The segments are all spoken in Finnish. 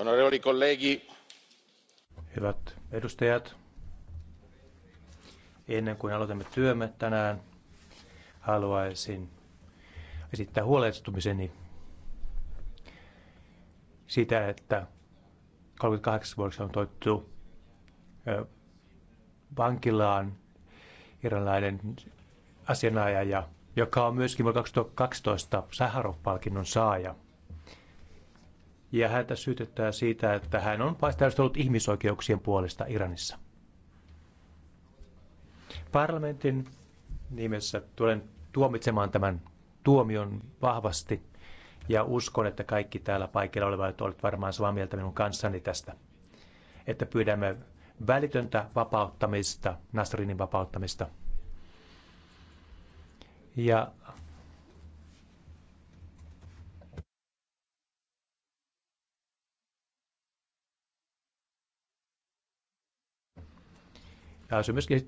onorevoli colleghi hyvät edustajat ennen kuin aloitamme työmme tänään haluaisin esittää huolestumiseni siitä, että 38 vuodeksi on toittu vankilaan iranilainen asianajaja, joka on myöskin vuonna 2012 Saharov-palkinnon saaja ja häntä syytetään siitä, että hän on taistellut ihmisoikeuksien puolesta Iranissa. Parlamentin nimessä tulen tuomitsemaan tämän tuomion vahvasti ja uskon, että kaikki täällä paikalla olevat olet varmaan samaa mieltä minun kanssani tästä, että pyydämme välitöntä vapauttamista, Nasrinin vapauttamista. Ja Ja se myöskin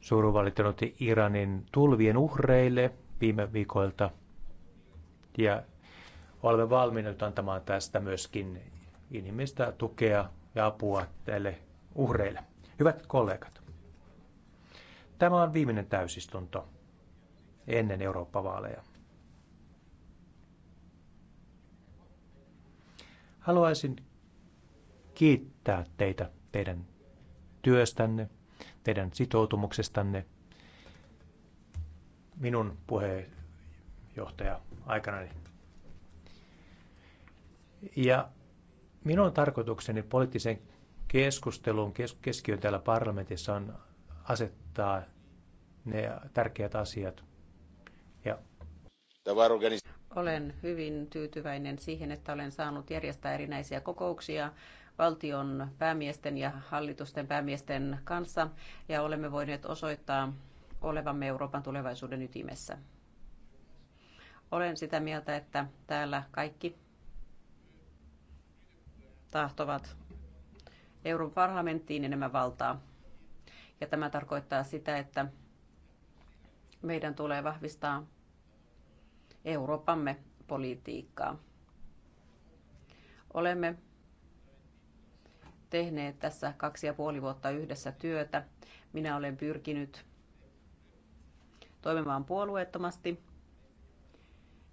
surun valittanut Iranin tulvien uhreille viime viikoilta. Ja olemme valmiita antamaan tästä myöskin inhimillistä tukea ja apua tälle uhreille. Hyvät kollegat, tämä on viimeinen täysistunto ennen Eurooppa-vaaleja. Haluaisin kiittää teitä teidän työstänne, teidän sitoutumuksestanne minun puheenjohtaja aikanani. Ja minun tarkoitukseni poliittisen keskustelun keskiö täällä parlamentissa on asettaa ne tärkeät asiat. Ja olen hyvin tyytyväinen siihen, että olen saanut järjestää erinäisiä kokouksia valtion päämiesten ja hallitusten päämiesten kanssa ja olemme voineet osoittaa olevamme Euroopan tulevaisuuden ytimessä. Olen sitä mieltä, että täällä kaikki tahtovat Euroopan parlamenttiin enemmän valtaa. Ja tämä tarkoittaa sitä, että meidän tulee vahvistaa Euroopamme politiikkaa. Olemme tehneet tässä kaksi ja puoli vuotta yhdessä työtä. Minä olen pyrkinyt toimimaan puolueettomasti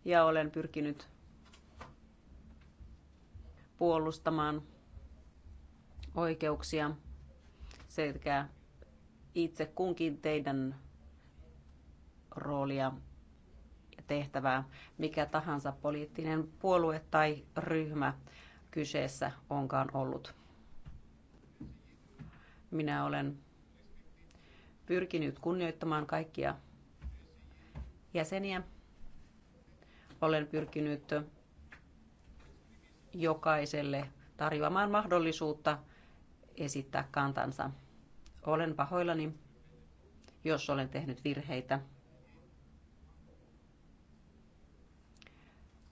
ja olen pyrkinyt puolustamaan oikeuksia sekä itse kunkin teidän roolia ja tehtävää, mikä tahansa poliittinen puolue tai ryhmä kyseessä onkaan ollut. Minä olen pyrkinyt kunnioittamaan kaikkia jäseniä. Olen pyrkinyt jokaiselle tarjoamaan mahdollisuutta esittää kantansa. Olen pahoillani, jos olen tehnyt virheitä,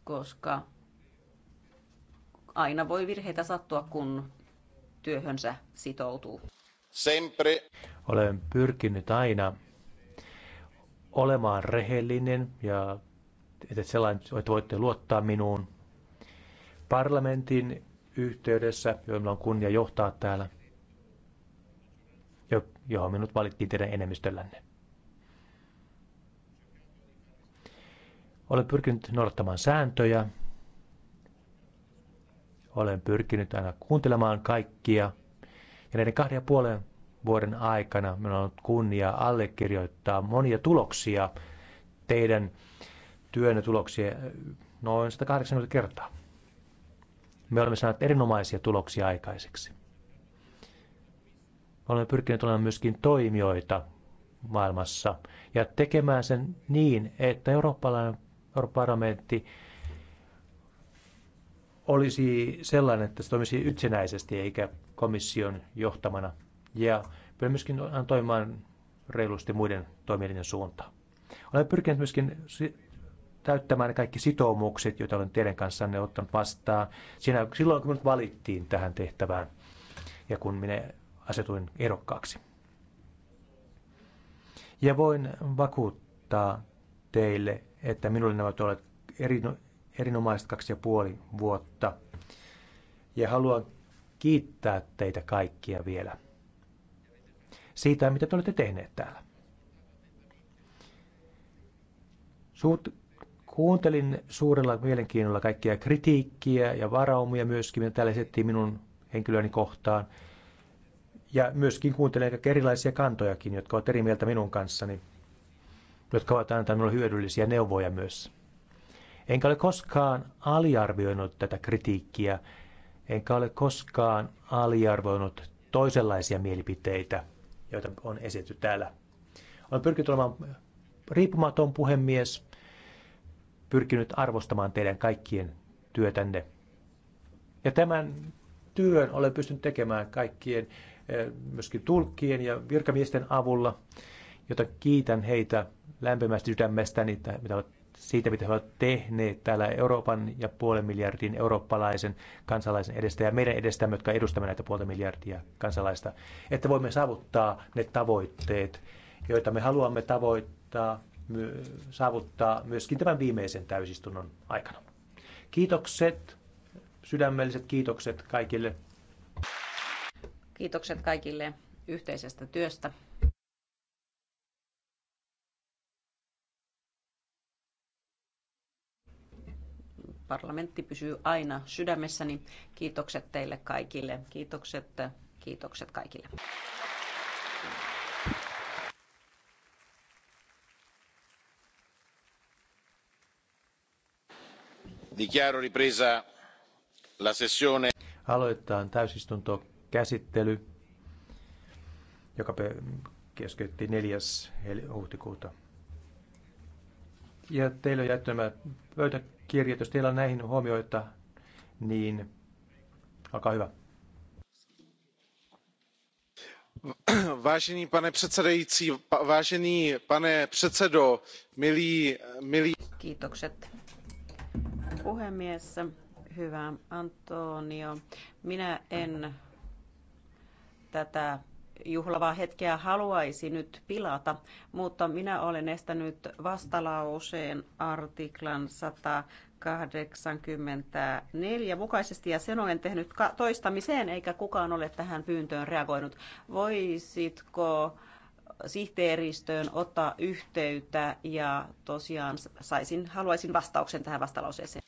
koska aina voi virheitä sattua, kun työhönsä sitoutuu. Sempre. Olen pyrkinyt aina olemaan rehellinen ja että sellainen, että voitte luottaa minuun. Parlamentin yhteydessä, joilla on kunnia johtaa täällä, johon minut valittiin teidän enemmistöllänne. Olen pyrkinyt noudattamaan sääntöjä. Olen pyrkinyt aina kuuntelemaan kaikkia ja näiden kahden ja puolen vuoden aikana minulla on ollut kunnia allekirjoittaa monia tuloksia teidän työnne tuloksia äh, noin 180 kertaa. Me olemme saaneet erinomaisia tuloksia aikaiseksi. Me olemme pyrkineet olemaan myöskin toimijoita maailmassa ja tekemään sen niin, että eurooppalainen parlamentti olisi sellainen, että se toimisi itsenäisesti eikä komission johtamana ja pyrin myöskin toimimaan reilusti muiden toimielinen suuntaan. Olen pyrkinyt myöskin täyttämään kaikki sitoumukset, joita olen teidän kanssanne ottanut vastaan siinä, silloin, kun minut valittiin tähän tehtävään ja kun minä asetuin erokkaaksi. Ja voin vakuuttaa teille, että minulle nämä ovat olleet erinomaiset kaksi ja puoli vuotta. Ja haluan kiittää teitä kaikkia vielä siitä, mitä te olette tehneet täällä. Suut, kuuntelin suurella mielenkiinnolla kaikkia kritiikkiä ja varaumia myöskin, mitä täällä esitettiin minun henkilöni kohtaan. Ja myöskin kuuntelen kaikkia erilaisia kantojakin, jotka ovat eri mieltä minun kanssani, jotka ovat antaneet minulle hyödyllisiä neuvoja myös. Enkä ole koskaan aliarvioinut tätä kritiikkiä enkä ole koskaan aliarvoinut toisenlaisia mielipiteitä, joita on esitetty täällä. Olen pyrkinyt olemaan riippumaton puhemies, pyrkinyt arvostamaan teidän kaikkien työtänne. Ja tämän työn olen pystynyt tekemään kaikkien, eh, myöskin tulkkien ja virkamiesten avulla, jota kiitän heitä lämpimästi sydämestäni, mitä olet siitä, mitä he ovat tehneet täällä Euroopan ja puolen miljardin eurooppalaisen kansalaisen edestä ja meidän edestämme, jotka edustamme näitä puolta miljardia kansalaista, että voimme saavuttaa ne tavoitteet, joita me haluamme tavoittaa, my, saavuttaa myöskin tämän viimeisen täysistunnon aikana. Kiitokset, sydämelliset kiitokset kaikille. Kiitokset kaikille yhteisestä työstä. parlamentti pysyy aina sydämessäni. Kiitokset teille kaikille. Kiitokset, kiitokset kaikille. Dichiaro ripresa la sessione. Aloitetaan käsittely, joka keskeytti 4. huhtikuuta. Ja teille on jättämä pöytä kirjat, jos teillä on näihin huomioita, niin olkaa hyvä. Vážený pane předsedající, vážený pane předsedo, milí, milí... Kiitokset puhemies. Hyvä Antonio. Minä en tätä juhlavaa hetkeä haluaisi nyt pilata, mutta minä olen estänyt vastalauseen artiklan 184 mukaisesti ja sen olen tehnyt toistamiseen eikä kukaan ole tähän pyyntöön reagoinut. Voisitko sihteeristöön ottaa yhteyttä ja tosiaan saisin, haluaisin vastauksen tähän vastalauseeseen.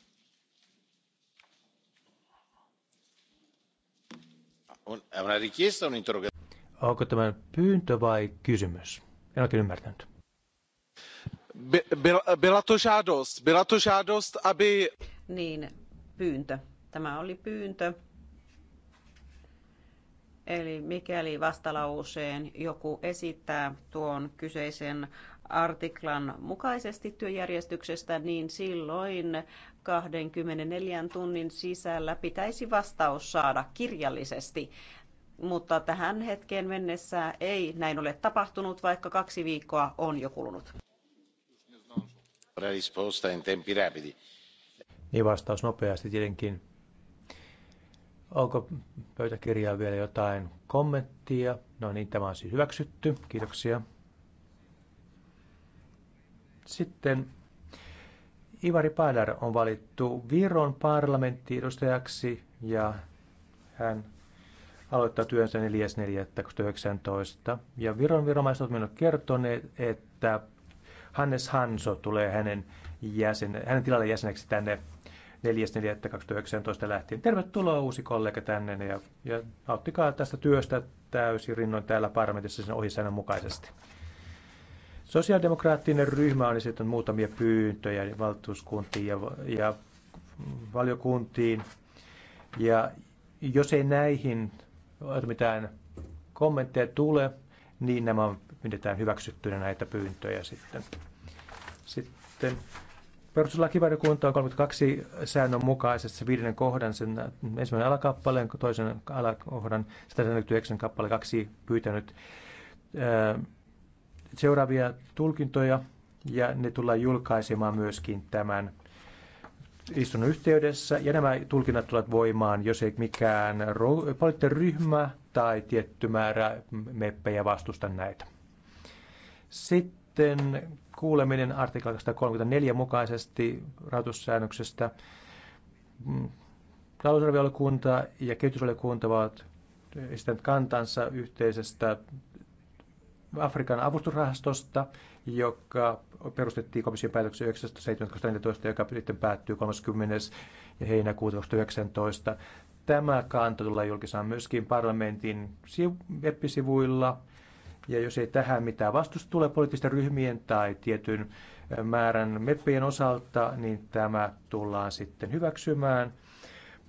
Una richiesta, Onko tämä pyyntö vai kysymys? En oikein ymmärtänyt. Byla to žádost, byla to žádost, aby... Niin, pyyntö. Tämä oli pyyntö. Eli mikäli vastalauseen joku esittää tuon kyseisen artiklan mukaisesti työjärjestyksestä, niin silloin 24 tunnin sisällä pitäisi vastaus saada kirjallisesti mutta tähän hetkeen mennessä ei näin ole tapahtunut, vaikka kaksi viikkoa on jo kulunut. Niin vastaus nopeasti tietenkin. Onko pöytäkirjaan vielä jotain kommenttia? No niin, tämä on siis hyväksytty. Kiitoksia. Sitten Ivari Padar on valittu Viron parlamenttiedustajaksi ja hän aloittaa työnsä 4.4.19. Ja Viron viranomaiset ovat minulle kertoneet, että Hannes Hanso tulee hänen, jäsen, hänen tilalle jäseneksi tänne 4.4.2019 lähtien. Tervetuloa uusi kollega tänne ja, ja auttikaa tästä työstä täysin rinnoin täällä parlamentissa sen ohjesäännön mukaisesti. Sosiaalidemokraattinen ryhmä on esittänyt muutamia pyyntöjä valtuuskuntiin ja, ja valiokuntiin. Ja jos ei näihin jos mitään kommentteja tulee, niin nämä on pidetään hyväksyttynä näitä pyyntöjä sitten. Sitten perustuslakivaliokunta on 32 säännön mukaisessa viiden kohdan, sen ensimmäinen alakappaleen, toisen alakohdan, 149 kappale, kaksi pyytänyt seuraavia tulkintoja, ja ne tullaan julkaisemaan myöskin tämän istunnon yhteydessä, ja nämä tulkinnat tulevat voimaan, jos ei mikään poliittinen ryhmä tai tietty määrä meppejä vastusta näitä. Sitten kuuleminen artikla 34 mukaisesti rahoitussäännöksestä. Mm. Talousarviolokunta ja kehitysvaliokunta ovat esittäneet kantansa yhteisestä Afrikan avustusrahastosta, joka perustettiin komission päätöksen 1917, joka sitten päättyy 30. heinäkuuta 2019. Tämä kanta tulee julkisaan myöskin parlamentin web-sivuilla. Ja jos ei tähän mitään vastusta tule poliittisten ryhmien tai tietyn määrän meppien osalta, niin tämä tullaan sitten hyväksymään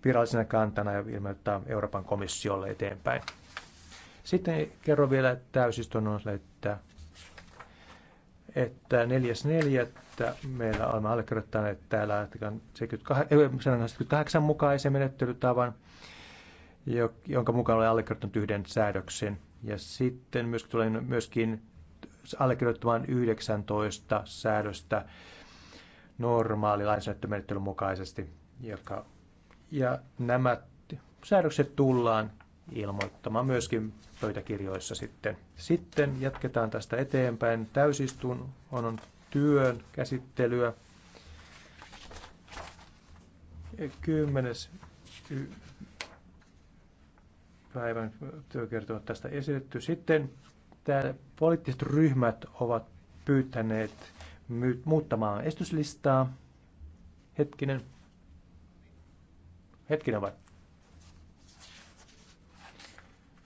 virallisena kantana ja ilmoittaa Euroopan komissiolle eteenpäin. Sitten kerron vielä täysistunnolle, että, että 4.4. meillä olemme allekirjoittaneet täällä 78 mukaisen menettelytavan, jonka mukaan olen allekirjoittanut yhden säädöksen. Ja sitten myöskin tulen myöskin allekirjoittamaan 19 säädöstä normaali lainsäädäntömenettelyn mukaisesti. Joka, ja nämä säädökset tullaan ilmoittamaan myöskin pöytäkirjoissa sitten. Sitten jatketaan tästä eteenpäin. Täysistun on työn käsittelyä. 10. päivän työkertoa tästä esitetty. Sitten tämä poliittiset ryhmät ovat pyytäneet muuttamaan estyslistaa. Hetkinen. Hetkinen vai?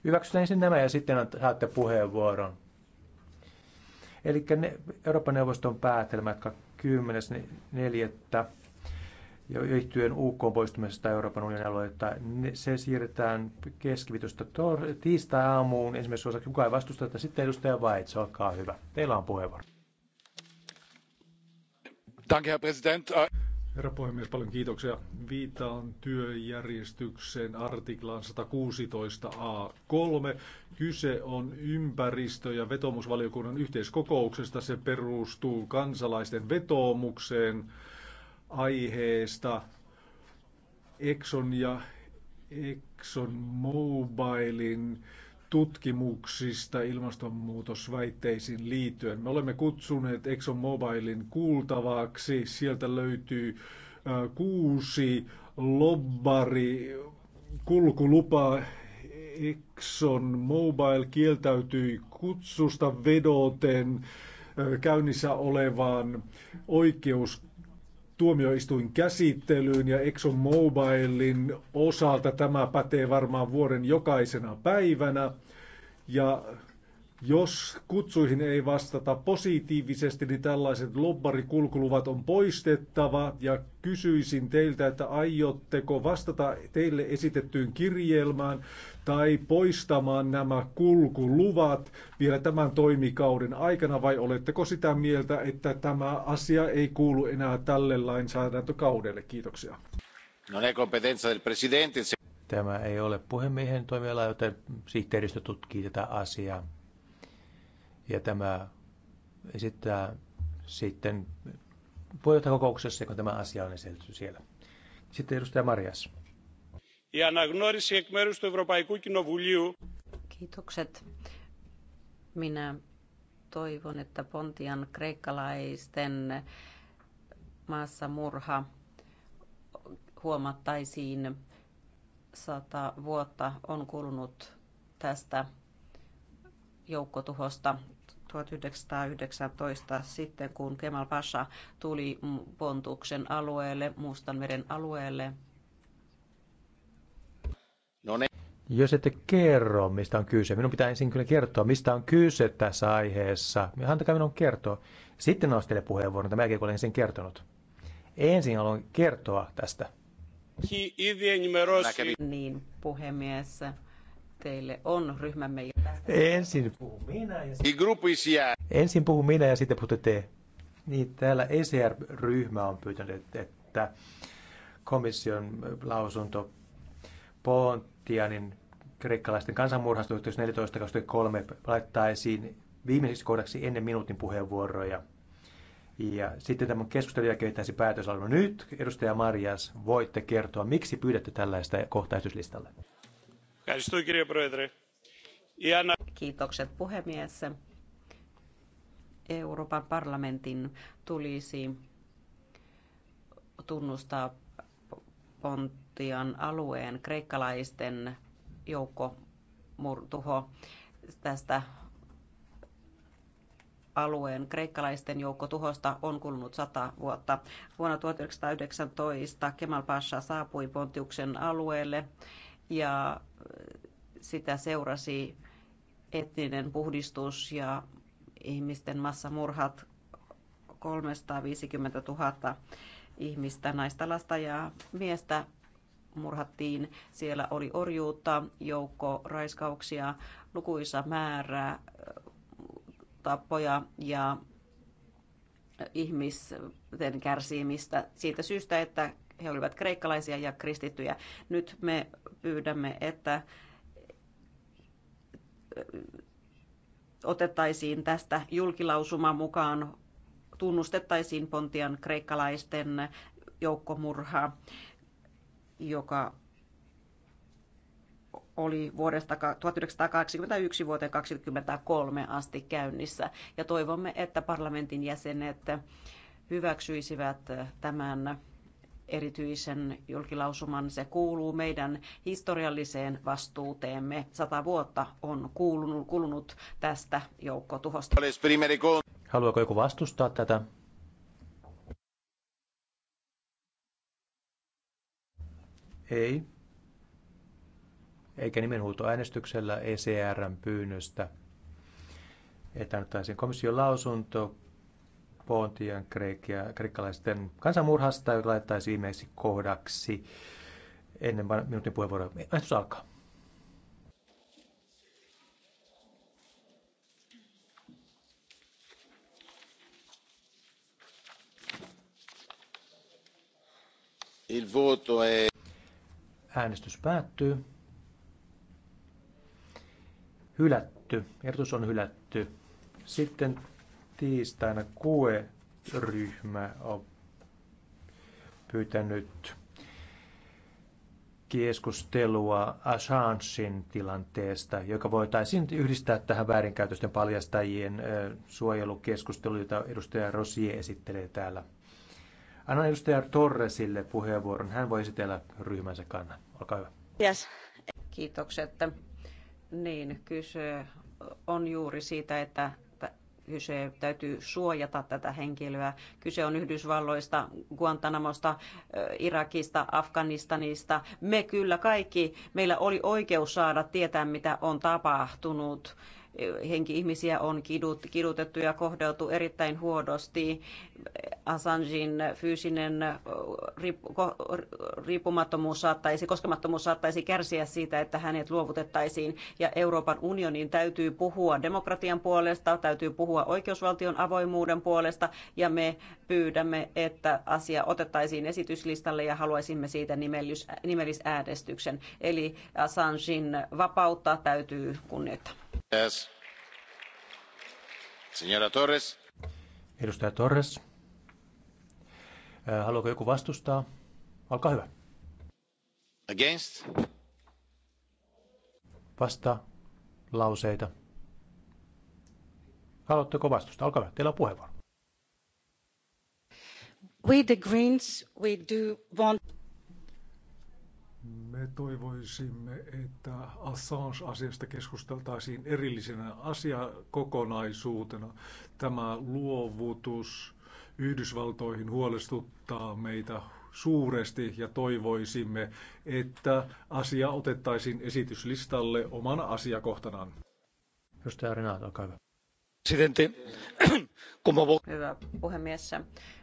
Hyväksytään ensin nämä ja sitten saatte puheenvuoron. Eli ne, Euroopan neuvoston päätelmät 10.4. Jo yhtyen UK poistumisesta Euroopan unionin alueelta, se siirretään keskivitosta tiistai-aamuun ensimmäisessä osassa. Kuka ei vastusta, että sitten edustaja Vaits, olkaa hyvä. Teillä on puheenvuoro. Danke, Herr Präsident. Herra puhemies, paljon kiitoksia. Viitaan työjärjestyksen artiklaan 116a3. Kyse on ympäristö- ja vetomusvaliokunnan yhteiskokouksesta. Se perustuu kansalaisten vetoomukseen aiheesta Exxon ja Exxon Mobilin tutkimuksista ilmastonmuutosväitteisiin liittyen. Me olemme kutsuneet ExxonMobilin kuultavaksi. Sieltä löytyy kuusi lobbari kulkulupa Exxon Mobil kieltäytyi kutsusta vedoten käynnissä olevaan oikeus tuomioistuin käsittelyyn ja Exxon Mobilin osalta tämä pätee varmaan vuoden jokaisena päivänä. Ja jos kutsuihin ei vastata positiivisesti, niin tällaiset lobbarikulkuluvat on poistettava ja kysyisin teiltä, että aiotteko vastata teille esitettyyn kirjelmään tai poistamaan nämä kulkuluvat vielä tämän toimikauden aikana vai oletteko sitä mieltä, että tämä asia ei kuulu enää tälle lainsäädäntökaudelle? Kiitoksia. Non del presidente. Tämä ei ole puhemiehen toimiala, joten sihteeristö tutkii tätä asiaa. Ja tämä esittää sitten puheenjohtajakokouksessa, kun tämä asia on esitetty siellä. Sitten edustaja Marias. Kiitokset. Minä toivon, että Pontian kreikkalaisten maassa murha huomattaisiin sata vuotta on kulunut tästä joukkotuhosta 1919 sitten, kun Kemal Pasha tuli Pontuksen alueelle, Mustanmeren alueelle. No ne. Niin. Jos ette kerro, mistä on kyse, minun pitää ensin kyllä kertoa, mistä on kyse tässä aiheessa. Antakaa minun kertoa. Sitten nostele puheenvuoron, tämän jälkeen kun olen sen kertonut. Ensin haluan kertoa tästä. Niin, puhemies. Teille on ryhmämme. Ensin puhun minä ja sitten... Ensin puhun minä ja sitten puhutte te. Niin, täällä ECR-ryhmä on pyytänyt, että komission lausunto Pontianin kreikkalaisten kansanmurhasta 1943 laittaisiin viimeiseksi kohdaksi ennen minuutin puheenvuoroja – ja sitten tämän keskustelun jälkeen tehtäisi päätös. Nyt, edustaja Marjas, voitte kertoa, miksi pyydätte tällaista kohtaistuslistalle. Kiitokset puhemies. Euroopan parlamentin tulisi tunnustaa Pontian alueen kreikkalaisten joukkotuho. Tästä alueen kreikkalaisten joukkotuhosta on kulunut sata vuotta. Vuonna 1919 Kemal Pasha saapui Pontiuksen alueelle ja äh, sitä seurasi etninen puhdistus ja ihmisten massamurhat 350 000 ihmistä, naista, lasta ja miestä murhattiin. Siellä oli orjuutta, joukko raiskauksia, lukuisa määrä äh, tappoja ja ihmisten kärsimistä siitä syystä, että he olivat kreikkalaisia ja kristittyjä. Nyt me pyydämme, että äh, otettaisiin tästä julkilausuma mukaan, tunnustettaisiin Pontian kreikkalaisten joukkomurha, joka oli vuodesta 1981 vuoteen 2023 asti käynnissä. Ja toivomme, että parlamentin jäsenet hyväksyisivät tämän erityisen julkilausuman. Se kuuluu meidän historialliseen vastuuteemme. Sata vuotta on kuulunut, kulunut tästä joukkotuhosta. Haluaako joku vastustaa tätä? Ei eikä nimenhuutoäänestyksellä ECRn pyynnöstä, että annettaisiin komission lausunto Pontian kreikia, kreikkalaisten kansanmurhasta, joka laittaisi viimeiseksi kohdaksi ennen minuutin puheenvuoroa. Äänestys alkaa. Il voto è... Äänestys päättyy hylätty. Ehdotus on hylätty. Sitten tiistaina QE-ryhmä on pyytänyt keskustelua Assangein tilanteesta, joka voitaisiin yhdistää tähän väärinkäytösten paljastajien suojelukeskusteluun, jota edustaja Rosie esittelee täällä. Anna edustaja Torresille puheenvuoron. Hän voi esitellä ryhmänsä kannan. Olkaa hyvä. Yes. Kiitokset niin, kyse on juuri siitä, että kyse täytyy suojata tätä henkilöä. Kyse on Yhdysvalloista, Guantanamosta, Irakista, Afganistanista. Me kyllä kaikki, meillä oli oikeus saada tietää, mitä on tapahtunut henki-ihmisiä on kidut, kidutettu ja kohdeltu erittäin huonosti. Assangein fyysinen riippumattomuus saattaisi, koskemattomuus saattaisi kärsiä siitä, että hänet luovutettaisiin. Ja Euroopan unionin täytyy puhua demokratian puolesta, täytyy puhua oikeusvaltion avoimuuden puolesta ja me pyydämme, että asia otettaisiin esityslistalle ja haluaisimme siitä nimellis, nimellisäänestyksen. Eli Assangein vapautta täytyy kunnioittaa. Torres. Edustaja Torres. Äh, haluaako joku vastustaa? Olkaa hyvä. Against. Vasta lauseita. Haluatteko vastustaa? Olkaa hyvä, teillä on puheenvuoro. We the Greens, we do want toivoisimme, että Assange-asiasta keskusteltaisiin erillisenä asiakokonaisuutena. Tämä luovutus Yhdysvaltoihin huolestuttaa meitä suuresti ja toivoisimme, että asia otettaisiin esityslistalle omana asiakohtanaan. Edustaja Renato, olkaa hyvä. Hyvä puhemies.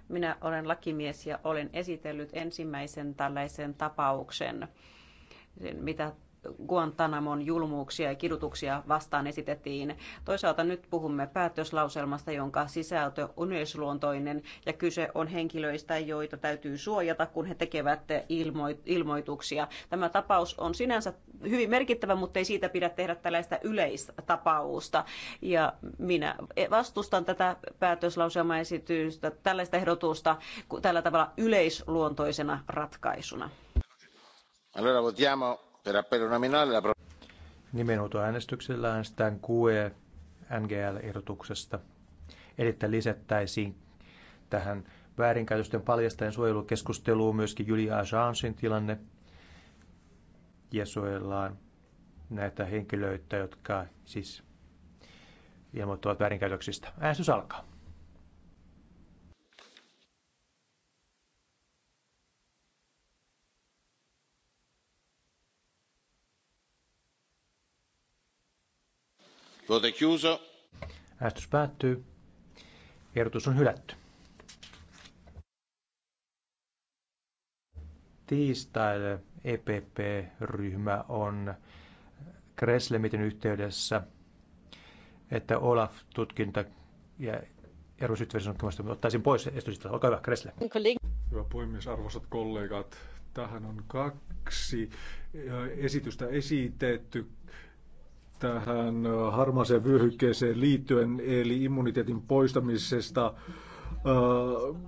Minä olen lakimies ja olen esitellyt ensimmäisen tällaisen tapauksen sen, mitä Guantanamon julmuuksia ja kidutuksia vastaan esitettiin. Toisaalta nyt puhumme päätöslauselmasta, jonka sisältö on yleisluontoinen ja kyse on henkilöistä, joita täytyy suojata, kun he tekevät ilmoituksia. Tämä tapaus on sinänsä hyvin merkittävä, mutta ei siitä pidä tehdä tällaista yleistapausta. Ja minä vastustan tätä päätöslauselmaesitystä, tällaista ehdotusta tällä tavalla yleisluontoisena ratkaisuna. Allora votiamo per appello nominale la... äänestyksellä äänestetään QE NGL-ehdotuksesta. Eli että lisättäisiin tähän väärinkäytösten paljastajan suojelukeskusteluun myöskin Julia Assangein tilanne. Ja suojellaan näitä henkilöitä, jotka siis ilmoittavat väärinkäytöksistä. Äänestys alkaa. Voto chiuso. Äänestys päättyy. Ehdotus on hylätty. Tiistaille EPP-ryhmä on Kreslemitin yhteydessä, että Olaf-tutkinta ja erosyhteisön ottaisin pois esityksestä. Olkaa hyvä, Kresle. Hyvä puhemies, arvoisat kollegat. Tähän on kaksi esitystä esitetty tähän harmaaseen vyöhykkeeseen liittyen, eli immuniteetin poistamisesta. Äh,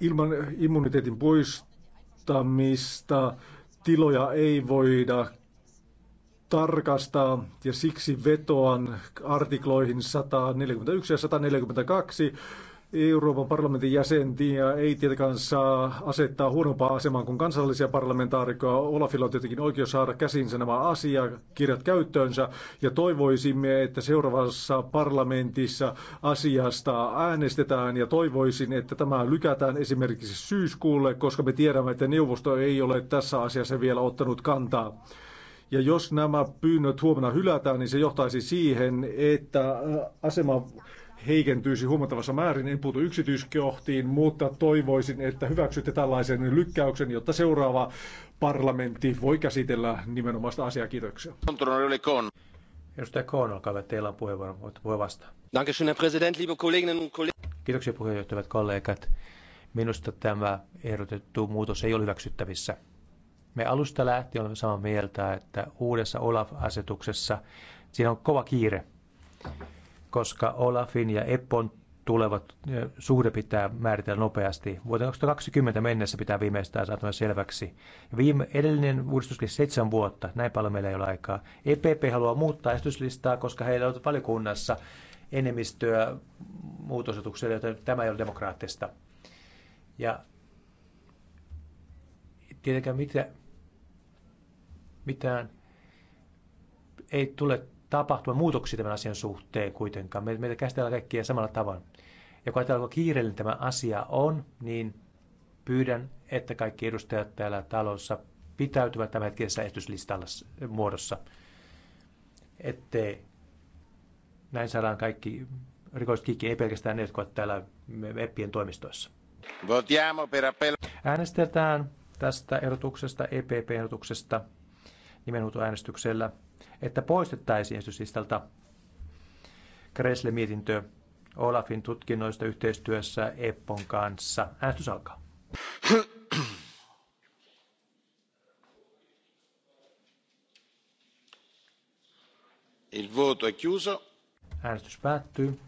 ilman immuniteetin poistamista tiloja ei voida tarkastaa ja siksi vetoan artikloihin 141 ja 142 Euroopan parlamentin jäsentiä ei tietenkään saa asettaa huonompaa asemaan kuin kansallisia parlamentaarikkoja. Olafilla on tietenkin oikeus saada käsinsä nämä asiakirjat käyttöönsä ja toivoisimme, että seuraavassa parlamentissa asiasta äänestetään ja toivoisin, että tämä lykätään esimerkiksi syyskuulle, koska me tiedämme, että neuvosto ei ole tässä asiassa vielä ottanut kantaa. Ja jos nämä pyynnöt huomenna hylätään, niin se johtaisi siihen, että asema heikentyisi huomattavassa määrin. En puutu yksityiskohtiin, mutta toivoisin, että hyväksytte tällaisen lykkäyksen, jotta seuraava parlamentti voi käsitellä nimenomaista asiaa. Kiitoksia. Edustaja Kohn, olkaa hyvä. Teillä on puheenvuoro. Voitte puhua vastaan. Kiitoksia puheenjohtajat kollegat. Minusta tämä ehdotettu muutos ei ole hyväksyttävissä. Me alusta lähtien olemme samaa mieltä, että uudessa Olaf-asetuksessa siinä on kova kiire koska Olafin ja Eppon tulevat suhde pitää määritellä nopeasti. Vuoteen 2020 mennessä pitää viimeistään saada selväksi. Viime, edellinen uudistus oli seitsemän vuotta, näin paljon meillä ei ole aikaa. EPP haluaa muuttaa esityslistaa, koska heillä on valiokunnassa enemmistöä muutosetukselle, joten tämä ei ole demokraattista. Ja tietenkään mitä, mitään ei tule tapahtuma muutoksia tämän asian suhteen kuitenkaan. Me, meitä käsitellään kaikkia samalla tavalla. Ja kun ajatellaan, kiireellinen tämä asia on, niin pyydän, että kaikki edustajat täällä talossa pitäytyvät hetkisessä ehdotuslistalla eh, muodossa, ettei näin saadaan kaikki rikolliset kiikki, ei pelkästään ne, jotka ovat täällä EPPien toimistoissa. Äänestetään tästä erotuksesta, epp erotuksesta nimenhuutoäänestyksellä. Että poistettaisiin esityslistalta Kresle-mietintö Olafin tutkinnoista yhteistyössä Eppon kanssa. Äänestys alkaa. Il voto è chiuso. Äänestys päättyy.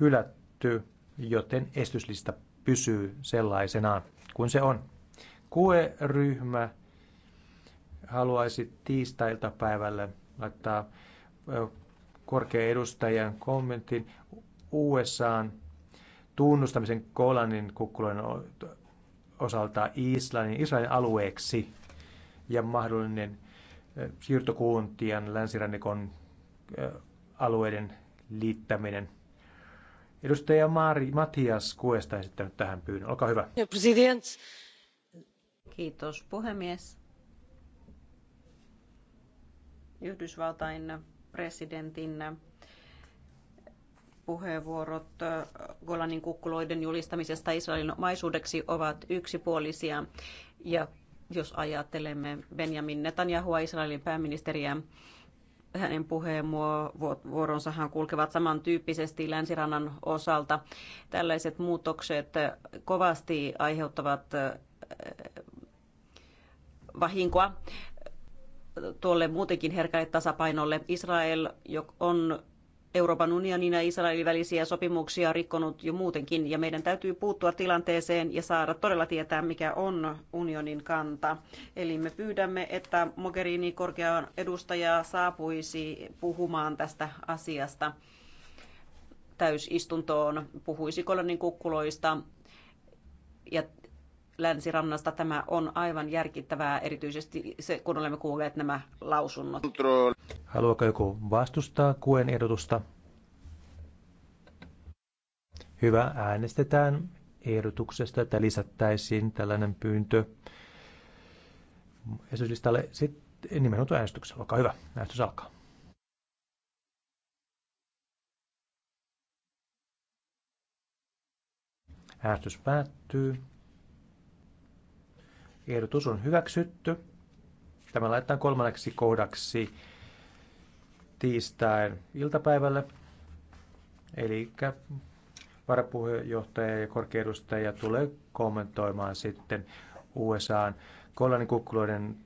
Hylätty, joten esityslista pysyy sellaisenaan kuin se on. QE-ryhmä haluaisi tiistai päivälle, laittaa korkean edustajan kommentin USAn tunnustamisen Kolanin kukkulan osalta Islannin, Israelin alueeksi ja mahdollinen siirtokuntien länsirannikon alueiden liittäminen. Edustaja Mari Matias Kuesta esittänyt tähän pyynnön. Olkaa hyvä. Kiitos puhemies. Yhdysvaltain presidentin puheenvuorot äh, Golanin kukkuloiden julistamisesta Israelin maisuudeksi ovat yksipuolisia. Ja jos ajattelemme Benjamin Netanyahua, Israelin pääministeriä, hänen puheenvuoronsahan kulkevat samantyyppisesti länsirannan osalta. Tällaiset muutokset kovasti aiheuttavat äh, vahinkoa tuolle muutenkin herkälle tasapainolle. Israel on Euroopan unionin ja Israelin välisiä sopimuksia rikkonut jo muutenkin, ja meidän täytyy puuttua tilanteeseen ja saada todella tietää, mikä on unionin kanta. Eli me pyydämme, että Mogherini korkean edustaja saapuisi puhumaan tästä asiasta täysistuntoon, puhuisi kolonin kukkuloista ja länsirannasta. Tämä on aivan järkittävää, erityisesti se, kun olemme kuulleet nämä lausunnot. Haluaako joku vastustaa kuen ehdotusta? Hyvä, äänestetään ehdotuksesta, että lisättäisiin tällainen pyyntö esityslistalle. Sitten nimenhuuto äänestyksellä. Olkaa hyvä, äänestys alkaa. Äänestys päättyy. Ehdotus on hyväksytty. Tämä laitetaan kolmanneksi kohdaksi tiistain iltapäivälle. Eli varapuheenjohtaja ja korkeudustaja tulee kommentoimaan sitten USAn Kolanin kukkuloiden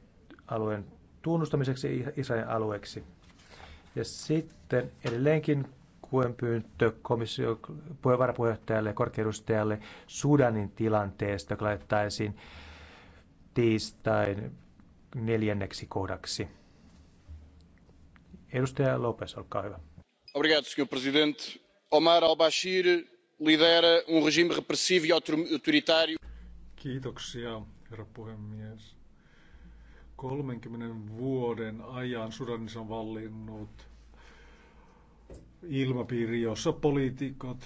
alueen tunnustamiseksi Israelin alueeksi. Ja sitten edelleenkin kuen pyyntö komissio, varapuheenjohtajalle ja korkeudustajalle Sudanin tilanteesta, joka laittaisiin tiistain neljänneksi kohdaksi. Edustaja Lopes, olkaa hyvä. Obrigado, senhor presidente. Omar al-Bashir lidera un um regime repressivo ja e autoritário. Kiitoksia, herra puhemies. 30 vuoden ajan Sudanissa on vallinnut ilmapiiri, jossa poliitikot,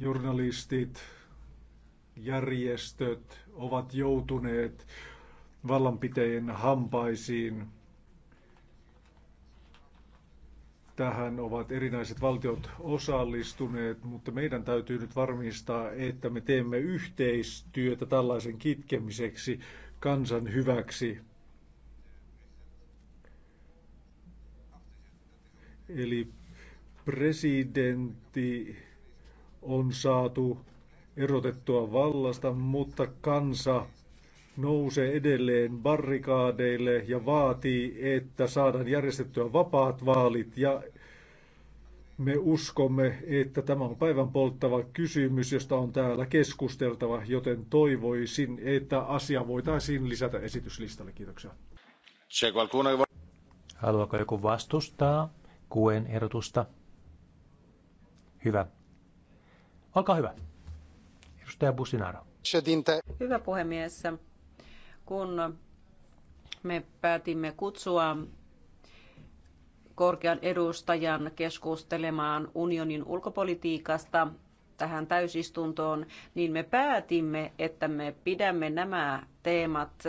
journalistit, järjestöt ovat joutuneet vallanpiteen hampaisiin. Tähän ovat erinäiset valtiot osallistuneet, mutta meidän täytyy nyt varmistaa, että me teemme yhteistyötä tällaisen kitkemiseksi kansan hyväksi. Eli presidentti on saatu erotettua vallasta, mutta kansa nousee edelleen barrikaadeille ja vaatii, että saadaan järjestettyä vapaat vaalit ja me uskomme, että tämä on päivän polttava kysymys, josta on täällä keskusteltava, joten toivoisin, että asia voitaisiin lisätä esityslistalle. Kiitoksia. Haluaako joku vastustaa kuen erotusta? Hyvä. Olkaa hyvä. Edustaja Businaro. Hyvä puhemies kun me päätimme kutsua korkean edustajan keskustelemaan unionin ulkopolitiikasta tähän täysistuntoon, niin me päätimme, että me pidämme nämä teemat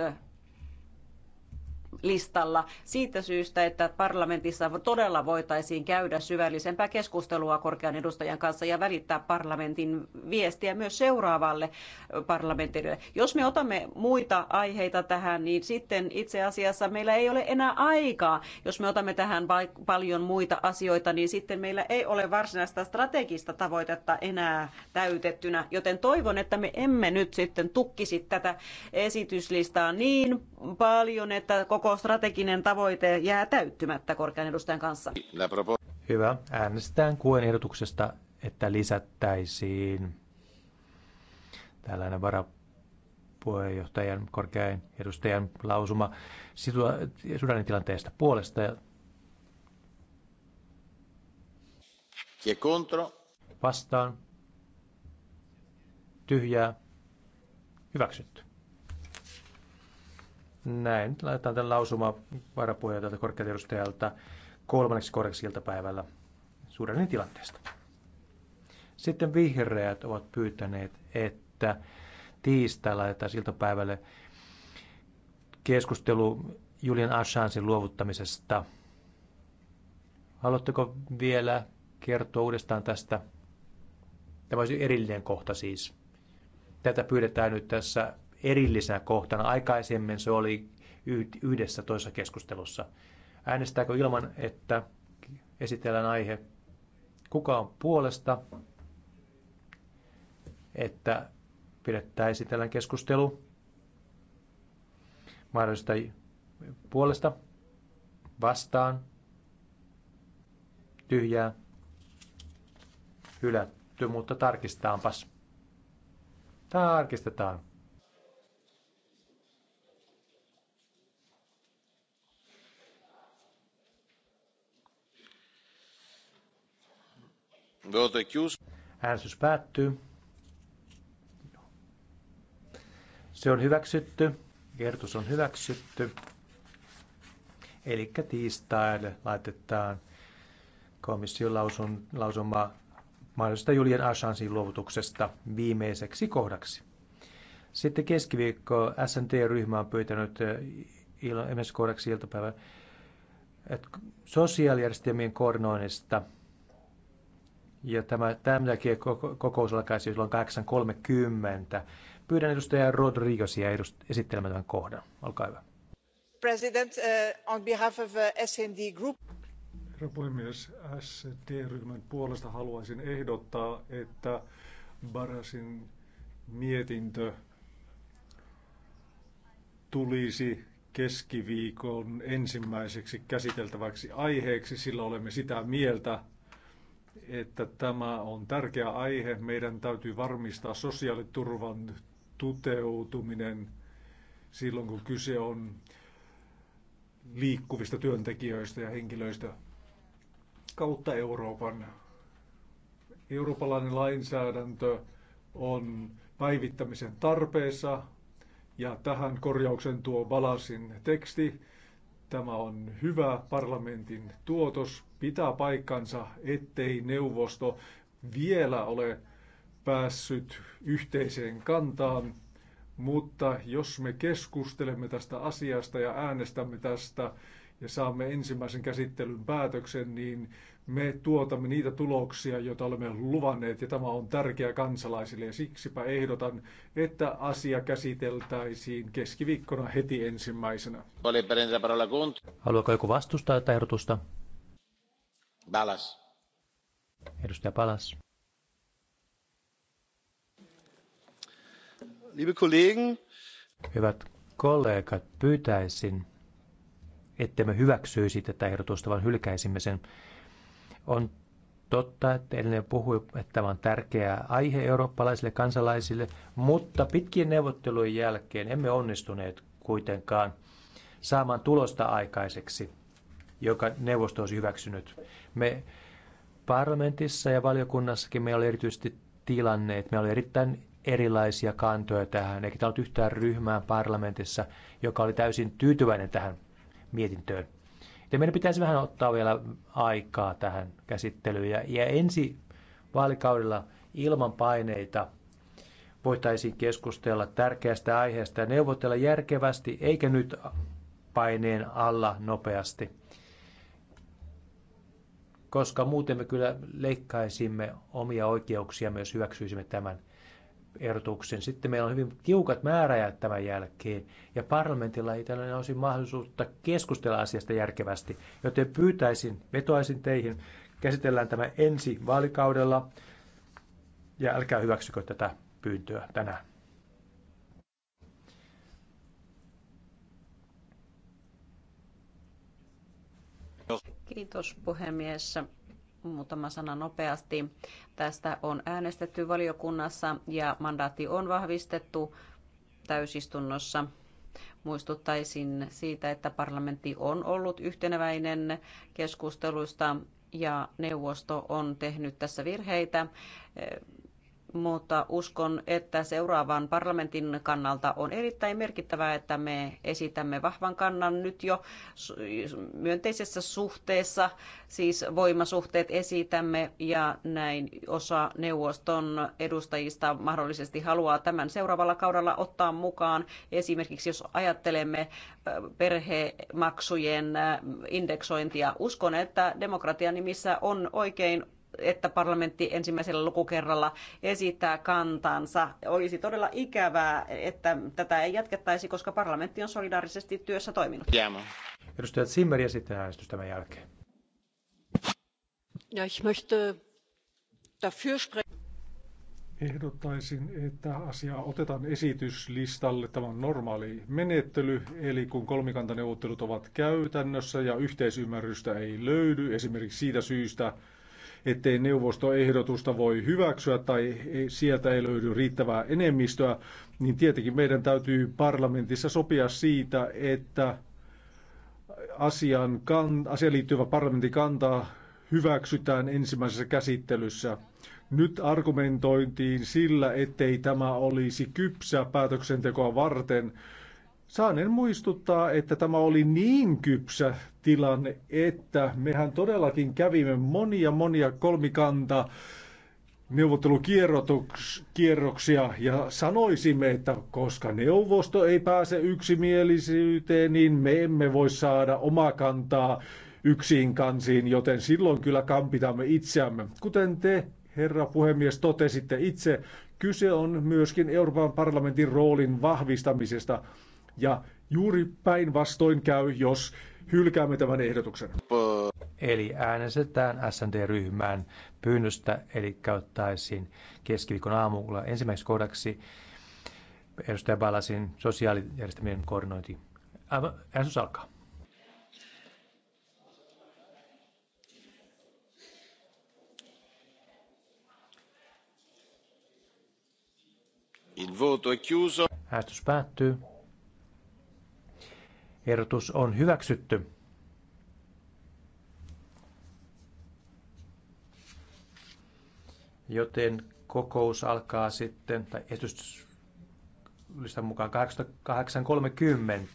listalla siitä syystä, että parlamentissa todella voitaisiin käydä syvällisempää keskustelua korkean edustajan kanssa ja välittää parlamentin viestiä myös seuraavalle parlamentille. Jos me otamme muita aiheita tähän, niin sitten itse asiassa meillä ei ole enää aikaa. Jos me otamme tähän paljon muita asioita, niin sitten meillä ei ole varsinaista strategista tavoitetta enää täytettynä, joten toivon, että me emme nyt sitten tukkisi tätä esityslistaa niin paljon, että koko strateginen tavoite jää täyttymättä korkean edustajan kanssa. Hyvä. Äänestetään kuen ehdotuksesta, että lisättäisiin tällainen varapuheenjohtajan, korkean edustajan lausuma Sudanin tilanteesta puolesta. Vastaan. Tyhjää. Hyväksytty. Näin, laitetaan tämän lausuma varapuheenjohtajalta korkeatiedustajalta kolmanneksi korjaksi iltapäivällä suurennin tilanteesta. Sitten vihreät ovat pyytäneet, että tiistai laitetaan iltapäivälle keskustelu Julian Assangein luovuttamisesta. Haluatteko vielä kertoa uudestaan tästä? Tämä olisi erillinen kohta siis. Tätä pyydetään nyt tässä erillisenä kohtana. Aikaisemmin se oli yhdessä toisessa keskustelussa. Äänestääkö ilman, että esitellään aihe? Kuka on puolesta, että pidetään esitellään keskustelu Mahdollista puolesta vastaan tyhjää hylätty, mutta tarkistaanpas. Tarkistetaan. Äänestys päättyy. Se on hyväksytty. Kertus on hyväksytty. Eli tiistaille laitetaan komission lausun, lausuma mahdollisesta Julian Assangein luovutuksesta viimeiseksi kohdaksi. Sitten keskiviikko SNT-ryhmä on pyytänyt eh, ilmeisesti kohdaksi iltapäivän että sosiaalijärjestelmien koordinoinnista ja tämä tämänkin kokous alkaa siis silloin 8.30. Pyydän edustaja Rodrigosia esittelemään tämän kohdan. Olkaa hyvä. President, uh, on behalf of uh, SND Group. Herra puhemies, sd ryhmän puolesta haluaisin ehdottaa, että Barasin mietintö tulisi keskiviikon ensimmäiseksi käsiteltäväksi aiheeksi, sillä olemme sitä mieltä, että tämä on tärkeä aihe. Meidän täytyy varmistaa sosiaaliturvan tuteutuminen silloin, kun kyse on liikkuvista työntekijöistä ja henkilöistä kautta Euroopan. Eurooppalainen lainsäädäntö on päivittämisen tarpeessa ja tähän korjauksen tuo Balasin teksti. Tämä on hyvä parlamentin tuotos. Pitää paikkansa, ettei neuvosto vielä ole päässyt yhteiseen kantaan, mutta jos me keskustelemme tästä asiasta ja äänestämme tästä ja saamme ensimmäisen käsittelyn päätöksen, niin me tuotamme niitä tuloksia, joita olemme luvanneet, ja tämä on tärkeä kansalaisille. Ja siksipä ehdotan, että asia käsiteltäisiin keskiviikkona heti ensimmäisenä. Haluaako joku vastustaa tätä ehdotusta? Balas. Edustaja Palas. Liebe Kollegen. Hyvät kollegat, pyytäisin, ettei me hyväksyisi tätä ehdotusta, vaan hylkäisimme sen. On totta, että Elinen puhui, että tämä on tärkeä aihe eurooppalaisille kansalaisille, mutta pitkien neuvottelujen jälkeen emme onnistuneet kuitenkaan saamaan tulosta aikaiseksi, joka neuvosto olisi hyväksynyt. Me parlamentissa ja valiokunnassakin meillä oli erityisesti tilanne, että meillä oli erittäin erilaisia kantoja tähän, eikä tämä ollut yhtään ryhmää parlamentissa, joka oli täysin tyytyväinen tähän mietintöön. Ja meidän pitäisi vähän ottaa vielä aikaa tähän käsittelyyn ja, ja ensi vaalikaudella ilman paineita voitaisiin keskustella tärkeästä aiheesta ja neuvotella järkevästi eikä nyt paineen alla nopeasti. Koska muuten me kyllä leikkaisimme omia oikeuksia, myös hyväksyisimme tämän ehdotuksen. Sitten meillä on hyvin tiukat määräjät tämän jälkeen, ja parlamentilla ei tällainen osin mahdollisuutta keskustella asiasta järkevästi, joten pyytäisin, vetoaisin teihin, käsitellään tämä ensi vaalikaudella, ja älkää hyväksykö tätä pyyntöä tänään. Kiitos puhemies. Muutama sana nopeasti. Tästä on äänestetty valiokunnassa ja mandaatti on vahvistettu täysistunnossa. Muistuttaisin siitä, että parlamentti on ollut yhteneväinen keskusteluista ja neuvosto on tehnyt tässä virheitä mutta uskon, että seuraavan parlamentin kannalta on erittäin merkittävää, että me esitämme vahvan kannan nyt jo myönteisessä suhteessa, siis voimasuhteet esitämme ja näin osa neuvoston edustajista mahdollisesti haluaa tämän seuraavalla kaudella ottaa mukaan. Esimerkiksi jos ajattelemme äh, perhemaksujen äh, indeksointia, uskon, että demokratian nimissä on oikein että parlamentti ensimmäisellä lukukerralla esittää kantansa. Olisi todella ikävää, että tätä ei jatkettaisi, koska parlamentti on solidaarisesti työssä toiminut. Jäämä. Edustaja Zimmer ja sitten äänestys tämän jälkeen. Ja ich möchte dafür sprechen. Ehdottaisin, että asia otetaan esityslistalle. Tämä on normaali menettely, eli kun kolmikantaneuvottelut ovat käytännössä ja yhteisymmärrystä ei löydy, esimerkiksi siitä syystä, ettei ehdotusta voi hyväksyä tai sieltä ei löydy riittävää enemmistöä, niin tietenkin meidän täytyy parlamentissa sopia siitä, että asian, kan, asiaan liittyvä parlamentin kanta hyväksytään ensimmäisessä käsittelyssä. Nyt argumentointiin sillä, ettei tämä olisi kypsä päätöksentekoa varten, Saanen muistuttaa, että tämä oli niin kypsä tilanne, että mehän todellakin kävimme monia monia kolmikanta neuvottelukierroksia ja sanoisimme, että koska neuvosto ei pääse yksimielisyyteen, niin me emme voi saada omaa kantaa yksiin kansiin, joten silloin kyllä kampitamme itseämme. Kuten te, herra puhemies, totesitte itse, kyse on myöskin Euroopan parlamentin roolin vahvistamisesta – ja juuri päinvastoin käy, jos hylkäämme tämän ehdotuksen. Eli äänestetään SND-ryhmän pyynnöstä, eli käyttäisiin keskiviikon aamulla ensimmäiseksi kohdaksi edustaja Balasin sosiaalijärjestelmien koordinointi. Äänestys alkaa. Il voto è chiuso. Äänestys päättyy. Ehdotus on hyväksytty. Joten kokous alkaa sitten, tai esitys mukaan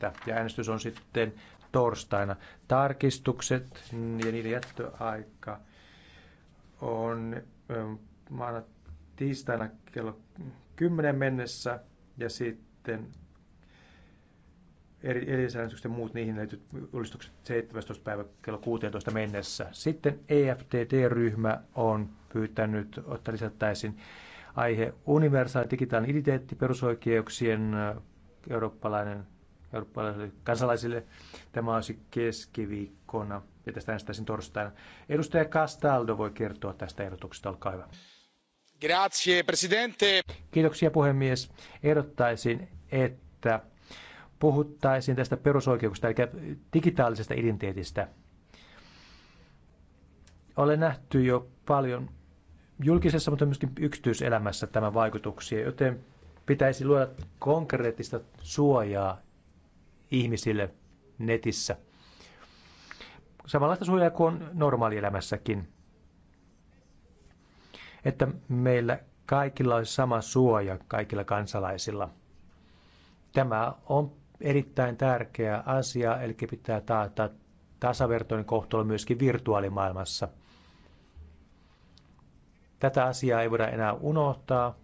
8.30 ja äänestys on sitten torstaina. Tarkistukset ja niiden jättöaika on ähm, maana tiistaina kello 10 mennessä ja sitten eri, eri säännökset ja muut niihin liittyvät julistukset 17. päivä kello 16 mennessä. Sitten EFTT-ryhmä on pyytänyt, että lisättäisiin aihe universaali digitaalinen identiteetti perusoikeuksien eurooppalainen, eurooppalaisille kansalaisille. Tämä olisi keskiviikkona ja tästä äänestäisin torstaina. Edustaja Castaldo voi kertoa tästä ehdotuksesta, olkaa hyvä. Grazie, presidente. Kiitoksia puhemies. Ehdottaisin, että puhuttaisiin tästä perusoikeuksista, eli digitaalisesta identiteetistä. Olen nähty jo paljon julkisessa, mutta myöskin yksityiselämässä tämän vaikutuksia, joten pitäisi luoda konkreettista suojaa ihmisille netissä. Samanlaista suojaa kuin normaalielämässäkin. Että meillä kaikilla olisi sama suoja kaikilla kansalaisilla. Tämä on erittäin tärkeä asia, eli pitää taata tasavertoinen kohtalo myöskin virtuaalimaailmassa. Tätä asiaa ei voida enää unohtaa,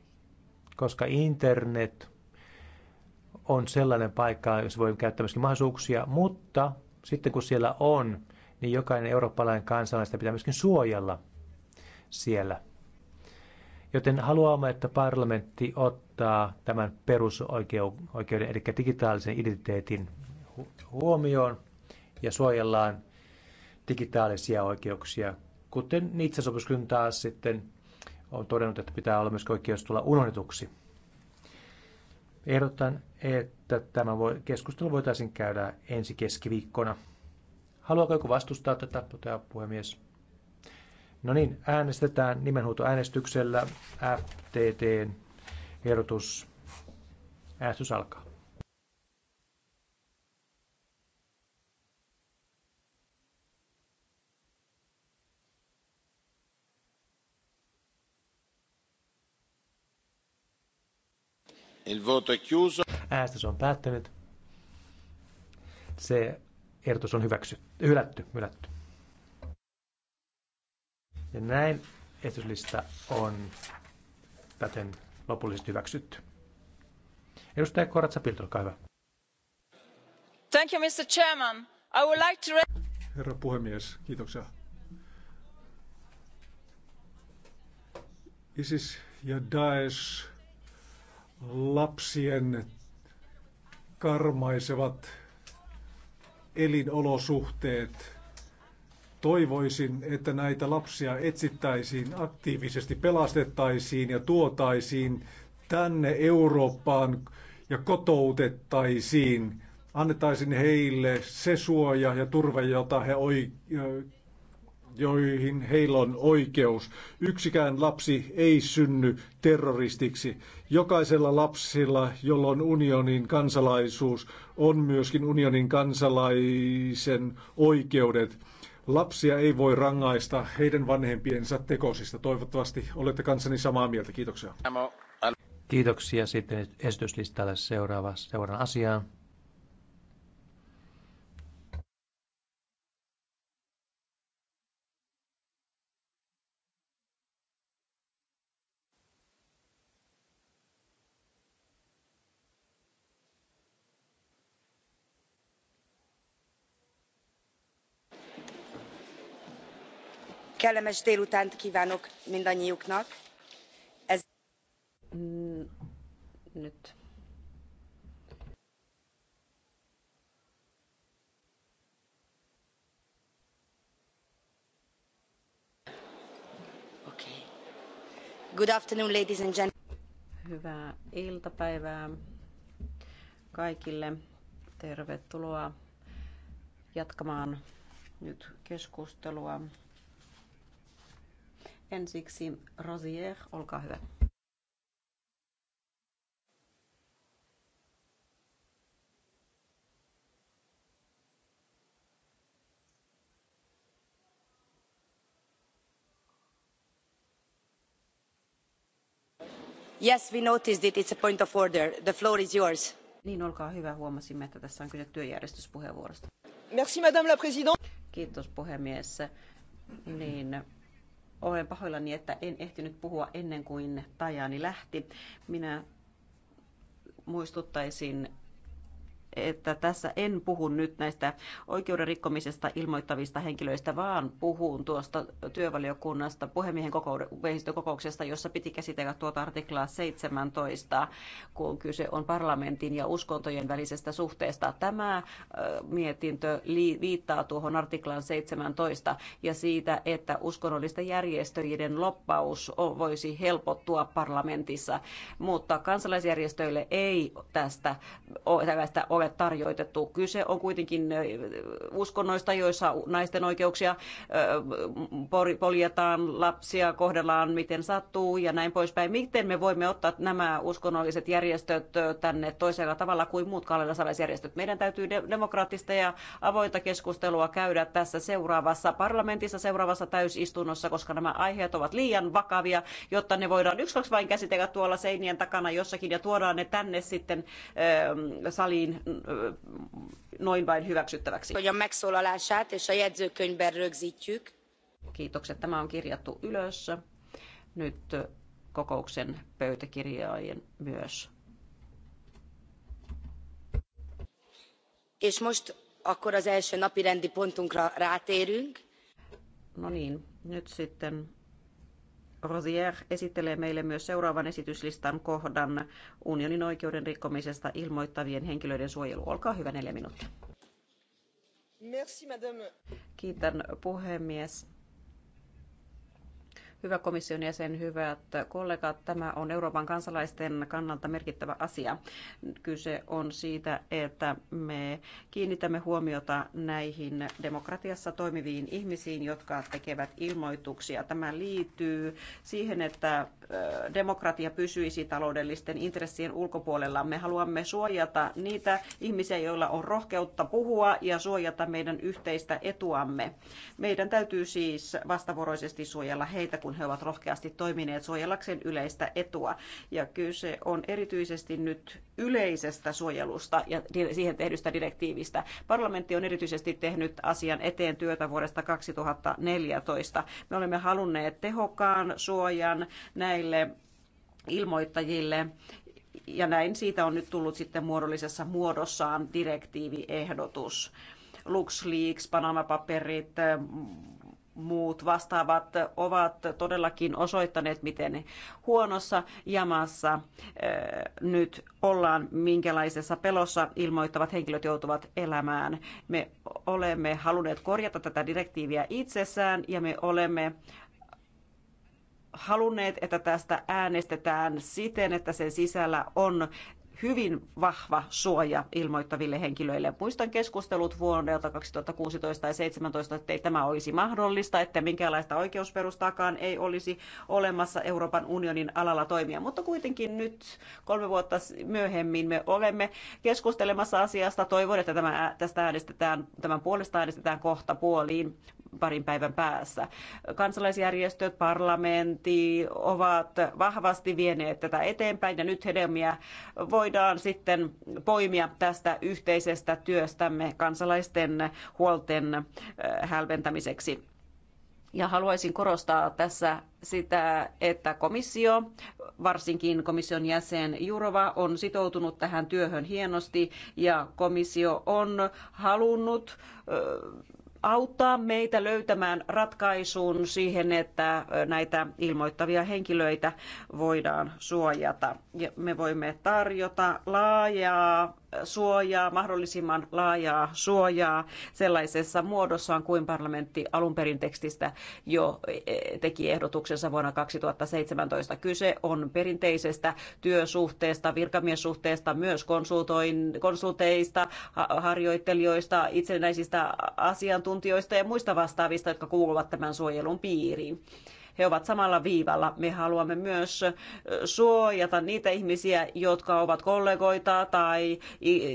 koska internet on sellainen paikka, jossa voi käyttää myöskin mahdollisuuksia, mutta sitten kun siellä on, niin jokainen eurooppalainen kansalainen sitä pitää myöskin suojella siellä – Joten haluamme, että parlamentti ottaa tämän perusoikeuden, eli digitaalisen identiteetin huomioon ja suojellaan digitaalisia oikeuksia, kuten niitä sopimuskin taas sitten on todennut, että pitää olla myös oikeus tulla unohdetuksi. Ehdotan, että tämä voi, keskustelu voitaisiin käydä ensi keskiviikkona. Haluaako joku vastustaa tätä, toteaa puhemies. No niin, äänestetään nimenhuutoäänestyksellä FTTn ehdotus. Äänestys alkaa. Il voto è chiuso. Äänestys on päättynyt. Se ehdotus on hyväksy, hylätty, hylätty. Ja näin esityslista on täten lopullisesti hyväksytty. Edustaja Koratsa Pilt, olkaa hyvä. Thank you, Mr. Chairman. I would like to... Herra puhemies, kiitoksia. ISIS ja Daesh lapsien karmaisevat elinolosuhteet Toivoisin, että näitä lapsia etsittäisiin aktiivisesti, pelastettaisiin ja tuotaisiin tänne Eurooppaan ja kotoutettaisiin. Annettaisiin heille se suoja ja turva, jota he oi, joihin heillä on oikeus. Yksikään lapsi ei synny terroristiksi. Jokaisella lapsilla, jolla on unionin kansalaisuus, on myöskin unionin kansalaisen oikeudet. Lapsia ei voi rangaista heidän vanhempiensa tekosista. Toivottavasti olette kanssani samaa mieltä. Kiitoksia. Kiitoksia. Sitten esityslistalle seuraava, seuraava asiaan. kellemes délutánt kvánok mindannyiuknak. Mm, Hyvää iltapäivää kaikille. Tervetuloa jatkamaan nyt keskustelua Ensiksi Rosier, olkaa hyvä. Yes, we noticed it. It's a point of order. The floor is yours. Niin, olkaa hyvä. Huomasimme, että tässä on kyse työjärjestyspuheenvuorosta. Merci, madame la présidente. Kiitos puhemies. Niin, olen pahoillani, että en ehtinyt puhua ennen kuin Tajani lähti. Minä muistuttaisin että tässä en puhu nyt näistä oikeuden rikkomisesta ilmoittavista henkilöistä, vaan puhun tuosta työvaliokunnasta puhemiehen kokouksesta, jossa piti käsitellä tuota artiklaa 17, kun kyse on parlamentin ja uskontojen välisestä suhteesta. Tämä mietintö viittaa tuohon artiklaan 17 ja siitä, että uskonnollisten järjestöjen loppaus voisi helpottua parlamentissa, mutta kansalaisjärjestöille ei tästä ole ole tarjoitettu. Kyse on kuitenkin uskonnoista, joissa naisten oikeuksia poljetaan, lapsia kohdellaan miten sattuu ja näin poispäin. Miten me voimme ottaa nämä uskonnolliset järjestöt tänne toisella tavalla kuin muut kalenasalaisjärjestöt? Meidän täytyy demokraattista ja avointa keskustelua käydä tässä seuraavassa parlamentissa, seuraavassa täysistunnossa, koska nämä aiheet ovat liian vakavia, jotta ne voidaan yksi kaksi vain käsitellä tuolla seinien takana jossakin ja tuodaan ne tänne sitten saliin noin vain hyväksyttäväksi. Kiitokset. Tämä on kirjattu ylös. Nyt kokouksen pöytäkirjaajien myös. És most akkor az első napirendi pontunkra rátérünk. No niin, nyt sitten Rosier esittelee meille myös seuraavan esityslistan kohdan unionin oikeuden rikkomisesta ilmoittavien henkilöiden suojelu. Olkaa hyvä, neljä minuuttia. Merci, madame. Kiitän puhemies. Hyvä komission jäsen, hyvät kollegat, tämä on Euroopan kansalaisten kannalta merkittävä asia. Kyse on siitä, että me kiinnitämme huomiota näihin demokratiassa toimiviin ihmisiin, jotka tekevät ilmoituksia. Tämä liittyy siihen, että demokratia pysyisi taloudellisten intressien ulkopuolella. Me haluamme suojata niitä ihmisiä, joilla on rohkeutta puhua ja suojata meidän yhteistä etuamme. Meidän täytyy siis vastavuoroisesti suojella heitä, kun kun he ovat rohkeasti toimineet suojellakseen yleistä etua. Ja kyse on erityisesti nyt yleisestä suojelusta ja siihen tehdystä direktiivistä. Parlamentti on erityisesti tehnyt asian eteen työtä vuodesta 2014. Me olemme halunneet tehokkaan suojan näille ilmoittajille ja näin siitä on nyt tullut sitten muodollisessa muodossaan direktiiviehdotus. LuxLeaks, Panama-paperit, muut vastaavat ovat todellakin osoittaneet, miten huonossa jamassa nyt ollaan, minkälaisessa pelossa ilmoittavat henkilöt joutuvat elämään. Me olemme halunneet korjata tätä direktiiviä itsessään ja me olemme halunneet, että tästä äänestetään siten, että sen sisällä on hyvin vahva suoja ilmoittaville henkilöille. Muistan keskustelut vuodelta 2016 ja 2017, että ei tämä olisi mahdollista, että minkäänlaista oikeusperustaakaan ei olisi olemassa Euroopan unionin alalla toimia. Mutta kuitenkin nyt kolme vuotta myöhemmin me olemme keskustelemassa asiasta. Toivon, että tämä, tästä äänestetään, tämän puolesta äänestetään kohta puoliin parin päivän päässä. Kansalaisjärjestöt, parlamentti ovat vahvasti vieneet tätä eteenpäin ja nyt hedelmiä voi voidaan sitten poimia tästä yhteisestä työstämme kansalaisten huolten hälventämiseksi. Ja haluaisin korostaa tässä sitä, että komissio, varsinkin komission jäsen Jurova, on sitoutunut tähän työhön hienosti ja komissio on halunnut auttaa meitä löytämään ratkaisun siihen, että näitä ilmoittavia henkilöitä voidaan suojata. Ja me voimme tarjota laajaa suojaa, mahdollisimman laajaa suojaa sellaisessa muodossaan kuin parlamentti alun perin tekstistä jo e, teki ehdotuksensa vuonna 2017. Kyse on perinteisestä työsuhteesta, virkamiessuhteesta, myös konsulteista, harjoittelijoista, itsenäisistä asiantuntijoista ja muista vastaavista, jotka kuuluvat tämän suojelun piiriin he ovat samalla viivalla. Me haluamme myös suojata niitä ihmisiä, jotka ovat kollegoita tai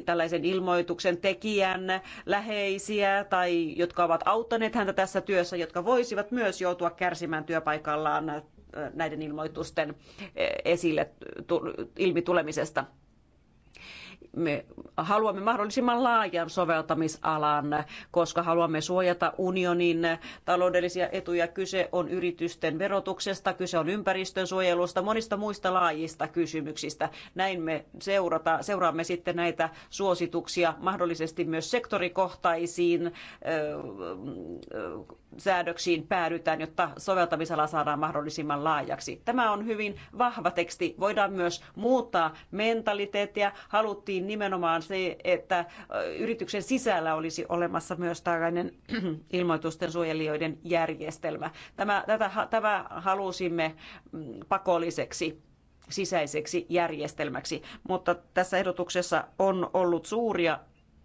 tällaisen ilmoituksen tekijän läheisiä tai jotka ovat auttaneet häntä tässä työssä, jotka voisivat myös joutua kärsimään työpaikallaan näiden ilmoitusten esille ilmi tulemisesta me haluamme mahdollisimman laajan soveltamisalan, koska haluamme suojata unionin taloudellisia etuja. Kyse on yritysten verotuksesta, kyse on ympäristön suojelusta, monista muista laajista kysymyksistä. Näin me seurata, seuraamme sitten näitä suosituksia mahdollisesti myös sektorikohtaisiin ö, säädöksiin päädytään, jotta soveltamisala saadaan mahdollisimman laajaksi. Tämä on hyvin vahva teksti. Voidaan myös muuttaa mentaliteettia. Haluttiin nimenomaan se, että yrityksen sisällä olisi olemassa myös tällainen ilmoitusten suojelijoiden järjestelmä. Tämä, tätä, tämä halusimme mm, pakolliseksi sisäiseksi järjestelmäksi, mutta tässä ehdotuksessa on ollut suuria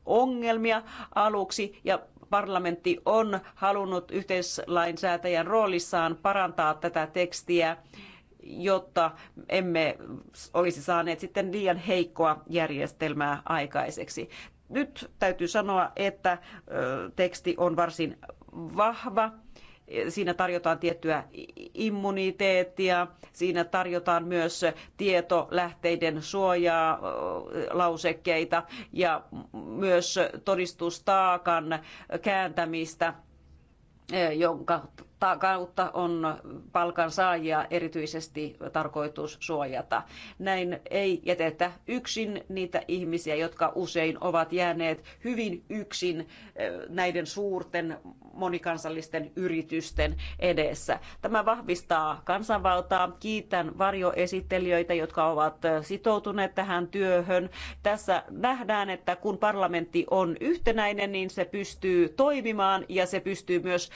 ongelmia aluksi ja parlamentti on halunnut yhteislainsäätäjän roolissaan parantaa tätä tekstiä jotta emme olisi saaneet sitten liian heikkoa järjestelmää aikaiseksi. Nyt täytyy sanoa, että teksti on varsin vahva Siinä tarjotaan tiettyä immuniteettia, siinä tarjotaan myös tietolähteiden suojaa, lausekkeita ja myös todistustaakan kääntämistä jonka kautta on palkansaajia erityisesti tarkoitus suojata. Näin ei jätetä yksin niitä ihmisiä, jotka usein ovat jääneet hyvin yksin eh, näiden suurten monikansallisten yritysten edessä. Tämä vahvistaa kansanvaltaa. Kiitän varjoesittelijöitä, jotka ovat eh, sitoutuneet tähän työhön. Tässä nähdään, että kun parlamentti on yhtenäinen, niin se pystyy toimimaan ja se pystyy myös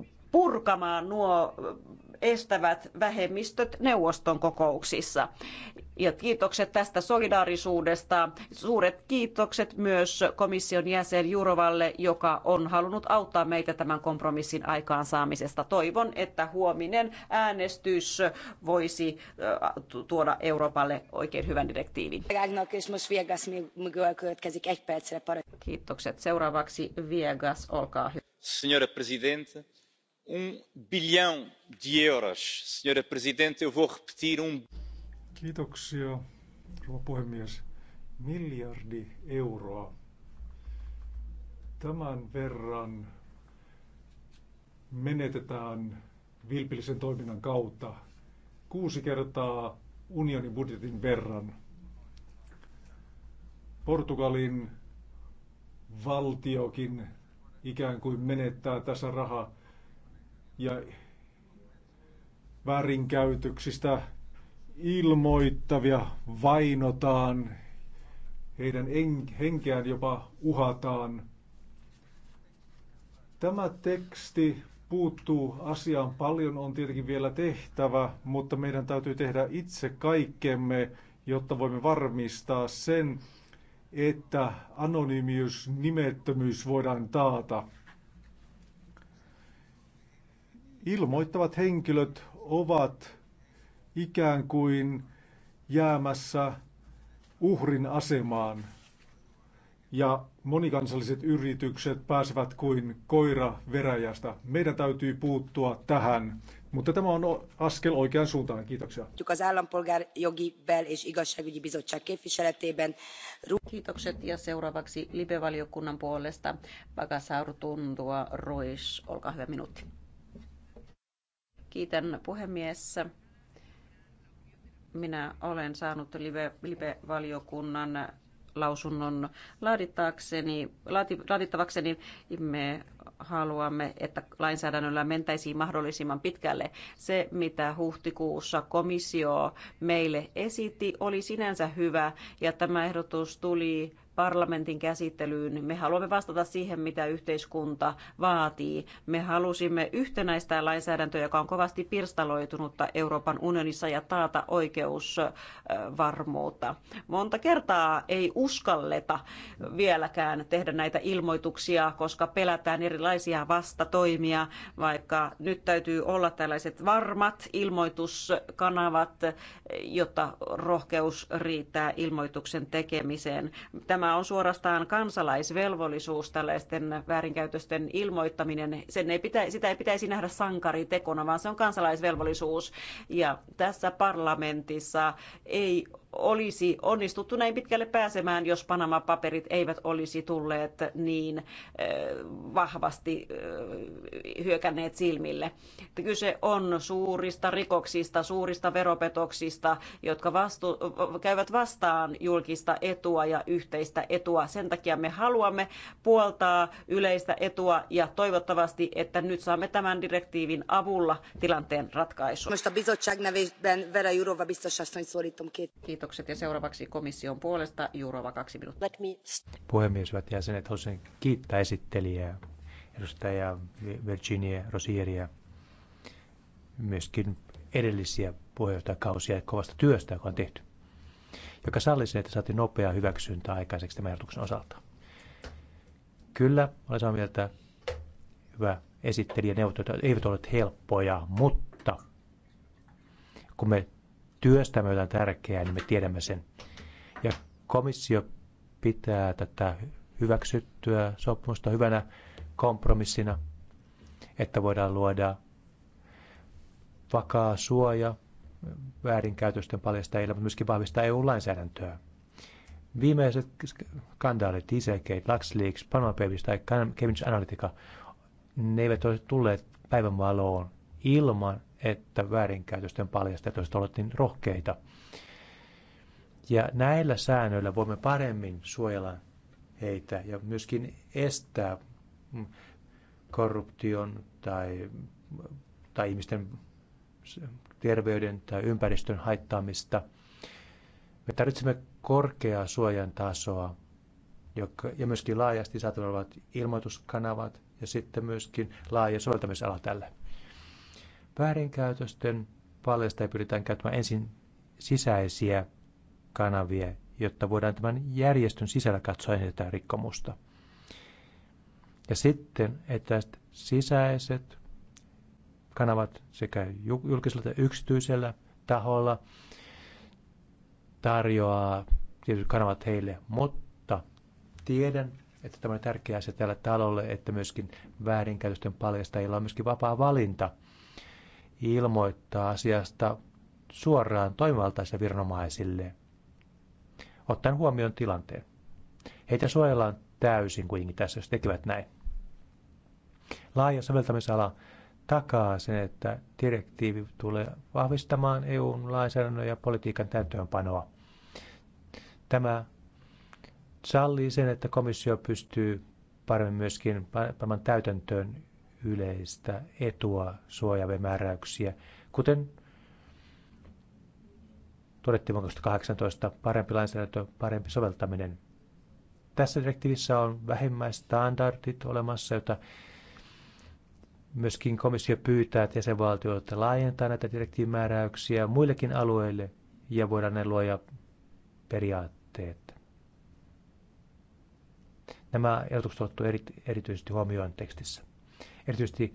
eh, purkamaan nuo estävät vähemmistöt neuvoston kokouksissa. Ja kiitokset tästä solidaarisuudesta. Suuret kiitokset myös komission jäsen Jurovalle, joka on halunnut auttaa meitä tämän kompromissin aikaansaamisesta. Toivon, että huominen äänestys voisi tuoda Euroopalle oikein hyvän direktiivin. Kiitokset. Seuraavaksi Viegas, olkaa hyvä. Signore Presidente, Um um Kiitoksia, rouva puhemies. Miljardi euroa. Tämän verran menetetään vilpillisen toiminnan kautta kuusi kertaa unionin budjetin verran. Portugalin valtiokin ikään kuin menettää tässä rahaa ja väärinkäytöksistä ilmoittavia vainotaan, heidän henkeään jopa uhataan. Tämä teksti puuttuu asiaan paljon, on tietenkin vielä tehtävä, mutta meidän täytyy tehdä itse kaikkemme, jotta voimme varmistaa sen, että anonyymius, nimettömyys voidaan taata. Ilmoittavat henkilöt ovat ikään kuin jäämässä uhrin asemaan ja monikansalliset yritykset pääsevät kuin koira veräjästä. Meidän täytyy puuttua tähän, mutta tämä on askel oikeaan suuntaan. Kiitoksia. Kiitokset ja seuraavaksi live puolesta Pagasaur Rois. Olkaa hyvä minuutti. Kiitän puhemies. Minä olen saanut Live-valiokunnan lausunnon laadittavakseni. Me haluamme, että lainsäädännöllä mentäisiin mahdollisimman pitkälle. Se, mitä huhtikuussa komissio meille esitti, oli sinänsä hyvä ja tämä ehdotus tuli parlamentin käsittelyyn. Niin me haluamme vastata siihen, mitä yhteiskunta vaatii. Me halusimme yhtenäistää lainsäädäntöä, joka on kovasti pirstaloitunutta Euroopan unionissa ja taata oikeusvarmuutta. Monta kertaa ei uskalleta vieläkään tehdä näitä ilmoituksia, koska pelätään erilaisia vastatoimia, vaikka nyt täytyy olla tällaiset varmat ilmoituskanavat, jotta rohkeus riittää ilmoituksen tekemiseen. Tämä Tämä on suorastaan kansalaisvelvollisuus tällaisten väärinkäytösten ilmoittaminen. Sen ei pitä, sitä ei pitäisi nähdä sankaritekona, vaan se on kansalaisvelvollisuus. Ja tässä parlamentissa ei olisi onnistuttu näin pitkälle pääsemään, jos Panama-paperit eivät olisi tulleet niin vahvasti hyökänneet silmille. Kyse on suurista rikoksista, suurista veropetoksista, jotka vastu- käyvät vastaan julkista etua ja yhteistä etua. Sen takia me haluamme puoltaa yleistä etua ja toivottavasti, että nyt saamme tämän direktiivin avulla tilanteen ratkaisu. Kiitos. Kiitokset ja seuraavaksi komission puolesta Jurova kaksi minuuttia. Puhemies, hyvät jäsenet, haluaisin kiittää esittelijää, edustaja Virginia Rosieria, myöskin edellisiä puheenjohtajakausia kovasta työstä, joka on tehty, joka sallisi, että saatiin nopeaa hyväksyntää aikaiseksi tämän ehdotuksen osalta. Kyllä, olen samaa mieltä, hyvä esittelijä, neuvottelut eivät ole helppoja, mutta kun me työstämme jotain tärkeää, niin me tiedämme sen. Ja komissio pitää tätä hyväksyttyä sopimusta hyvänä kompromissina, että voidaan luoda vakaa suoja väärinkäytösten paljastajille, mutta myöskin vahvistaa EU-lainsäädäntöä. Viimeiset skandaalit, Dieselgate, LuxLeaks, Panama Papers tai Cambridge Analytica, ne eivät ole tulleet päivänvaloon ilman, että väärinkäytösten paljastajat olivat niin rohkeita. Ja näillä säännöillä voimme paremmin suojella heitä ja myöskin estää korruption tai, tai ihmisten terveyden tai ympäristön haittaamista. Me tarvitsemme korkeaa suojan tasoa joka, ja myöskin laajasti saatavat ilmoituskanavat ja sitten myöskin laaja soveltamisala tälle väärinkäytösten paljasta pyritään käyttämään ensin sisäisiä kanavia, jotta voidaan tämän järjestön sisällä katsoa ensin rikkomusta. Ja sitten, että sisäiset kanavat sekä julkisella että yksityisellä taholla tarjoaa tietyt kanavat heille, mutta tiedän, että tämä on tärkeä asia tälle talolle, että myöskin väärinkäytösten paljastajilla on myöskin vapaa valinta – ilmoittaa asiasta suoraan toimivaltaisille viranomaisille, ottaen huomioon tilanteen. Heitä suojellaan täysin kuitenkin tässä, jos tekevät näin. Laaja soveltamisala takaa sen, että direktiivi tulee vahvistamaan EUn lainsäädännön ja politiikan täytäntöönpanoa. Tämä sallii sen, että komissio pystyy paremmin myöskin panemaan täytäntöön yleistä etua suojaavia määräyksiä, kuten todettiin vuonna 2018 parempi lainsäädäntö, parempi soveltaminen. Tässä direktiivissä on vähimmäistandardit olemassa, joita myöskin komissio pyytää, että jäsenvaltioita laajentaa näitä direktiivimääräyksiä muillekin alueille ja voidaan ne luoja periaatteet. Nämä ehdotukset on erityisesti huomioon tekstissä erityisesti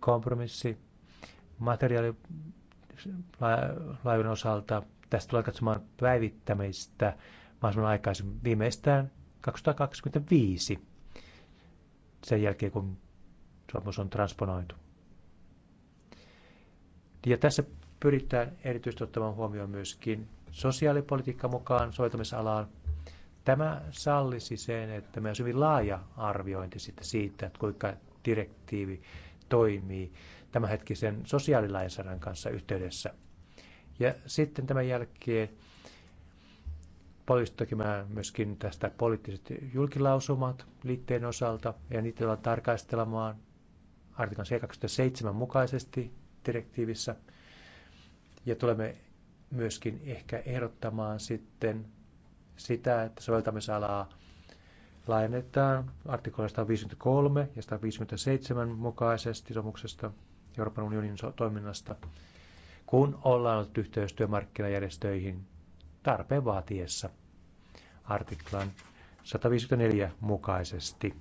kompromissi materiaalilaivan osalta. Tästä tulee katsomaan päivittämistä mahdollisimman aikaisin viimeistään 2025 sen jälkeen, kun sopimus on transponoitu. Ja tässä pyritään erityisesti ottamaan huomioon myöskin sosiaalipolitiikka mukaan soitamisalaan. Tämä sallisi sen, että meillä on hyvin laaja arviointi siitä, että kuinka direktiivi toimii tämänhetkisen sosiaalilainsäädännön kanssa yhteydessä. Ja sitten tämän jälkeen poliisit myöskin tästä poliittiset julkilausumat liitteen osalta ja niitä tullaan tarkastelemaan artiklan 27 mukaisesti direktiivissä. Ja tulemme myöskin ehkä ehdottamaan sitten sitä, että soveltamisalaa laajennetaan artikloja 153 ja 157 mukaisesti sopimuksesta Euroopan unionin toiminnasta, kun ollaan ollut yhteys työmarkkinajärjestöihin tarpeen vaatiessa artiklan 154 mukaisesti.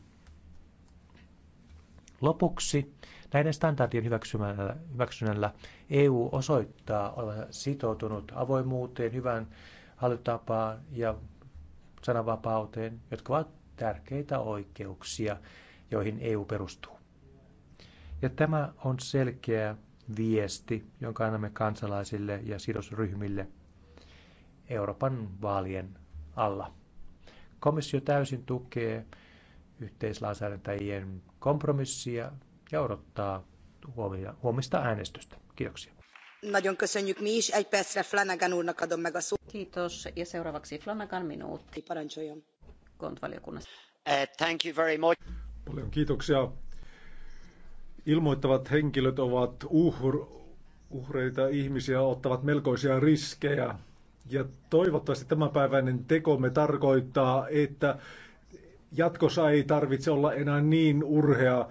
Lopuksi näiden standardien hyväksynnällä, hyväksynnällä e EU osoittaa olevansa sitoutunut avoimuuteen, hyvään hallintapaan ja sananvapauteen, jotka ovat tärkeitä oikeuksia, joihin EU perustuu. Ja tämä on selkeä viesti, jonka annamme kansalaisille ja sidosryhmille Euroopan vaalien alla. Komissio täysin tukee yhteislainsäädäntäjien kompromissia ja odottaa huomista äänestystä. Kiitoksia. Nagyon köszönjük mi is. Egy percre Flanagan úrnak adom meg a szót. Kiitos. Ja seuraavaksi Flanagan minuutti. Parancsoljon kontvaliokunnassa. Uh, thank you very much. Paljon kiitoksia. Ilmoittavat henkilöt ovat uhr, uhreita ihmisiä, ottavat melkoisia riskejä. Ja toivottavasti tämänpäiväinen tekomme tarkoittaa, että jatkossa ei tarvitse olla enää niin urhea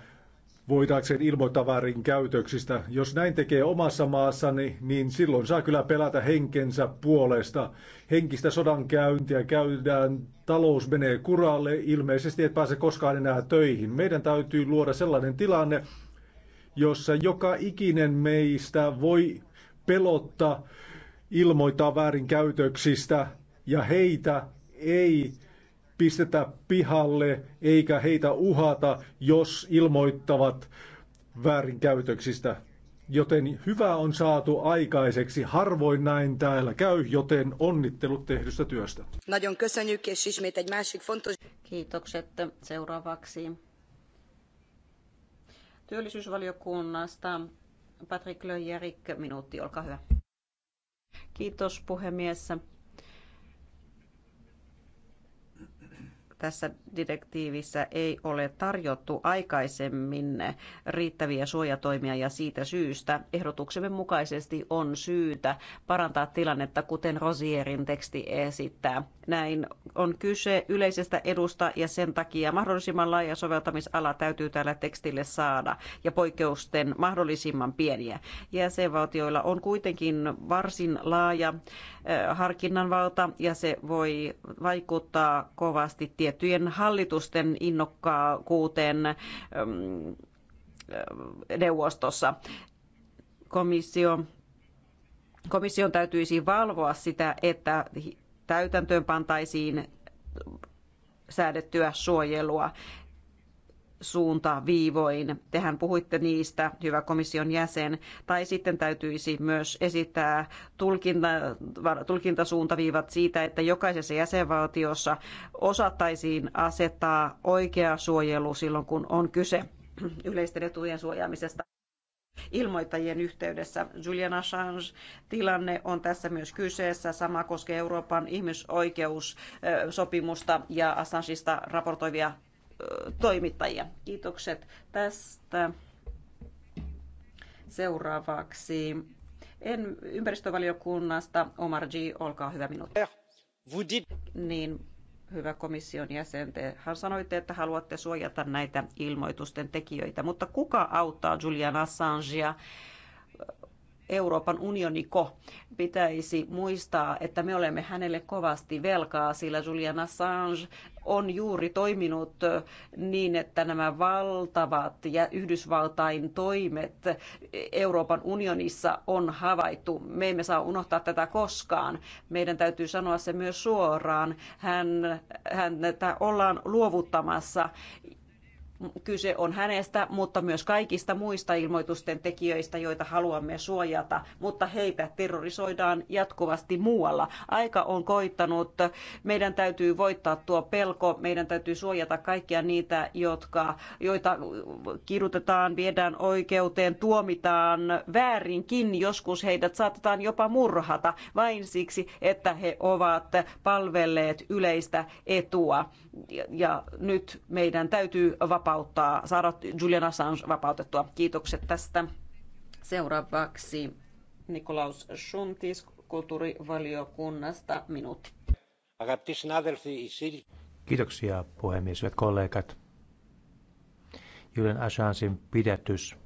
voitakseen ilmoittaa väärin käytöksistä. Jos näin tekee omassa maassani, niin silloin saa kyllä pelätä henkensä puolesta. Henkistä sodan käyntiä käydään, talous menee kuralle, ilmeisesti et pääse koskaan enää töihin. Meidän täytyy luoda sellainen tilanne, jossa joka ikinen meistä voi pelottaa ilmoittaa väärinkäytöksistä ja heitä ei pistetä pihalle eikä heitä uhata, jos ilmoittavat väärinkäytöksistä. Joten hyvä on saatu aikaiseksi. Harvoin näin täällä käy, joten onnittelut tehdystä työstä. Kiitokset. Seuraavaksi työllisyysvaliokunnasta Patrick Löjärik, minuutti, olkaa hyvä. Kiitos puhemies. tässä direktiivissä ei ole tarjottu aikaisemmin riittäviä suojatoimia ja siitä syystä ehdotuksemme mukaisesti on syytä parantaa tilannetta, kuten Rosierin teksti esittää. Näin on kyse yleisestä edusta ja sen takia mahdollisimman laaja soveltamisala täytyy täällä tekstille saada ja poikkeusten mahdollisimman pieniä. Jäsenvaltioilla on kuitenkin varsin laaja Harkinnan valta ja se voi vaikuttaa kovasti tiettyjen hallitusten innokkaakuuteen neuvostossa. Komissio, komission täytyisi valvoa sitä, että täytäntöön pantaisiin säädettyä suojelua suuntaviivoin. Tehän puhuitte niistä, hyvä komission jäsen, tai sitten täytyisi myös esittää tulkinta, tulkintasuuntaviivat siitä, että jokaisessa jäsenvaltiossa osattaisiin asettaa oikea suojelu silloin, kun on kyse yleisten etujen suojaamisesta ilmoittajien yhteydessä. Julian Assange-tilanne on tässä myös kyseessä. Sama koskee Euroopan ihmisoikeussopimusta ja Assangeista raportoivia toimittajia. Kiitokset tästä. Seuraavaksi en ympäristövaliokunnasta Omar G, olkaa hyvä minuutti. Niin, hyvä komission jäsen, te sanoitte, että haluatte suojata näitä ilmoitusten tekijöitä, mutta kuka auttaa Julian Assangea Euroopan unioniko pitäisi muistaa, että me olemme hänelle kovasti velkaa, sillä Julian Assange on juuri toiminut niin, että nämä valtavat ja Yhdysvaltain toimet Euroopan unionissa on havaittu. Me emme saa unohtaa tätä koskaan. Meidän täytyy sanoa se myös suoraan. Hän, hän ollaan luovuttamassa Kyse on hänestä, mutta myös kaikista muista ilmoitusten tekijöistä, joita haluamme suojata, mutta heitä terrorisoidaan jatkuvasti muualla. Aika on koittanut. Meidän täytyy voittaa tuo pelko. Meidän täytyy suojata kaikkia niitä, jotka, joita kirjoitetaan, viedään oikeuteen, tuomitaan väärinkin. Joskus heidät saatetaan jopa murhata vain siksi, että he ovat palvelleet yleistä etua. Ja nyt meidän täytyy vapaa vapauttaa, saada Julian Assange vapautettua. Kiitokset tästä. Seuraavaksi Nikolaus Schuntis kulttuurivaliokunnasta minuutti. Kiitoksia puhemies, hyvät kollegat. Julian Assangein pidätys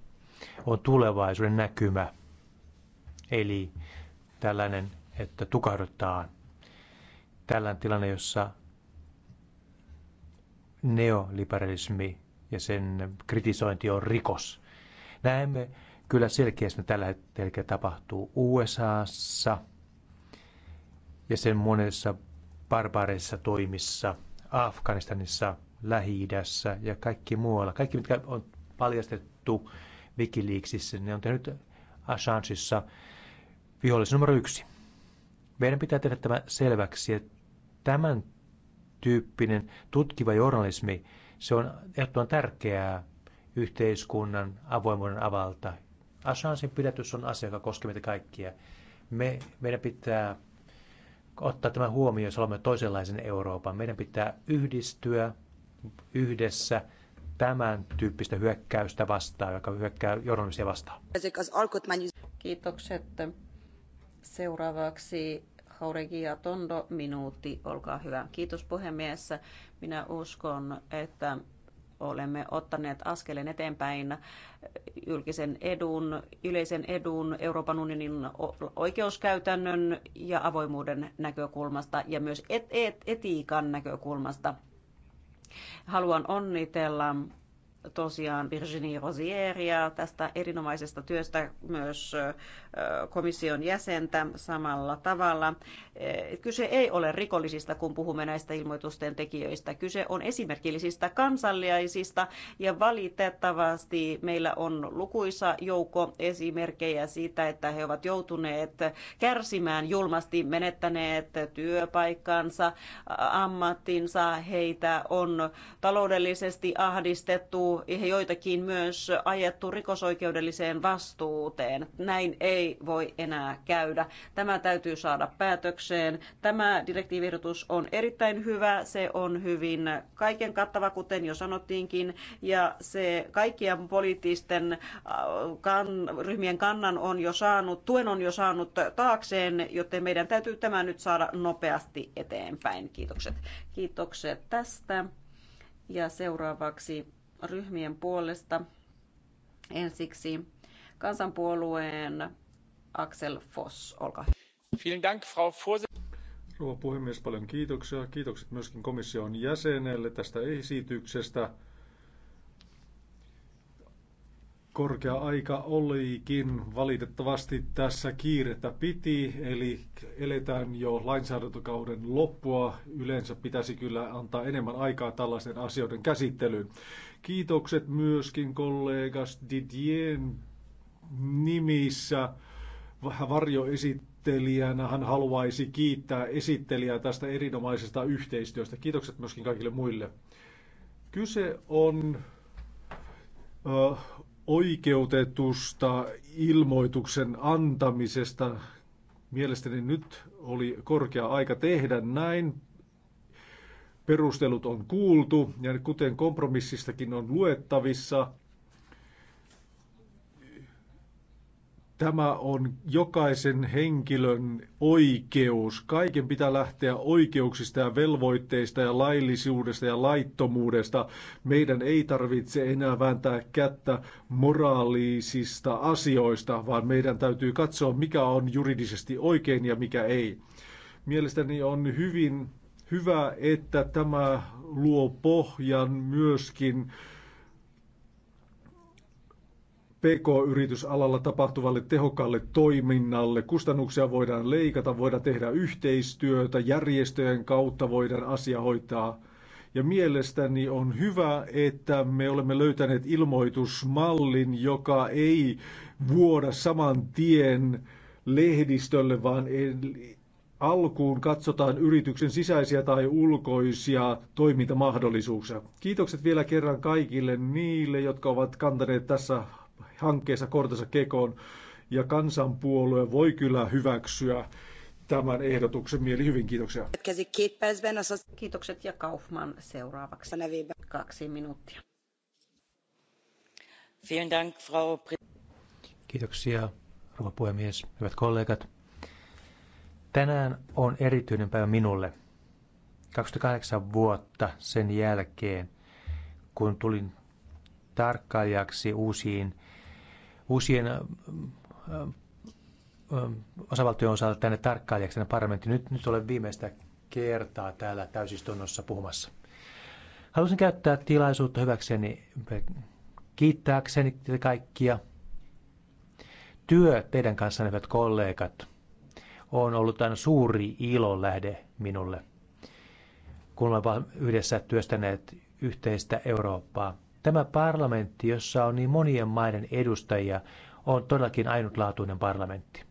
on tulevaisuuden näkymä. Eli tällainen, että tukahdutaan. Tällainen tilanne, jossa neoliberalismi ja sen kritisointi on rikos. Näemme kyllä selkeästi, että tällä hetkellä tapahtuu USAssa ja sen monessa barbaareissa toimissa, Afganistanissa, lähi ja kaikki muualla. Kaikki, mitkä on paljastettu Wikileaksissa, ne on tehnyt Assangeissa vihollisen numero yksi. Meidän pitää tehdä tämä selväksi, että tämän tyyppinen tutkiva journalismi – se on ehdottoman tärkeää yhteiskunnan avoimuuden avalta. Assangein pidätys on asia, joka koskee meitä kaikkia. Me, meidän pitää ottaa tämä huomioon, jos haluamme toisenlaisen Euroopan. Meidän pitää yhdistyä yhdessä tämän tyyppistä hyökkäystä vastaan, joka hyökkää journalismia vastaan. Kiitokset. Seuraavaksi Hauregi Tondo, minuutti, olkaa hyvä. Kiitos puhemies. Minä uskon, että olemme ottaneet askeleen eteenpäin julkisen edun, yleisen edun, Euroopan unionin oikeuskäytännön ja avoimuuden näkökulmasta ja myös et- et- etiikan näkökulmasta. Haluan onnitella tosiaan Virginie Rosieria tästä erinomaisesta työstä myös komission jäsentä samalla tavalla. E, kyse ei ole rikollisista, kun puhumme näistä ilmoitusten tekijöistä. Kyse on esimerkillisistä kansallisista ja valitettavasti meillä on lukuisa joukko esimerkkejä siitä, että he ovat joutuneet kärsimään julmasti, menettäneet työpaikkansa, ammattinsa, heitä on taloudellisesti ahdistettu, ja joitakin myös ajettu rikosoikeudelliseen vastuuteen. Näin ei voi enää käydä. Tämä täytyy saada päätökseen. Tämä direktiivirjoitus on erittäin hyvä. Se on hyvin kaiken kattava, kuten jo sanottiinkin, ja se kaikkien poliittisten äh, kan, ryhmien kannan on jo saanut, tuen on jo saanut taakseen, joten meidän täytyy tämä nyt saada nopeasti eteenpäin. Kiitokset. Kiitokset tästä. Ja seuraavaksi ryhmien puolesta. Ensiksi kansanpuolueen Axel Foss olkaa hyvä. Dank, Frau Rouva puhemies, paljon kiitoksia. Kiitokset myöskin komission jäsenelle tästä esityksestä. Korkea aika olikin. Valitettavasti tässä kiirettä piti, eli eletään jo lainsäädäntökauden loppua. Yleensä pitäisi kyllä antaa enemmän aikaa tällaisten asioiden käsittelyyn. Kiitokset myöskin kollegas Didien nimissä. Varjoesittelijänä hän haluaisi kiittää esittelijää tästä erinomaisesta yhteistyöstä. Kiitokset myöskin kaikille muille. Kyse on ö, oikeutetusta ilmoituksen antamisesta. Mielestäni nyt oli korkea aika tehdä näin. Perustelut on kuultu ja kuten kompromissistakin on luettavissa, tämä on jokaisen henkilön oikeus. Kaiken pitää lähteä oikeuksista ja velvoitteista ja laillisuudesta ja laittomuudesta. Meidän ei tarvitse enää vääntää kättä moraalisista asioista, vaan meidän täytyy katsoa, mikä on juridisesti oikein ja mikä ei. Mielestäni on hyvin Hyvä, että tämä luo pohjan myöskin PK-yritysalalla tapahtuvalle tehokkaalle toiminnalle. Kustannuksia voidaan leikata, voidaan tehdä yhteistyötä, järjestöjen kautta voidaan asia hoitaa. Ja mielestäni on hyvä, että me olemme löytäneet ilmoitusmallin, joka ei vuoda saman tien lehdistölle, vaan alkuun katsotaan yrityksen sisäisiä tai ulkoisia toimintamahdollisuuksia. Kiitokset vielä kerran kaikille niille, jotka ovat kantaneet tässä hankkeessa kortensa kekoon. Ja kansanpuolue voi kyllä hyväksyä tämän ehdotuksen mieli hyvin. Kiitoksia. Kiitokset ja Kaufman seuraavaksi. Kaksi minuuttia. Kiitoksia, rouva puhemies, hyvät kollegat. Tänään on erityinen päivä minulle. 28 vuotta sen jälkeen, kun tulin tarkkailijaksi uusiin, uusien osavaltion osalta tänne tarkkailijaksi tänne parlamentti. Nyt, nyt olen viimeistä kertaa täällä täysistunnossa puhumassa. Haluaisin käyttää tilaisuutta hyväkseni kiittääkseni teitä kaikkia. Työ teidän kanssanne, hyvät kollegat – on ollut aina suuri ilo lähde minulle, kun olemme yhdessä työstäneet yhteistä Eurooppaa. Tämä parlamentti, jossa on niin monien maiden edustajia, on todellakin ainutlaatuinen parlamentti.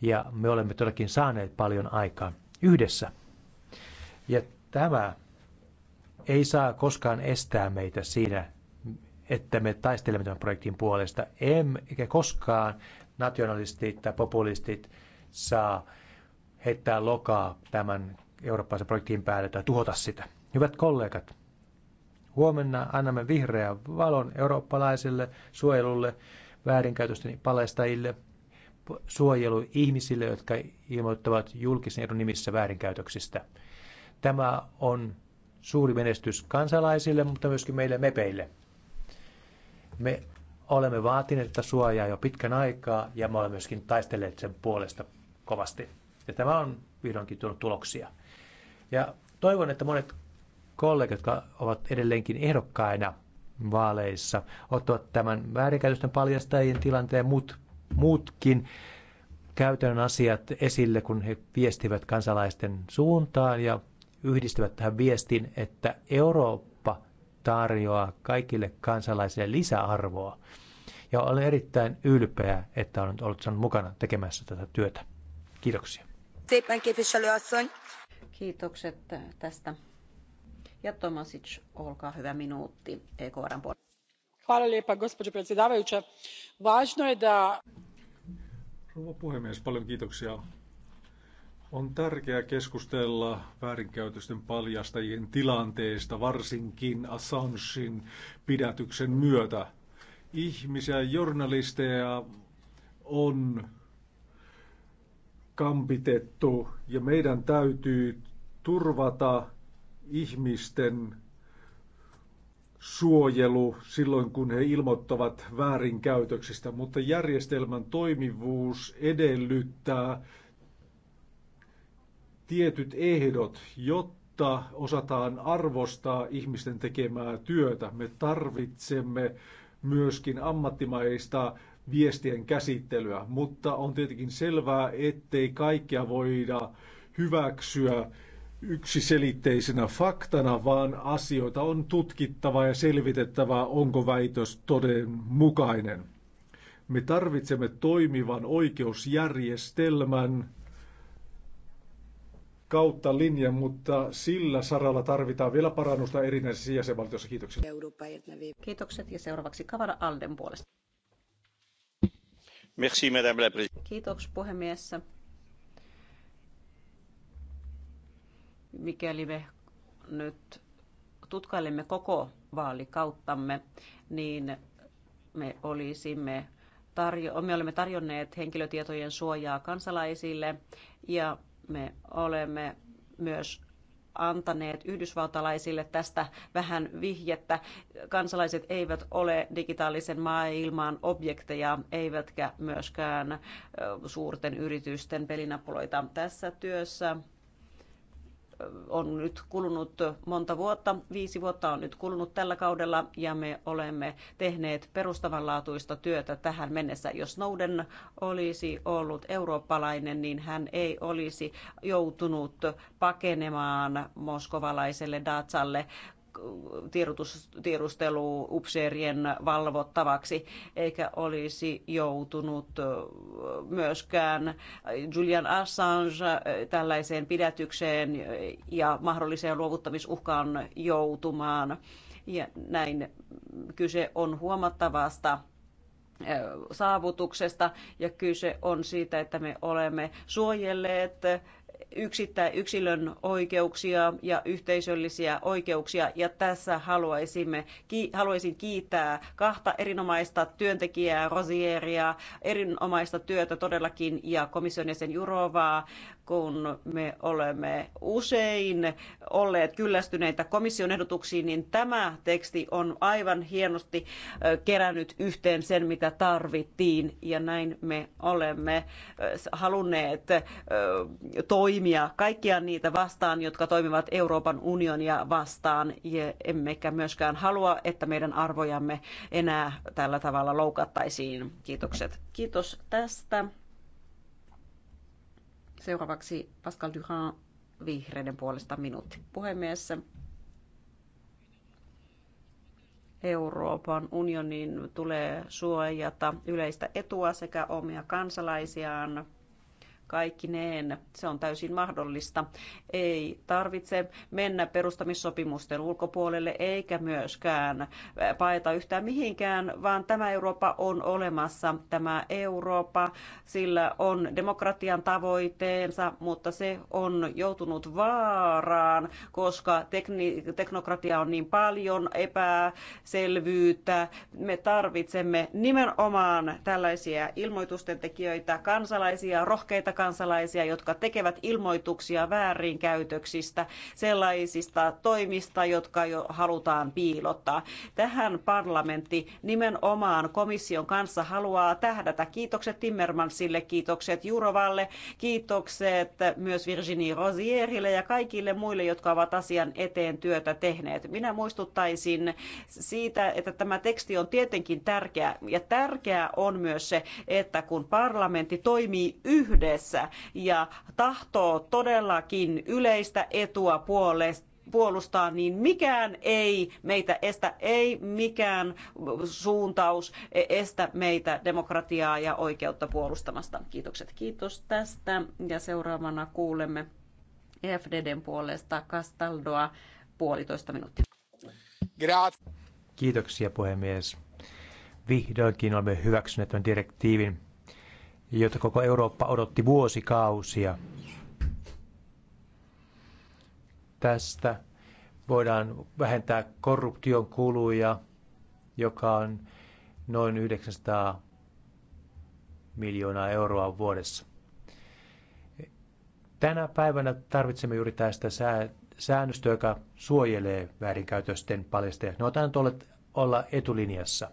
Ja me olemme todellakin saaneet paljon aikaa yhdessä. Ja tämä ei saa koskaan estää meitä siinä, että me taistelemme tämän projektin puolesta. Emmekä koskaan nationalistit tai populistit – saa heittää lokaa tämän eurooppalaisen projektin päälle tai tuhota sitä. Hyvät kollegat, huomenna annamme vihreän valon eurooppalaiselle suojelulle, väärinkäytösten palestajille, suojelu ihmisille, jotka ilmoittavat julkisen edun nimissä väärinkäytöksistä. Tämä on suuri menestys kansalaisille, mutta myöskin meille mepeille. Me olemme vaatineet tätä suojaa jo pitkän aikaa ja me olemme myöskin taistelleet sen puolesta kovasti. Ja tämä on vihdoinkin tuonut tuloksia. Ja toivon, että monet kollegat, jotka ovat edelleenkin ehdokkaina vaaleissa, ottavat tämän väärinkäytösten paljastajien tilanteen muut, muutkin käytännön asiat esille, kun he viestivät kansalaisten suuntaan ja yhdistävät tähän viestin, että Eurooppa tarjoaa kaikille kansalaisille lisäarvoa. Ja olen erittäin ylpeä, että olen ollut mukana tekemässä tätä työtä. Kiitoksia. Kiitokset tästä. Ja Tomasic, olkaa hyvä minuutti EKRn puolella. Rouva puhemies, paljon kiitoksia. On tärkeää keskustella väärinkäytösten paljastajien tilanteesta, varsinkin Assangein pidätyksen myötä. Ihmisiä, journalisteja on kampitettu ja meidän täytyy turvata ihmisten suojelu silloin, kun he ilmoittavat väärinkäytöksistä, mutta järjestelmän toimivuus edellyttää tietyt ehdot, jotta osataan arvostaa ihmisten tekemää työtä. Me tarvitsemme myöskin ammattimaista viestien käsittelyä, mutta on tietenkin selvää, ettei kaikkea voida hyväksyä yksiselitteisenä faktana, vaan asioita on tutkittava ja selvitettävä, onko väitös todenmukainen. Me tarvitsemme toimivan oikeusjärjestelmän kautta linjan, mutta sillä saralla tarvitaan vielä parannusta erinäisissä jäsenvaltioissa. Kiitoksia. Kiitokset ja seuraavaksi Kavara Alden puolesta arvoisa puhemies. Mikäli me nyt tutkailemme koko vaalikauttamme, niin me olisimme tarjo- me olemme tarjonneet henkilötietojen suojaa kansalaisille ja me olemme myös antaneet yhdysvaltalaisille tästä vähän vihjettä. Kansalaiset eivät ole digitaalisen maailman objekteja, eivätkä myöskään suurten yritysten pelinapuloita tässä työssä on nyt kulunut monta vuotta, viisi vuotta on nyt kulunut tällä kaudella ja me olemme tehneet perustavanlaatuista työtä tähän mennessä. Jos Snowden olisi ollut eurooppalainen, niin hän ei olisi joutunut pakenemaan moskovalaiselle Datsalle, tiedustelu upseerien valvottavaksi, eikä olisi joutunut myöskään Julian Assange tällaiseen pidätykseen ja mahdolliseen luovuttamisuhkaan joutumaan. Ja näin kyse on huomattavasta saavutuksesta ja kyse on siitä, että me olemme suojelleet yksittä, yksilön oikeuksia ja yhteisöllisiä oikeuksia. Ja tässä haluaisimme, ki, haluaisin kiittää kahta erinomaista työntekijää, Rosieria, erinomaista työtä todellakin ja komission jäsen Jurovaa kun me olemme usein olleet kyllästyneitä komission ehdotuksiin, niin tämä teksti on aivan hienosti kerännyt yhteen sen, mitä tarvittiin. Ja näin me olemme halunneet toimia kaikkia niitä vastaan, jotka toimivat Euroopan unionia vastaan. Ja emmekä myöskään halua, että meidän arvojamme enää tällä tavalla loukattaisiin. Kiitokset. Kiitos tästä. Seuraavaksi Pascal Duhan vihreiden puolesta minuutti. Puhemies, Euroopan unionin tulee suojata yleistä etua sekä omia kansalaisiaan kaikkineen. Se on täysin mahdollista. Ei tarvitse mennä perustamissopimusten ulkopuolelle eikä myöskään paeta yhtään mihinkään, vaan tämä Eurooppa on olemassa. Tämä Eurooppa, sillä on demokratian tavoitteensa, mutta se on joutunut vaaraan, koska tekni- teknokratia on niin paljon epäselvyyttä. Me tarvitsemme nimenomaan tällaisia ilmoitusten tekijöitä, kansalaisia, rohkeita kansalaisia, jotka tekevät ilmoituksia väärinkäytöksistä, sellaisista toimista, jotka jo halutaan piilottaa. Tähän parlamentti nimenomaan komission kanssa haluaa tähdätä. Kiitokset Timmermansille, kiitokset Jurovalle, kiitokset myös Virginie Rosierille ja kaikille muille, jotka ovat asian eteen työtä tehneet. Minä muistuttaisin siitä, että tämä teksti on tietenkin tärkeä ja tärkeää on myös se, että kun parlamentti toimii yhdessä, mielessä ja tahtoo todellakin yleistä etua puolesta puolustaa, niin mikään ei meitä estä, ei mikään suuntaus estä meitä demokratiaa ja oikeutta puolustamasta. Kiitokset. Kiitos tästä. Ja seuraavana kuulemme EFDDn puolesta Castaldoa puolitoista minuuttia. Kiitoksia puhemies. Vihdoinkin olemme hyväksyneet tämän direktiivin jota koko Eurooppa odotti vuosikausia. Tästä voidaan vähentää korruption kuluja, joka on noin 900 miljoonaa euroa vuodessa. Tänä päivänä tarvitsemme juuri tästä säännöstä, joka suojelee väärinkäytösten paljastajia. Ne ovat olla etulinjassa.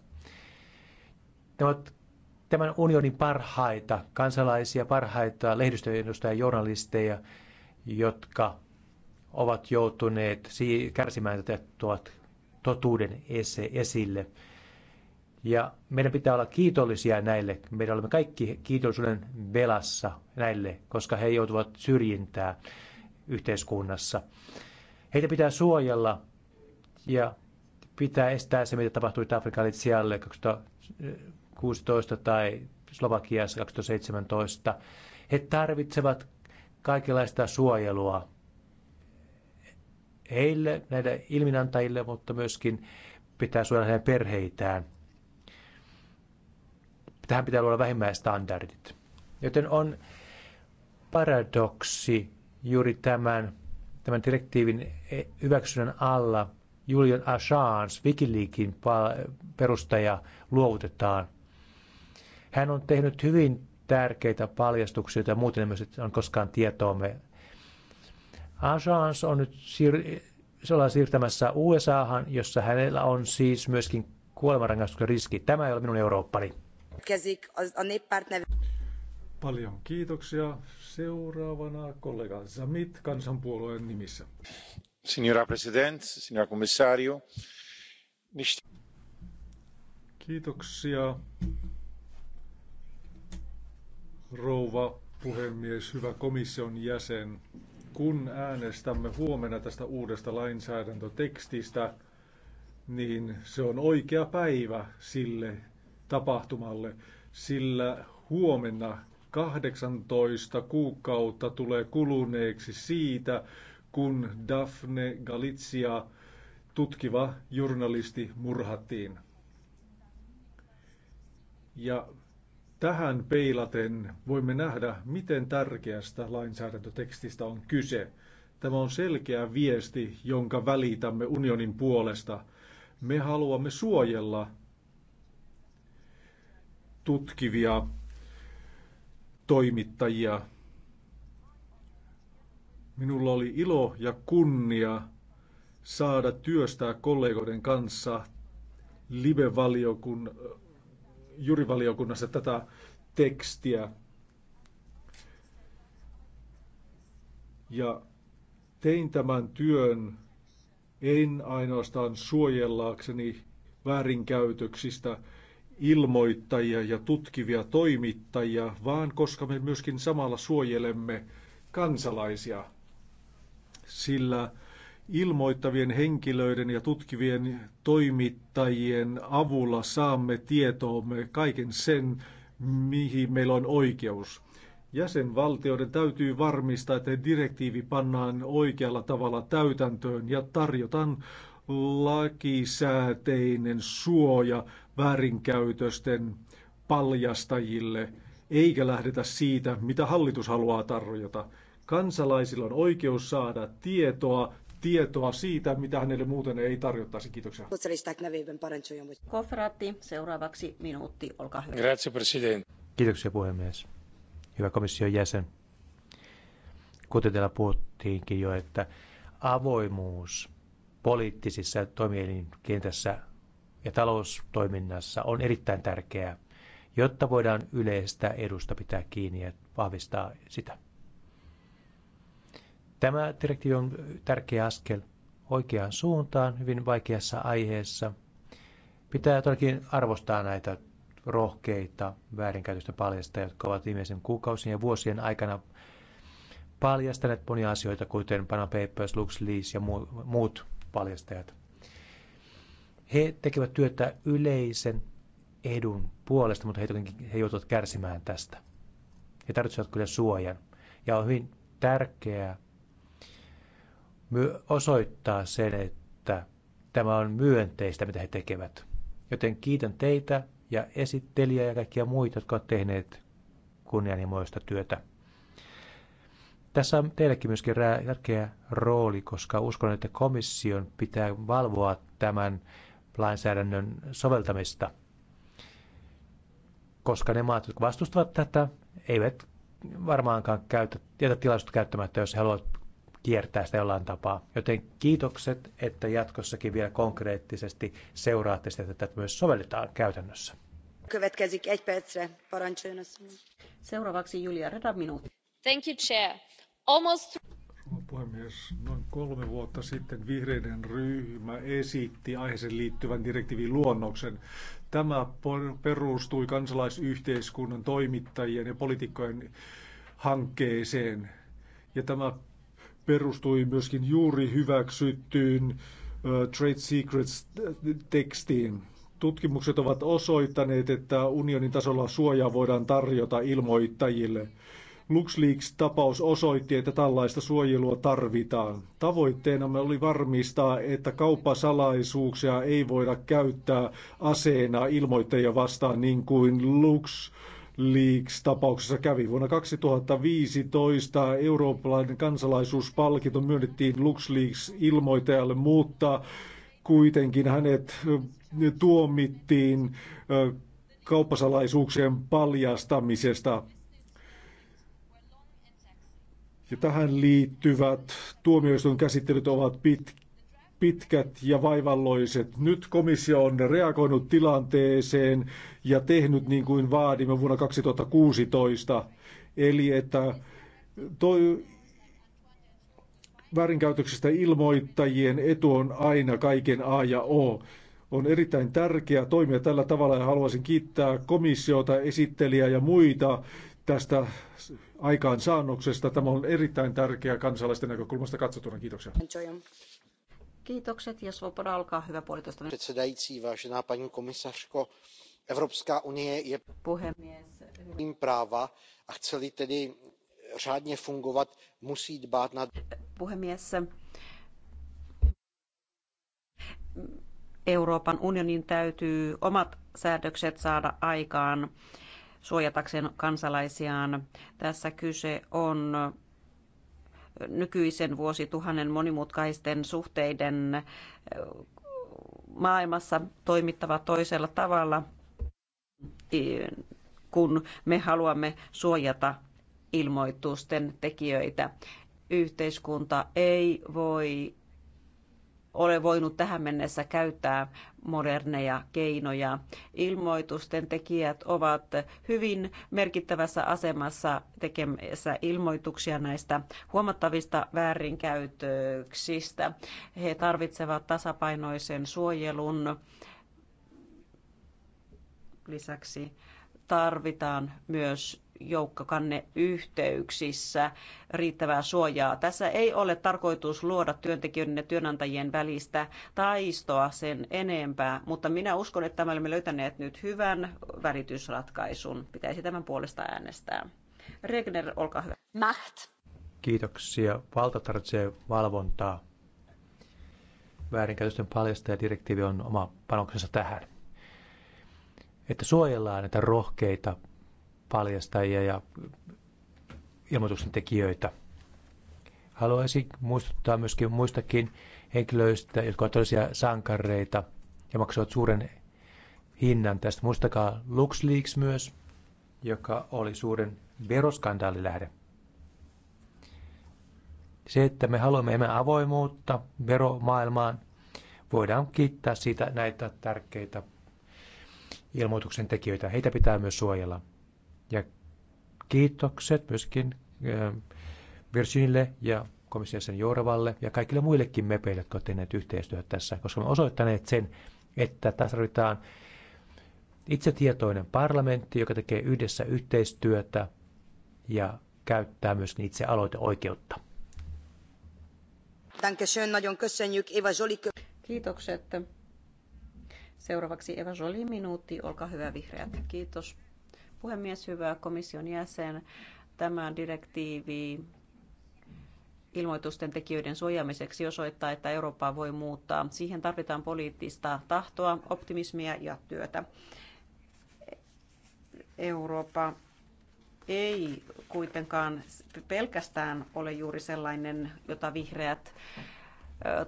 Ne ovat tämän unionin parhaita kansalaisia, parhaita lehdistöedustajia, journalisteja, jotka ovat joutuneet kärsimään tätä tuot totuuden esille. Ja meidän pitää olla kiitollisia näille. Meidän olemme kaikki kiitollisuuden velassa näille, koska he joutuvat syrjintää yhteiskunnassa. Heitä pitää suojella ja pitää estää se, mitä tapahtui Afrikan sijalle 2016 tai Slovakiassa 2017. He tarvitsevat kaikenlaista suojelua heille, näille ilminantajille, mutta myöskin pitää suojella heidän perheitään. Tähän pitää luoda vähimmäistandardit. Joten on paradoksi juuri tämän, tämän direktiivin e- hyväksynnän alla Julian Assange, Wikileakin perustaja, luovutetaan hän on tehnyt hyvin tärkeitä paljastuksia, joita muuten että on koskaan me. Assange on nyt siir- se ollaan siirtämässä USAhan, jossa hänellä on siis myöskin kuolemanrangaistuksen riski. Tämä ei ole minun Eurooppani. Paljon kiitoksia. Seuraavana kollega Zamit kansanpuolueen nimissä. Signora President, signora Commissario. Kiitoksia rouva puhemies, hyvä komission jäsen. Kun äänestämme huomenna tästä uudesta lainsäädäntötekstistä, niin se on oikea päivä sille tapahtumalle, sillä huomenna 18 kuukautta tulee kuluneeksi siitä, kun Daphne Galizia tutkiva journalisti murhattiin. Ja Tähän peilaten voimme nähdä, miten tärkeästä lainsäädäntötekstistä on kyse. Tämä on selkeä viesti, jonka välitämme unionin puolesta. Me haluamme suojella tutkivia toimittajia. Minulla oli ilo ja kunnia saada työstää kollegoiden kanssa live-valiokunnan jurivaliokunnassa tätä tekstiä. Ja tein tämän työn en ainoastaan suojellaakseni väärinkäytöksistä ilmoittajia ja tutkivia toimittajia, vaan koska me myöskin samalla suojelemme kansalaisia, sillä Ilmoittavien henkilöiden ja tutkivien toimittajien avulla saamme tietoomme kaiken sen, mihin meillä on oikeus. Jäsenvaltioiden täytyy varmistaa, että direktiivi pannaan oikealla tavalla täytäntöön ja tarjotaan lakisääteinen suoja väärinkäytösten paljastajille, eikä lähdetä siitä, mitä hallitus haluaa tarjota. Kansalaisilla on oikeus saada tietoa tietoa siitä, mitä hänelle muuten ei tarjottaisi. Kiitoksia. Kofraatti, seuraavaksi minuutti, olkaa hyvä. Grazie, president. Kiitoksia puhemies. Hyvä komission jäsen. Kuten täällä puhuttiinkin jo, että avoimuus poliittisissa toimielinkentässä ja taloustoiminnassa on erittäin tärkeää, jotta voidaan yleistä edusta pitää kiinni ja vahvistaa sitä. Tämä direktiivi on tärkeä askel oikeaan suuntaan hyvin vaikeassa aiheessa. Pitää todellakin arvostaa näitä rohkeita väärinkäytöstä paljasta, jotka ovat viimeisen kuukausien ja vuosien aikana paljastaneet monia asioita, kuten Panama Papers, Lease ja muut paljastajat. He tekevät työtä yleisen edun puolesta, mutta he, he joutuvat kärsimään tästä. He tarvitsevat kyllä suojan. Ja on hyvin tärkeää, osoittaa sen, että tämä on myönteistä, mitä he tekevät. Joten kiitän teitä ja esittelijä ja kaikkia muita, jotka ovat tehneet kunnianhimoista työtä. Tässä on teillekin myöskin tärkeä rooli, koska uskon, että komission pitää valvoa tämän lainsäädännön soveltamista, koska ne maat, jotka vastustavat tätä, eivät varmaankaan käytä, jätä tilaisuutta käyttämättä, jos he haluavat kiertää sitä jollain tapaa. Joten kiitokset, että jatkossakin vielä konkreettisesti seuraatte sitä, että tätä myös sovelletaan käytännössä. Seuraavaksi Julia Reda minuutti. Thank you, Chair. Almost... Puhemies, noin kolme vuotta sitten vihreiden ryhmä esitti aiheeseen liittyvän direktiivin luonnoksen. Tämä perustui kansalaisyhteiskunnan toimittajien ja poliitikkojen hankkeeseen. Ja tämä perustui myöskin juuri hyväksyttyyn Trade Secrets-tekstiin. Tutkimukset ovat osoittaneet, että unionin tasolla suojaa voidaan tarjota ilmoittajille. LuxLeaks-tapaus osoitti, että tällaista suojelua tarvitaan. Tavoitteenamme oli varmistaa, että kauppasalaisuuksia ei voida käyttää aseena ilmoittajia vastaan niin kuin Lux Leaks-tapauksessa kävi. Vuonna 2015 eurooppalainen kansalaisuuspalkinto myönnettiin LuxLeaks-ilmoitajalle, mutta kuitenkin hänet äh, tuomittiin äh, kauppasalaisuuksien paljastamisesta. Ja tähän liittyvät käsittelyt ovat pitkiä pitkät ja vaivalloiset. Nyt komissio on reagoinut tilanteeseen ja tehnyt niin kuin vaadimme vuonna 2016, eli että toi väärinkäytöksestä ilmoittajien etu on aina kaiken A ja O. On erittäin tärkeää toimia tällä tavalla ja haluaisin kiittää komissiota, esittelijää ja muita tästä aikaansaannoksesta. Tämä on erittäin tärkeää kansalaisten näkökulmasta katsottuna. Kiitoksia. Kiitokset ja Předsedající, vážená paní komisařko, Evropská unie je puhemies práva a li tedy řádně fungovat, musí dbát na... Puhemies, Euroopan unionin täytyy omat säädökset saada aikaan suojatakseen kansalaisiaan. Tässä kyse on nykyisen vuosituhannen monimutkaisten suhteiden maailmassa toimittava toisella tavalla, kun me haluamme suojata ilmoitusten tekijöitä. Yhteiskunta ei voi ole voinut tähän mennessä käyttää moderneja keinoja. Ilmoitusten tekijät ovat hyvin merkittävässä asemassa tekemässä ilmoituksia näistä huomattavista väärinkäytöksistä. He tarvitsevat tasapainoisen suojelun. Lisäksi tarvitaan myös joukkokanneyhteyksissä riittävää suojaa. Tässä ei ole tarkoitus luoda työntekijöiden ja työnantajien välistä taistoa sen enempää, mutta minä uskon, että me olemme löytäneet nyt hyvän välitysratkaisun. Pitäisi tämän puolesta äänestää. Regner, olkaa hyvä. Macht. Kiitoksia. Valta tarvitsee valvontaa. Väärinkäytösten direktiivi on oma panoksensa tähän. Että suojellaan näitä rohkeita paljastajia ja ilmoituksen tekijöitä. Haluaisin muistuttaa myöskin muistakin henkilöistä, jotka ovat todellisia sankareita ja maksavat suuren hinnan tästä. Muistakaa LuxLeaks myös, joka oli suuren veroskandaalilähde. Se, että me haluamme enemmän avoimuutta veromaailmaan, voidaan kiittää siitä näitä tärkeitä ilmoituksen tekijöitä. Heitä pitää myös suojella. Ja kiitokset myöskin äh, Virginille ja komission sen ja kaikille muillekin mepeille, jotka ovat tehneet yhteistyötä tässä, koska me osoittaneet sen, että tässä tarvitaan itsetietoinen parlamentti, joka tekee yhdessä yhteistyötä ja käyttää myös itse aloiteoikeutta. Kiitokset. Seuraavaksi Eva Jolie, minuutti. Olkaa hyvä, vihreät. Kiitos Puhemies, hyvä komission jäsen, tämä direktiivi ilmoitusten tekijöiden suojaamiseksi osoittaa, että Eurooppaa voi muuttaa. Siihen tarvitaan poliittista tahtoa, optimismia ja työtä. Eurooppa ei kuitenkaan pelkästään ole juuri sellainen, jota vihreät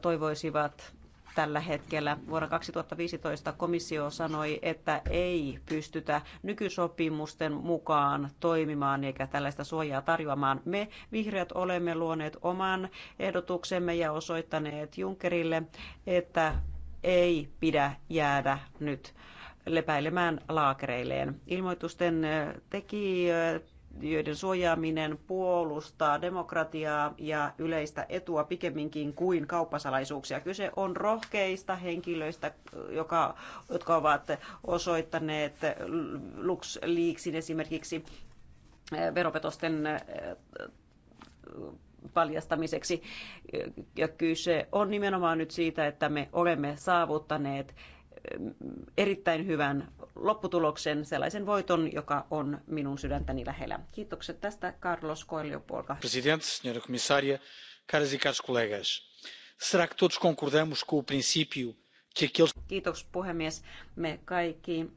toivoisivat tällä hetkellä. Vuonna 2015 komissio sanoi, että ei pystytä nykysopimusten mukaan toimimaan eikä tällaista suojaa tarjoamaan. Me vihreät olemme luoneet oman ehdotuksemme ja osoittaneet Junckerille, että ei pidä jäädä nyt lepäilemään laakereilleen. Ilmoitusten teki joiden suojaaminen puolustaa demokratiaa ja yleistä etua pikemminkin kuin kauppasalaisuuksia. Kyse on rohkeista henkilöistä, joka, jotka ovat osoittaneet LuxLeaksin esimerkiksi eh, veropetosten eh, paljastamiseksi. Ja kyse on nimenomaan nyt siitä, että me olemme saavuttaneet erittäin hyvän lopputuloksen, sellaisen voiton, joka on minun sydäntäni lähellä. Kiitokset tästä, Carlos Coelho Polka. Presidente, senhora comissária, caras e caros colegas. Será que todos concordamos com o princípio que aqueles... Kiitos puhemies. Me kaikki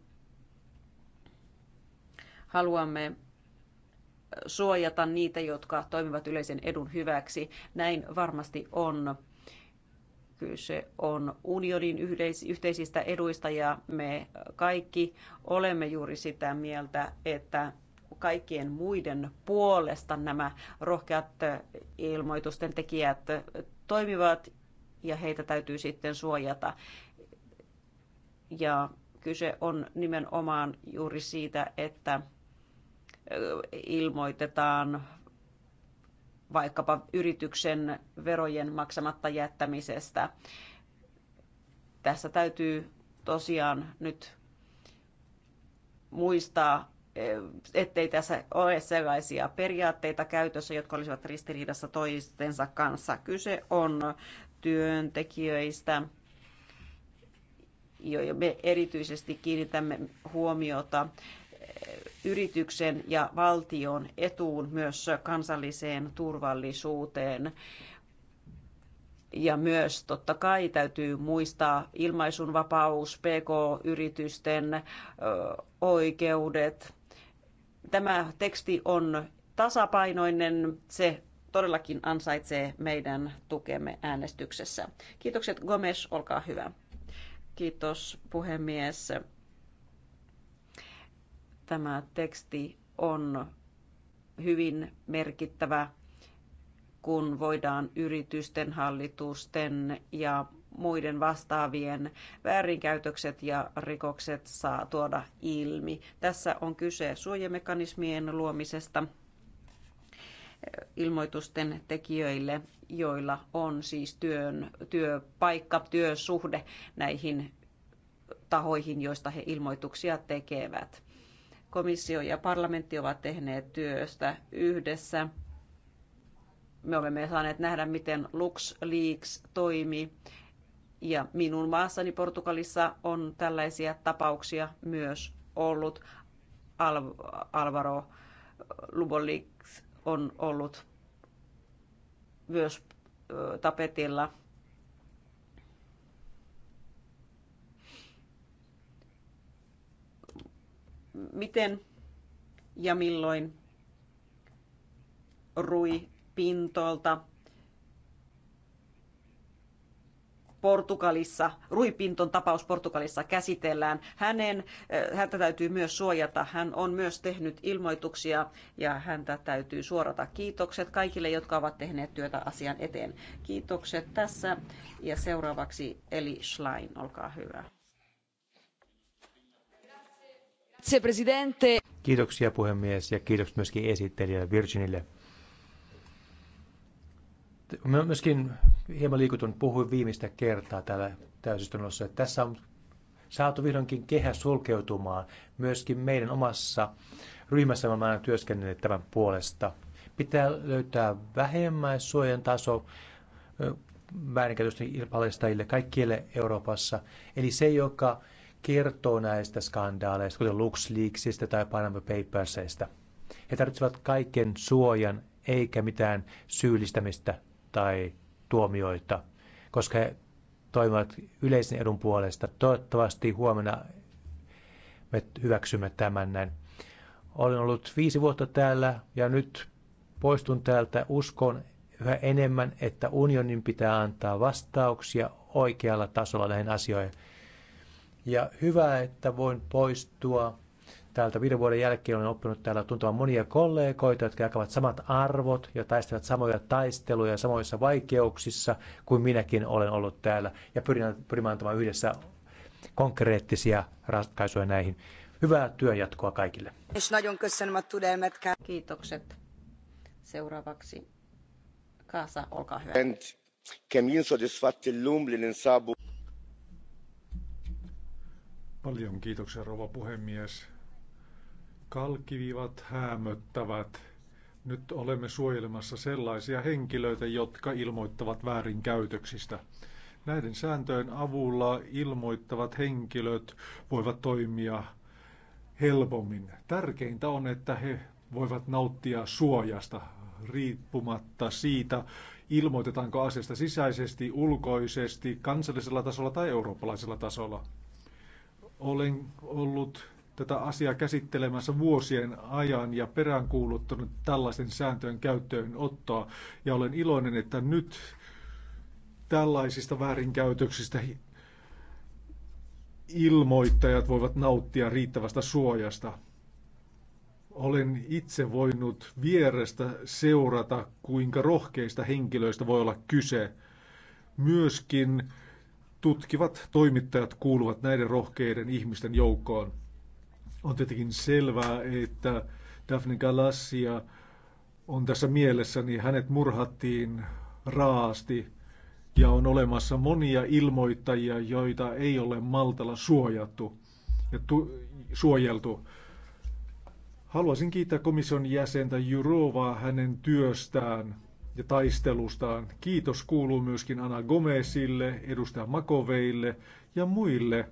haluamme suojata niitä, jotka toimivat yleisen edun hyväksi. Näin varmasti on Kyse on unionin yhteisistä eduista ja me kaikki olemme juuri sitä mieltä, että kaikkien muiden puolesta nämä rohkeat ilmoitusten tekijät toimivat ja heitä täytyy sitten suojata. Ja kyse on nimenomaan juuri siitä, että ilmoitetaan vaikkapa yrityksen verojen maksamatta jättämisestä. Tässä täytyy tosiaan nyt muistaa, ettei tässä ole sellaisia periaatteita käytössä, jotka olisivat ristiriidassa toistensa kanssa. Kyse on työntekijöistä, joihin me erityisesti kiinnitämme huomiota yrityksen ja valtion etuun myös kansalliseen turvallisuuteen. Ja myös totta kai täytyy muistaa ilmaisunvapaus, pk-yritysten oikeudet. Tämä teksti on tasapainoinen, se todellakin ansaitsee meidän tukemme äänestyksessä. Kiitokset Gomes, olkaa hyvä. Kiitos puhemies. Tämä teksti on hyvin merkittävä, kun voidaan yritysten, hallitusten ja muiden vastaavien väärinkäytökset ja rikokset saa tuoda ilmi. Tässä on kyse suojamekanismien luomisesta ilmoitusten tekijöille, joilla on siis työn, työpaikka, työsuhde näihin tahoihin, joista he ilmoituksia tekevät komissio ja parlamentti ovat tehneet työstä yhdessä. Me olemme saaneet nähdä, miten LuxLeaks toimii. Ja minun maassani Portugalissa on tällaisia tapauksia myös ollut. Al- Alvaro Lubolix on ollut myös tapetilla miten ja milloin rui pintolta Portugalissa, ruipinton tapaus Portugalissa käsitellään. Hänen, eh, häntä täytyy myös suojata. Hän on myös tehnyt ilmoituksia ja häntä täytyy suorata kiitokset kaikille, jotka ovat tehneet työtä asian eteen. Kiitokset tässä ja seuraavaksi Eli Schlein, olkaa hyvä. Kiitoksia puhemies ja kiitos myöskin esittelijälle Virginille. Mä myöskin hieman liikutun puhuin viimeistä kertaa täällä täysistunnossa, että tässä on saatu vihdoinkin kehä sulkeutumaan. Myöskin meidän omassa ryhmässä me aina työskennelleet tämän puolesta. Pitää löytää vähemmän suojan taso väärinkäytösten paljastajille kaikkialle Euroopassa. Eli se, joka kertoo näistä skandaaleista, kuten LuxLeaksista tai Panama Papersista. He tarvitsevat kaiken suojan eikä mitään syyllistämistä tai tuomioita, koska he toimivat yleisen edun puolesta. Toivottavasti huomenna me hyväksymme tämän näin. Olen ollut viisi vuotta täällä ja nyt poistun täältä. Uskon yhä enemmän, että unionin pitää antaa vastauksia oikealla tasolla näihin asioihin ja hyvä, että voin poistua täältä viiden vuoden jälkeen. Olen oppinut täällä tuntemaan monia kollegoita, jotka jakavat samat arvot ja taistelevat samoja taisteluja samoissa vaikeuksissa kuin minäkin olen ollut täällä. Ja pyrin, pyrin antamaan yhdessä konkreettisia ratkaisuja näihin. Hyvää työn jatkoa kaikille. Kiitokset. Seuraavaksi Kaasa, olkaa hyvä. Paljon kiitoksia, rouva puhemies. Kalkkivivat hämöttävät. Nyt olemme suojelemassa sellaisia henkilöitä, jotka ilmoittavat väärinkäytöksistä. Näiden sääntöjen avulla ilmoittavat henkilöt voivat toimia helpommin. Tärkeintä on, että he voivat nauttia suojasta riippumatta siitä, ilmoitetaanko asiasta sisäisesti, ulkoisesti, kansallisella tasolla tai eurooppalaisella tasolla. Olen ollut tätä asiaa käsittelemässä vuosien ajan ja peräänkuuluttanut tällaisen sääntöjen käyttöön ottaa. Ja olen iloinen, että nyt tällaisista väärinkäytöksistä ilmoittajat voivat nauttia riittävästä suojasta. Olen itse voinut vierestä seurata, kuinka rohkeista henkilöistä voi olla kyse. Myöskin tutkivat toimittajat kuuluvat näiden rohkeiden ihmisten joukkoon. On tietenkin selvää, että Daphne Galassia on tässä mielessä, niin hänet murhattiin raasti ja on olemassa monia ilmoittajia, joita ei ole maltalla suojattu ja tu- suojeltu. Haluaisin kiittää komission jäsentä Jurovaa hänen työstään ja taistelustaan. Kiitos kuuluu myöskin Ana Gomezille, edustaja Makoveille ja muille,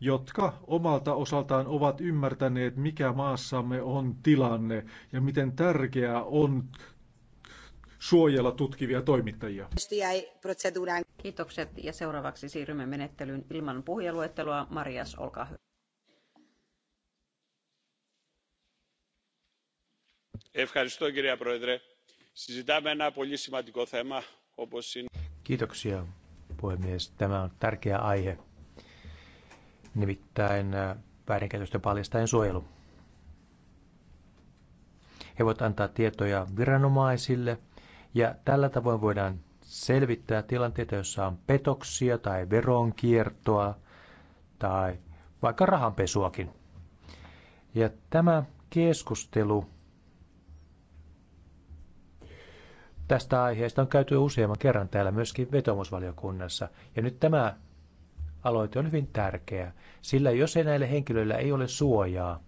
jotka omalta osaltaan ovat ymmärtäneet, mikä maassamme on tilanne ja miten tärkeää on suojella tutkivia toimittajia. Kiitokset ja seuraavaksi siirrymme menettelyyn ilman puhujaluettelua. Marias, olkaa hyvä. Ευχαριστώ κυρία Πρόεδρε Kiitoksia, puhemies. Tämä on tärkeä aihe, nimittäin äh, väärinkäytösten paljastajan suojelu. He voivat antaa tietoja viranomaisille ja tällä tavoin voidaan selvittää tilanteita, joissa on petoksia tai veronkiertoa tai vaikka rahanpesuakin. Ja tämä keskustelu Tästä aiheesta on käyty useamman kerran täällä myöskin vetomusvaliokunnassa. Ja nyt tämä aloite on hyvin tärkeä, sillä jos ei näille henkilöillä ei ole suojaa,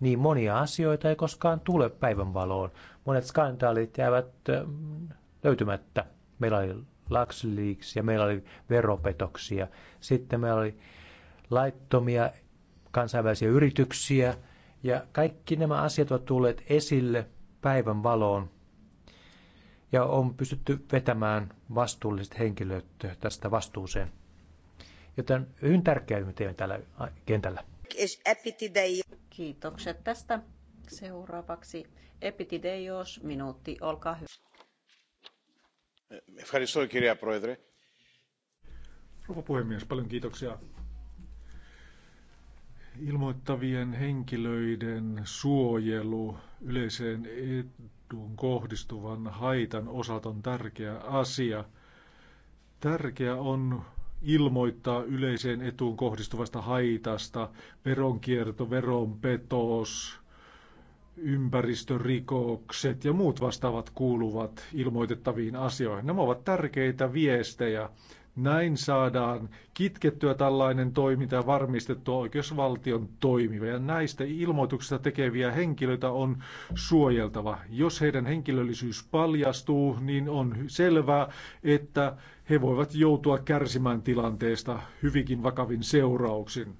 niin monia asioita ei koskaan tule päivänvaloon. Monet skandaalit jäävät ähm, löytymättä. Meillä oli LuxLeaks ja meillä oli veropetoksia. Sitten meillä oli laittomia kansainvälisiä yrityksiä. Ja kaikki nämä asiat ovat tulleet esille päivän valoon ja on pystytty vetämään vastuulliset henkilöt tästä vastuuseen. Joten hyvin tärkeää, mitä teemme tällä kentällä. Kiitokset tästä. Seuraavaksi Epitideios, minuutti, olkaa hyvä. Ευχαριστώ, κυρία Πρόεδρε. Rouva puhemies, paljon kiitoksia. Ilmoittavien henkilöiden suojelu yleiseen matkailuun kohdistuvan haitan osalta on tärkeä asia. Tärkeää on ilmoittaa yleiseen etuun kohdistuvasta haitasta, veronkierto, veronpetos, ympäristörikokset ja muut vastaavat kuuluvat ilmoitettaviin asioihin. Nämä ovat tärkeitä viestejä näin saadaan kitkettyä tällainen toiminta ja varmistettua oikeusvaltion toimiva. Ja näistä ilmoituksista tekeviä henkilöitä on suojeltava. Jos heidän henkilöllisyys paljastuu, niin on selvää, että he voivat joutua kärsimään tilanteesta hyvinkin vakavin seurauksin.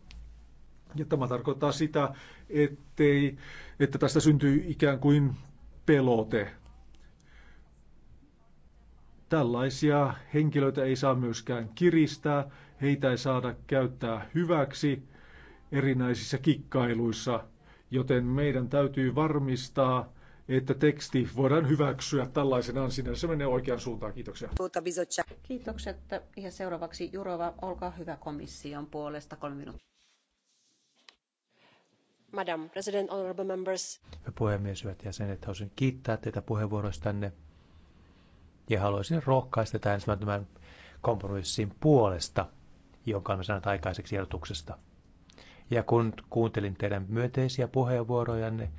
Ja tämä tarkoittaa sitä, ettei, että tästä syntyy ikään kuin pelote Tällaisia henkilöitä ei saa myöskään kiristää, heitä ei saada käyttää hyväksi erinäisissä kikkailuissa, joten meidän täytyy varmistaa, että teksti voidaan hyväksyä tällaisenaan sinne. Se menee oikeaan suuntaan. Kiitoksia. Kiitokset. Ja seuraavaksi Jurova, olkaa hyvä komission puolesta. Kolme minuuttia. Madam President, honorable members. Hyvä puhemies, hyvät jäsenet, haluaisin kiittää teitä puheenvuoroistanne ja haluaisin rohkaista tämän, tämän kompromissin puolesta, jonka olemme saaneet aikaiseksi ehdotuksesta. Ja kun kuuntelin teidän myönteisiä puheenvuorojanne,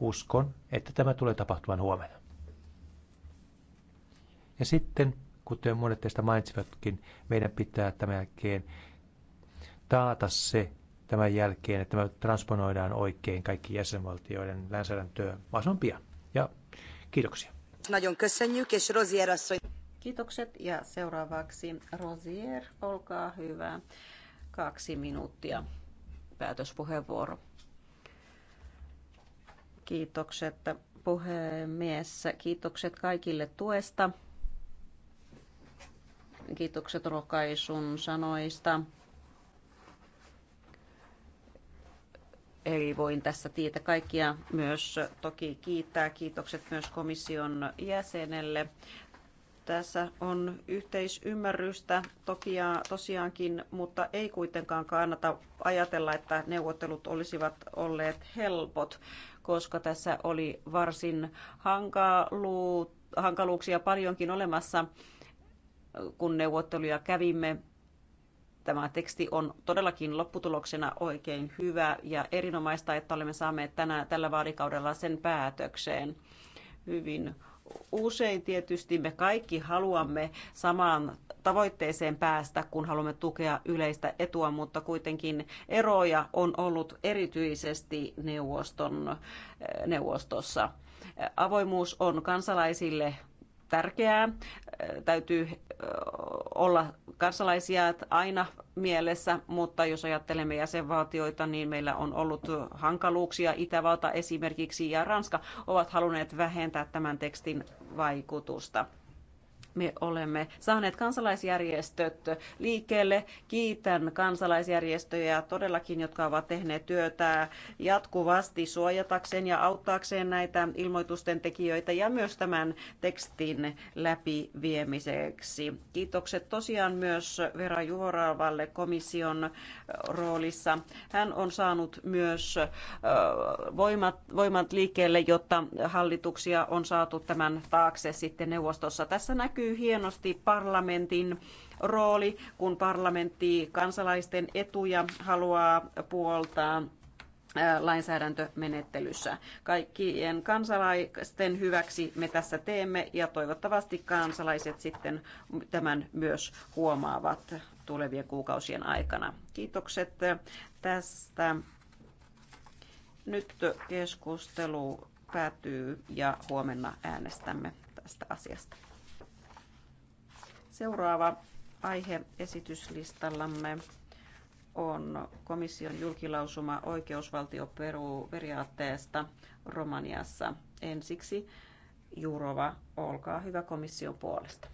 uskon, että tämä tulee tapahtumaan huomenna. Ja sitten, kuten monet teistä mainitsivatkin, meidän pitää tämän jälkeen taata se tämän jälkeen, että me transponoidaan oikein kaikki jäsenvaltioiden lainsäädäntöön mahdollisimman pian. Ja kiitoksia. Nagyon köszönjük, és Rozier asszony. Kiitokset ja seuraavaksi Rozier, olkaa hyvä. Kaksi minuuttia päätöspuheenvuoro. Kiitokset puhemies. Kiitokset kaikille tuesta. Kiitokset Rokaisun sanoista. Eli voin tässä tietä kaikkia myös toki kiittää. Kiitokset myös komission jäsenelle. Tässä on yhteisymmärrystä toki ja tosiaankin, mutta ei kuitenkaan kannata ajatella, että neuvottelut olisivat olleet helpot, koska tässä oli varsin hankaluuksia paljonkin olemassa, kun neuvotteluja kävimme Tämä teksti on todellakin lopputuloksena oikein hyvä ja erinomaista, että olemme saaneet tänä, tällä vaalikaudella sen päätökseen hyvin usein tietysti me kaikki haluamme samaan tavoitteeseen päästä, kun haluamme tukea yleistä etua, mutta kuitenkin eroja on ollut erityisesti neuvoston, neuvostossa. Avoimuus on kansalaisille tärkeää. Äh, täytyy äh, olla kansalaisia aina mielessä, mutta jos ajattelemme jäsenvaltioita, niin meillä on ollut hankaluuksia. Itävalta esimerkiksi ja Ranska ovat halunneet vähentää tämän tekstin vaikutusta me olemme saaneet kansalaisjärjestöt liikkeelle. Kiitän kansalaisjärjestöjä todellakin, jotka ovat tehneet työtä jatkuvasti suojatakseen ja auttaakseen näitä ilmoitusten tekijöitä ja myös tämän tekstin läpiviemiseksi. Kiitokset tosiaan myös Vera Juoraavalle komission roolissa. Hän on saanut myös voimat, voimat liikkeelle, jotta hallituksia on saatu tämän taakse sitten neuvostossa. Tässä näkyy näkyy hienosti parlamentin rooli, kun parlamentti kansalaisten etuja haluaa puoltaa äh, lainsäädäntömenettelyssä. Kaikkien kansalaisten hyväksi me tässä teemme ja toivottavasti kansalaiset sitten tämän myös huomaavat tulevien kuukausien aikana. Kiitokset äh, tästä. Nyt keskustelu päättyy ja huomenna äänestämme tästä asiasta. Seuraava aihe esityslistallamme on komission julkilausuma oikeusvaltioperiaatteesta Romaniassa. Ensiksi Jurova, olkaa hyvä komission puolesta.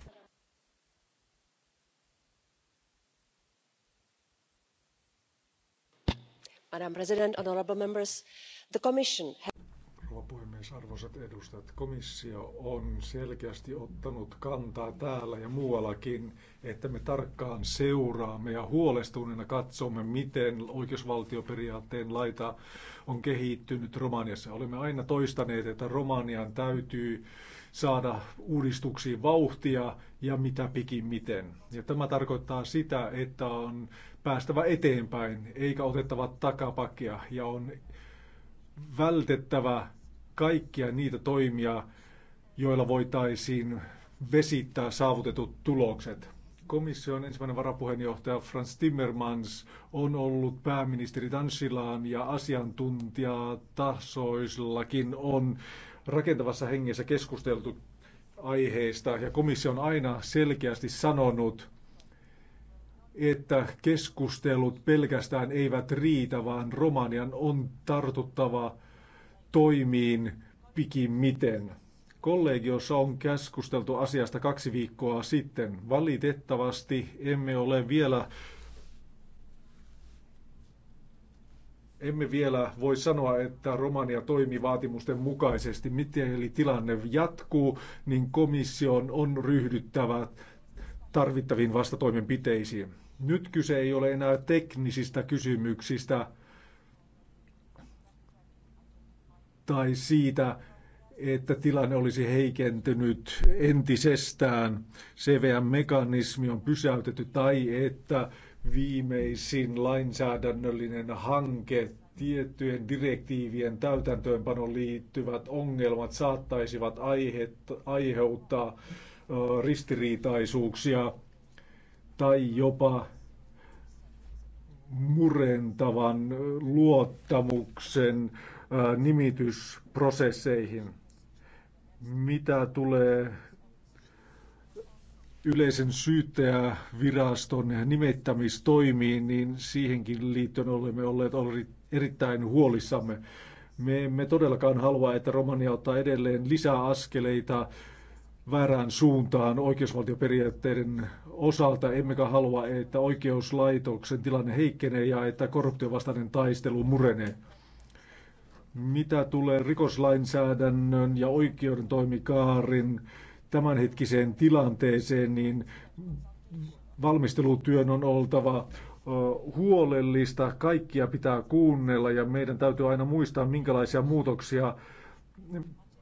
Madam President, honourable members, the Commission puhemies, arvoisat edustajat. Komissio on selkeästi ottanut kantaa täällä ja muuallakin, että me tarkkaan seuraamme ja huolestuneena katsomme, miten oikeusvaltioperiaatteen laita on kehittynyt Romaniassa. Olemme aina toistaneet, että Romanian täytyy saada uudistuksiin vauhtia ja mitä miten. Ja tämä tarkoittaa sitä, että on päästävä eteenpäin eikä otettava takapakkia ja on vältettävä kaikkia niitä toimia, joilla voitaisiin vesittää saavutetut tulokset. Komission ensimmäinen varapuheenjohtaja Franz Timmermans on ollut pääministeri Tanssilaan ja asiantuntija tasoisillakin on rakentavassa hengessä keskusteltu aiheista ja komissio on aina selkeästi sanonut, että keskustelut pelkästään eivät riitä, vaan Romanian on tartuttava toimiin pikimiten. Kollegiossa on keskusteltu asiasta kaksi viikkoa sitten. Valitettavasti emme ole vielä emme vielä voi sanoa, että Romania toimii vaatimusten mukaisesti. Miten eli tilanne jatkuu, niin komission on ryhdyttävä tarvittaviin vastatoimenpiteisiin. Nyt kyse ei ole enää teknisistä kysymyksistä, tai siitä, että tilanne olisi heikentynyt entisestään, CVM-mekanismi on pysäytetty tai että viimeisin lainsäädännöllinen hanke tiettyjen direktiivien täytäntöönpanon liittyvät ongelmat saattaisivat aiheuttaa ö, ristiriitaisuuksia tai jopa murentavan luottamuksen nimitysprosesseihin. Mitä tulee yleisen syyttäjäviraston nimettämistoimiin, niin siihenkin liittyen olemme olleet erittäin huolissamme. Me emme todellakaan halua, että Romania ottaa edelleen lisää askeleita väärään suuntaan oikeusvaltioperiaatteiden osalta, emmekä halua, että oikeuslaitoksen tilanne heikkenee ja että korruptiovastainen taistelu murenee. Mitä tulee rikoslainsäädännön ja oikeuden toimikaarin tämänhetkiseen tilanteeseen, niin valmistelutyön on oltava huolellista, kaikkia pitää kuunnella ja meidän täytyy aina muistaa, minkälaisia muutoksia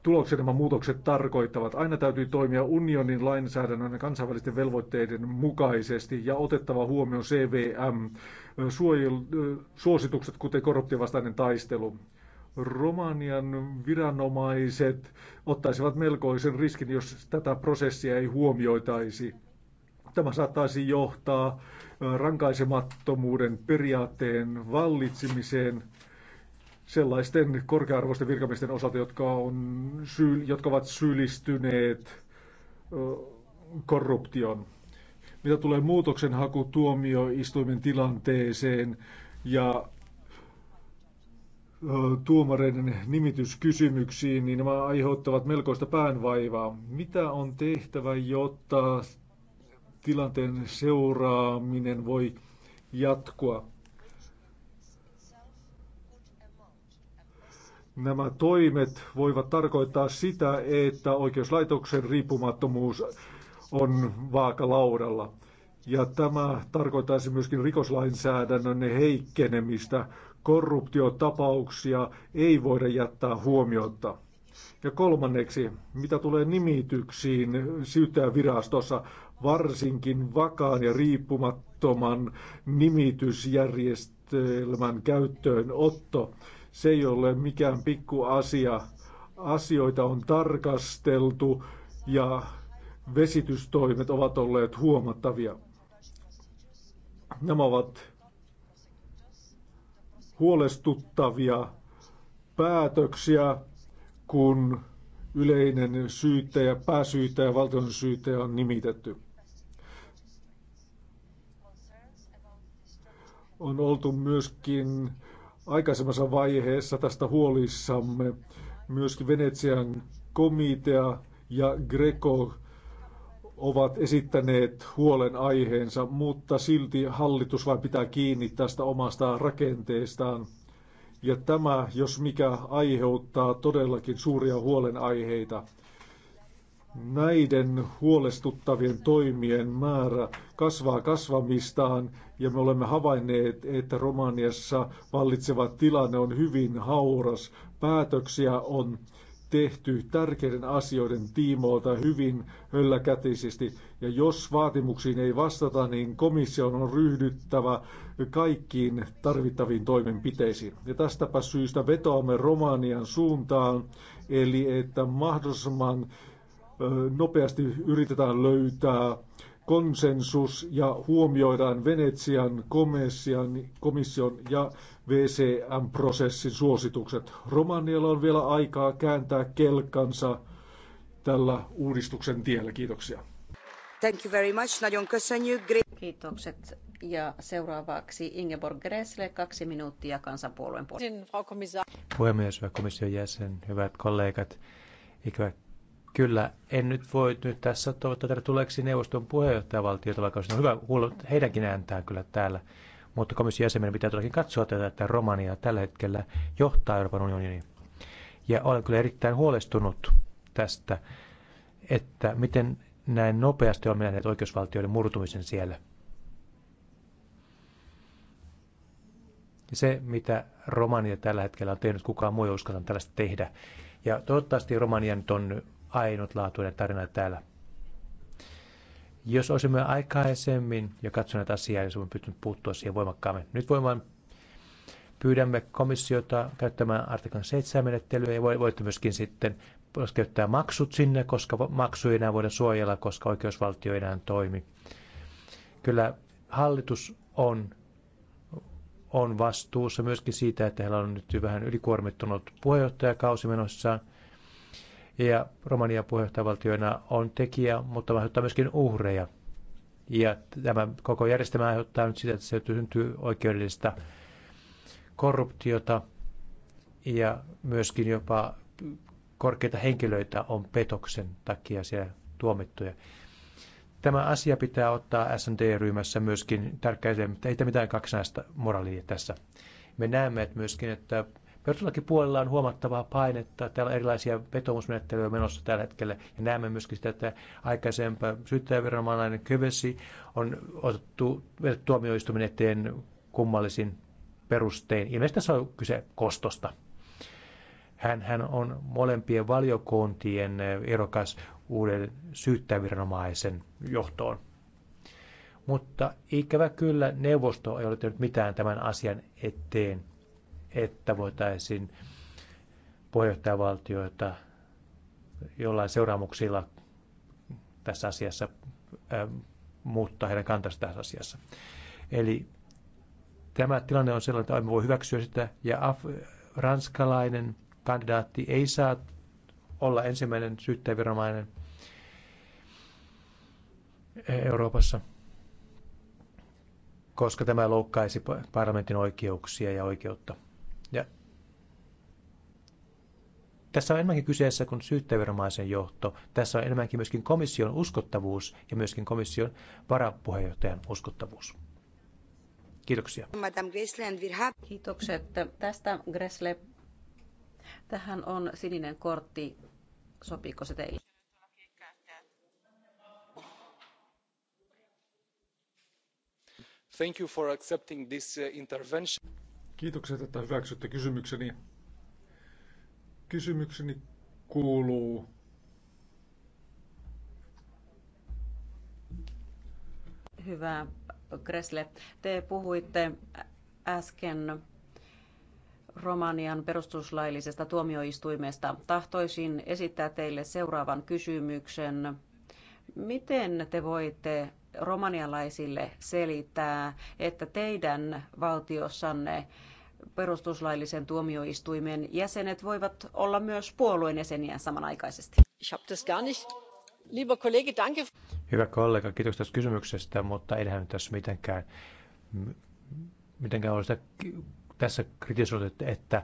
tuloksia nämä muutokset tarkoittavat. Aina täytyy toimia unionin lainsäädännön ja kansainvälisten velvoitteiden mukaisesti ja otettava huomioon CVM, suositukset kuten korruptiovastainen taistelu. Romanian viranomaiset ottaisivat melkoisen riskin, jos tätä prosessia ei huomioitaisi. Tämä saattaisi johtaa rankaisemattomuuden periaatteen vallitsemiseen sellaisten korkearvoisten virkamiesten osalta, jotka, on, jotka ovat syyllistyneet korruption. Mitä tulee muutoksenhakutuomioistuimen tilanteeseen ja tuomareiden nimityskysymyksiin, niin nämä aiheuttavat melkoista päänvaivaa. Mitä on tehtävä, jotta tilanteen seuraaminen voi jatkua? Nämä toimet voivat tarkoittaa sitä, että oikeuslaitoksen riippumattomuus on vaakalaudalla. Ja tämä tarkoittaisi myöskin rikoslainsäädännön heikkenemistä, korruptiotapauksia ei voida jättää huomiota. Ja kolmanneksi, mitä tulee nimityksiin syyttäjävirastossa, varsinkin vakaan ja riippumattoman nimitysjärjestelmän käyttöönotto, se ei ole mikään pikku asia. Asioita on tarkasteltu ja vesitystoimet ovat olleet huomattavia. Nämä ovat huolestuttavia päätöksiä, kun yleinen syyttäjä, pääsyyttäjä ja valtion syyttäjä on nimitetty. On oltu myöskin aikaisemmassa vaiheessa tästä huolissamme myöskin Venetsian komitea ja Greco ovat esittäneet huolen aiheensa, mutta silti hallitus vain pitää kiinni tästä omasta rakenteestaan. Ja tämä, jos mikä, aiheuttaa todellakin suuria huolenaiheita. Näiden huolestuttavien toimien määrä kasvaa kasvamistaan ja me olemme havainneet, että Romaniassa vallitseva tilanne on hyvin hauras. Päätöksiä on tehty tärkeiden asioiden tiimoilta hyvin hölläkätisesti. Ja jos vaatimuksiin ei vastata, niin komission on ryhdyttävä kaikkiin tarvittaviin toimenpiteisiin. Ja tästäpä syystä vetoamme Romanian suuntaan, eli että mahdollisimman nopeasti yritetään löytää konsensus ja huomioidaan Venetsian komission, komission ja VCM-prosessin suositukset. Romanialla on vielä aikaa kääntää kelkansa tällä uudistuksen tiellä. Kiitoksia. Thank you very much. Nagyon köszönjük. Kiitokset. Ja seuraavaksi Ingeborg Gressle, kaksi minuuttia kansanpuolueen puolesta. Niin, Puhemies, hyvä komission jäsen, hyvät kollegat. Ikävä Kyllä, en nyt voi nyt tässä toivottaa tuleeksi neuvoston puheenjohtajavaltiota, vaikka on no hyvä kuulla heidänkin ääntään kyllä täällä mutta komission jäsenen pitää todellakin katsoa tätä, että Romania tällä hetkellä johtaa Euroopan unionin. Ja olen kyllä erittäin huolestunut tästä, että miten näin nopeasti on menneet oikeusvaltioiden murtumisen siellä. se, mitä Romania tällä hetkellä on tehnyt, kukaan muu ei uskalla tällaista tehdä. Ja toivottavasti Romania nyt on ainutlaatuinen tarina täällä jos olisimme aikaisemmin ja katsoneet asiaa, niin olisimme pystyneet puuttua siihen voimakkaammin. Nyt voimaan pyydämme komissiota käyttämään artiklan 7 menettelyä ja voitte myöskin sitten käyttää maksut sinne, koska maksuja ei enää voida suojella, koska oikeusvaltio ei enää toimi. Kyllä hallitus on, on vastuussa myöskin siitä, että heillä on nyt vähän ylikuormittunut puheenjohtajakausi menossaan ja Romania puheenjohtajavaltioina on tekijä, mutta aiheuttaa myöskin uhreja. Ja tämä koko järjestelmä aiheuttaa nyt sitä, että se syntyy oikeudellista korruptiota ja myöskin jopa korkeita henkilöitä on petoksen takia siellä tuomittuja. Tämä asia pitää ottaa sd ryhmässä myöskin tärkeäseen, mutta ei mitään kaksinaista moraalia tässä. Me näemme että myöskin, että Perustuslakipuolella on huomattavaa painetta. Täällä on erilaisia vetomusmenettelyjä menossa tällä hetkellä. Ja näemme myöskin sitä, että aikaisempaa syyttäjäviranomainen Kövesi on otettu tuomioistuminen eteen kummallisin perustein. Ilmeisesti tässä on kyse kostosta. Hän, hän on molempien valiokuntien erokas uuden syyttäjäviranomaisen johtoon. Mutta ikävä kyllä neuvosto ei ole tehnyt mitään tämän asian eteen että voitaisiin puheenjohtajavaltioita jollain seuraamuksilla tässä asiassa ää, muuttaa heidän kantansa tässä asiassa. Eli tämä tilanne on sellainen, että emme voi hyväksyä sitä, ja Af- ranskalainen kandidaatti ei saa olla ensimmäinen syyttäjäviranomainen Euroopassa, koska tämä loukkaisi parlamentin oikeuksia ja oikeutta ja tässä on enemmänkin kyseessä kuin syyttäjäviranomaisen johto. Tässä on enemmänkin myöskin komission uskottavuus ja myöskin komission varapuheenjohtajan uskottavuus. Kiitoksia. Kiitokset tästä, Gressle. Tähän on sininen kortti. Sopiiko se teille? Thank you for accepting this uh, intervention. Kiitokset, että hyväksytte kysymykseni. Kysymykseni kuuluu. Hyvä Kresle, te puhuitte äsken Romanian perustuslaillisesta tuomioistuimesta. Tahtoisin esittää teille seuraavan kysymyksen. Miten te voitte romanialaisille selittää, että teidän valtiossanne perustuslaillisen tuomioistuimen jäsenet voivat olla myös puolueen jäseniä samanaikaisesti? Hyvä kollega, kiitos tästä kysymyksestä, mutta eihän tässä mitenkään, mitenkään ole sitä tässä kritisoitu, että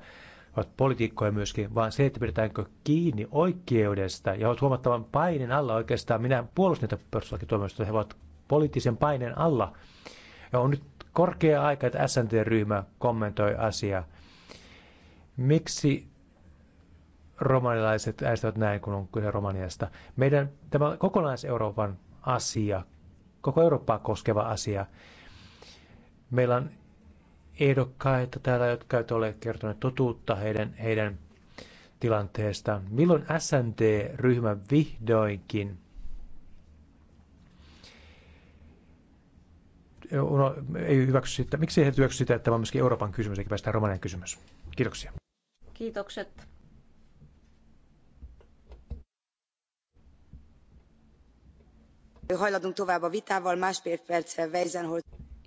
ovat politiikkoja myöskin, vaan se, että pidetäänkö kiinni oikeudesta ja ovat huomattavan painin alla oikeastaan. Minä puolustan niitä perustuslakituomioista, he ovat poliittisen paineen alla. Ja on nyt korkea aika, että SNT-ryhmä kommentoi asiaa. Miksi romanilaiset äistävät näin, kun on kyse Romaniasta? Meidän tämä kokonais-Euroopan asia, koko Eurooppaa koskeva asia. Meillä on ehdokkaita täällä, jotka eivät ole kertoneet totuutta heidän, heidän tilanteestaan. Milloin SNT-ryhmä vihdoinkin ei hyväksy sitä, miksi he hyväksy sitä, että tämä on myöskin Euroopan kysymys, eikä päästään Romanian kysymys. Kiitoksia. Kiitokset. Hajladunk tovább a vitával,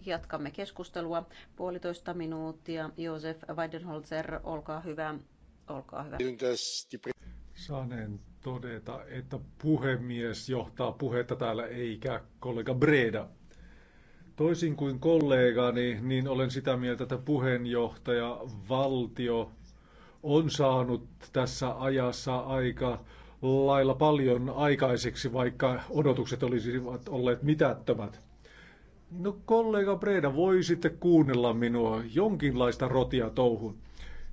Jatkamme keskustelua. Puolitoista minuuttia. Josef Weidenholzer, olkaa hyvä. Olkaa hyvä. Saanen todeta, että puhemies johtaa puhetta täällä eikä kollega Breda. Toisin kuin kollegani, niin olen sitä mieltä, että puheenjohtaja valtio on saanut tässä ajassa aika lailla paljon aikaiseksi, vaikka odotukset olisivat olleet mitättömät. No kollega Breda, voisitte sitten kuunnella minua jonkinlaista rotia touhun.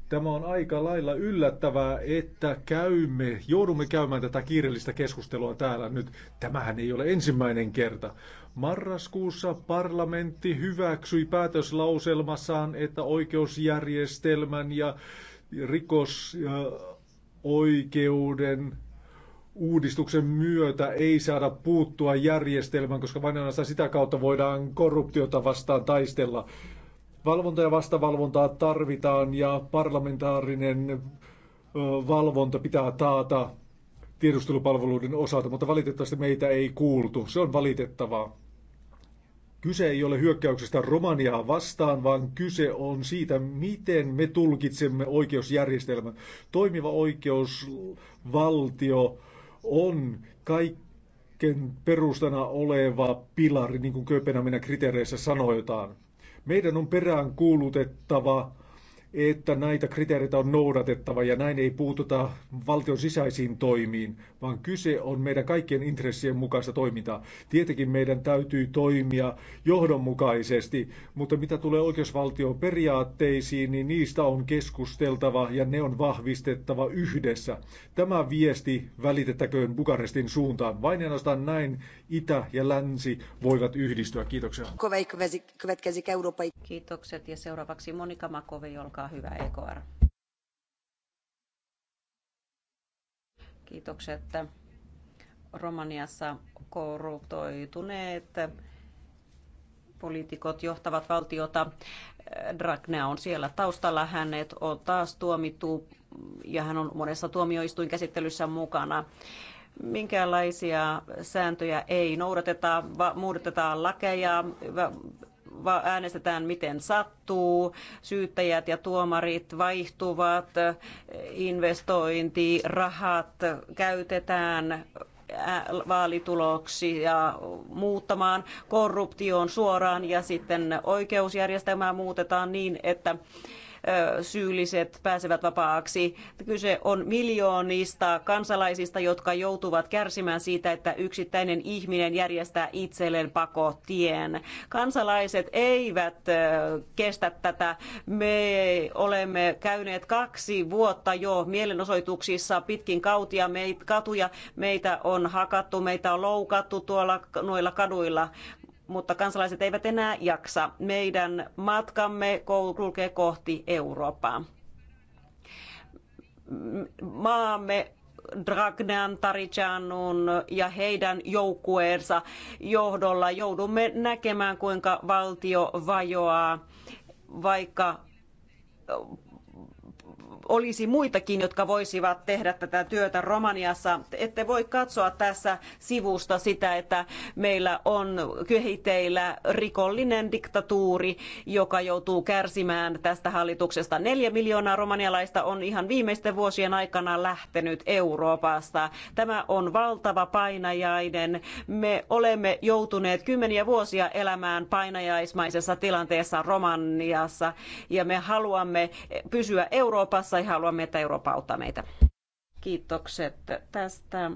Tämä on aika lailla yllättävää, että käymme, joudumme käymään tätä kiireellistä keskustelua täällä nyt. Tämähän ei ole ensimmäinen kerta. Marraskuussa parlamentti hyväksyi päätöslauselmassaan, että oikeusjärjestelmän ja rikosoikeuden uudistuksen myötä ei saada puuttua järjestelmään, koska vain sitä kautta voidaan korruptiota vastaan taistella. Valvonta ja vastavalvontaa tarvitaan ja parlamentaarinen valvonta pitää taata tiedustelupalveluiden osalta, mutta valitettavasti meitä ei kuultu. Se on valitettavaa. Kyse ei ole hyökkäyksestä Romaniaa vastaan, vaan kyse on siitä, miten me tulkitsemme oikeusjärjestelmän. Toimiva oikeusvaltio on kaiken perustana oleva pilari, niin kuin Kööpenhaminan kriteereissä sanoitaan. Meidän on perään kuulutettava että näitä kriteereitä on noudatettava ja näin ei puututa valtion sisäisiin toimiin, vaan kyse on meidän kaikkien intressien mukaista toimintaa. Tietenkin meidän täytyy toimia johdonmukaisesti, mutta mitä tulee oikeusvaltion periaatteisiin, niin niistä on keskusteltava ja ne on vahvistettava yhdessä. Tämä viesti välitettäköön Bukarestin suuntaan. Vain ainoastaan näin Itä ja Länsi voivat yhdistyä. Kiitoksia. Kiitokset ja seuraavaksi Monika Makovi, olkaa olkaa hyvä EKR. Kiitokset. Romaniassa korruptoituneet poliitikot johtavat valtiota. Dragnea on siellä taustalla. Hänet on taas tuomittu ja hän on monessa tuomioistuinkäsittelyssä mukana Minkälaisia sääntöjä ei noudateta, muutetaan lakeja, äänestetään miten sattuu, syyttäjät ja tuomarit vaihtuvat, investointirahat käytetään vaalituloksia muuttamaan korruptioon suoraan ja sitten oikeusjärjestelmää muutetaan niin, että syylliset pääsevät vapaaksi. Kyse on miljoonista kansalaisista, jotka joutuvat kärsimään siitä, että yksittäinen ihminen järjestää itselleen pakotien. Kansalaiset eivät kestä tätä. Me olemme käyneet kaksi vuotta jo mielenosoituksissa pitkin kautia, meitä, katuja. Meitä on hakattu, meitä on loukattu tuolla noilla kaduilla, mutta kansalaiset eivät enää jaksa. Meidän matkamme kulkee kohti Eurooppaa. Maamme Dragnean, Tarijanun ja heidän joukkueensa johdolla joudumme näkemään, kuinka valtio vajoaa, vaikka olisi muitakin, jotka voisivat tehdä tätä työtä Romaniassa. Ette voi katsoa tässä sivusta sitä, että meillä on kehiteillä rikollinen diktatuuri, joka joutuu kärsimään tästä hallituksesta. Neljä miljoonaa romanialaista on ihan viimeisten vuosien aikana lähtenyt Euroopasta. Tämä on valtava painajainen. Me olemme joutuneet kymmeniä vuosia elämään painajaismaisessa tilanteessa Romaniassa ja me haluamme pysyä Euroopassa ei halua meitä, Euroopan auttaa meitä. Kiitokset tästä.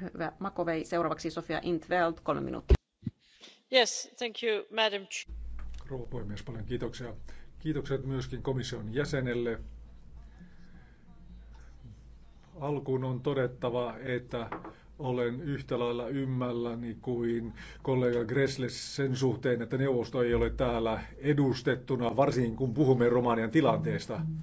Hyvä. Makovei, seuraavaksi Sofia Intveld, kolme minuuttia. Yes, thank you, madam. Rouva puhemies, paljon kiitoksia. Kiitokset myöskin komission jäsenelle. Alkuun on todettava, että olen yhtä lailla ymmälläni kuin kollega Gressle sen suhteen, että neuvosto ei ole täällä edustettuna, varsinkin kun puhumme Romanian tilanteesta. Mm-hmm.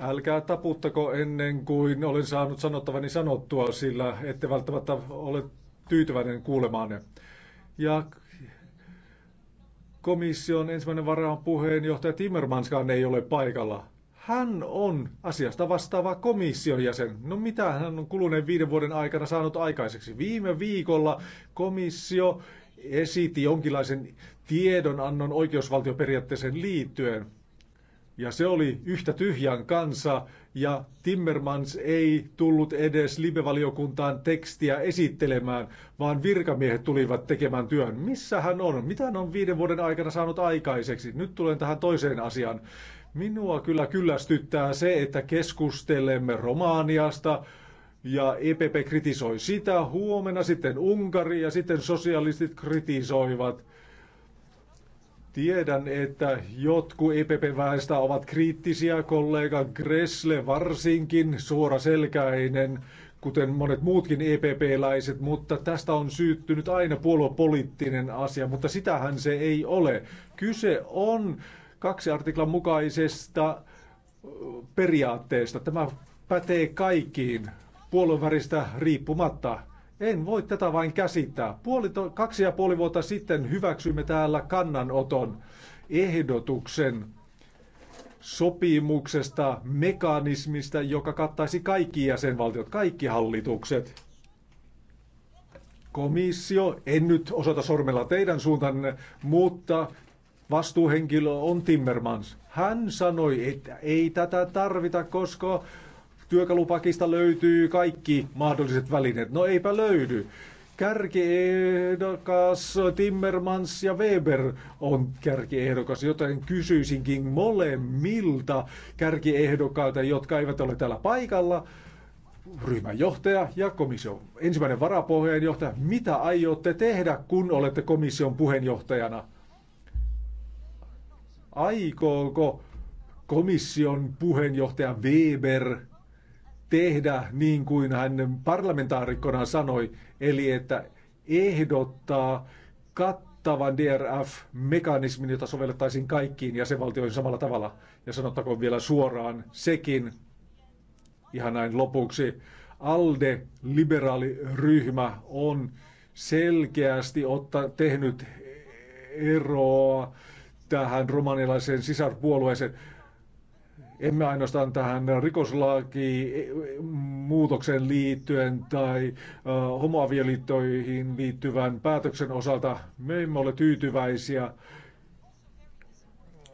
Älkää taputtako ennen kuin olen saanut sanottavani sanottua, sillä ette välttämättä ole tyytyväinen kuulemaanne. Ja komission ensimmäinen varaan puheenjohtaja Timmermanskaan ei ole paikalla. Hän on asiasta vastaava komission jäsen. No mitä hän on kuluneen viiden vuoden aikana saanut aikaiseksi? Viime viikolla komissio esitti jonkinlaisen tiedonannon oikeusvaltioperiaatteeseen liittyen. Ja se oli yhtä tyhjän kanssa, ja Timmermans ei tullut edes libevaliokuntaan tekstiä esittelemään, vaan virkamiehet tulivat tekemään työn. Missä hän on? Mitä hän on viiden vuoden aikana saanut aikaiseksi? Nyt tulen tähän toiseen asiaan. Minua kyllä kyllästyttää se, että keskustelemme Romaaniasta, ja EPP kritisoi sitä huomenna, sitten Unkari ja sitten sosialistit kritisoivat – Tiedän, että jotkut EPP-väestä ovat kriittisiä, kollega Gressle varsinkin, suoraselkäinen, kuten monet muutkin EPP-läiset, mutta tästä on syyttynyt aina puoluepoliittinen asia, mutta sitähän se ei ole. Kyse on kaksi artiklan mukaisesta periaatteesta. Tämä pätee kaikkiin puolueväristä riippumatta. En voi tätä vain käsittää. Puoli to, kaksi ja puoli vuotta sitten hyväksyimme täällä kannanoton ehdotuksen sopimuksesta, mekanismista, joka kattaisi kaikki jäsenvaltiot, kaikki hallitukset. Komissio, en nyt osoita sormella teidän suuntanne, mutta vastuuhenkilö on Timmermans. Hän sanoi, että ei tätä tarvita, koska työkalupakista löytyy kaikki mahdolliset välineet. No eipä löydy. Kärkiehdokas Timmermans ja Weber on kärkiehdokas, joten kysyisinkin molemmilta kärkiehdokkailta, jotka eivät ole täällä paikalla, ryhmänjohtaja ja komission ensimmäinen varapuheenjohtaja, mitä aiotte tehdä, kun olette komission puheenjohtajana? Aikooko komission puheenjohtaja Weber tehdä niin kuin hän parlamentaarikkona sanoi, eli että ehdottaa kattavan DRF-mekanismin, jota sovellettaisiin kaikkiin jäsenvaltioihin samalla tavalla. Ja sanottakoon vielä suoraan sekin, ihan näin lopuksi, ALDE-liberaaliryhmä on selkeästi otta, tehnyt eroa tähän romanilaiseen sisarpuolueeseen emme ainoastaan tähän rikoslakiin muutokseen liittyen tai homoavioliittoihin liittyvän päätöksen osalta. Me emme ole tyytyväisiä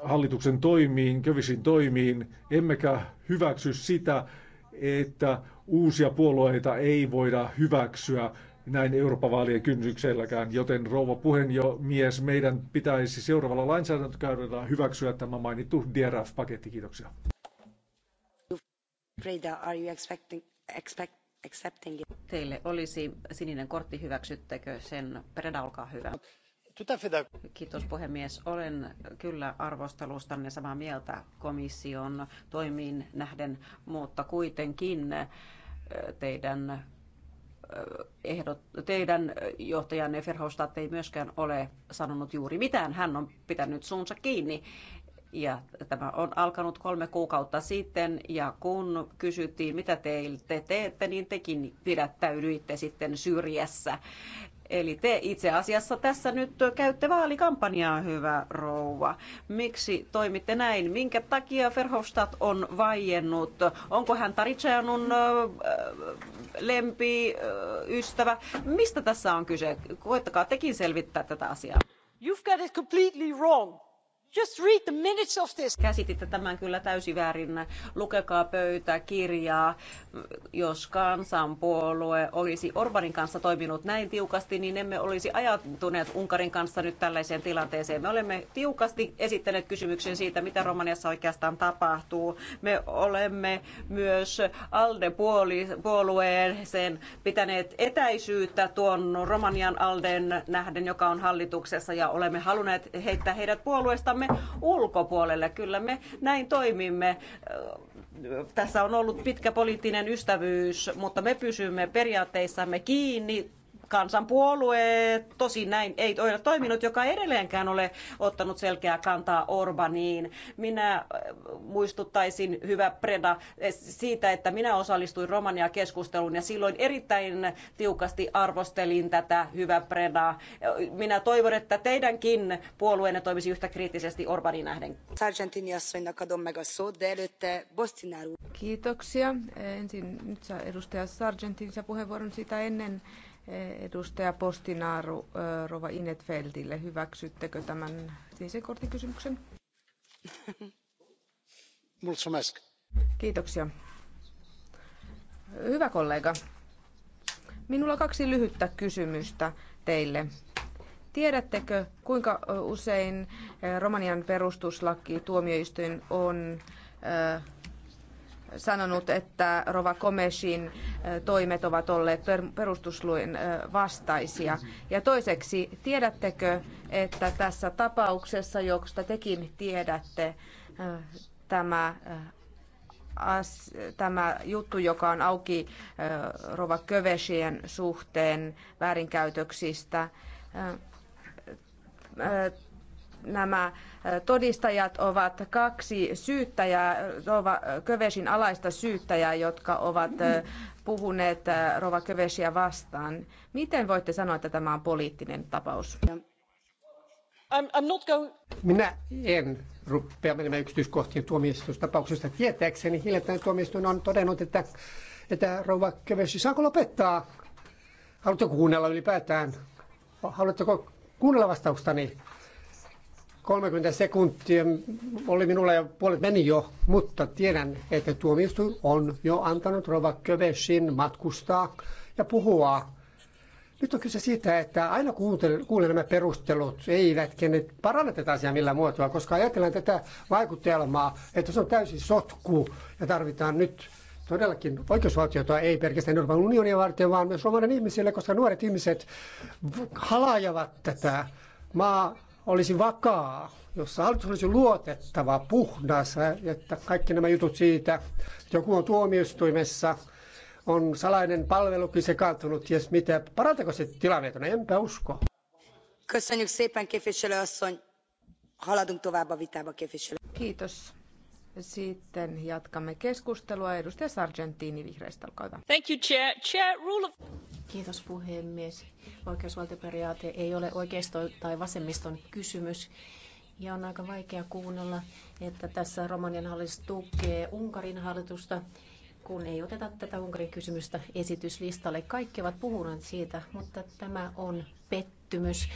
hallituksen toimiin, kövisin toimiin, emmekä hyväksy sitä, että uusia puolueita ei voida hyväksyä näin Euroopan vaalien kynnykselläkään, joten rouva puhemies, meidän pitäisi seuraavalla lainsäädäntökäydellä hyväksyä tämä mainittu DRF-paketti. Kiitoksia are you expecting, expect, accepting it? Teille olisi sininen kortti, hyväksyttekö sen? Preda, olkaa hyvä. Kiitos puhemies. Olen kyllä arvostelustanne samaa mieltä komission toimiin nähden, mutta kuitenkin eh, teidän eh, ehdot, teidän johtajanne Verhofstadt ei myöskään ole sanonut juuri mitään. Hän on pitänyt suunsa kiinni ja tämä on alkanut kolme kuukautta sitten ja kun kysyttiin, mitä te teette, niin tekin pidättäydyitte sitten syrjässä. Eli te itse asiassa tässä nyt käytte vaalikampanjaa, hyvä rouva. Miksi toimitte näin? Minkä takia Verhofstadt on vaiennut? Onko hän lempi ystävä? Mistä tässä on kyse? Koettakaa tekin selvittää tätä asiaa. You've got it completely wrong. Just read the minutes of this. Käsititte tämän kyllä täysin väärin. Lukekaa pöytäkirjaa. Jos kansanpuolue olisi Orbanin kanssa toiminut näin tiukasti, niin emme olisi ajatuneet Unkarin kanssa nyt tällaiseen tilanteeseen. Me olemme tiukasti esittäneet kysymyksen siitä, mitä Romaniassa oikeastaan tapahtuu. Me olemme myös ALDE-puolueeseen pitäneet etäisyyttä tuon Romanian ALDEn nähden, joka on hallituksessa, ja olemme halunneet heittää heidät puolueestamme itsemme ulkopuolelle. Kyllä me näin toimimme. Tässä on ollut pitkä poliittinen ystävyys, mutta me pysymme periaatteissamme kiinni kansanpuolue tosin näin ei ole toiminut, joka ei edelleenkään ole ottanut selkeää kantaa Orbaniin. Minä äh, muistuttaisin, hyvä Preda, eh, siitä, että minä osallistuin Romania-keskusteluun ja silloin erittäin tiukasti arvostelin tätä, hyvä Preda. Minä toivon, että teidänkin puolueenne toimisi yhtä kriittisesti Orbaniin nähden. Kiitoksia. Ensin nyt saa edustaja Sargentin puheenvuoron sitä ennen edustaja Postinaaru Rova Inetfeldille. Hyväksyttekö tämän sinisen kortin kysymyksen? Mulțumesc. Kiitoksia. Hyvä kollega, minulla on kaksi lyhyttä kysymystä teille. Tiedättekö, kuinka usein Romanian perustuslaki tuomioistuin on sanonut, että Rova Komeshin toimet ovat olleet perustusluin vastaisia. Ja toiseksi, tiedättekö, että tässä tapauksessa, josta tekin tiedätte, tämä tämä juttu, joka on auki äh, Rova suhteen väärinkäytöksistä nämä todistajat ovat kaksi syyttäjää, Rova Kövesin alaista syyttäjää, jotka ovat puhuneet Rova Kövesiä vastaan. Miten voitte sanoa, että tämä on poliittinen tapaus? Minä en rupea menemään yksityiskohtiin tuomioistuustapauksesta. Tietääkseni hiljattain tuomioistuin on todennut, että, että rouva Kövesi, saako lopettaa? Haluatteko kuunnella ylipäätään? Haluatteko kuunnella vastaustani? 30 sekuntia oli minulla ja puolet meni jo, mutta tiedän, että tuomioistuin on jo antanut Rova Köveshin matkustaa ja puhua. Nyt on kyse siitä, että aina kuulen nämä perustelut, eivät kenet paranna tätä asiaa millään muotoa, koska ajatellaan tätä vaikutelmaa, että se on täysin sotku ja tarvitaan nyt todellakin oikeusvaltiota ei pelkästään Euroopan unionia varten, vaan myös suomalainen ihmisille, koska nuoret ihmiset halajavat tätä maa olisi vakaa, jossa hallitus olisi luotettava, puhdas, että kaikki nämä jutut siitä, joku on tuomioistuimessa, on salainen palvelukin sekaantunut, ties mitä. Parantako se tilannetta? No, enpä usko. Köszönjük szépen, képviselő asszony. Haladunk tovább a vitába, képviselő. Kiitos. Sitten jatkamme keskustelua. Edustaja Sargentini vihreistä, olkaa hyvä. Thank you, chair. Chair, rule of... Kiitos puhemies. Oikeusvaltioperiaate ei ole oikeisto tai vasemmiston kysymys. Ja on aika vaikea kuunnella, että tässä Romanian hallitus tukee Unkarin hallitusta, kun ei oteta tätä Unkarin kysymystä esityslistalle. Kaikki ovat puhuneet siitä, mutta tämä on pettymys.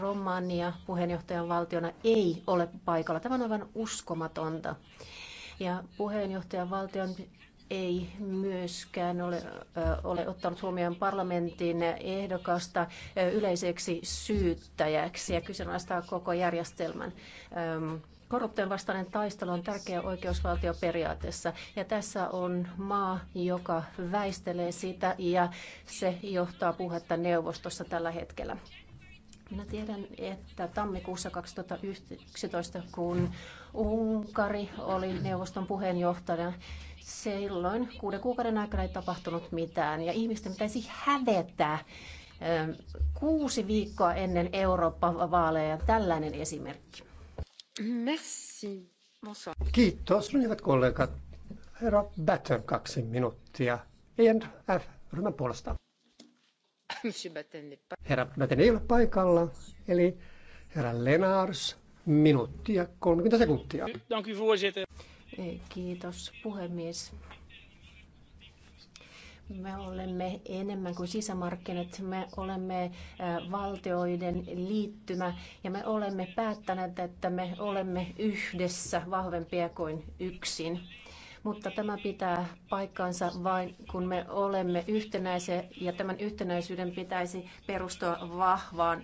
Romania puheenjohtajan valtiona ei ole paikalla. Tämä on aivan uskomatonta. Ja puheenjohtajan valtion ei myöskään ole, ole ottanut huomioon parlamentin ehdokasta yleiseksi syyttäjäksi ja kyseenalaistaa koko järjestelmän. Korruption vastainen taistelu on tärkeä oikeusvaltioperiaatteessa ja tässä on maa, joka väistelee sitä ja se johtaa puhetta neuvostossa tällä hetkellä. Minä tiedän, että tammikuussa 2011, kun Unkari oli neuvoston puheenjohtaja, silloin kuuden kuukauden aikana ei tapahtunut mitään ja ihmisten pitäisi hävetä kuusi viikkoa ennen Eurooppa-vaaleja. Tällainen esimerkki. Merci. Bonsoir. Kiitos, hyvät kollegat. Herra Batten, kaksi minuuttia. ENF-ryhmän puolesta. Herra Batten ei ole paikalla, eli herra Lenars, ja 30 sekuntia. Kiitos puhemies. Me olemme enemmän kuin sisämarkkinat, me olemme valtioiden liittymä ja me olemme päättäneet, että me olemme yhdessä vahvempia kuin yksin mutta tämä pitää paikkaansa vain, kun me olemme yhtenäisiä ja tämän yhtenäisyyden pitäisi perustua vahvaan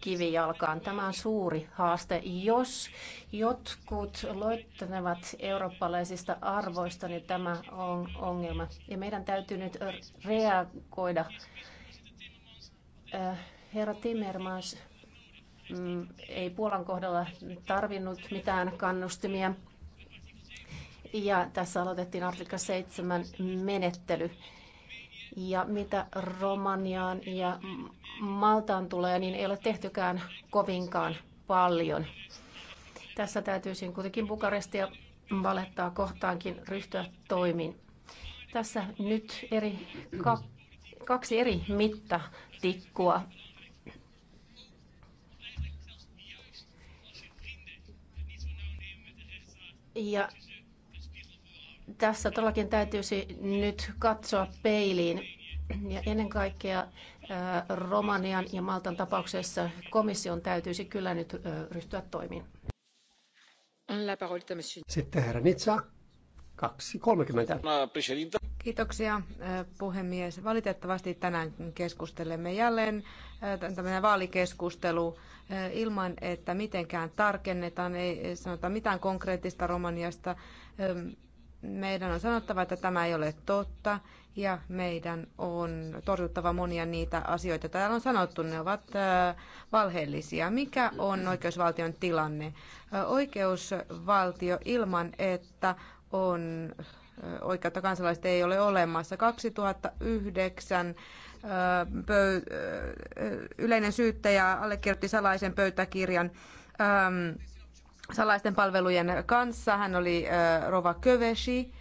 kivijalkaan. Tämä on suuri haaste. Jos jotkut loittenevat eurooppalaisista arvoista, niin tämä on ongelma. Ja meidän täytyy nyt reagoida. Äh, herra Timmermans mm, ei Puolan kohdalla tarvinnut mitään kannustimia ja tässä aloitettiin Afrikka 7 menettely. Ja mitä Romaniaan ja Maltaan tulee, niin ei ole tehtykään kovinkaan paljon. Tässä täytyisi kuitenkin Bukarestia valettaa kohtaankin ryhtyä toimiin. Tässä nyt eri, kaksi eri mittatikkua. Ja tässä todellakin täytyisi nyt katsoa peiliin. Ja ennen kaikkea Romanian ja Maltan tapauksessa komission täytyisi kyllä nyt ryhtyä toimiin. Sitten herra Nitsa, 2.30. Kiitoksia puhemies. Valitettavasti tänään keskustelemme jälleen tämmöinen vaalikeskustelu ilman, että mitenkään tarkennetaan, ei sanota mitään konkreettista Romaniasta meidän on sanottava, että tämä ei ole totta ja meidän on torjuttava monia niitä asioita, täällä on sanottu. Ne ovat valheellisia. Mikä on oikeusvaltion tilanne? Oikeusvaltio ilman, että on oikeutta kansalaista ei ole olemassa. 2009 yleinen syyttäjä allekirjoitti salaisen pöytäkirjan salaisten palvelujen kanssa. Hän oli Rova Köveshi.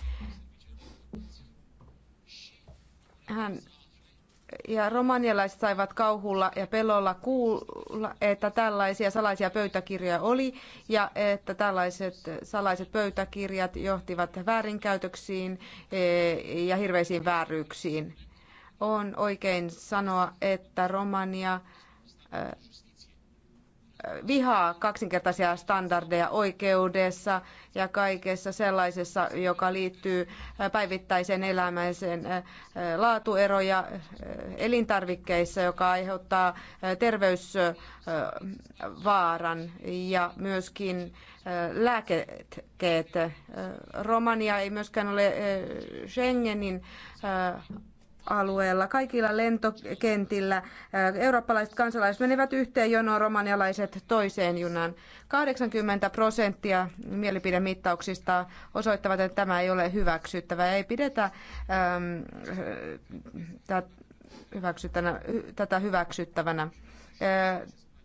Hän ja romanialaiset saivat kauhulla ja pelolla kuulla, että tällaisia salaisia pöytäkirjoja oli ja että tällaiset salaiset pöytäkirjat johtivat väärinkäytöksiin e, ja hirveisiin vääryyksiin. On oikein sanoa, että Romania vihaa kaksinkertaisia standardeja oikeudessa ja kaikessa sellaisessa, joka liittyy päivittäiseen elämäiseen laatueroja elintarvikkeissa, joka aiheuttaa terveysvaaran ja myöskin lääkkeet. Romania ei myöskään ole Schengenin alueella, kaikilla lentokentillä. Äh, Eurooppalaiset kansalaiset menivät yhteen jonoon, romanialaiset toiseen junaan. 80 prosenttia mielipidemittauksista osoittavat, että tämä ei ole hyväksyttävää. Ei pidetä ähm, tätä hyväksyttävänä äh,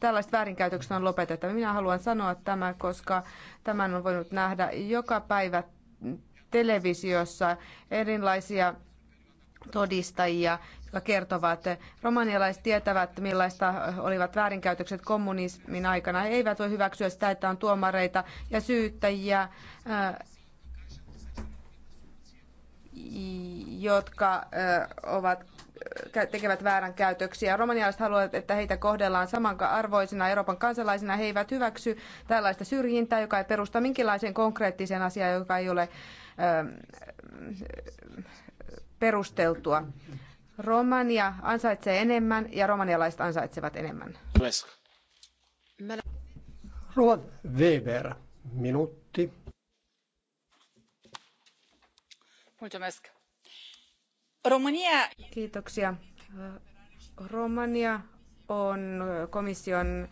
tällaiset väärinkäytökset on lopetettava. Minä haluan sanoa tämä koska tämän on voinut nähdä joka päivä televisiossa erilaisia todistajia, jotka kertovat, että romanialaiset tietävät, millaista olivat väärinkäytökset kommunismin aikana. He eivät voi hyväksyä sitä, että on tuomareita ja syyttäjiä, äh, jotka äh, ovat äh, tekevät väärän käytöksiä. Romanialaiset haluavat, että heitä kohdellaan samanarvoisina Euroopan kansalaisina. He eivät hyväksy tällaista syrjintää, joka ei perusta minkälaiseen konkreettiseen asiaan, joka ei ole perusteltua. Romania ansaitsee enemmän ja romanialaiset ansaitsevat enemmän. Ruan Weber, minuutti. Romania... Kiitoksia. Romania on komission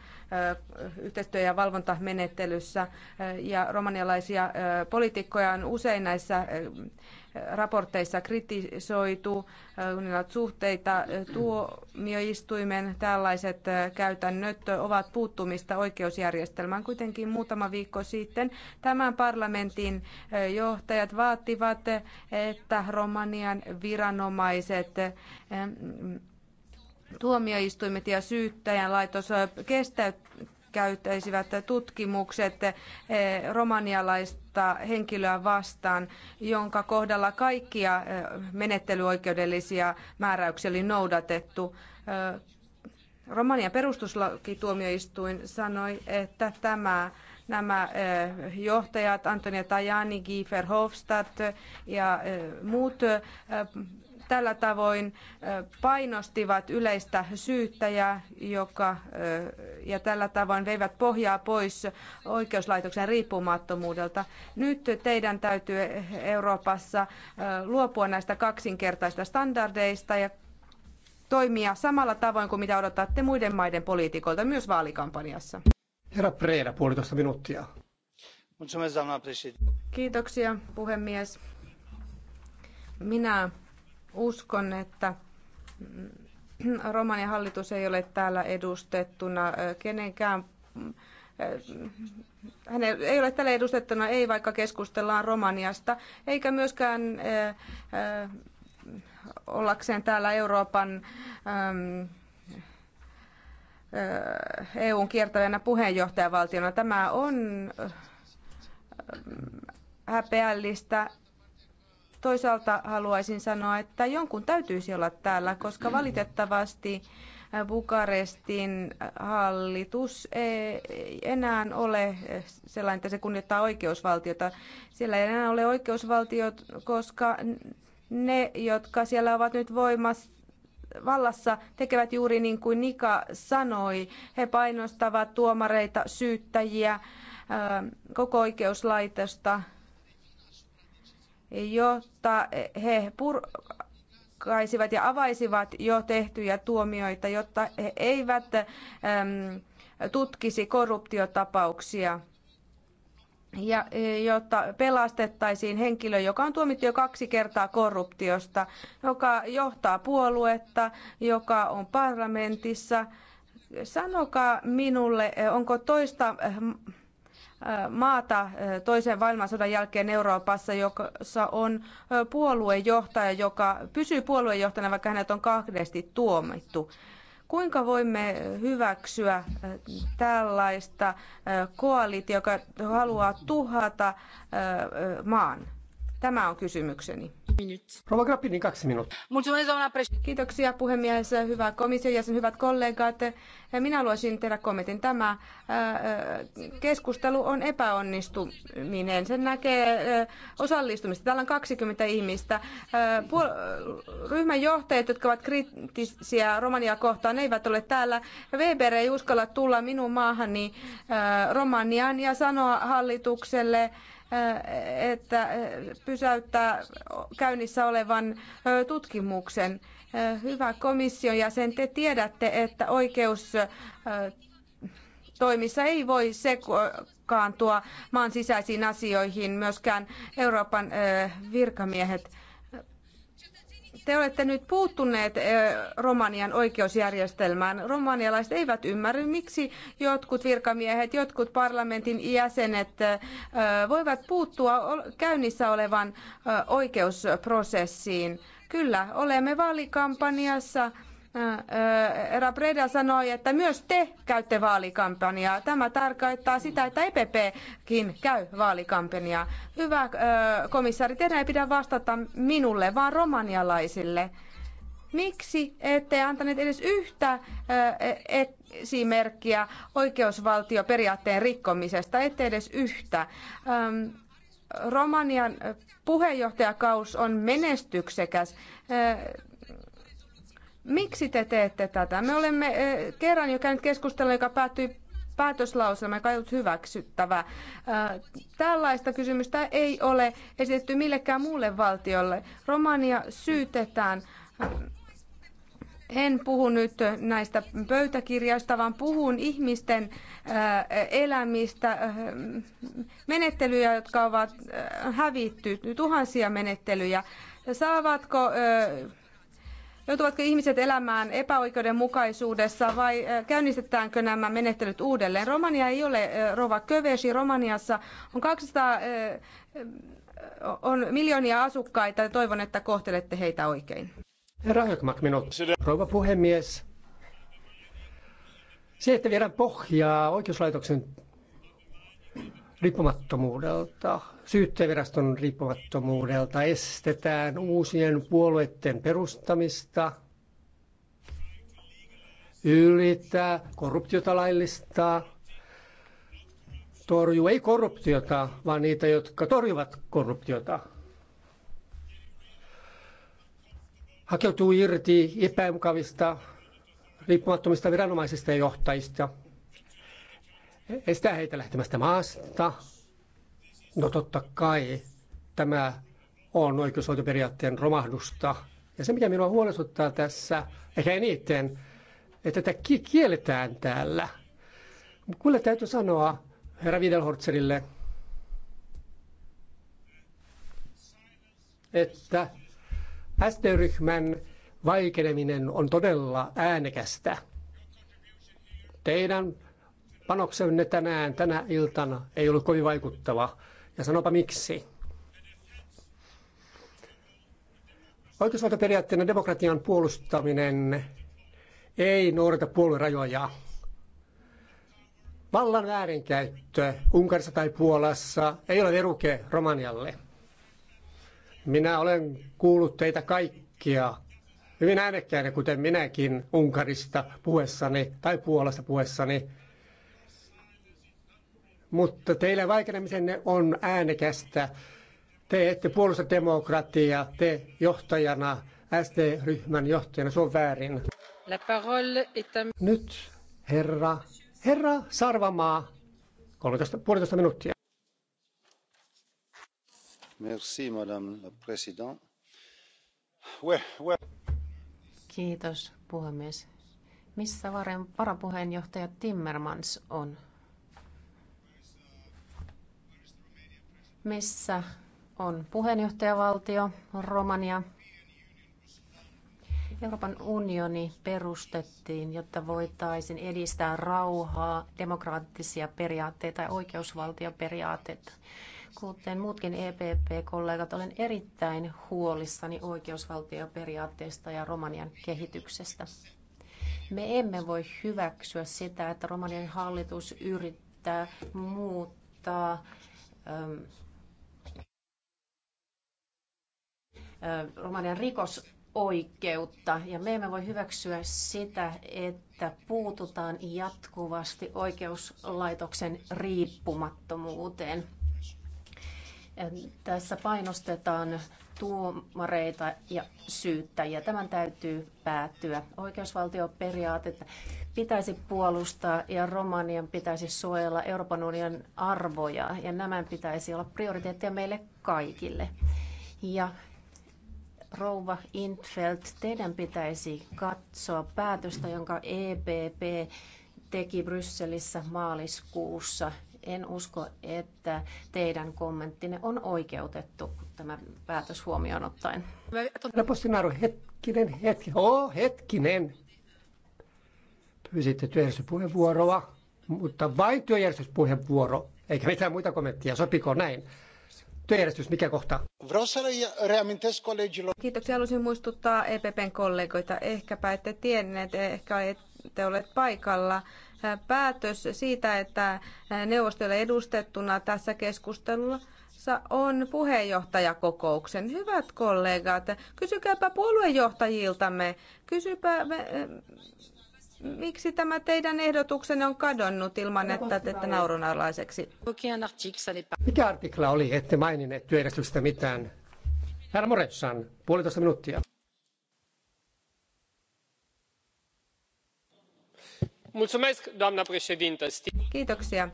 yhteistyö- ja valvontamenettelyssä ja romanialaisia poliitikkoja on usein näissä raporteissa kritisoitu, kun niillä on suhteita tuomioistuimen tällaiset käytännöt ovat puuttumista oikeusjärjestelmään. Kuitenkin muutama viikko sitten tämän parlamentin johtajat vaativat, että Romanian viranomaiset tuomioistuimet ja syyttäjän laitos kestäyttävät käyttäisivät tutkimukset eh, romanialaista henkilöä vastaan, jonka kohdalla kaikkia eh, menettelyoikeudellisia määräyksiä oli noudatettu. Eh, Romanian perustuslakituomioistuin sanoi, että tämä nämä johtajat Antonia Tajani, Guy Verhofstadt ja muut tällä tavoin painostivat yleistä syyttäjää joka, ja tällä tavoin veivät pohjaa pois oikeuslaitoksen riippumattomuudelta. Nyt teidän täytyy Euroopassa luopua näistä kaksinkertaista standardeista ja toimia samalla tavoin kuin mitä odotatte muiden maiden poliitikoilta myös vaalikampanjassa. Herra Preera, puolitoista minuuttia. Kiitoksia puhemies. Minä Uskon, että mm, Romanian hallitus ei ole täällä edustettuna kenenkään hän ei ole tällä edustettuna, ei vaikka keskustellaan Romaniasta, eikä myöskään äh, äh, ollakseen täällä Euroopan ähm, EUn kiertävänä puheenjohtajavaltiona. Tämä on äh, häpeällistä Toisaalta haluaisin sanoa, että jonkun täytyisi olla täällä, koska valitettavasti Bukarestin hallitus ei enää ole sellainen, että se kunnioittaa oikeusvaltiota. Siellä ei enää ole oikeusvaltiot, koska ne, jotka siellä ovat nyt voimassa, vallassa tekevät juuri niin kuin Nika sanoi. He painostavat tuomareita, syyttäjiä, koko oikeuslaitosta jotta he purkaisivat ja avaisivat jo tehtyjä tuomioita, jotta he eivät tutkisi korruptiotapauksia ja e, jotta pelastettaisiin henkilö, joka on tuomittu jo kaksi kertaa korruptiosta, joka johtaa puoluetta, joka on parlamentissa. Sanokaa minulle, onko toista maata toisen maailmansodan jälkeen Euroopassa, jossa on puoluejohtaja, joka pysyy puoluejohtajana, vaikka hänet on kahdesti tuomittu. Kuinka voimme hyväksyä tällaista koalitiota, joka haluaa tuhata maan? Tämä on kysymykseni. Rova Grappini, kaksi minuuttia. Kiitoksia puhemies, hyvä komission jäsen, hyvät kollegat. Minä haluaisin tehdä kommentin. Tämä äh, keskustelu on epäonnistuminen. Sen näkee äh, osallistumista. Täällä on 20 ihmistä. Äh, ryhmän johtajat, jotka ovat kriittisiä Romania kohtaan, ne eivät ole täällä. Weber ei uskalla tulla minun maahani Romaniaan ja sanoa hallitukselle, Äh, että äh, pysäyttää käynnissä olevan tutkimuksen. Äh, hyvä komission jäsen, te tiedätte, että oikeus toimissa ei voi sekaantua maan sisäisiin asioihin, myöskään Euroopan virkamiehet. Te olette nyt puuttuneet Romanian oikeusjärjestelmään. Romanialaiset eivät ymmärry, miksi jotkut virkamiehet, jotkut parlamentin jäsenet voivat puuttua käynnissä olevan oikeusprosessiin. Kyllä, olemme vaalikampanjassa Era Preda sanoi, että myös te käytte vaalikampanjaa. Tämä tarkoittaa sitä, että EPPkin käy vaalikampanjaa. Hyvä komissaari, teidän ei pidä vastata minulle, vaan romanialaisille. Miksi ette antaneet edes yhtä e, esimerkkiä oikeusvaltioperiaatteen rikkomisesta, ette edes yhtä? Romanian puheenjohtajakaus on menestyksekäs. Miksi te teette tätä? Me olemme kerran jo käynyt keskustelua, joka päättyi päätöslauselma, joka ei ollut hyväksyttävä. Tällaista kysymystä ei ole esitetty millekään muulle valtiolle. Romania syytetään en puhu nyt näistä pöytäkirjoista, vaan puhun ihmisten elämistä, menettelyjä, jotka ovat hävitty, tuhansia menettelyjä. Saavatko Joutuvatko ihmiset elämään epäoikeudenmukaisuudessa vai käynnistetäänkö nämä menettelyt uudelleen? Romania ei ole Rova Kövesi. Romaniassa on 200 on miljoonia asukkaita ja toivon, että kohtelette heitä oikein. Herra Hökmark, minut. Rouva puhemies. Se, että viedään pohjaa oikeuslaitoksen riippumattomuudelta, syyttäjäviraston riippumattomuudelta, estetään uusien puolueiden perustamista, ylittää korruptiota laillistaa, torjuu ei korruptiota, vaan niitä, jotka torjuvat korruptiota. Hakeutuu irti epämukavista, riippumattomista viranomaisista ja johtajista, estää heitä lähtemästä maasta. No totta kai tämä on oikeusvaltioperiaatteen romahdusta. Ja se, mikä minua huolestuttaa tässä, ehkä eniten, että tätä kielletään täällä. Kyllä täytyy sanoa herra Widelhortzerille, että SD-ryhmän vaikeneminen on todella äänekästä. Teidän panoksenne tänään, tänä iltana ei ollut kovin vaikuttava. Ja sanopa miksi. Oikeusvaltioperiaatteena demokratian puolustaminen ei noudata puoluerajoja. Vallan väärinkäyttö Unkarissa tai Puolassa ei ole veruke Romanialle. Minä olen kuullut teitä kaikkia hyvin äänekkäinä, kuten minäkin Unkarista puhessani tai Puolasta puhessani mutta teillä vaikenemisenne on äänekästä. Te ette puolusta demokratiaa, te johtajana, sd ryhmän johtajana, se on väärin. Nyt herra, herra Sarvamaa, 13, puolitoista minuuttia. Merci, madame la présidente. Ouais, ouais. Kiitos, puhemies. Missä varapuheenjohtaja Timmermans on? missä on puheenjohtajavaltio Romania. Euroopan unioni perustettiin, jotta voitaisiin edistää rauhaa, demokraattisia periaatteita ja oikeusvaltioperiaatteita. Kuten muutkin EPP-kollegat, olen erittäin huolissani oikeusvaltioperiaatteesta ja Romanian kehityksestä. Me emme voi hyväksyä sitä, että Romanian hallitus yrittää muuttaa ähm, Romanian rikosoikeutta. Ja me emme voi hyväksyä sitä, että puututaan jatkuvasti oikeuslaitoksen riippumattomuuteen. Tässä painostetaan tuomareita ja syyttäjiä. Tämän täytyy päättyä. Oikeusvaltioperiaatetta pitäisi puolustaa ja Romanian pitäisi suojella Euroopan unionin arvoja ja nämä pitäisi olla prioriteetteja meille kaikille. Ja Rouva Intfeld, teidän pitäisi katsoa päätöstä, jonka EPP teki Brysselissä maaliskuussa. En usko, että teidän kommenttinne on oikeutettu tämä päätös huomioon ottaen. Postinaru, hetkinen, hetki, oh, hetkinen. Pyysitte työjärjestyspuheenvuoroa, mutta vain työjärjestyspuheenvuoro, eikä mitään muita kommentteja. Sopiko näin? työjärjestys, mikä kohta? Kiitoksia. Haluaisin muistuttaa EPPn kollegoita. Ehkäpä ette tienneet, ehkä ette ole paikalla. Päätös siitä, että neuvosto ei edustettuna tässä keskustelulla on puheenjohtajakokouksen. Hyvät kollegat, kysykääpä puoluejohtajiltamme, kysypä miksi tämä teidän ehdotuksenne on kadonnut ilman, että teette naurunalaiseksi? Mikä artikla oli, ette maininneet työjärjestyksestä mitään? Herra Moretsan, puolitoista minuuttia. Kiitoksia,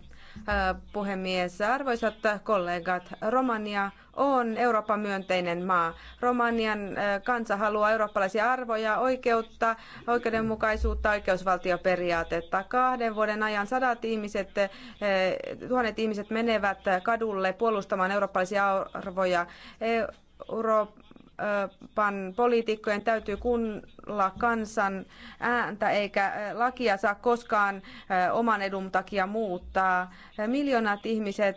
puhemies. Arvoisat kollegat, Romania on Euroopan myönteinen maa. Romanian kansa haluaa eurooppalaisia arvoja, oikeutta, oikeudenmukaisuutta, oikeusvaltioperiaatetta. Kahden vuoden ajan sadat ihmiset, tuhannet ihmiset menevät kadulle puolustamaan eurooppalaisia arvoja. Euro- Euroopan poliitikkojen täytyy kuunnella kansan ääntä, eikä lakia saa koskaan oman edun takia muuttaa. Miljoonat ihmiset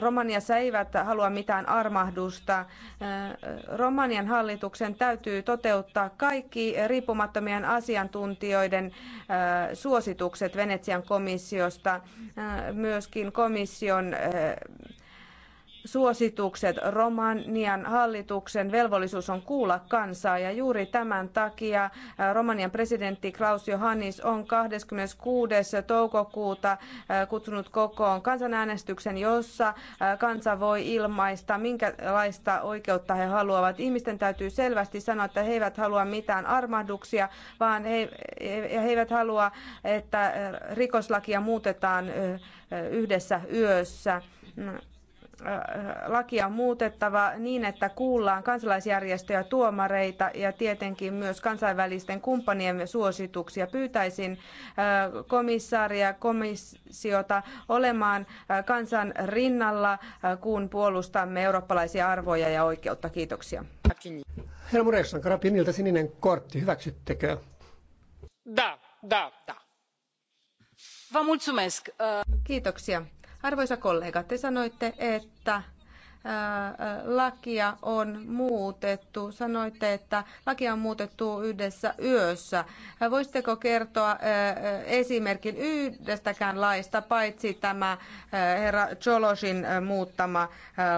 Romaniassa eivät halua mitään armahdusta. Romanian hallituksen täytyy toteuttaa kaikki riippumattomien asiantuntijoiden suositukset Venetsian komissiosta, myöskin komission suositukset. Romanian hallituksen velvollisuus on kuulla kansaa ja juuri tämän takia Romanian presidentti Klaus Johannis on 26. toukokuuta kutsunut kokoon kansanäänestyksen, jossa kansa voi ilmaista, minkälaista oikeutta he haluavat. Ihmisten täytyy selvästi sanoa, että he eivät halua mitään armahduksia, vaan he, he eivät halua, että rikoslakia muutetaan yhdessä yössä Äh, äh, lakia on muutettava niin, että kuullaan kansalaisjärjestöjä, tuomareita ja tietenkin myös kansainvälisten kumppaniemme suosituksia. Pyytäisin äh, komissaaria komissiota olemaan kansan rinnalla, kun puolustamme eurooppalaisia arvoja ja oikeutta. Kiitoksia. Helmut Reisson, Karapinilta sininen kortti. Hyväksyttekö? Da, da, da. Vă mulțumesc. Kiitoksia. Arvoisa kollega, te sanoitte, että lakia on muutettu. Sanoitte, että lakia on muutettu yhdessä yössä. Voisitteko kertoa esimerkin yhdestäkään laista, paitsi tämä herra Cholosin muuttama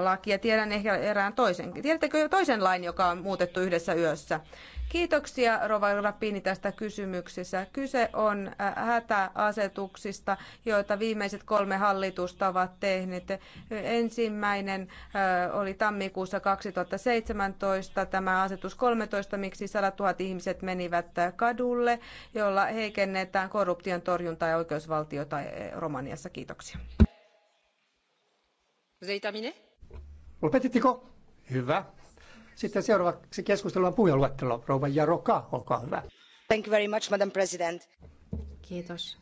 laki, ja tiedän ehkä erään toisen. Tiedättekö toisen lain, joka on muutettu yhdessä yössä? Kiitoksia Rova Rapini tästä kysymyksessä. Kyse on äh, hätäasetuksista, joita viimeiset kolme hallitusta ovat tehneet. Ensimmäinen äh, oli tammikuussa 2017 tämä asetus 13, miksi 100 000 ihmiset menivät äh, kadulle, jolla heikennetään korruption torjuntaa ja oikeusvaltiota Romaniassa. Kiitoksia. Vous avez terminé? Hyvä. Sitten seuraavaksi keskustelua puheenluettelo, Rouva Jaroka, olkaa hyvä. Thank you very much, Madam President. Kiitos,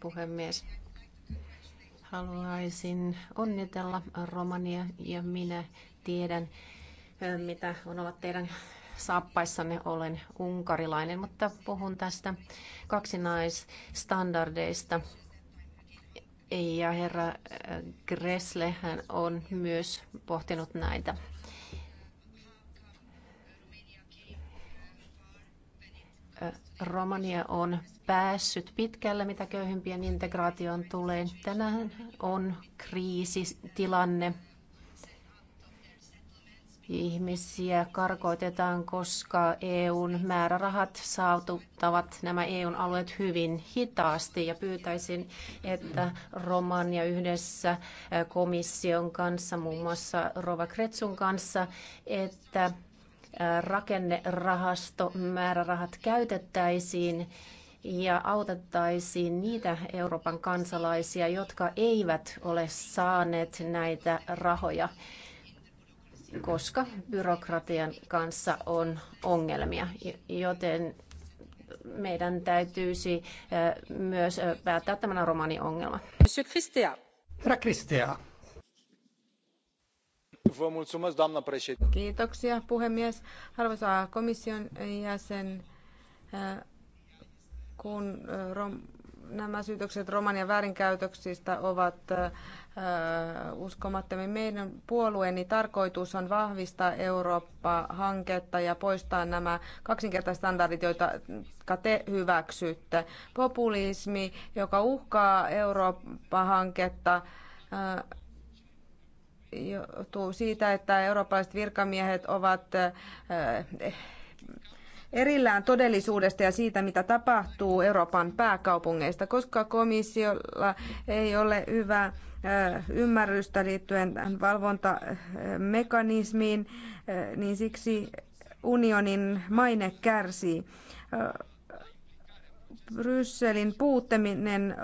puhemies. Haluaisin onnitella Romania ja minä tiedän, mitä on olla teidän saappaissanne olen unkarilainen, mutta puhun tästä kaksinaisstandardeista. Ja herra Gressle hän on myös pohtinut näitä Romania on päässyt pitkälle, mitä köyhimpien integraatioon tulee. Tänään on kriisitilanne. Ihmisiä karkoitetaan, koska EUn määrärahat saavuttavat nämä EUn alueet hyvin hitaasti ja pyytäisin, että Romania yhdessä eh, komission kanssa, muun muassa Rova Kretsun kanssa, että rakennerahastomäärärahat käytettäisiin ja autettaisiin niitä Euroopan kansalaisia, jotka eivät ole saaneet näitä rahoja, koska byrokratian kanssa on ongelmia. Joten meidän täytyisi myös päättää tämä romaniongelma. Herra Kristea arvoisa Kiitoksia puhemies. Arvoisa komission jäsen, eh, kun eh, nämä syytökset romanian väärinkäytöksistä ovat eh, uskomattomia. Meidän puolueeni tarkoitus on vahvistaa Eurooppa-hanketta ja poistaa nämä kaksinkertaistandardit, joita te hyväksytte. Populismi, joka uhkaa Eurooppa-hanketta, johtuu siitä, että eurooppalaiset virkamiehet ovat erillään todellisuudesta ja siitä, mitä tapahtuu Euroopan pääkaupungeista, koska komissiolla ei ole hyvää ymmärrystä liittyen valvontamekanismiin, niin siksi unionin maine kärsii. Brysselin puutteminen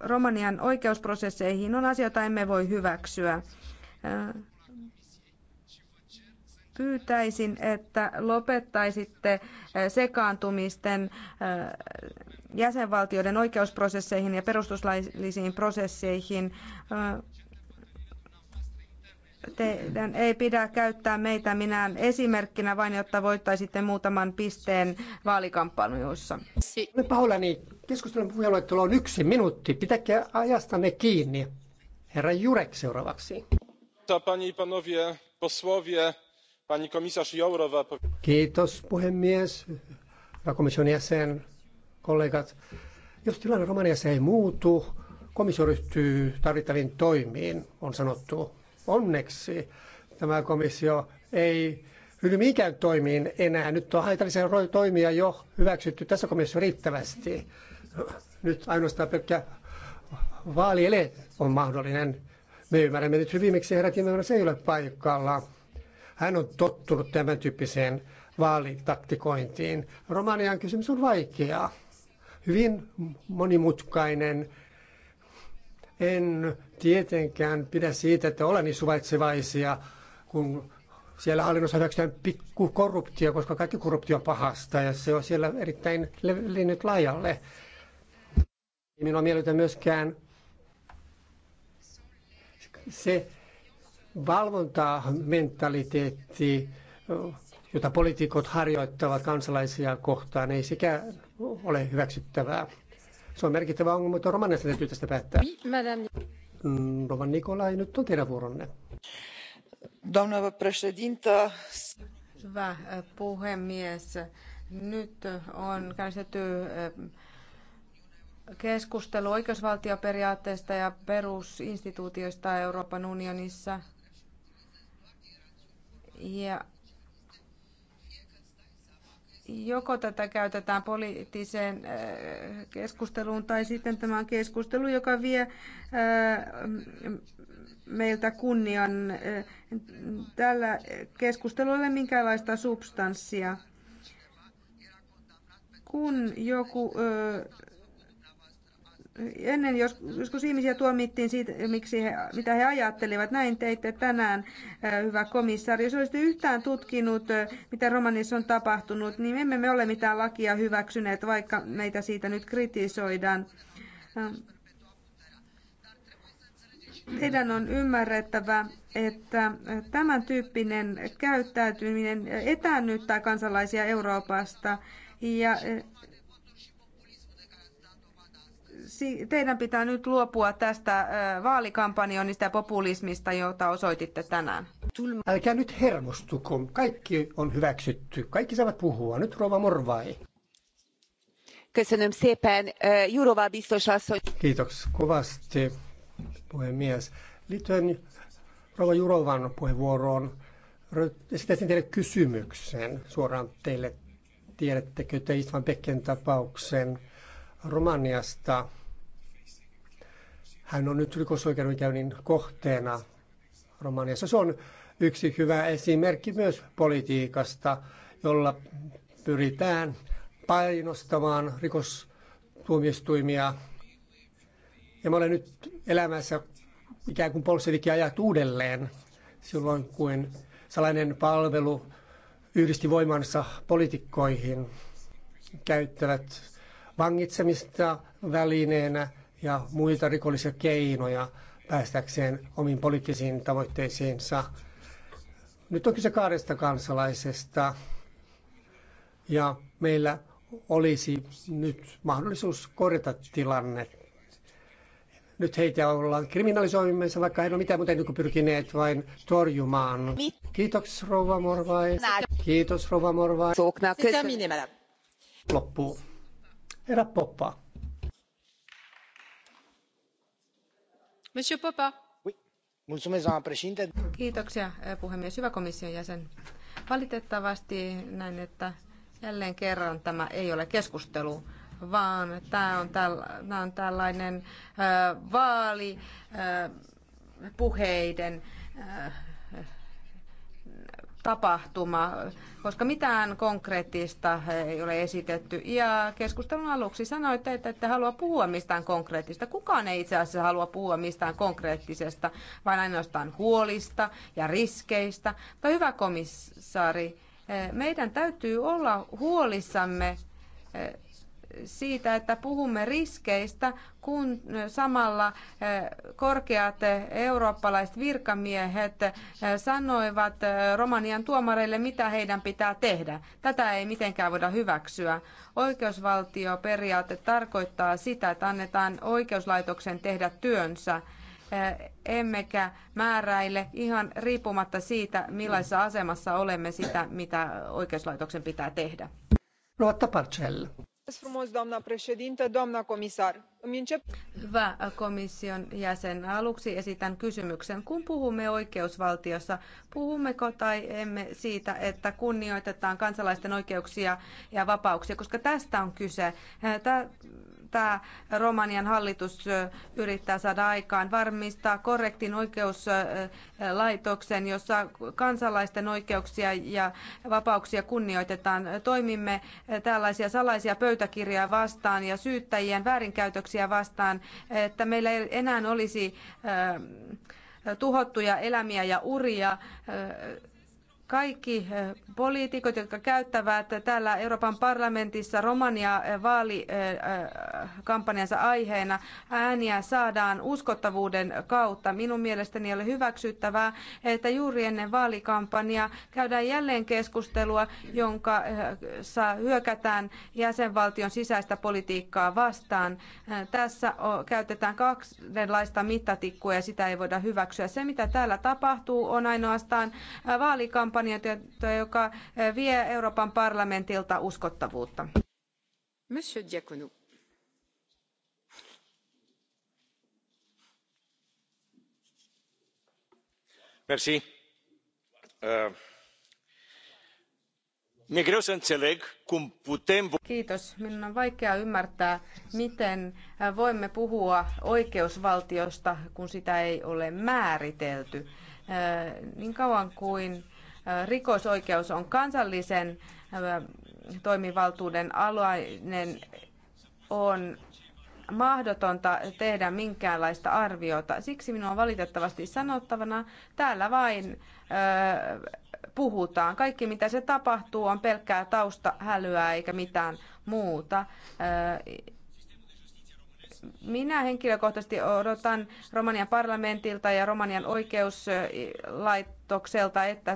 Romanian oikeusprosesseihin on asia, jota emme voi hyväksyä. Pyytäisin, että lopettaisitte sekaantumisten äh, jäsenvaltioiden oikeusprosesseihin ja perustuslaillisiin prosesseihin äh, teidän ei pidä käyttää meitä minä esimerkkinä vain, jotta voittaisitte muutaman pisteen vaalikampanjoissa. Paulani, Keskustelun puheenluettelo on yksi minuutti. Pitäkää ajastanne kiinni. Herra Jurek seuraavaksi. Panie panowie posłowie, pani komisarz Jourowa. Kiitos puhemies, hyvä komission jäsen, kollegat. Jos tilanne Romaniassa ei muutu, komissio ryhtyy tarvittaviin toimiin, on sanottu. Onneksi tämä komissio ei ryhdy mihinkään toimiin enää. Nyt on haitallisia toimia jo hyväksytty tässä komissiossa riittävästi nyt ainoastaan pelkkä vaaliele on mahdollinen. Me ymmärrämme nyt hyvin, miksi herra Timmermans ei ole paikalla. Hän on tottunut tämän tyyppiseen vaalitaktikointiin. Romanian kysymys on vaikea, hyvin monimutkainen. En tietenkään pidä siitä, että olen niin suvaitsevaisia, kun siellä hallinnossa hyväksytään pikku korruptio, koska kaikki korruptio on pahasta ja se on siellä erittäin levinnyt laajalle. Ei minua miellytä myöskään se valvontamentaliteetti, jota poliitikot harjoittavat kansalaisia kohtaan, ei sekä ole hyväksyttävää. Se on merkittävä ongelma, mutta Romanessa täytyy tästä päättää. Mm, Roman Nikolai, nyt on teidän vuoronne. Hyvä eh, puhemies. Nyt on käynnistetty eh, keskustelu oikeusvaltioperiaatteista ja perusinstituutioista Euroopan unionissa. Ja joko tätä käytetään poliittiseen äh, keskusteluun tai sitten tämä on keskustelu, joka vie äh, meiltä kunnian. Tällä keskustelulla ei ole minkäänlaista substanssia kun joku ö, äh, ennen jos, joskus ihmisiä tuomittiin siitä, miksi he, mitä he ajattelivat. Näin teitte tänään, äh, hyvä komissaari. Jos olisitte yhtään tutkinut, äh, mitä Romanissa on tapahtunut, niin emme me ole mitään lakia hyväksyneet, vaikka meitä siitä nyt kritisoidaan. Ähm, teidän on ymmärrettävä, että äh, tämän tyyppinen käyttäytyminen etäännyttää kansalaisia Euroopasta ja teidän pitää nyt luopua tästä vaalikampanjonista ja populismista, jota osoititte tänään. Älkää nyt hermostuko. Kaikki on hyväksytty. Kaikki saavat puhua. Nyt Rova Morvai. Köszönöm szépen. Jurova biztos asszony. Kiitos kovasti, puhemies. Liittyen Rova Jurovan puheenvuoroon, esitäisin teille kysymyksen suoraan teille. Tiedättekö te Istvan Pekken tapauksen Romaniasta? Hän on nyt rikosoikeudenkäynnin kohteena Romaniassa. Se on yksi hyvä esimerkki myös politiikasta, jolla pyritään painostamaan rikostuomioistuimia. Ja mä olen nyt elämässä ikään kuin polsevikki ajat uudelleen silloin, kun salainen palvelu yhdisti voimansa poliitikkoihin, käyttävät vangitsemista välineenä – ja muilta rikollisia keinoja päästäkseen omiin poliittisiin tavoitteisiinsa. Nyt on kyse kahdesta kansalaisesta ja meillä olisi nyt mahdollisuus korjata tilanne. Nyt heitä ollaan kriminalisoimassa, vaikka ei ole mitään muuta kuin pyrkineet vain torjumaan. Kiitos rouva Morvai. Kiitos rouva Morvai. Loppu. Herra Poppa. arvoisa președintă kiitoksia eh, puhemies hyvä komission jäsen valitettavasti näin että jälleen kerran tämä ei ole keskustelu vaan tämä on, tällainen eh, vaalipuheiden eh, äh, tapahtuma, koska mitään konkreettista ei ole esitetty. Ja keskustelun aluksi sanoitte, että ette halua puhua mistään konkreettista. Kukaan ei itse asiassa halua puhua mistään konkreettisesta, vaan ainoastaan huolista ja riskeistä. Mutta hyvä komissaari, eh, meidän täytyy olla huolissamme eh, siitä, että puhumme riskeistä, kun samalla eh, korkeat eh, eurooppalaiset virkamiehet eh, sanoivat Romanian tuomareille, mitä heidän pitää tehdä. Tätä ei mitenkään voida hyväksyä. Oikeusvaltioperiaate tarkoittaa sitä, että annetaan oikeuslaitoksen tehdä työnsä emmekä määräile ihan riippumatta siitä, millaisessa asemassa olemme sitä, mitä oikeuslaitoksen pitää tehdä. Luotta Parcell doamnă președintă doamnă comisar hyvä komission jäsen aluksi esitän kysymyksen kun puhumme oikeusvaltiossa puhummeko tai emme siitä että kunnioitetaan kansalaisten oikeuksia ja vapauksia koska tästä on kyse. Tämä tämä Romanian hallitus yrittää saada aikaan, varmistaa korrektin oikeuslaitoksen, jossa kansalaisten oikeuksia ja vapauksia kunnioitetaan. Toimimme tällaisia salaisia pöytäkirjoja vastaan ja syyttäjien väärinkäytöksiä vastaan, että meillä ei enää olisi tuhottuja elämiä ja uria kaikki eh, poliitikot, jotka käyttävät täällä Euroopan parlamentissa Romania eh, vaalikampanjansa eh, aiheena, ääniä saadaan uskottavuuden kautta. Minun mielestäni ei ole hyväksyttävää, että juuri ennen vaalikampanjaa käydään jälleen keskustelua, jonka hyökätään jäsenvaltion sisäistä politiikkaa vastaan. Tässä käytetään kaksenlaista mittatikkua ja sitä ei voida hyväksyä. Se, mitä täällä tapahtuu, on ainoastaan vaalikampanja kampanjatyötä, joka eh, vie Euroopan parlamentilta uskottavuutta. Monsieur Diakonou. Merci. Eh, Kiitos. Minun on vaikea ymmärtää, miten eh, voimme puhua oikeusvaltiosta, kun sitä ei ole määritelty. Niin kauan kuin rikosoikeus on kansallisen äh, toimivaltuuden alainen, on mahdotonta tehdä minkäänlaista arviota. Siksi minua on valitettavasti sanottavana, täällä vain ö, äh, puhutaan. Kaikki mitä se tapahtuu on pelkkää taustahälyä eikä mitään muuta. Ö, äh, minä henkilökohtaisesti odotan Romanian parlamentilta ja Romanian oikeuslaitokselta, että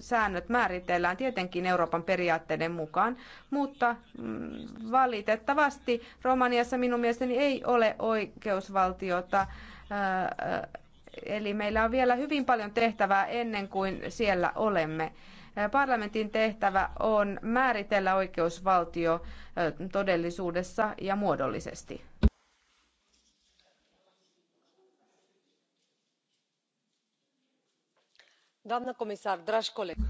säännöt määritellään tietenkin Euroopan periaatteiden mukaan, mutta mm, valitettavasti Romaniassa minun mielestäni ei ole oikeusvaltiota. Eli meillä on vielä hyvin paljon tehtävää ennen kuin siellä olemme. Parlamentin tehtävä on määritellä oikeusvaltio todellisuudessa ja muodollisesti.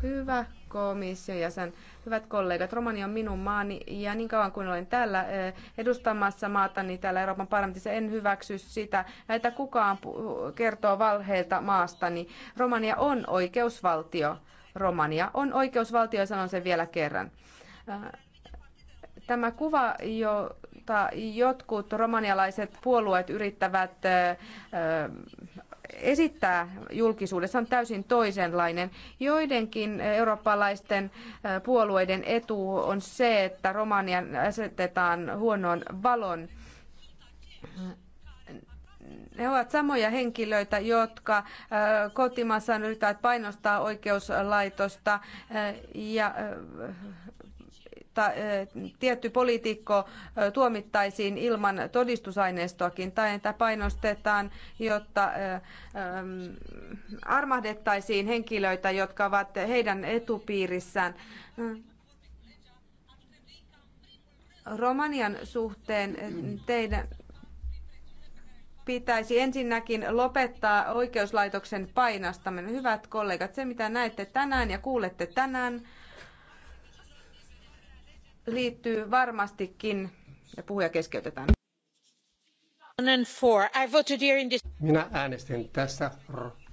Hyvä komission jäsen, hyvät kollegat, Romania on minun maani ja niin kauan kuin olen täällä eh, edustamassa maata, niin täällä Euroopan parlamentissa en hyväksy sitä, että kukaan kertoo valheita maastani. Romania on oikeusvaltio. Romania on oikeusvaltio ja sanon sen vielä kerran. Eh, tämä kuva, jo jota jotkut romanialaiset puolueet yrittävät esittää julkisuudessa on täysin toisenlainen. Joidenkin eurooppalaisten puolueiden etu on se, että Romanian asetetaan huonoon valon ne ovat samoja henkilöitä, jotka kotimaassaan yrittävät painostaa oikeuslaitosta ja että tietty poliitikko tuomittaisiin ilman todistusaineistoakin tai että painostetaan, jotta armahdettaisiin henkilöitä, jotka ovat heidän etupiirissään. Romanian suhteen teidän pitäisi ensinnäkin lopettaa oikeuslaitoksen painastaminen. Hyvät kollegat, se mitä näette tänään ja kuulette tänään, liittyy varmastikin, ja puhuja keskeytetään. Minä äänestin tässä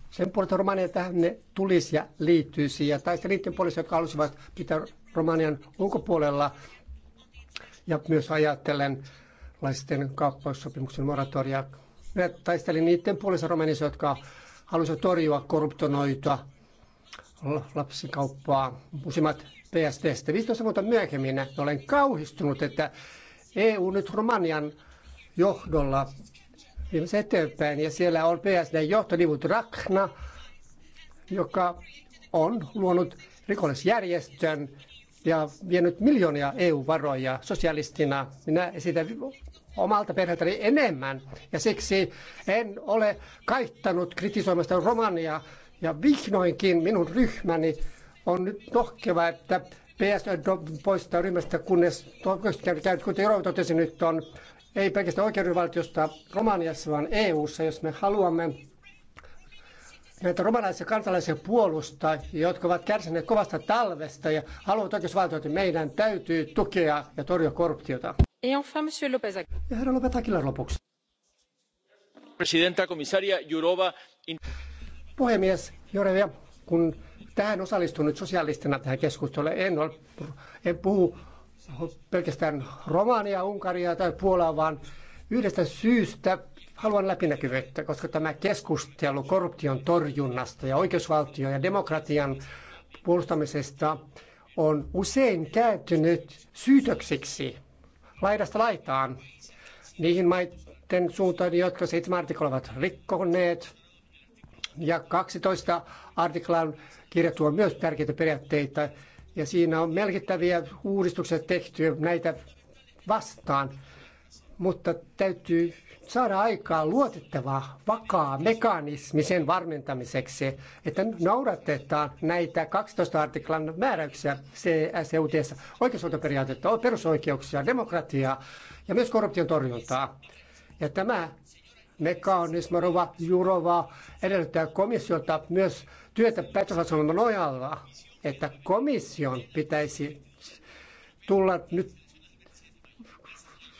sen puolesta Romania tänne tulisi ja liittyisi, ja taistelin niiden puolesta, jotka halusivat pitää Romanian ulkopuolella, ja myös ajattelen laisten kauppaussopimuksen moratoria. Minä taistelin niiden puolesta Romaniassa, jotka halusivat torjua korruptonoita lapsikauppaa. Useimmat PSTstä. 15 vuotta myöhemmin olen kauhistunut, että EU nyt Romanian johdolla viimeisen eteenpäin. Ja siellä on PSD-johtonivut Rakhna, joka on luonut rikollisjärjestön ja vienyt miljoonia EU-varoja sosialistina. Minä esitän omalta perheeltäni enemmän ja siksi en ole kaittanut kritisoimasta Romaniaa ja vihnoinkin minun ryhmäni on nyt nohkeva, että PSN poistaa ryhmästä, kunnes toivottavasti kuten Jorma totesi, nyt on ei pelkästään oikeudenvaltiosta Romaniassa, vaan EU-ssa, jos me haluamme näitä romanaisia kansalaisia puolustaa, jotka ovat kärsineet kovasta talvesta ja haluavat oikeusvaltiota, meidän täytyy tukea ja torjua korruptiota. Et enfin, monsieur Lopez. Ja herra Lopetakilla lopuksi. Presidenta, komissaria Jurova. In... Puhemies Jorevia, kun tähän osallistunut sosialistina tähän keskusteluun. En, ole, en puhu pelkästään Romania, Unkaria tai Puolaa, vaan yhdestä syystä haluan läpinäkyvyyttä, koska tämä keskustelu korruption torjunnasta ja oikeusvaltio ja demokratian puolustamisesta on usein kääntynyt syytöksiksi laidasta laitaan niihin maiden suuntaan, jotka seitsemän artikla ovat rikkoneet ja 12 artiklaan kirjattu on myös tärkeitä periaatteita, ja siinä on merkittäviä uudistuksia tehty näitä vastaan, mutta täytyy saada aikaan luotettava, vakaa mekanismi sen varmentamiseksi, että noudatetaan näitä 12 artiklan määräyksiä CSUTS, e oikeusvaltioperiaatetta, perusoikeuksia, demokratiaa ja myös korruption torjuntaa. Ja tämä mekanismi Rova Jurova edellyttää komissiota myös työtä päätösasunnon nojalla, että komission pitäisi tulla nyt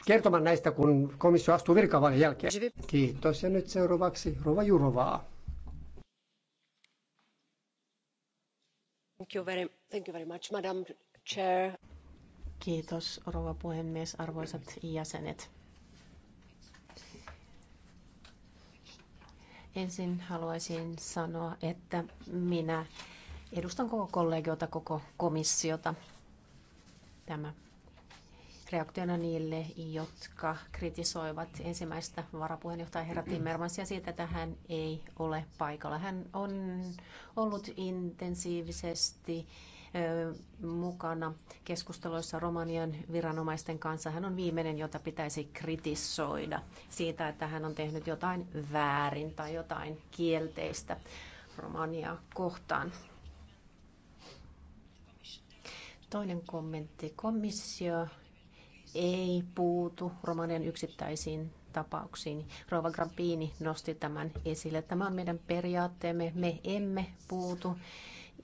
kertomaan näistä, kun komissio astuu virkavailun jälkeen. Kiitos. Ja nyt seuraavaksi Rova Jurovaa. Thank you very, thank you very much, Madam Chair. Kiitos, rouva puhemies, arvoisat jäsenet. Ensin haluaisin sanoa, että minä edustan koko kollegiota, koko komissiota. Tämä reaktiona niille, jotka kritisoivat ensimmäistä varapuheenjohtaja herra Timmermansia siitä, että hän ei ole paikalla. Hän on ollut intensiivisesti mukana keskusteluissa Romanian viranomaisten kanssa. Hän on viimeinen, jota pitäisi kritisoida siitä, että hän on tehnyt jotain väärin tai jotain kielteistä Romaniaa kohtaan. Toinen kommentti. Komissio ei puutu Romanian yksittäisiin tapauksiin. Rova Grappini nosti tämän esille. Tämä on meidän periaatteemme. Me emme puutu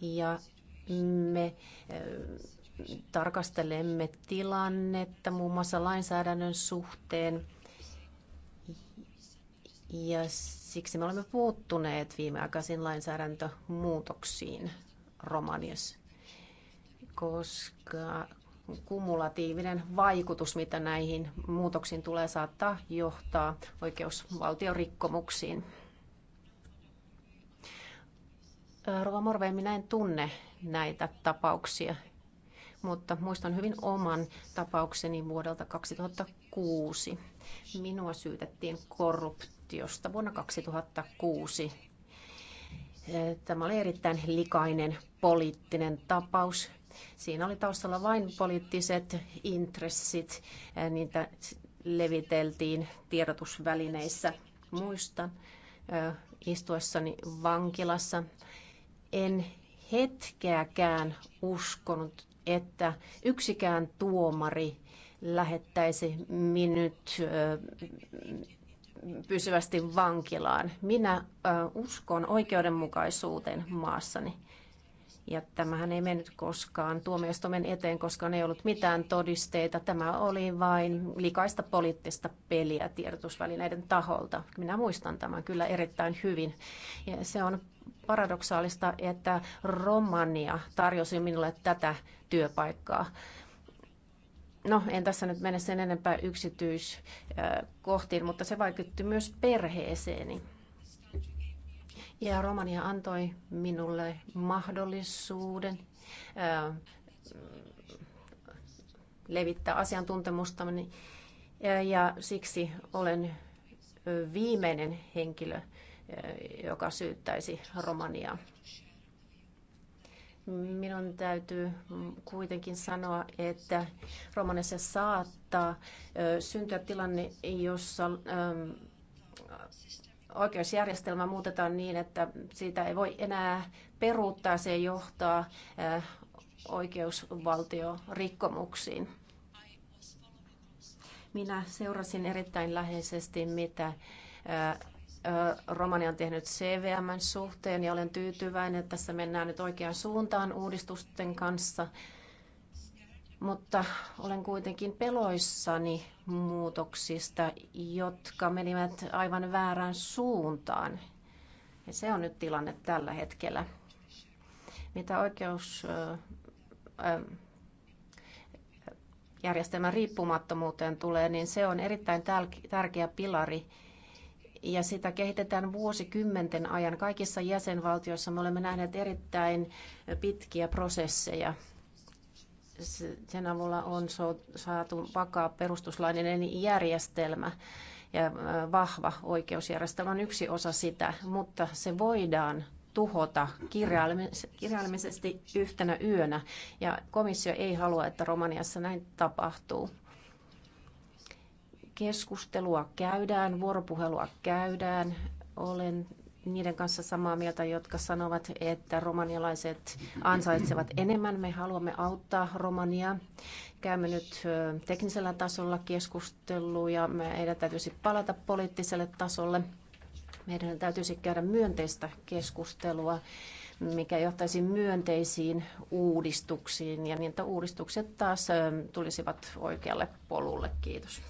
ja me eh, tarkastelemme tilannetta muun muassa lainsäädännön suhteen. Ja siksi me olemme puuttuneet viimeaikaisiin lainsäädäntömuutoksiin Romaniassa, koska kumulatiivinen vaikutus, mitä näihin muutoksiin tulee saattaa johtaa oikeusvaltiorikkomuksiin. Rova Morve, minä en tunne näitä tapauksia. Mutta muistan hyvin oman tapaukseni vuodelta 2006. Minua syytettiin korruptiosta vuonna 2006. Eh, tämä oli erittäin likainen poliittinen tapaus. Siinä oli taustalla vain poliittiset intressit. Eh, niitä leviteltiin tiedotusvälineissä. Muistan eh, istuessani vankilassa en hetkeäkään uskonut, että yksikään tuomari lähettäisi minut pysyvästi vankilaan. Minä uskon oikeudenmukaisuuteen maassani. Ja tämähän ei mennyt koskaan tuomioistuimen eteen, koska ei ollut mitään todisteita. Tämä oli vain likaista poliittista peliä tiedotusvälineiden taholta. Minä muistan tämän kyllä erittäin hyvin. Ja se on paradoksaalista, että Romania tarjosi minulle tätä työpaikkaa. No, en tässä nyt mene sen enempää yksityiskohtiin, mutta se vaikutti myös perheeseeni. Ja Romania antoi minulle mahdollisuuden levittää asiantuntemustani ja siksi olen viimeinen henkilö, Eh, joka syyttäisi Romaniaa. Minun täytyy kuitenkin sanoa, että Romanessa saattaa syntyä tilanne, jossa oikeusjärjestelmä muutetaan niin, että siitä ei voi enää peruuttaa, se johtaa oikeusvaltiorikkomuksiin. Minä seurasin erittäin läheisesti, mitä Romani on tehnyt CVMn suhteen ja olen tyytyväinen, että tässä mennään nyt oikeaan suuntaan uudistusten kanssa. Mutta olen kuitenkin peloissani muutoksista, jotka menivät aivan väärään suuntaan. Ja se on nyt tilanne tällä hetkellä. Mitä oikeus riippumattomuuteen tulee, niin se on erittäin tärkeä pilari – ja sitä kehitetään vuosikymmenten ajan. Kaikissa jäsenvaltioissa me olemme nähneet erittäin pitkiä prosesseja. Sen avulla on saatu vakaa perustuslainen järjestelmä ja äh, vahva oikeusjärjestelmä on yksi osa sitä, mutta se voidaan tuhota kirjaimellisesti yhtenä yönä. Ja komissio ei halua, että Romaniassa näin tapahtuu keskustelua käydään, vuoropuhelua käydään. Olen niiden kanssa samaa mieltä, jotka sanovat, että romanialaiset ansaitsevat enemmän. Me haluamme auttaa Romania. Käymme nyt teknisellä tasolla keskustelua ja Meidän täytyisi palata poliittiselle tasolle. Meidän täytyisi käydä myönteistä keskustelua mikä johtaisi myönteisiin uudistuksiin ja niin, että uudistukset taas tulisivat oikealle polulle. Kiitos.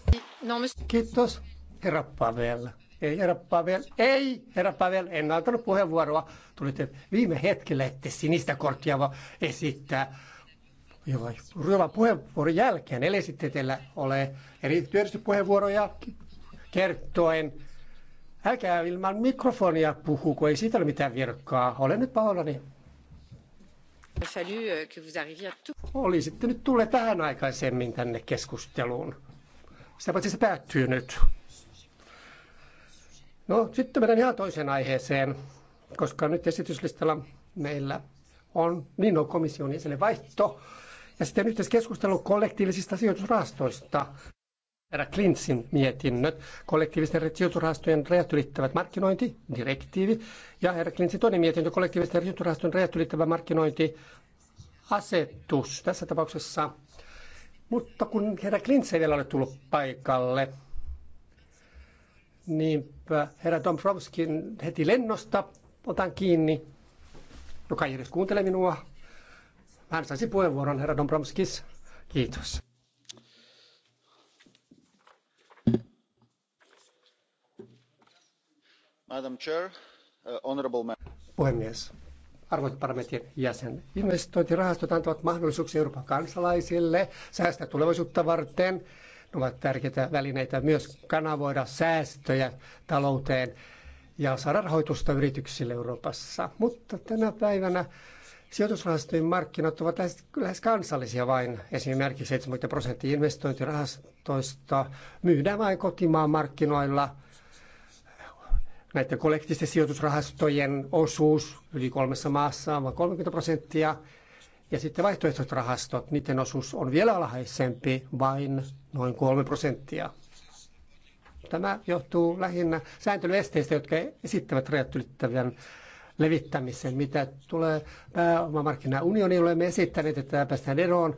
Kiitos. Herra Pavel. Ei, herra Pavel. Ei, herra Pavel. En antanut puheenvuoroa. Tulitte viime hetkellä, ette sinistä korttia vaan esittää. Joo, ryhmän puheenvuoron jälkeen, eli sitten teillä ole eri työllisyyspuheenvuoroja kertoen Älkää ilman mikrofonia puhu, kun ei siitä ole mitään virkkaa. Olen nyt pahoillani. Euh, sitten nyt tulee tähän aikaisemmin tänne keskusteluun. Sitä paitsi se päättyy nyt. No, sitten mennään ihan toiseen aiheeseen, koska nyt esityslistalla meillä on niin on komission jäsenen vaihto ja sitten yhteiskeskustelu kollektiivisista sijoitusrahastoista. Herra Klintsin mietinnöt, kollektiivisten sijoitusrahastojen rajat ylittävät markkinointi, direktiivi, ja herra Klintsin toinen mietintö, kollektiivisten sijoitusrahastojen rajat ylittävä markkinointi, asetus tässä tapauksessa. Mutta kun herra Klintz ei vielä ole tullut paikalle, niin herra Dombrovskin heti lennosta otan kiinni, joka ei edes kuuntele minua. Hän saisi puheenvuoron, herra Dombrovskis. Kiitos. Uh, puhemies arvoisat parlamentin jäsenet investointirahastot antavat mahdollisuuksia euroopan kansalaisille säästää tulevaisuutta varten. ne ovat tärkeitä välineitä myös kanavoida säästöjä talouteen ja saada rahoitusta yrityksille euroopassa mutta tänä päivänä Sijoitusrahastojen markkinat ovat lähes, kansallisia vain. Esimerkiksi 70 prosenttia investointirahastoista myydään vain kotimaan markkinoilla – näiden kollektiivisten sijoitusrahastojen osuus yli kolmessa maassa on vain 30 prosenttia. Ja sitten vaihtoehtoiset rahastot, niiden osuus on vielä alhaisempi, vain noin 3 prosenttia. Tämä johtuu lähinnä sääntelyesteistä, jotka esittävät rajat ylittävän levittämisen. Mitä tulee pääomamarkkinaunioniin, olemme esittäneet, että päästään eroon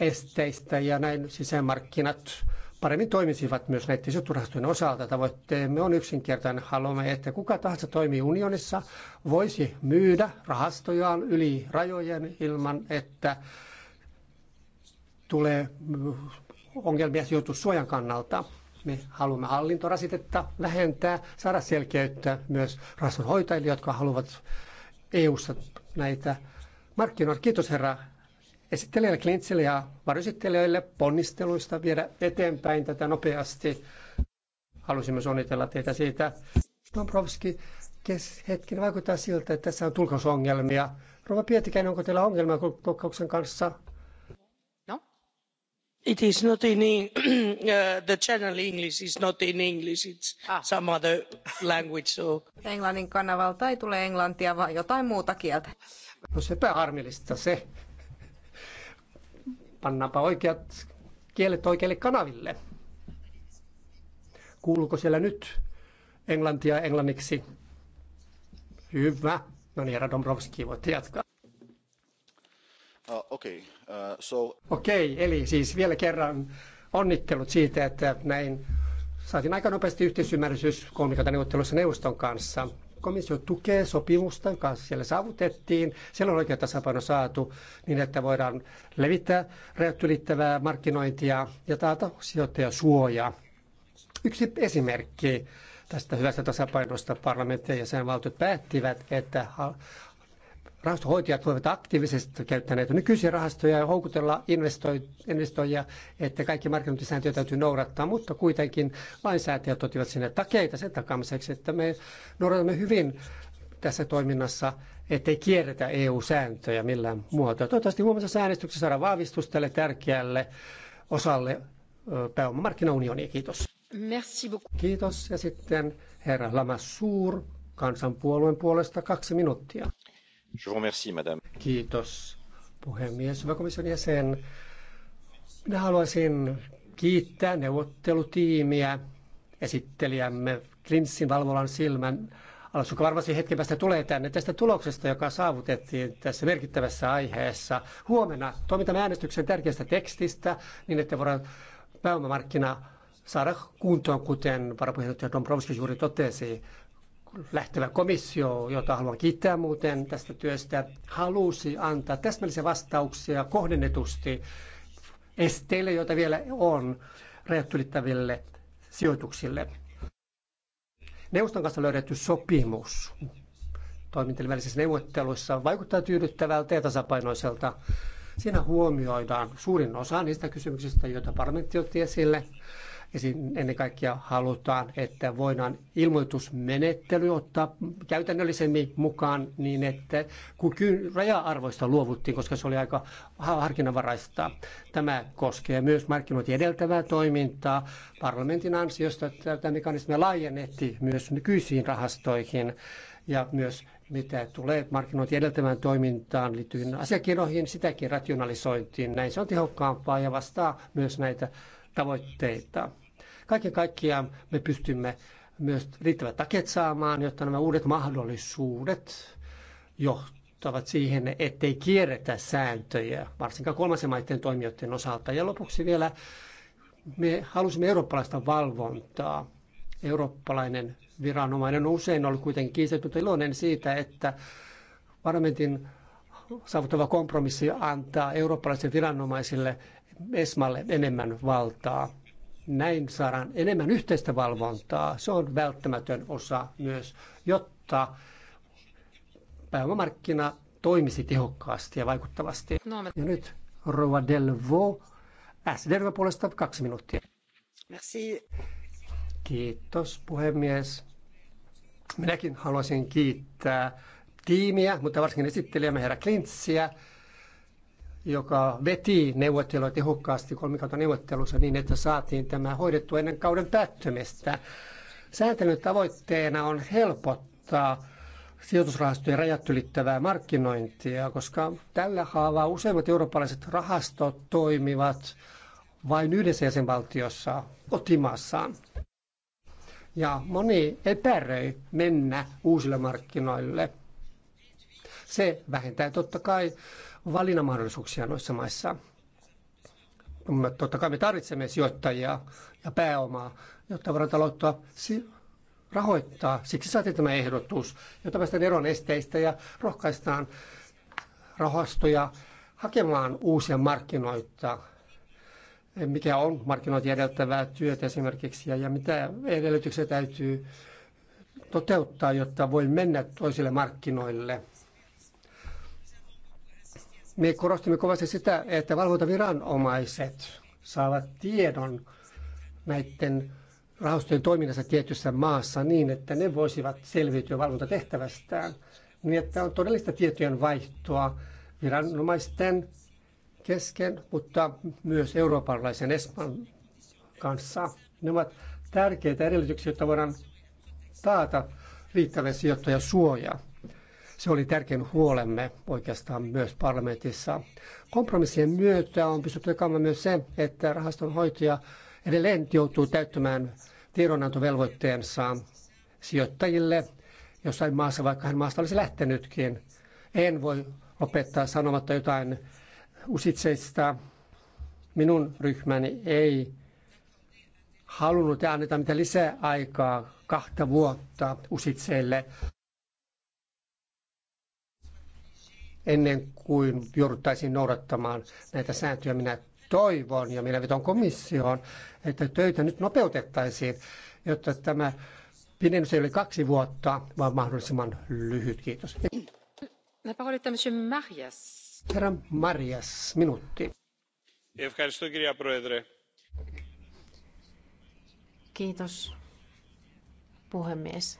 esteistä ja näin sisämarkkinat paremmin toimisivat myös näiden sijoitusrahastojen osalta. Tavoitteemme on yksinkertainen. Haluamme, että kuka tahansa toimii unionissa voisi myydä rahastojaan yli rajojen ilman, että tulee ongelmia sijoitussuojan kannalta. Me haluamme hallintorasitetta vähentää, saada selkeyttä myös rahastonhoitajille, jotka haluavat EU-ssa näitä markkinoita. Kiitos herra esittelijälle Klintsille ja varjoesittelijöille ponnisteluista viedä eteenpäin tätä nopeasti. Halusimme myös onnitella teitä siitä. Dombrovski, kes, hetken vaikuttaa siltä, että tässä on tulkausongelmia. Rova Pietikäinen, onko teillä ongelmia tulkauksen kanssa? No. It is not in uh, the channel English is not in English, it's ah. some other language. So. Englannin kanavalta ei tule englantia, vaan jotain muuta kieltä. No sepä harmillista se pannaanpa oikeat kielet oikeille kanaville. Kuuluuko siellä nyt englantia englanniksi? Hyvä. No niin, herra Dombrovski, voitte jatkaa. Uh, Okei, okay. uh, so... okay, eli siis vielä kerran onnittelut siitä, että näin saatiin aika nopeasti yhteisymmärrys kolmikantaneuvottelussa neuvoston kanssa komissio tukee sopimusten kanssa. Siellä saavutettiin, siellä on oikea tasapaino saatu niin, että voidaan levittää rajat ylittävää markkinointia ja taata suojaa. Yksi esimerkki tästä hyvästä tasapainosta parlamentti ja sen valtiot päättivät, että rahastohoitajat voivat aktiivisesti käyttää näitä nykyisiä rahastoja ja houkutella investoijia, että kaikki markkinointisääntöjä täytyy noudattaa, mutta kuitenkin lainsäätäjät ottivat sinne takeita sen takamiseksi, että me noudatamme hyvin tässä toiminnassa, ettei kierretä EU-sääntöjä millään muotoa. Toivottavasti huomisessa äänestyksessä saadaan vahvistus tälle tärkeälle osalle pääomamarkkinaunionia. Kiitos. Merci beaucoup. Kiitos. Ja sitten herra Lama Suur, kansanpuolueen puolesta kaksi minuuttia. Kiitos puhemies. Hyvä komission jäsen. Minä haluaisin kiittää neuvottelutiimiä, esittelijämme Klinssin valvolan silmän Alas, varmasti hetken päästä tulee tänne tästä tuloksesta, joka saavutettiin tässä merkittävässä aiheessa. Huomenna toimitamme äänestyksen tärkeästä tekstistä niin, että voidaan pääomamarkkina saada kuntoon, kuten varapuheenjohtaja Dombrovski juuri totesi lähtevä komissio, jota haluan kiittää muuten tästä työstä, halusi antaa täsmällisiä vastauksia kohdennetusti esteille, joita vielä on rajat ylittäville sijoituksille. Neuvoston kanssa löydetty sopimus toimintojen välisissä neuvotteluissa vaikuttaa tyydyttävältä ja tasapainoiselta. Siinä huomioidaan suurin osa niistä kysymyksistä, joita parlamentti otti esille, ja ennen kaikkea halutaan, että voidaan ilmoitusmenettely ottaa käytännöllisemmin mukaan niin, että kun raja-arvoista luovuttiin, koska se oli aika harkinnanvaraista. Tämä koskee myös markkinointi edeltävää toimintaa. Parlamentin ansiosta tätä mekanismia laajennettiin myös nykyisiin rahastoihin ja myös mitä tulee markkinointi edeltävään toimintaan liittyviin asiakirjoihin, sitäkin rationalisointiin. Näin se on tehokkaampaa ja vastaa myös näitä tavoitteita. Kaiken kaikkiaan me pystymme myös riittävät taket saamaan, jotta nämä uudet mahdollisuudet johtavat siihen, ettei kierretä sääntöjä, varsinkaan kolmansien maiden toimijoiden osalta. Ja lopuksi vielä me halusimme eurooppalaista valvontaa. Eurooppalainen viranomainen on usein ollut kuitenkin kiistetty iloinen siitä, että parlamentin saavuttava kompromissi antaa eurooppalaisille viranomaisille ESMalle enemmän valtaa. Näin saadaan enemmän yhteistä valvontaa. Se on välttämätön osa myös, jotta pääomamarkkina toimisi tehokkaasti ja vaikuttavasti. No, me... Ja nyt Rova Delvo, SDRV puolesta kaksi minuuttia. Merci. Kiitos puhemies. Minäkin haluaisin kiittää tiimiä, mutta varsinkin esittelijämme herra Klintsiä joka veti neuvottelua tehokkaasti neuvottelussa niin, että saatiin tämä hoidettu ennen kauden päättymistä. Sääntelyn tavoitteena on helpottaa sijoitusrahastojen rajat ylittävää markkinointia, koska tällä haavaa useimmat eurooppalaiset rahastot toimivat vain yhdessä jäsenvaltiossa kotimaassaan. Ja moni epäröi mennä uusille markkinoille. Se vähentää totta kai valinnanmahdollisuuksia noissa maissa. Totta kai me tarvitsemme sijoittajia ja pääomaa, jotta voidaan taloutta rahoittaa. Siksi saatiin tämä ehdotus, jotta päästään eron esteistä ja rohkaistaan rahastoja hakemaan uusia markkinoita, mikä on markkinoita edeltävää työtä esimerkiksi ja mitä edellytyksiä täytyy toteuttaa, jotta voi mennä toisille markkinoille. Me korostimme kovasti sitä, että valvontaviranomaiset saavat tiedon näiden rahastojen toiminnassa tietyssä maassa niin, että ne voisivat selviytyä valvontatehtävästään, niin että on todellista tietojen vaihtoa viranomaisten kesken, mutta myös eurooppalaisen Espan kanssa. Ne ovat tärkeitä edellytyksiä, jotta voidaan taata sijoittajan suojaa. Se oli tärkein huolemme oikeastaan myös parlamentissa. Kompromissien myötä on pystytty jakamaan myös se, että rahaston hoitaja edelleen joutuu täyttämään tiedonantovelvoitteensa sijoittajille jossain maassa, vaikka hän maasta olisi lähtenytkin. En voi lopettaa sanomatta jotain usitseista. Minun ryhmäni ei halunnut ja anneta mitään lisää aikaa kahta vuotta usitseille. ennen kuin jouduttaisiin noudattamaan näitä sääntöjä. Minä toivon ja minä veton komissioon, että töitä nyt nopeutettaisiin, jotta tämä pidennys ei ole kaksi vuotta, vaan mahdollisimman lyhyt. Kiitos. Herra Marias, minuutti. Kiitos, puhemies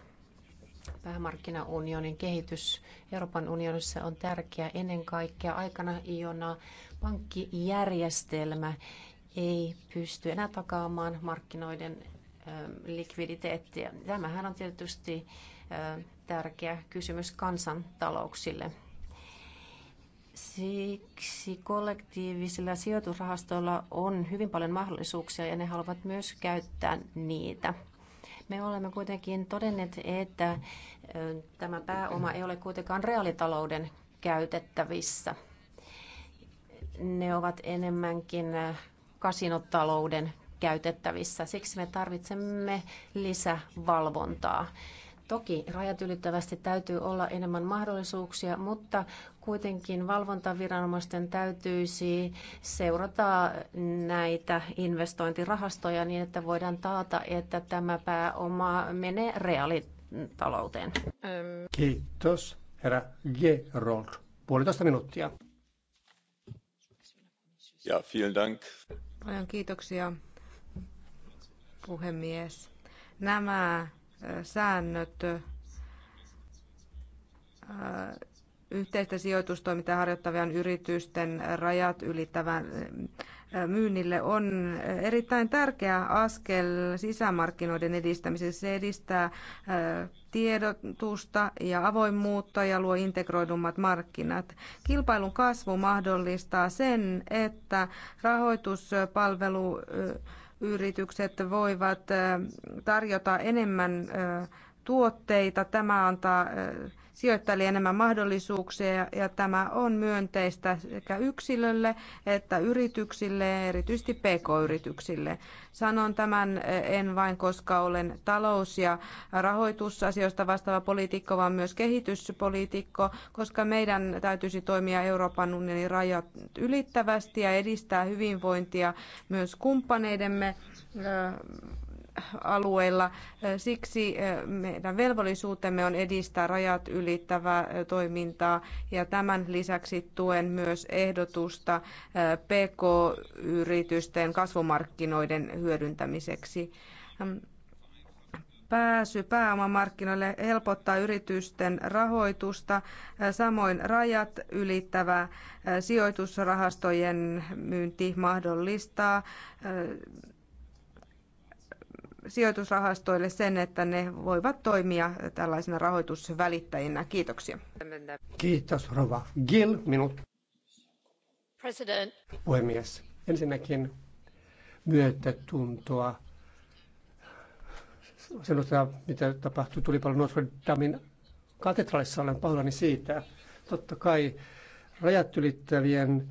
päämarkkinaunionin kehitys Euroopan unionissa on tärkeä ennen kaikkea aikana, jona pankkijärjestelmä ei pysty enää takaamaan markkinoiden ähm, likviditeettiä. Tämähän on tietysti ähm, tärkeä kysymys kansantalouksille. Siksi kollektiivisilla sijoitusrahastoilla on hyvin paljon mahdollisuuksia ja ne haluavat myös käyttää niitä. Me olemme kuitenkin todenneet, että tämä pääoma ei ole kuitenkaan reaalitalouden käytettävissä. Ne ovat enemmänkin kasinotalouden käytettävissä. Siksi me tarvitsemme lisävalvontaa. Toki rajat ylittävästi täytyy olla enemmän mahdollisuuksia, mutta kuitenkin valvontaviranomaisten täytyisi seurata näitä investointirahastoja niin, että voidaan taata, että tämä pääoma menee reaalitalouteen. Kiitos, herra Gerold. Puolitoista minuuttia. Ja, vielen dank. Paljon kiitoksia, puhemies. Nämä säännöt yhteistä sijoitustoimintaa harjoittavien yritysten rajat ylittävän myynnille on erittäin tärkeä askel sisämarkkinoiden edistämisessä. Se edistää tiedotusta ja avoimuutta ja luo integroidummat markkinat. Kilpailun kasvu mahdollistaa sen, että rahoituspalvelu yritykset voivat eh, tarjota enemmän eh, tuotteita. Tämä antaa eh, sijoittajille enemmän mahdollisuuksia ja tämä on myönteistä sekä yksilölle että yrityksille, erityisesti pk-yrityksille. Sanon tämän eh, en vain koska olen talous- ja rahoitusasioista vastaava poliitikko, vaan myös kehityspoliitikko, koska meidän täytyisi toimia Euroopan unionin rajat ylittävästi ja edistää hyvinvointia myös kumppaneidemme eh, alueilla. Siksi eh, meidän velvollisuutemme on edistää rajat ylittävää eh, toimintaa ja tämän lisäksi tuen myös ehdotusta eh, PK-yritysten kasvumarkkinoiden hyödyntämiseksi mm, pääsy pääomamarkkinoille helpottaa yritysten rahoitusta, samoin rajat ylittävä sijoitusrahastojen myynti mahdollistaa sijoitusrahastoille sen, että ne voivat toimia tällaisena rahoitusvälittäjinä. Kiitoksia. Kiitos, Rova. Gil, minut. President. Puhemies, ensinnäkin myötätuntoa sen osa, mitä tapahtui tulipalon Notre Damein katedraalissa, olen pahoillani siitä. Totta kai rajat ylittävien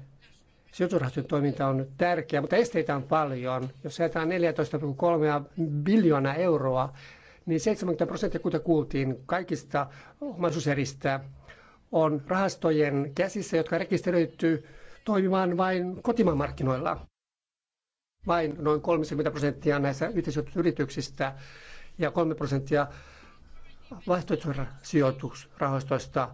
Sijoitusrahastojen toiminta on nyt mutta esteitä on paljon. Jos ajatellaan 14,3 biljoonaa euroa, niin 70 prosenttia, kuten kuultiin, kaikista omaisuuseristä on rahastojen käsissä, jotka rekisteröityy toimimaan vain kotimaan markkinoilla. Vain noin 30 prosenttia näissä yhteisöyrityksistä ja 3 prosenttia sijoitusrahastoista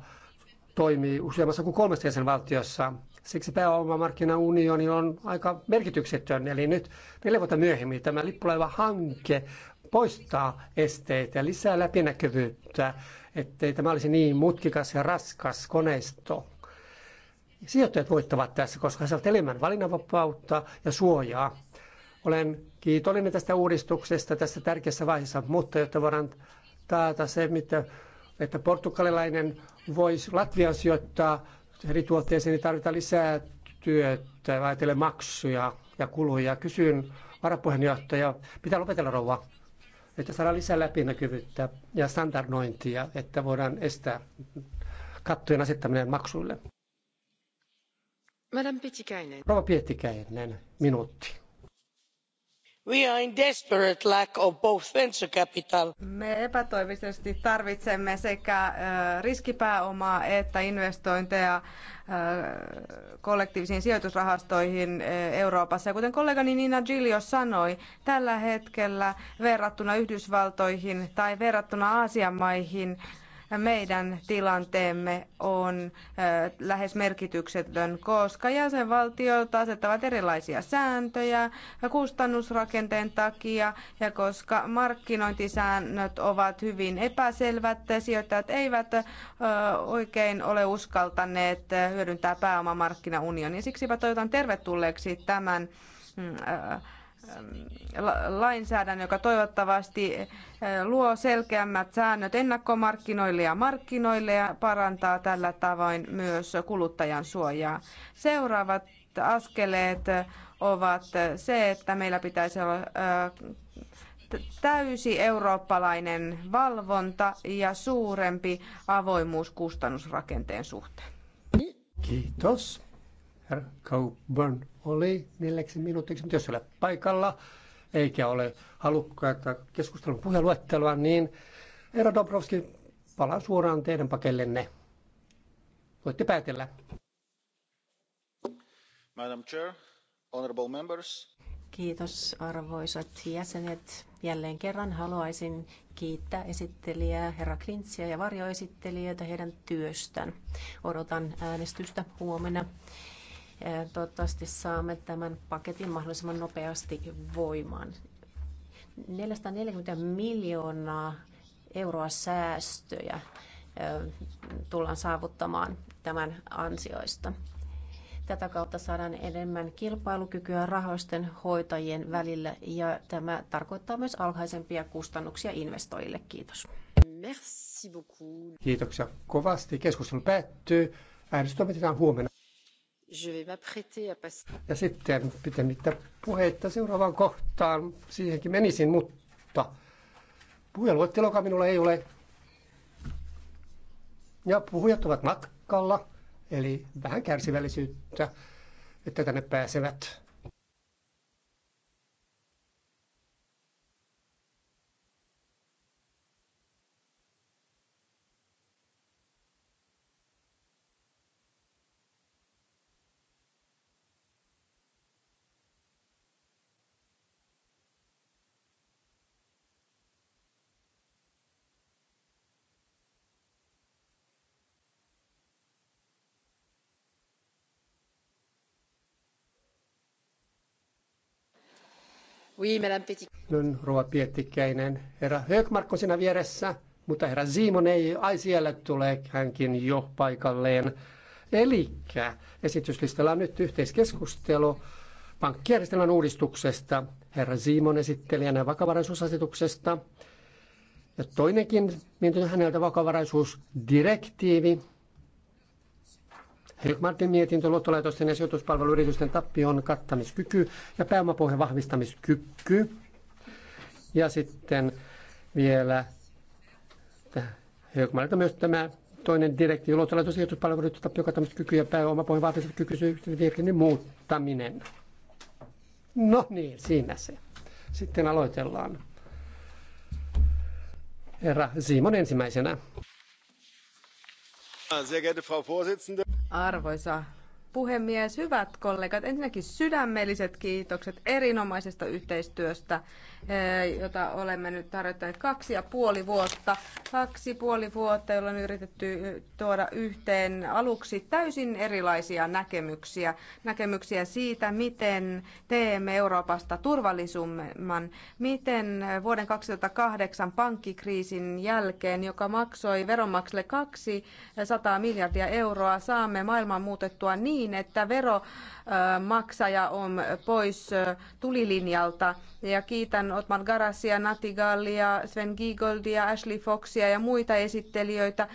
toimii useammassa kuin kolmessa jäsenvaltiossa. Siksi pääomamarkkinaunioni on aika merkityksetön. Eli nyt neljä vuotta myöhemmin tämä lippulaiva-hanke poistaa esteitä ja lisää läpinäkyvyyttä, ettei tämä olisi niin mutkikas ja raskas koneisto. Sijoittajat voittavat tässä, koska he saavat enemmän valinnanvapautta ja suojaa. Olen kiitollinen tästä uudistuksesta tässä tärkeässä vaiheessa, mutta jotta voidaan taata se, että portugalilainen voisi Latvian sijoittaa eri tuotteisiin niin tarvitaan lisää työtä, ajatellen maksuja ja kuluja. Kysyn varapuheenjohtaja, pitää lopetella rouva, että saadaan lisää läpinäkyvyyttä ja standardointia, että voidaan estää kattojen asettaminen maksuille. Madame Pietikäinen. Rouva Pietikäinen, minuutti. Me epätoivoisesti tarvitsemme sekä riskipääomaa että investointeja kollektiivisiin sijoitusrahastoihin Euroopassa. Ja kuten kollegani Nina Gilio sanoi, tällä hetkellä verrattuna Yhdysvaltoihin tai verrattuna Aasian maihin – meidän tilanteemme on lähes merkityksetön, koska jäsenvaltiot asettavat erilaisia sääntöjä kustannusrakenteen takia ja koska markkinointisäännöt ovat hyvin epäselvät, sijoittajat eivät oikein ole uskaltaneet hyödyntää pääomamarkkinaunionia. Siksipä toivotan tervetulleeksi tämän mm, lainsäädännön, joka toivottavasti luo selkeämmät säännöt ennakkomarkkinoille ja markkinoille ja parantaa tällä tavoin myös kuluttajan suojaa. Seuraavat askeleet ovat se, että meillä pitäisi olla täysi eurooppalainen valvonta ja suurempi avoimuus kustannusrakenteen suhteen. Kiitos. Herra Coburn oli neljäksi minuutiksi, mutta jos ei ole paikalla eikä ole halukkaita keskustelun puheluettelua, niin Herra Dobrovski, palaan suoraan teidän pakellenne. Voitte päätellä. Madam Chair, honorable members. Kiitos arvoisat jäsenet. Jälleen kerran haluaisin kiittää esittelijää herra Klintsiä ja varjoesittelijöitä heidän työstään. Odotan äänestystä huomenna. Toivottavasti saamme tämän paketin mahdollisimman nopeasti voimaan. 440 miljoonaa euroa säästöjä tullaan saavuttamaan tämän ansioista. Tätä kautta saadaan enemmän kilpailukykyä rahoisten hoitajien välillä ja tämä tarkoittaa myös alhaisempia kustannuksia investoijille. Kiitos. Merci beaucoup. Kiitoksia kovasti. Keskustelu päättyy. Äänestys toimitetaan huomenna. Ja sitten pitemmittä puheitta seuraavaan kohtaan, siihenkin menisin, mutta puheluettelokaan minulla ei ole. Ja puhujat ovat matkalla, eli vähän kärsivällisyyttä, että tänne pääsevät. Viimeinen rouva Nyt Rova Piettikäinen. Herra Höökmark on siinä vieressä, mutta herra Simon ei. Ai siellä tulee hänkin jo paikalleen. Eli esityslistalla on nyt yhteiskeskustelu pankkijärjestelmän uudistuksesta, herra Simon esittelijänä vakavaraisuusasetuksesta ja toinenkin mietintö häneltä vakavaraisuusdirektiivi, Martin mietintö luottolaitosten ja sijoituspalveluyritysten tappion kattamiskyky ja pääomapohjan vahvistamiskyky. Ja sitten vielä Martin myös tämä toinen direktiivi luottolaitosten ja sijoituspalveluyritysten tappion kattamiskyky ja pääomapohjan vahvistamiskyky muuttaminen. No niin, siinä se. Sitten aloitellaan. Herra Simon ensimmäisenä. Arvoisa puhemies, hyvät kollegat, ensinnäkin sydämelliset kiitokset erinomaisesta yhteistyöstä, eh, jota olemme nyt tarjottaneet kaksi ja puoli vuotta. Kaksi puoli vuotta, jolla on yritetty eh, tuoda yhteen aluksi täysin erilaisia näkemyksiä. Näkemyksiä siitä, miten teemme Euroopasta turvallisumman, miten vuoden 2008 pankkikriisin jälkeen, joka maksoi veronmaksajille 200 miljardia euroa, saamme maailman muutettua niin, niin, että veromaksaja on pois tulilinjalta. Ja kiitän Otmar Garasia, Nati Gallia, Sven Giegoldia, Ashley Foxia ja muita esittelijöitä.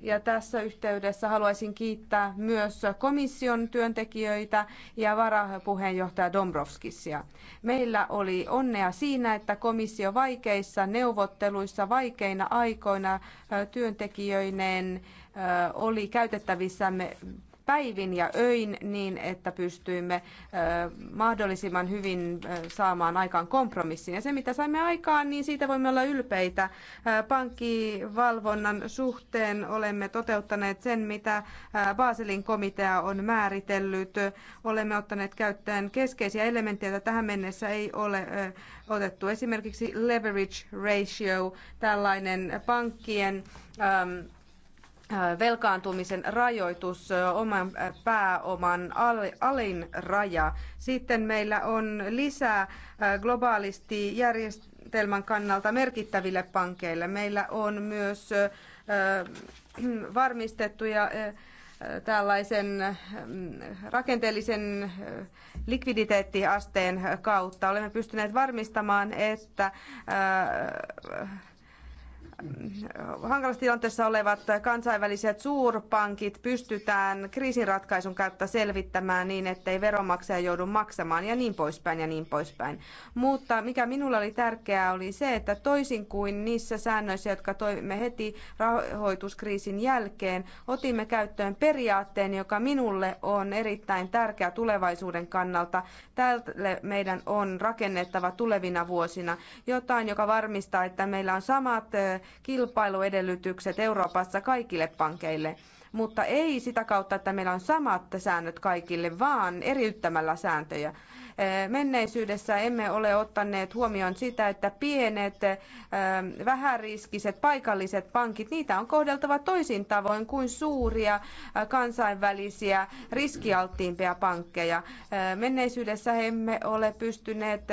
Ja tässä yhteydessä haluaisin kiittää myös komission työntekijöitä ja varapuheenjohtaja Dombrovskisia. Meillä oli onnea siinä, että komissio vaikeissa neuvotteluissa, vaikeina aikoina työntekijöineen oli käytettävissämme päivin ja öin niin, että pystyimme mahdollisimman hyvin saamaan aikaan kompromissin. Ja se, mitä saimme aikaan, niin siitä voimme olla ylpeitä. Pankkivalvonnan suhteen olemme toteuttaneet sen, mitä Baselin komitea on määritellyt. Olemme ottaneet käyttöön keskeisiä elementtejä, joita tähän mennessä ei ole otettu. Esimerkiksi leverage ratio, tällainen pankkien velkaantumisen rajoitus, oman pääoman alin raja. Sitten meillä on lisää globaalisti järjestelmän kannalta merkittäville pankeille. Meillä on myös varmistettuja tällaisen rakenteellisen likviditeettiasteen kautta. Olemme pystyneet varmistamaan, että hankalassa tilanteessa olevat kansainväliset suurpankit pystytään kriisinratkaisun kautta selvittämään niin, ettei veronmaksaja joudu maksamaan ja niin poispäin ja niin poispäin. Mutta mikä minulle oli tärkeää oli se, että toisin kuin niissä säännöissä, jotka toimme heti rahoituskriisin jälkeen, otimme käyttöön periaatteen, joka minulle on erittäin tärkeä tulevaisuuden kannalta. Tälle meidän on rakennettava tulevina vuosina jotain, joka varmistaa, että meillä on samat kilpailuedellytykset Euroopassa kaikille pankeille mutta ei sitä kautta, että meillä on samat säännöt kaikille, vaan eriyttämällä sääntöjä. Menneisyydessä emme ole ottaneet huomioon sitä, että pienet, vähäriskiset, paikalliset pankit, niitä on kohdeltava toisin tavoin kuin suuria kansainvälisiä riskialttiimpia pankkeja. Menneisyydessä emme ole pystyneet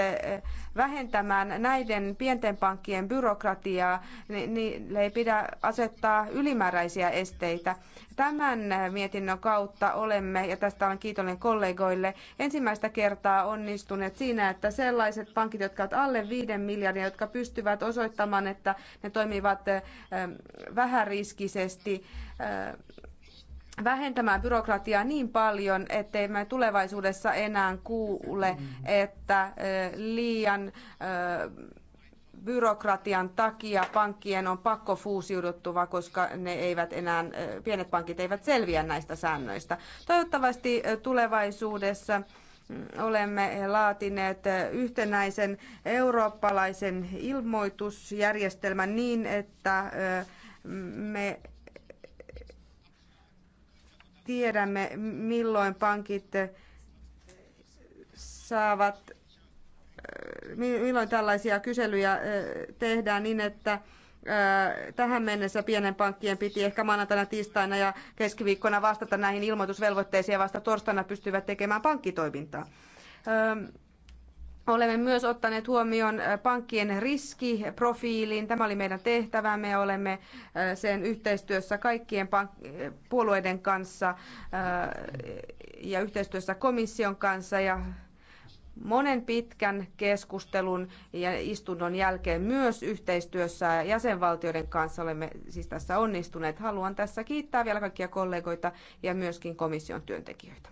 vähentämään näiden pienten pankkien byrokratiaa, niin niille ei pidä asettaa ylimääräisiä esteitä. Tämän mietinnön kautta olemme, ja tästä olen kiitollinen kollegoille, ensimmäistä kertaa onnistuneet siinä, että sellaiset pankit, jotka ovat alle 5 miljardia, jotka pystyvät osoittamaan, että ne toimivat vähäriskisesti, vähentämään byrokratiaa niin paljon, ettei me tulevaisuudessa enää kuule, että liian byrokratian takia pankkien on pakko fuusiuduttava, koska ne eivät enää, pienet pankit eivät selviä näistä säännöistä. Toivottavasti tulevaisuudessa mm, olemme laatineet yhtenäisen eurooppalaisen ilmoitusjärjestelmän niin, että me tiedämme, milloin pankit äh, saavat, äh, milloin tällaisia kyselyjä äh, tehdään niin, että tähän mennessä pienen pankkien piti ehkä maanantaina, tiistaina ja keskiviikkona vastata näihin ilmoitusvelvoitteisiin ja vasta torstaina pystyvät tekemään pankkitoimintaa. Ähm, Olemme myös ottaneet huomioon äh, pankkien riskiprofiilin. Tämä oli meidän tehtävämme ja olemme äh, sen yhteistyössä kaikkien puolueiden kanssa äh, ja yhteistyössä komission kanssa ja monen pitkän keskustelun ja istunnon jälkeen myös yhteistyössä jäsenvaltioiden kanssa olemme siis tässä onnistuneet. Haluan tässä kiittää vielä kaikkia kollegoita ja myöskin komission työntekijöitä.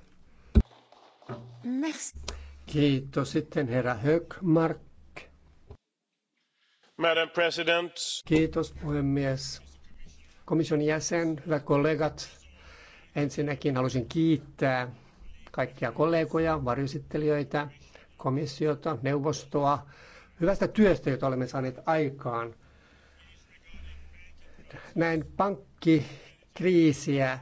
Merci. Kiitos. Sitten herra Höckmark. Madam President. Kiitos puhemies. Komission jäsen, hyvät kollegat, ensinnäkin haluaisin kiittää kaikkia kollegoja, varjosittelijöitä, komissiota, neuvostoa, hyvästä työstä, jota olemme saaneet aikaan. Näin pankkikriisiä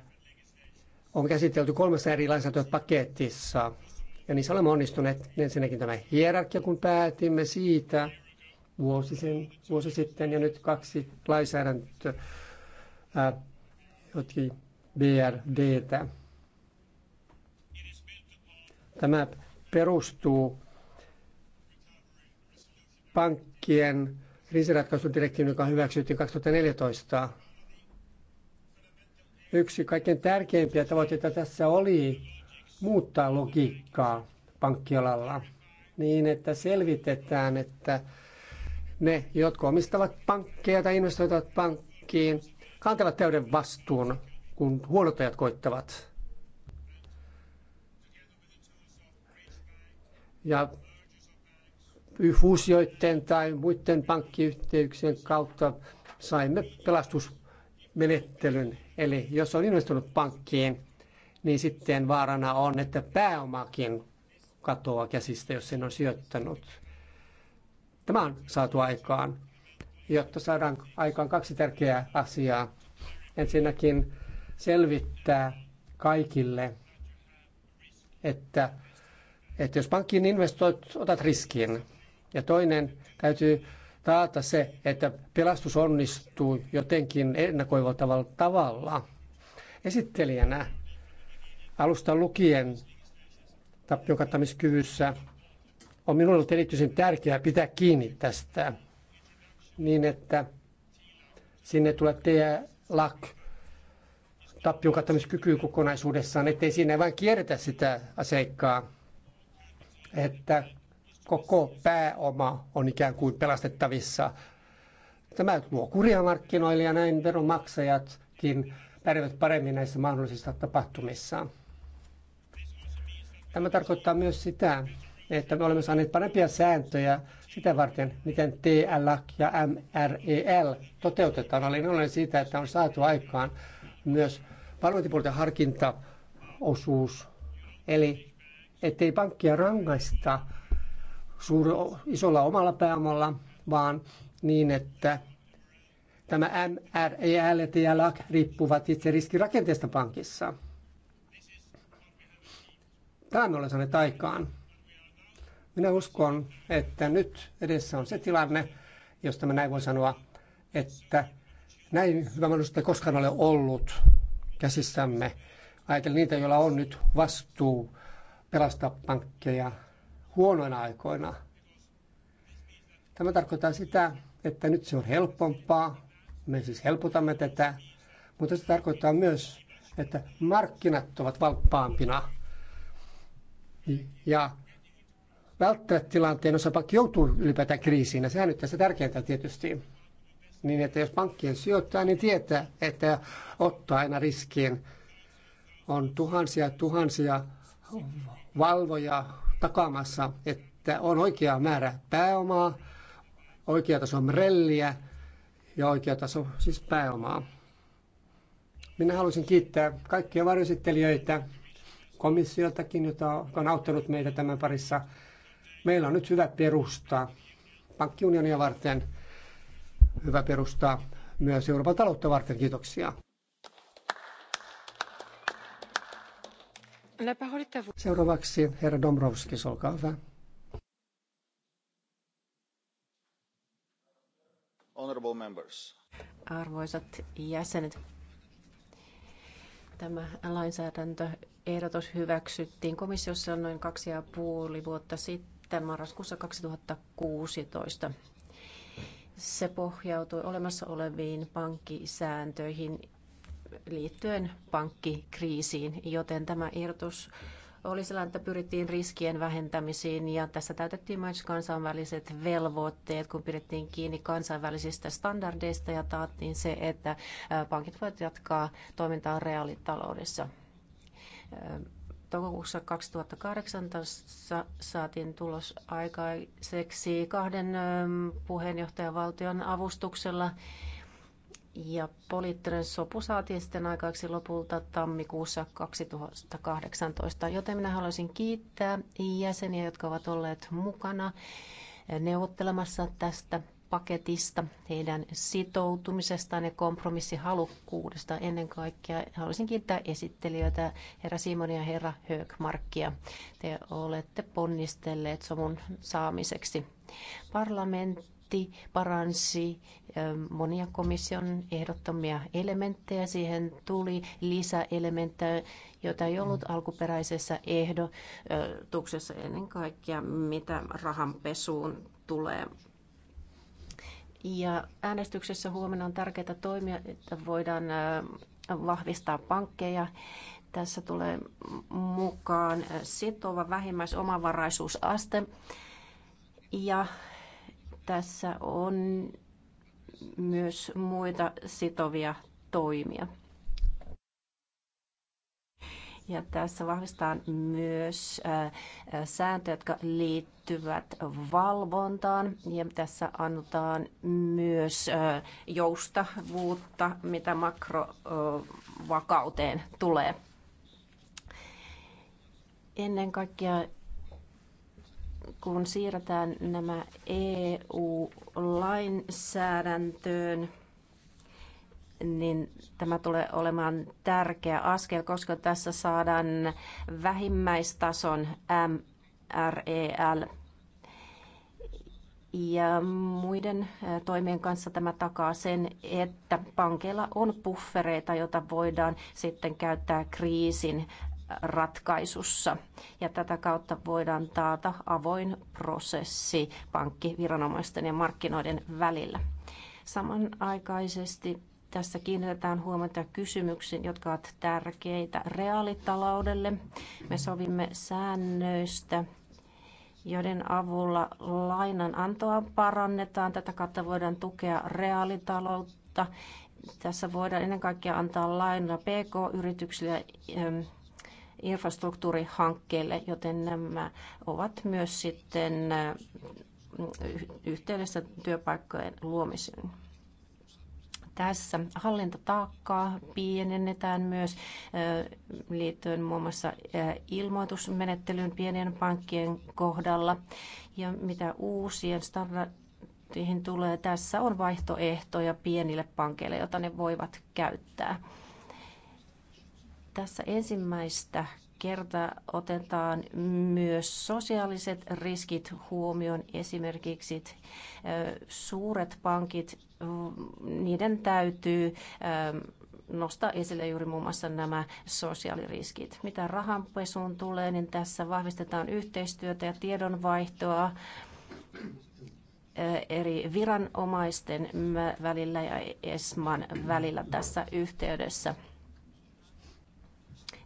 on käsitelty kolmessa eri lainsäädäntöpaketissa – ja niissä olemme onnistuneet ensinnäkin tämä hierarkia, kun päätimme siitä vuosi, sen, vuosi sitten ja nyt kaksi lainsäädäntöä, äh, jotkin BRDtä. Tämä perustuu pankkien kriisiratkaisudirektiivin, joka hyväksyttiin 2014. Yksi kaikkein tärkeimpiä tavoitteita tässä oli muuttaa logiikkaa pankkialalla niin, että selvitetään, että ne, jotka omistavat pankkeja tai investoivat pankkiin, kantavat täyden vastuun, kun huonotajat koittavat. Ja fuusioiden tai muiden pankkiyhteyksien kautta saimme pelastusmenettelyn. Eli jos on investoinut pankkiin, niin sitten vaarana on, että pääomakin katoaa käsistä, jos sen on sijoittanut. Tämä on saatu aikaan, jotta saadaan aikaan kaksi tärkeää asiaa. Ensinnäkin selvittää kaikille, että, että jos pankkiin investoit, otat riskin. Ja toinen täytyy taata se, että pelastus onnistuu jotenkin ennakoivalla tavalla. Esittelijänä alusta lukien tappion kattamiskyvyssä on minulle ollut erityisen tärkeää pitää kiinni tästä niin, että sinne tulee lak tappion kattamiskyky kokonaisuudessaan, ettei siinä vain kierretä sitä aseikkaa, että koko pääoma on ikään kuin pelastettavissa. Tämä luo kuria markkinoille ja näin veronmaksajatkin pärjäävät paremmin näissä mahdollisissa tapahtumissa. Tämä tarkoittaa myös sitä, että me olemme saaneet parempia sääntöjä sitä varten, miten TL ja MREL toteutetaan. Olen iloinen siitä, että on saatu aikaan myös valvontapuolten harkintaosuus, eli ettei pankkia rangaista suur, isolla omalla pääomalla, vaan niin, että tämä MREL ja TL riippuvat itse riskirakenteesta pankissa – Tämän olen saanut aikaan. Minä uskon, että nyt edessä on se tilanne, josta mä näin voin sanoa, että näin hyvä mahdollisuus ei koskaan ole ollut käsissämme. Ajatellen niitä, joilla on nyt vastuu pelastaa pankkeja huonoina aikoina. Tämä tarkoittaa sitä, että nyt se on helpompaa, me siis helpotamme tätä, mutta se tarkoittaa myös, että markkinat ovat valppaampina ja välttää tilanteen, jossa pankki joutuu ylipäätään kriisiin. Ja sehän nyt tässä tärkeintä tietysti. Niin, että jos pankkien sijoittaa, niin tietää, että ottaa aina riskiin. On tuhansia tuhansia valvoja takaamassa, että on oikea määrä pääomaa, oikea taso relliä ja oikea taso siis pääomaa. Minä haluaisin kiittää kaikkia varjosittelijöitä komissioltakin, jota on auttanut meitä tämän parissa. Meillä on nyt hyvä perusta pankkiunionia varten, hyvä perusta myös Euroopan taloutta varten. Kiitoksia. Seuraavaksi herra Domrovski, olkaa hyvä. Honorable members. Arvoisat jäsenet, tämä lainsäädäntö ehdotus hyväksyttiin komissiossa noin kaksi ja puoli vuotta sitten, marraskuussa 2016. Se pohjautui olemassa oleviin pankkisääntöihin liittyen pankkikriisiin, joten tämä ehdotus oli sellainen, että pyrittiin riskien vähentämisiin ja tässä täytettiin myös kansainväliset velvoitteet, kun pidettiin kiinni kansainvälisistä standardeista ja taattiin se, että pankit voivat jatkaa toimintaa reaalitaloudessa toukokuussa 2018 saatiin tulos aikaiseksi kahden puheenjohtajavaltion avustuksella. Ja poliittinen sopu saatiin sitten aikaiseksi lopulta tammikuussa 2018, joten minä haluaisin kiittää jäseniä, jotka ovat olleet mukana neuvottelemassa tästä paketista, heidän sitoutumisestaan ja kompromissihalukkuudesta. Ennen kaikkea haluaisin kiittää esittelijöitä, herra Simon ja herra Höökmarkkia. Te olette ponnistelleet sovun saamiseksi. Parlamentti paransi ähm, monia komission ehdottomia elementtejä. Siihen tuli lisäelementtejä, joita ei ollut alkuperäisessä ehdotuksessa ennen kaikkea, mitä rahanpesuun tulee ja äänestyksessä huomenna on tärkeää toimia, että voidaan vahvistaa pankkeja. Tässä tulee mukaan sitova vähimmäisomavaraisuusaste. Ja tässä on myös muita sitovia toimia. Ja tässä vahvistetaan myös sääntöjä, jotka liittyvät valvontaan. Ja tässä annetaan myös joustavuutta, mitä makrovakauteen tulee. Ennen kaikkea kun siirretään nämä EU-lainsäädäntöön, niin tämä tulee olemaan tärkeä askel, koska tässä saadaan vähimmäistason MREL. Ja muiden toimien kanssa tämä takaa sen, että pankeilla on puffereita, joita voidaan sitten käyttää kriisin ratkaisussa. Ja tätä kautta voidaan taata avoin prosessi pankkiviranomaisten ja markkinoiden välillä. Samanaikaisesti tässä kiinnitetään huomiota kysymyksiin, jotka ovat tärkeitä reaalitaloudelle. Me sovimme säännöistä, joiden avulla lainanantoa parannetaan. Tätä kautta voidaan tukea reaalitaloutta. Tässä voidaan ennen kaikkea antaa lainaa PK-yrityksille ja infrastruktuurihankkeille, joten nämä ovat myös sitten yhteydessä työpaikkojen luomiseen tässä hallintotaakkaa pienennetään myös liittyen muun muassa ilmoitusmenettelyyn pienien pankkien kohdalla. Ja mitä uusien standardeihin tulee, tässä on vaihtoehtoja pienille pankeille, joita ne voivat käyttää. Tässä ensimmäistä kerta otetaan myös sosiaaliset riskit huomioon. Esimerkiksi suuret pankit niiden täytyy ähm, nostaa esille juuri muun muassa nämä sosiaaliriskit. Mitä rahanpesuun tulee, niin tässä vahvistetaan yhteistyötä ja tiedonvaihtoa äh, eri viranomaisten välillä ja ESMAn välillä tässä yhteydessä.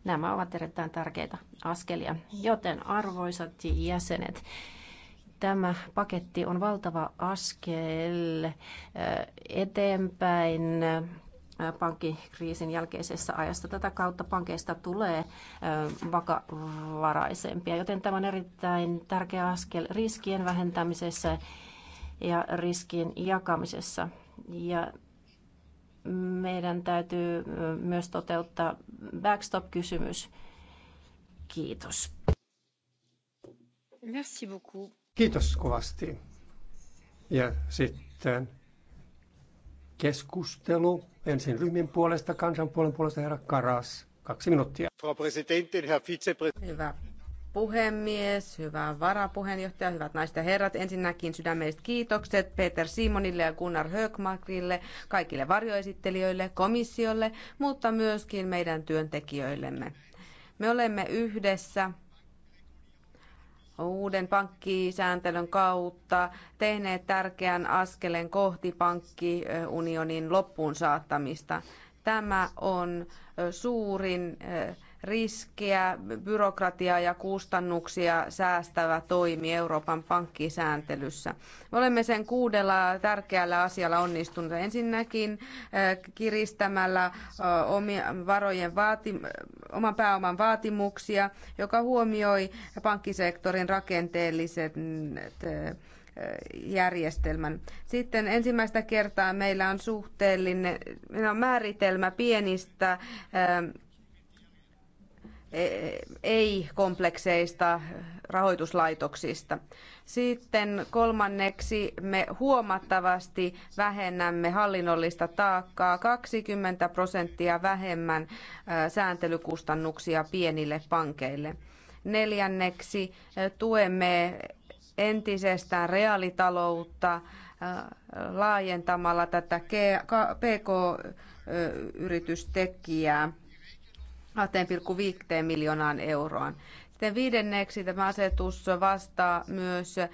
Nämä ovat erittäin tärkeitä askelia, joten arvoisat jäsenet, Tämä paketti on valtava askel eh, eteenpäin eh, pankkikriisin jälkeisessä ajassa. Tätä kautta pankeista tulee eh, vakavaraisempia, joten tämä on erittäin tärkeä askel riskien vähentämisessä ja riskien jakamisessa. Ja meidän täytyy myös toteuttaa backstop-kysymys. Kiitos. Merci beaucoup. Kiitos kovasti. Ja sitten keskustelu. Ensin ryhmien puolesta, kansanpuolen puolesta herra Karas. Kaksi minuuttia. Frau Präsidentin, Herr Hyvä puhemies, hyvä varapuheenjohtaja, hyvät naiset ja herrat. Ensinnäkin sydämelliset kiitokset Peter Simonille ja Gunnar Högmarkille, kaikille varjoesittelijöille, komissiolle, mutta myöskin meidän työntekijöillemme. Me olemme yhdessä uuden pankkisääntelyn kautta tehneet tärkeän askeleen kohti pankkiunionin loppuun saattamista. Tämä on suurin riskiä, byrokratiaa ja kustannuksia säästävä toimi Euroopan pankkisääntelyssä. Me olemme sen kuudella tärkeällä asialla onnistuneet. Ensinnäkin eh, kiristämällä eh, varojen vaati, oman pääoman vaatimuksia, joka huomioi pankkisektorin rakenteelliset eh, järjestelmän. Sitten ensimmäistä kertaa meillä on suhteellinen meillä on määritelmä pienistä ei-komplekseista rahoituslaitoksista. Sitten kolmanneksi me huomattavasti vähennämme hallinnollista taakkaa 20 prosenttia vähemmän sääntelykustannuksia pienille pankeille. Neljänneksi tuemme entisestään reaalitaloutta laajentamalla tätä PK-yritystekijää 2,5 miljoonaan euroon. Sitten viidenneksi tämä asetus vastaa myös äh,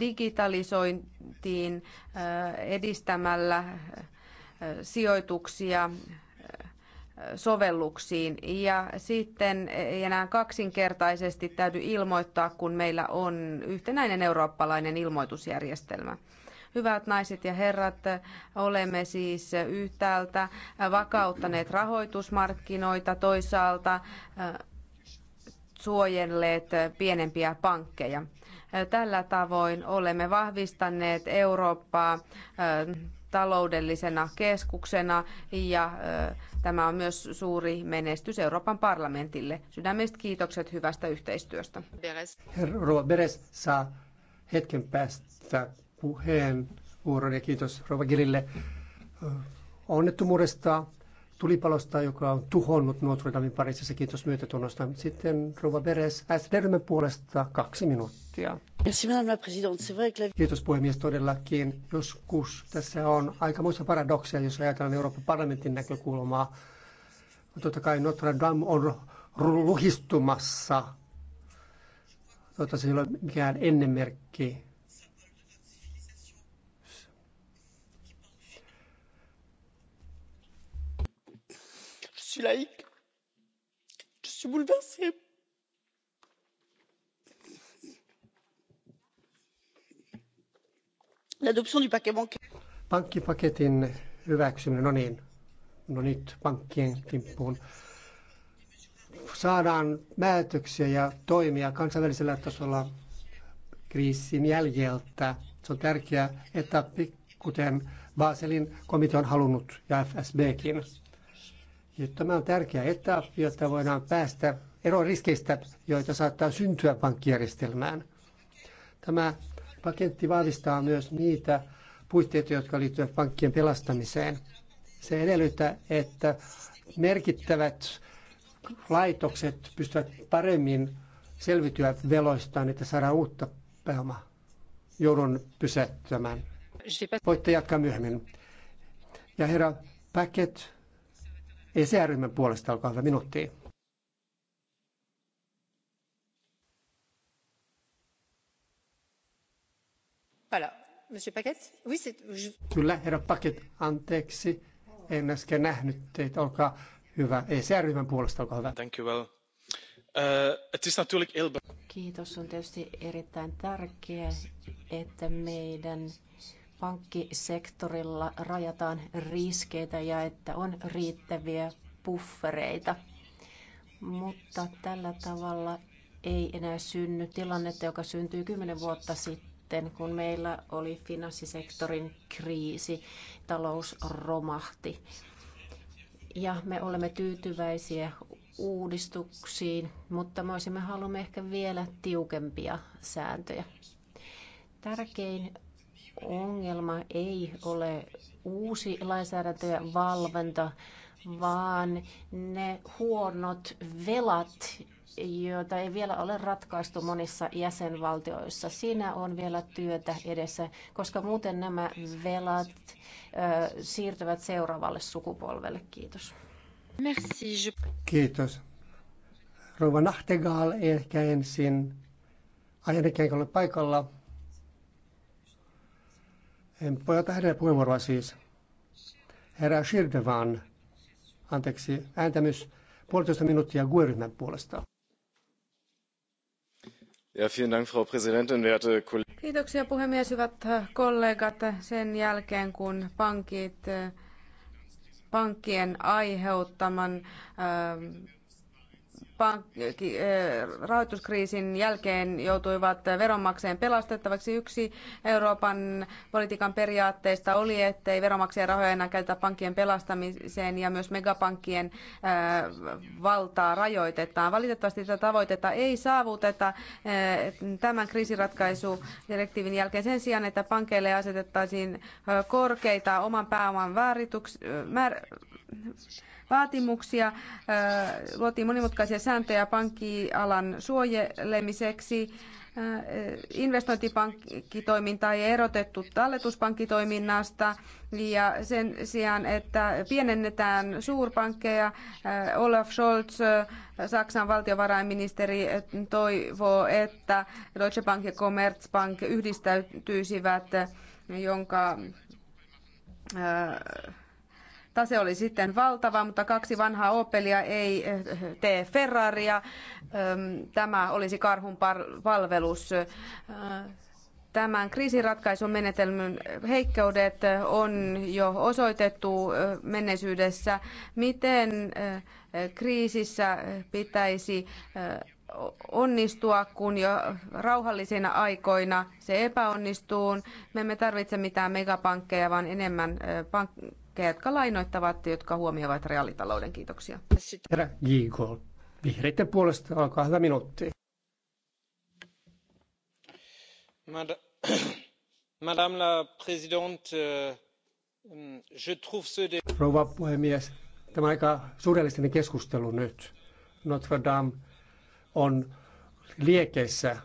digitalisointiin äh, edistämällä äh, sijoituksia sovelluksiin ja sitten ei enää kaksinkertaisesti täytyy ilmoittaa, kun meillä on yhtenäinen eurooppalainen ilmoitusjärjestelmä. Hyvät naiset ja herrat, olemme siis yhtäältä vakauttaneet rahoitusmarkkinoita, toisaalta äh, suojelleet pienempiä pankkeja. Tällä tavoin olemme vahvistaneet Eurooppaa äh, taloudellisena keskuksena ja äh, tämä on myös suuri menestys Euroopan parlamentille. Sydämestä kiitokset hyvästä yhteistyöstä. Herra Beres saa hetken päästä puheenvuoron ja kiitos Rova Gilille äh, onnettomuudesta tulipalosta, joka on tuhonnut Notre Damein Pariisissa. Kiitos myötätunnosta. Sitten Rova Beres s puolesta kaksi minuuttia. Kiitos puhemies todellakin. Joskus tässä on aikamoista paradoksia, jos ajatellaan Euroopan parlamentin näkökulmaa. Totta kai Notre Dame on luhistumassa. Toivottavasti ei ole mikään ennenmerkki suis laïque je suis bouleversée. L'adoption du paquet bancaire. Pankkipaketin hyväksyminen, no niin, no nyt pankkien kimppuun. Saadaan päätöksiä ja toimia kansainvälisellä tasolla kriisin jäljeltä. Se on tärkeä etappi, kuten Baselin komitea on halunnut ja FSBkin. Ja tämä on tärkeä etappi, jotta voidaan päästä eroon riskeistä, joita saattaa syntyä pankkijärjestelmään. Tämä paketti vahvistaa myös niitä puitteita, jotka liittyvät pankkien pelastamiseen. Se edellyttää, että merkittävät laitokset pystyvät paremmin selvityä veloistaan, että saadaan uutta pääomaa. Joudun pysäyttämään. Voitte jatkaa myöhemmin. Ja herra paket. ECR-ryhmän puolesta, olkaa hyvä, minuuttia. Kyllä, herra Paket, anteeksi. En äsken nähnyt teitä. Olkaa hyvä. ECR-ryhmän puolesta, olkaa hyvä. Thank you well. Uh, Kiitos. On tietysti erittäin tärkeää, että meidän pankkisektorilla rajataan riskeitä ja että on riittäviä puffereita. Mutta tällä tavalla ei enää synny tilannetta, joka syntyi kymmenen vuotta sitten, kun meillä oli finanssisektorin kriisi, talous romahti. Ja me olemme tyytyväisiä uudistuksiin, mutta me olisimme halunneet ehkä vielä tiukempia sääntöjä. Tärkein ongelma ei ole uusi lainsäädäntö ja valvonta, vaan ne huonot velat, joita ei vielä ole ratkaistu monissa jäsenvaltioissa. Siinä on vielä työtä edessä, koska muuten nämä velat ö, siirtyvät seuraavalle sukupolvelle. Kiitos. Merci. Kiitos. Rouva Nahtegaal ehkä ensin. Ainakin ole paikalla. En pojata hänen puheenvuoroa siis. Herra Shirdevan, anteeksi, ääntämys puolitoista minuuttia GUE-ryhmän puolesta. Ja, vielen Dank, Frau Präsidentin, werte Kiitoksia puhemies, hyvät äh, kollegat. Sen jälkeen kun pankit, äh, pankkien aiheuttaman äh, pankki, eh, rahoituskriisin jälkeen joutuivat veronmaksajien pelastettavaksi. Yksi Euroopan politiikan periaatteista oli, ettei veronmaksajien rahoja enää käytetä pankkien pelastamiseen ja myös megapankkien eh, valtaa rajoitetaan. Valitettavasti tätä tavoitetta ei saavuteta eh, tämän kriisiratkaisudirektiivin jälkeen sen sijaan, että pankeille asetettaisiin korkeita oman pääoman määrityksiä vaatimuksia, äh, luotiin monimutkaisia sääntöjä pankkialan suojelemiseksi, äh, Investointipankkitoiminta ei erotettu talletuspankkitoiminnasta ja sen sijaan, että pienennetään suurpankkeja, äh, Olaf Scholz, Saksan valtiovarainministeri, toivoo, että Deutsche Bank ja Commerzbank yhdistäytyisivät, jonka Tase oli sitten valtava, mutta kaksi vanhaa Opelia ei eh, tee Ferraria. Tämä olisi karhun palvelus tämän kriisinratkaisun menetelmän heikkoudet on jo osoitettu menneisyydessä, miten kriisissä pitäisi onnistua, kun jo rauhallisina aikoina se epäonnistuu. Me emme tarvitse mitään megapankkeja, vaan enemmän pank- jotka lainoittavat, jotka huomioivat reaalitalouden. Kiitoksia. Herra Giegold, vihreiden puolesta alkaa hyvä minuutti. Madame la présidente, euh, je trouve ce de... Rouva puhemies, tämä on aika surrealistinen keskustelu nyt. Notre Dame on liekeissä.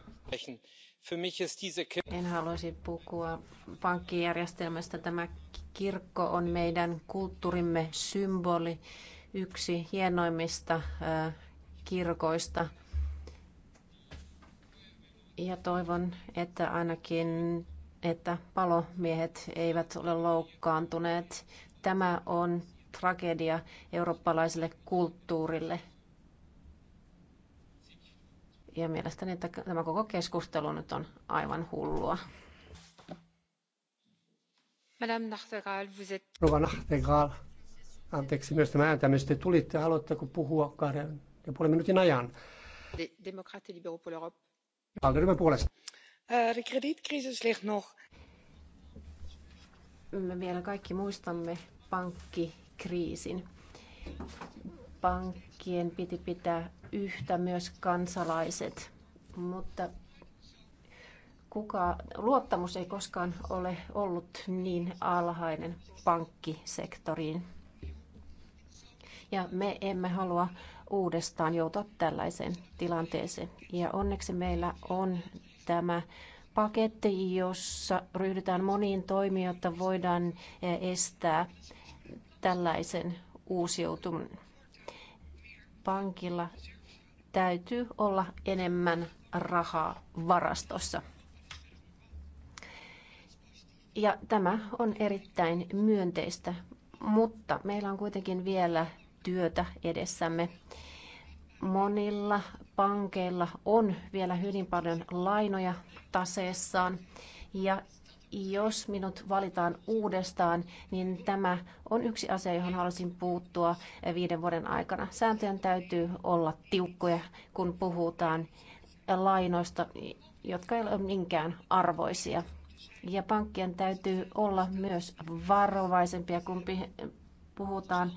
En haluaisi puhua pankkijärjestelmästä. Tämä kirkko on meidän kulttuurimme symboli, yksi hienoimmista kirkoista. Ja toivon, että ainakin että palomiehet eivät ole loukkaantuneet. Tämä on tragedia eurooppalaiselle kulttuurille. Ja mielestäni että tämä koko keskustelu nyt on aivan hullua. Madame Nachtegaal, vous êtes... Rova Nachtegaal, anteeksi myös tämä ääntämys. Te tulitte, haluatteko puhua kahden ja puolen minuutin ajan? Demokraatit pour l'Europe. Valderyhmän puolesta. Äh, De krediitkrisis Me vielä kaikki muistamme pankkikriisin pankkien piti pitää yhtä myös kansalaiset, mutta kuka, luottamus ei koskaan ole ollut niin alhainen pankkisektoriin. Ja me emme halua uudestaan joutua tällaiseen tilanteeseen. Ja onneksi meillä on tämä paketti, jossa ryhdytään moniin toimiin, jotta voidaan eh, estää tällaisen uusiutuminen pankilla täytyy olla enemmän rahaa varastossa. Ja tämä on erittäin myönteistä, mutta meillä on kuitenkin vielä työtä edessämme. Monilla pankeilla on vielä hyvin paljon lainoja taseessaan ja jos minut valitaan uudestaan, niin tämä on yksi asia, johon haluaisin puuttua viiden vuoden aikana. Sääntöjen täytyy olla tiukkoja, kun puhutaan lainoista, jotka ei ole minkään arvoisia. Ja pankkien täytyy olla myös varovaisempia, kun puhutaan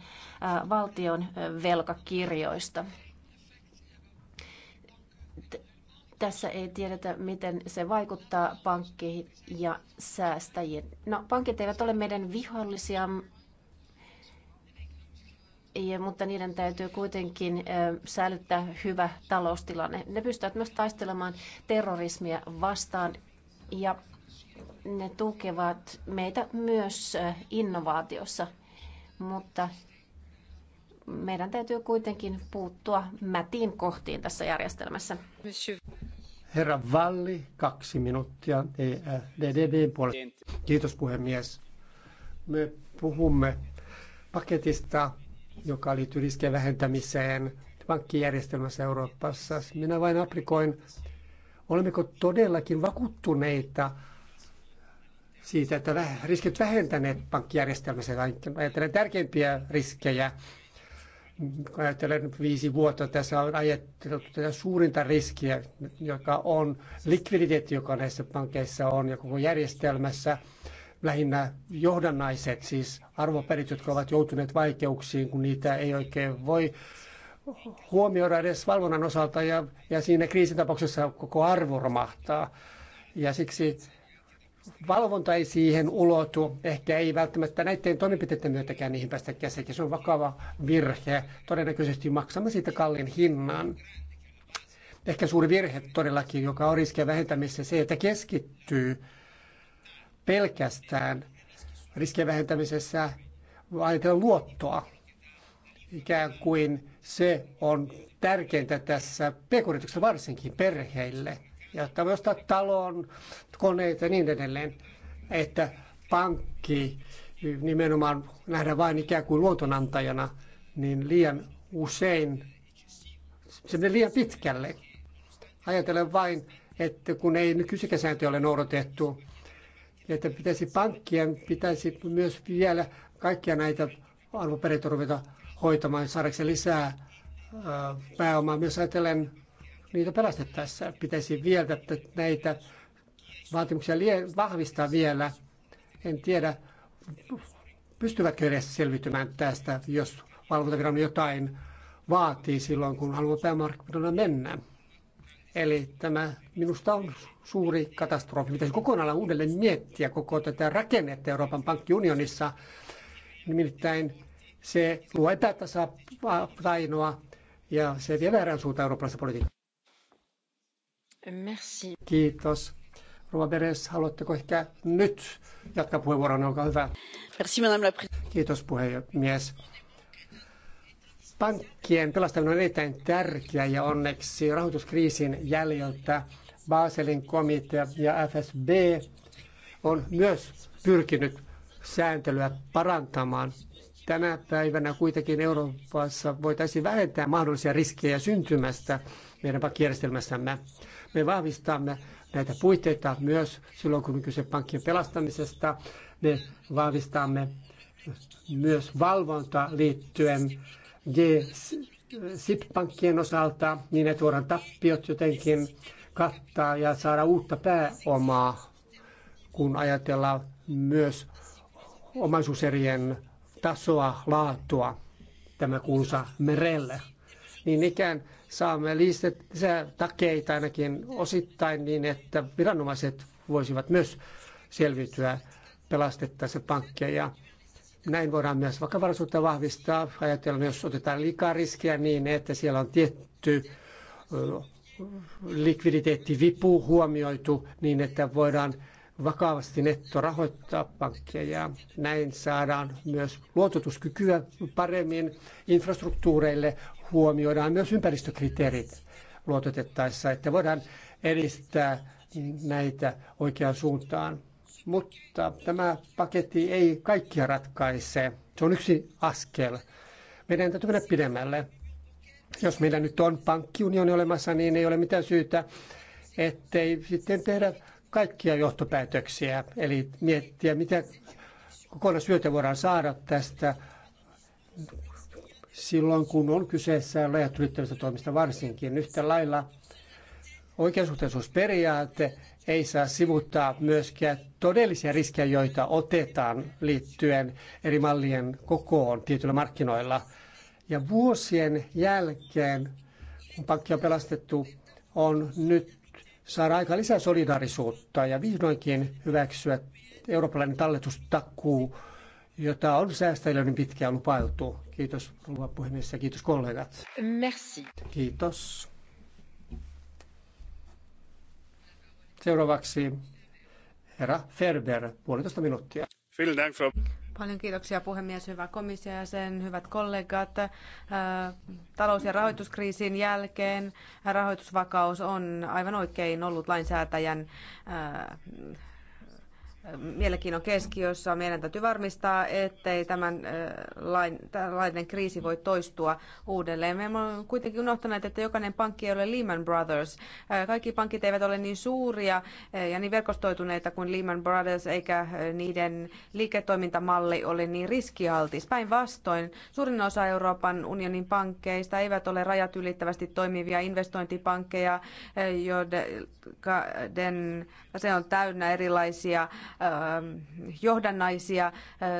valtion velkakirjoista. tässä ei tiedetä, miten se vaikuttaa pankkeihin ja säästäjiin. No, pankit eivät ole meidän vihollisia, mutta niiden täytyy kuitenkin säilyttää hyvä taloustilanne. Ne pystyvät myös taistelemaan terrorismia vastaan ja ne tukevat meitä myös innovaatiossa, mutta meidän täytyy kuitenkin puuttua mätiin kohtiin tässä järjestelmässä. Herra Valli, kaksi minuuttia e DDDn puolesta. Kiitos puhemies. Me puhumme paketista, joka liittyy riskien vähentämiseen pankkijärjestelmässä Euroopassa. Minä vain aprikoin, olemmeko todellakin vakuuttuneita siitä, että riskit vähentäneet pankkijärjestelmässä, ajattelen tärkeimpiä riskejä, kun ajattelen viisi vuotta, tässä on ajettu tätä suurinta riskiä, joka on likviditeetti, joka näissä pankeissa on ja koko järjestelmässä. Lähinnä johdannaiset, siis arvoperit, jotka ovat joutuneet vaikeuksiin, kun niitä ei oikein voi huomioida edes valvonnan osalta ja, ja siinä kriisin tapauksessa koko arvo romahtaa. Ja siksi valvonta ei siihen ulotu. Ehkä ei välttämättä näiden toimenpiteiden myötäkään niihin päästä käsiksi. Se on vakava virhe. Todennäköisesti maksamme siitä kallin hinnan. Ehkä suuri virhe todellakin, joka on riskejä vähentämisessä, se, että keskittyy pelkästään riskejä vähentämisessä ajatella luottoa. Ikään kuin se on tärkeintä tässä pk varsinkin perheille ja ostaa talon, koneet ja niin edelleen. Että pankki nimenomaan nähdä vain ikään kuin luotonantajana, niin liian usein se menee liian pitkälle. Ajatellen vain, että kun ei nykyisiä ole noudatettu, että pitäisi pankkien pitäisi myös vielä kaikkia näitä arvopereitä ruveta hoitamaan saadakseen lisää pääomaa. Myös ajatellen niitä pelastettaessa. Pitäisi vielä että näitä vaatimuksia vahvistaa vielä. En tiedä, pystyvätkö edes selvitymään tästä, jos valvontaviranomainen jotain vaatii silloin, kun haluaa päämarkkinoilla mennä. Eli tämä minusta on suuri katastrofi. Pitäisi kokonaan uudelleen miettiä koko tätä rakennetta Euroopan pankkiunionissa. Nimittäin se luo epätasapainoa ja se vie väärän suuntaan eurooppalaisessa politiikassa. Merci. Kiitos. Rova Beres, haluatteko ehkä nyt jatkaa puheenvuoron, olkaa hyvä. Merci, madame la Kiitos puhemies. Pankkien pelastaminen on erittäin tärkeä ja onneksi rahoituskriisin jäljiltä Baselin komitea ja FSB on myös pyrkinyt sääntelyä parantamaan. Tänä päivänä kuitenkin Euroopassa voitaisiin vähentää mahdollisia riskejä syntymästä meidän pankkijärjestelmässämme me vahvistamme näitä puitteita myös silloin, kun kyse pankkien pelastamisesta. Me vahvistamme myös valvonta liittyen SIP-pankkien osalta, niin ne tuodaan tappiot jotenkin kattaa ja saada uutta pääomaa, kun ajatellaan myös omaisuuserien tasoa, laatua, tämä kuulsa merelle. Niin ikään saamme lisää takeita ainakin osittain niin, että viranomaiset voisivat myös selviytyä pelastettaessa pankkeja. Näin voidaan myös vakavaraisuutta vahvistaa. Ajatellaan, jos otetaan liikaa riskiä niin, että siellä on tietty likviditeettivipu huomioitu niin, että voidaan vakavasti netto rahoittaa pankkia ja näin saadaan myös luototuskykyä paremmin infrastruktuureille huomioidaan myös ympäristökriteerit luototettaessa, että voidaan edistää näitä oikeaan suuntaan. Mutta tämä paketti ei kaikkia ratkaise. Se on yksi askel. Meidän täytyy mennä pidemmälle. Jos meillä nyt on pankkiunioni olemassa, niin ei ole mitään syytä, ettei sitten tehdä kaikkia johtopäätöksiä. Eli miettiä, mitä kokonaisyötä voidaan saada tästä silloin, kun on kyseessä rajat ylittävistä toimista varsinkin. Yhtä lailla oikeasuhteisuusperiaate ei saa sivuttaa myöskään todellisia riskejä, joita otetaan liittyen eri mallien kokoon tietyillä markkinoilla. Ja vuosien jälkeen, kun pankki on pelastettu, on nyt saada aika lisää solidaarisuutta ja vihdoinkin hyväksyä eurooppalainen talletustakuu, jota on säästäjille niin pitkään lupailtu. Kiitos rouva puhemies ja kiitos kollegat. Merci. Kiitos. Seuraavaksi herra Ferber, puolitoista minuuttia. Paljon kiitoksia puhemies, hyvä komissio ja sen hyvät kollegat. Äh, talous- ja rahoituskriisin jälkeen rahoitusvakaus on aivan oikein ollut lainsäätäjän äh, mielenkiinnon keskiössä. Meidän täytyy varmistaa, ettei tämän lain, kriisi voi toistua uudelleen. Me olemme kuitenkin unohtaneet, että jokainen pankki ei ole Lehman Brothers. Kaikki pankit eivät ole niin suuria ja niin verkostoituneita kuin Lehman Brothers, eikä niiden liiketoimintamalli ole niin riskialtis. Päinvastoin, suurin osa Euroopan unionin pankkeista eivät ole rajat ylittävästi toimivia investointipankkeja, joiden se on täynnä erilaisia johdannaisia.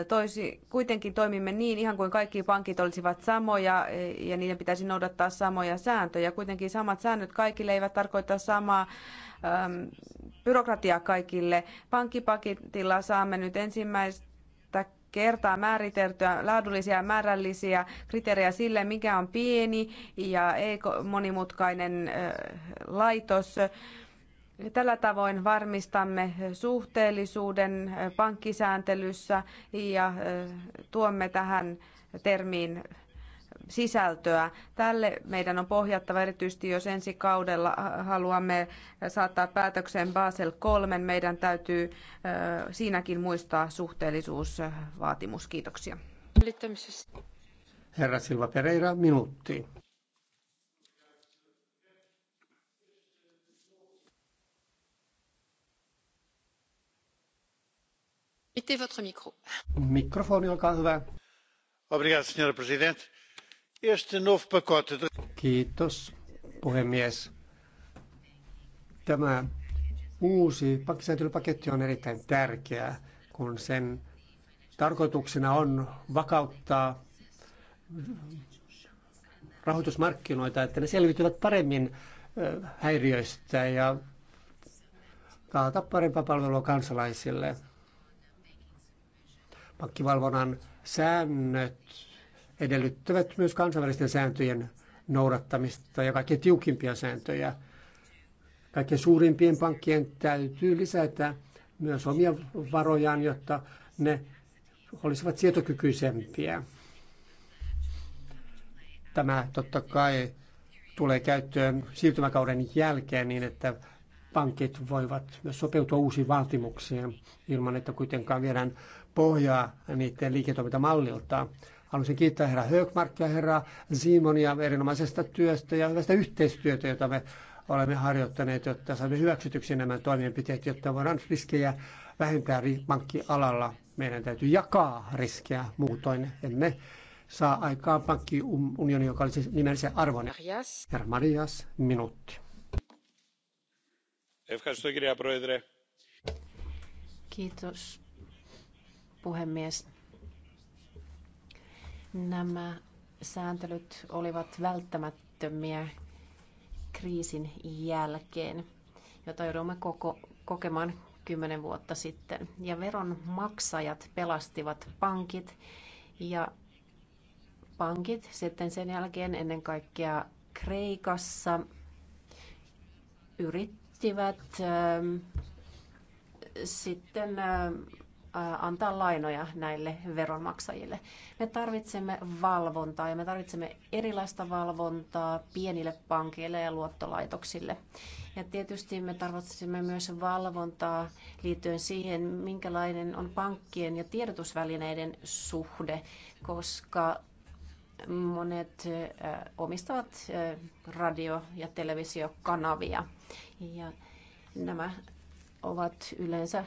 Toisi, kuitenkin toimimme niin, ihan kuin kaikki pankit olisivat samoja ja niiden pitäisi noudattaa samoja sääntöjä. Kuitenkin samat säännöt kaikille eivät tarkoita samaa byrokratiaa kaikille. Pankkipaketilla saamme nyt ensimmäistä kertaa määriteltyä laadullisia ja määrällisiä kriteerejä sille, mikä on pieni ja ei monimutkainen laitos. Tällä tavoin varmistamme suhteellisuuden pankkisääntelyssä ja tuomme tähän termiin sisältöä. Tälle meidän on pohjattava erityisesti, jos ensi kaudella haluamme saattaa päätökseen Basel 3. Meidän täytyy siinäkin muistaa suhteellisuusvaatimus. Kiitoksia. Herra Silva Pereira, minuutti. Activez votre Este novo pacote de... Kiitos, puhemies. Tämä uusi sääntelypaketti on erittäin tärkeä, kun sen tarkoituksena on vakauttaa rahoitusmarkkinoita, että ne selviytyvät paremmin häiriöistä ja taata parempaa palvelua kansalaisille pankkivalvonnan säännöt edellyttävät myös kansainvälisten sääntöjen noudattamista ja kaikkein tiukimpia sääntöjä. Kaikkein suurimpien pankkien täytyy lisätä myös omia varojaan, jotta ne olisivat sietokykyisempiä. Tämä totta kai tulee käyttöön siirtymäkauden jälkeen niin, että pankit voivat myös sopeutua uusiin vaatimuksiin ilman, että kuitenkaan viedään pohjaa niiden liiketoimintamallilta. Haluaisin kiittää herra Högmark ja herra Simonia erinomaisesta työstä ja hyvästä yhteistyötä, jota me olemme harjoittaneet, jotta saamme hyväksytyksi nämä toimenpiteet, jotta voidaan riskejä vähentää pankkialalla. Meidän täytyy jakaa riskejä, muutoin emme saa aikaan pankkiunioni, joka olisi nimellisen arvoinen. Herra Marias, minuutti. Kiitos puhemies. Nämä sääntelyt olivat välttämättömiä kriisin jälkeen, jota joudumme koko, kokemaan kymmenen vuotta sitten. Ja veronmaksajat pelastivat pankit ja pankit sitten sen jälkeen ennen kaikkea Kreikassa yrittivät äh, sitten äh, antaa lainoja näille veronmaksajille. Me tarvitsemme valvontaa ja me tarvitsemme erilaista valvontaa pienille pankeille ja luottolaitoksille. Ja tietysti me tarvitsemme myös valvontaa liittyen siihen, minkälainen on pankkien ja tiedotusvälineiden suhde, koska monet omistavat radio- ja televisiokanavia. Ja nämä ovat yleensä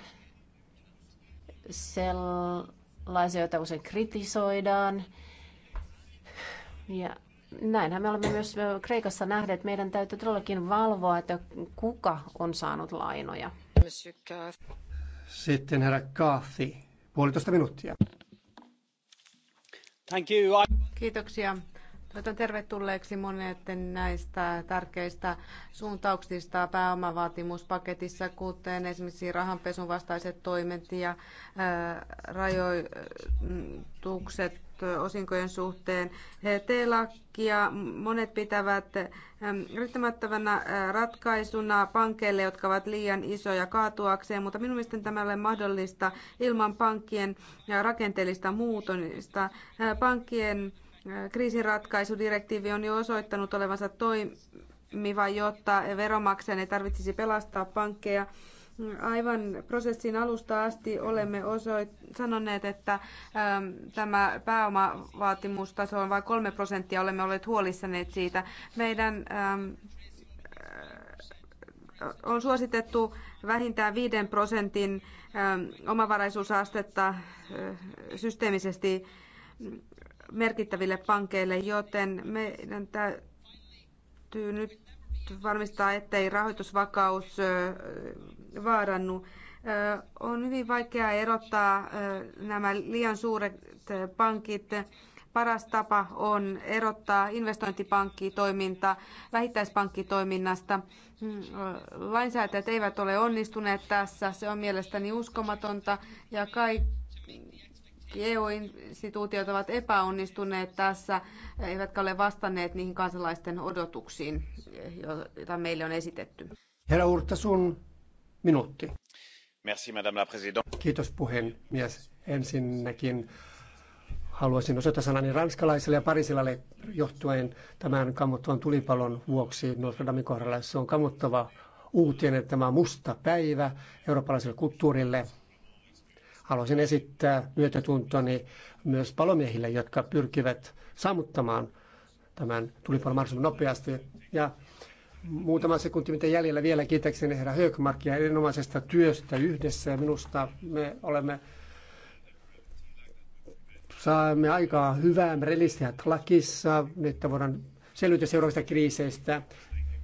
sellaisia, joita usein kritisoidaan. Ja näinhän me olemme myös Kreikassa nähneet, että meidän täytyy todellakin valvoa, että kuka on saanut lainoja. Sitten herra Kaafi, puolitoista minuuttia. Thank you. Kiitoksia. Toivotan tervetulleeksi monet näistä tärkeistä suuntauksista pääomavaatimuspaketissa, kuten esimerkiksi rahanpesun vastaiset toimet ja rajoitukset osinkojen suhteen. t ja monet pitävät riittämättävänä ratkaisuna pankeille, jotka ovat liian isoja kaatuakseen, mutta minun mielestäni tämä ei ole mahdollista ilman pankkien rakenteellista muutosta. Pankkien kriisinratkaisudirektiivi on jo osoittanut olevansa toimiva, jotta veronmaksajan ei tarvitsisi pelastaa pankkeja. Aivan prosessin alusta asti olemme osoit- sanoneet, että äm, tämä pääomavaatimustaso on vain kolme prosenttia. Olemme olleet huolissaneet siitä. Meidän äm, on suositettu vähintään viiden prosentin äm, omavaraisuusastetta äh, systeemisesti merkittäville pankeille, joten meidän täytyy nyt varmistaa, ettei rahoitusvakaus vaarannu. On hyvin vaikea erottaa nämä liian suuret pankit paras tapa on erottaa investointipankkitoiminta vähittäispankkitoiminnasta. Hmm, lainsäätäjät eivät ole onnistuneet tässä, se on mielestäni uskomatonta ja kaikki kaikki EU-instituutiot ovat epäonnistuneet tässä, eivätkä ole vastanneet niihin kansalaisten odotuksiin, joita meille on esitetty. Herra Urta, sun minuutti. Merci, madame la présidente. Kiitos puhemies. Ensinnäkin haluaisin osoittaa sanani ranskalaisille ja parisilalle johtuen tämän kammottavan tulipalon vuoksi Notre Damein kohdalla. Se on kammottava uutinen tämä musta päivä eurooppalaiselle kulttuurille – Haluaisin esittää myötätuntoni myös palomiehille, jotka pyrkivät sammuttamaan tämän tulipalon mahdollisimman nopeasti. Ja muutama sekunti, mitä jäljellä vielä kiitäkseni herra Höökmarkia erinomaisesta työstä yhdessä. Minusta me olemme saamme aikaa hyvää realistiat lakissa, että voidaan selvitä seuraavista kriiseistä.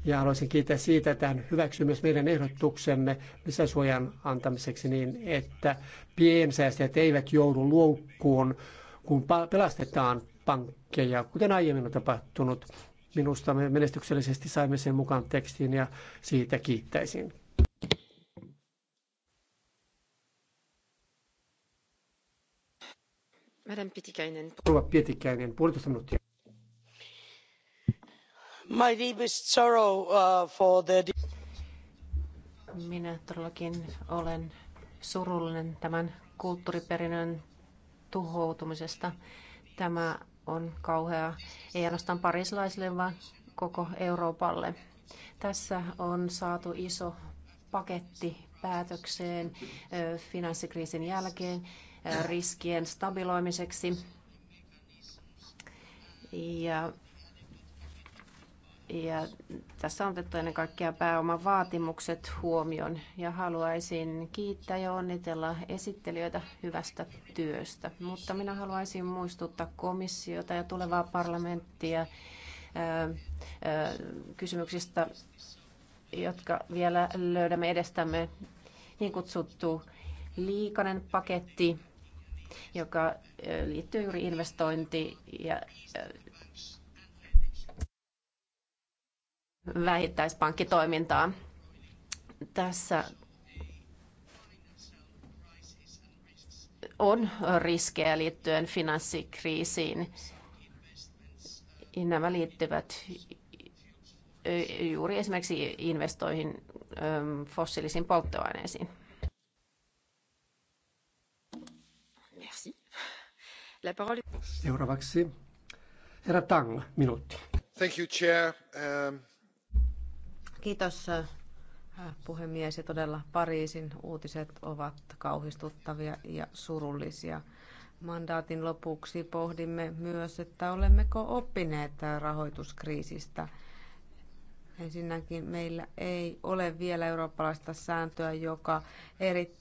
Ja haluaisin kiittää siitä, että hän hyväksyy myös meidän ehdotuksemme lisäsuojan antamiseksi niin, että piensäästäjät eivät joudu loukkuun, kun pelastetaan pankkeja, kuten aiemmin on tapahtunut. Minusta me menestyksellisesti saimme sen mukaan tekstiin ja siitä kiittäisin. Madame Pietikäinen. Rouva Pietikäinen, puolitoista minuuttia. My deepest sorrow uh, for the... Minä todellakin olen surullinen tämän kulttuuriperinnön tuhoutumisesta. Tämä on kauhea ei ainoastaan parislaisille, vaan koko Euroopalle. Tässä on saatu iso paketti päätökseen finanssikriisin jälkeen riskien stabiloimiseksi. Ja ja tässä on otettu ennen kaikkea vaatimukset huomioon ja haluaisin kiittää ja onnitella esittelijöitä hyvästä työstä. Mutta minä haluaisin muistuttaa komissiota ja tulevaa parlamenttia ää, ää, kysymyksistä, jotka vielä löydämme edestämme. Niin kutsuttu liikanen paketti, joka liittyy juuri investointi- ja vähittäispankkitoimintaa. Tässä on riskejä liittyen finanssikriisiin. Nämä liittyvät juuri esimerkiksi investoihin ähm, fossiilisiin polttoaineisiin. Merci. La parole... Seuraavaksi herra Tang, minuutti. Thank you, chair. Um... Kiitos äh, puhemies ja todella Pariisin uutiset ovat kauhistuttavia ja surullisia. Mandaatin lopuksi pohdimme myös, että olemmeko oppineet rahoituskriisistä. Ensinnäkin meillä ei ole vielä eurooppalaista sääntöä, joka eri,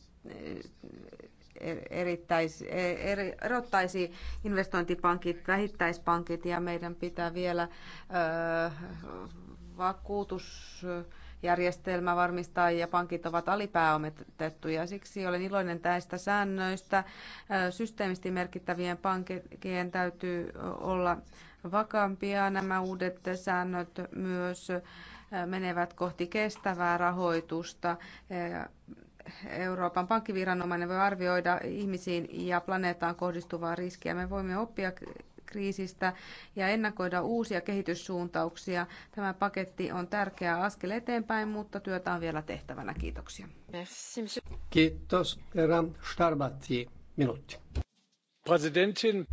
erittäis, äh, er, er erottaisi investointipankit, vähittäispankit ja meidän pitää vielä ö, äh, vakuutusjärjestelmä varmistaa ja pankit ovat alipääomitettuja. Siksi olen iloinen tästä säännöistä. Systeemisesti merkittävien pankkien täytyy olla vakaampia. Nämä uudet säännöt myös menevät kohti kestävää rahoitusta. Euroopan pankkiviranomainen voi arvioida ihmisiin ja planeetaan kohdistuvaa riskiä. Me voimme oppia kriisistä ja ennakoida uusia kehityssuuntauksia. Tämä paketti on tärkeä askel eteenpäin, mutta työtä on vielä tehtävänä. Kiitoksia. Kiitos, herra Starbatti. Minuutti. Presidentin.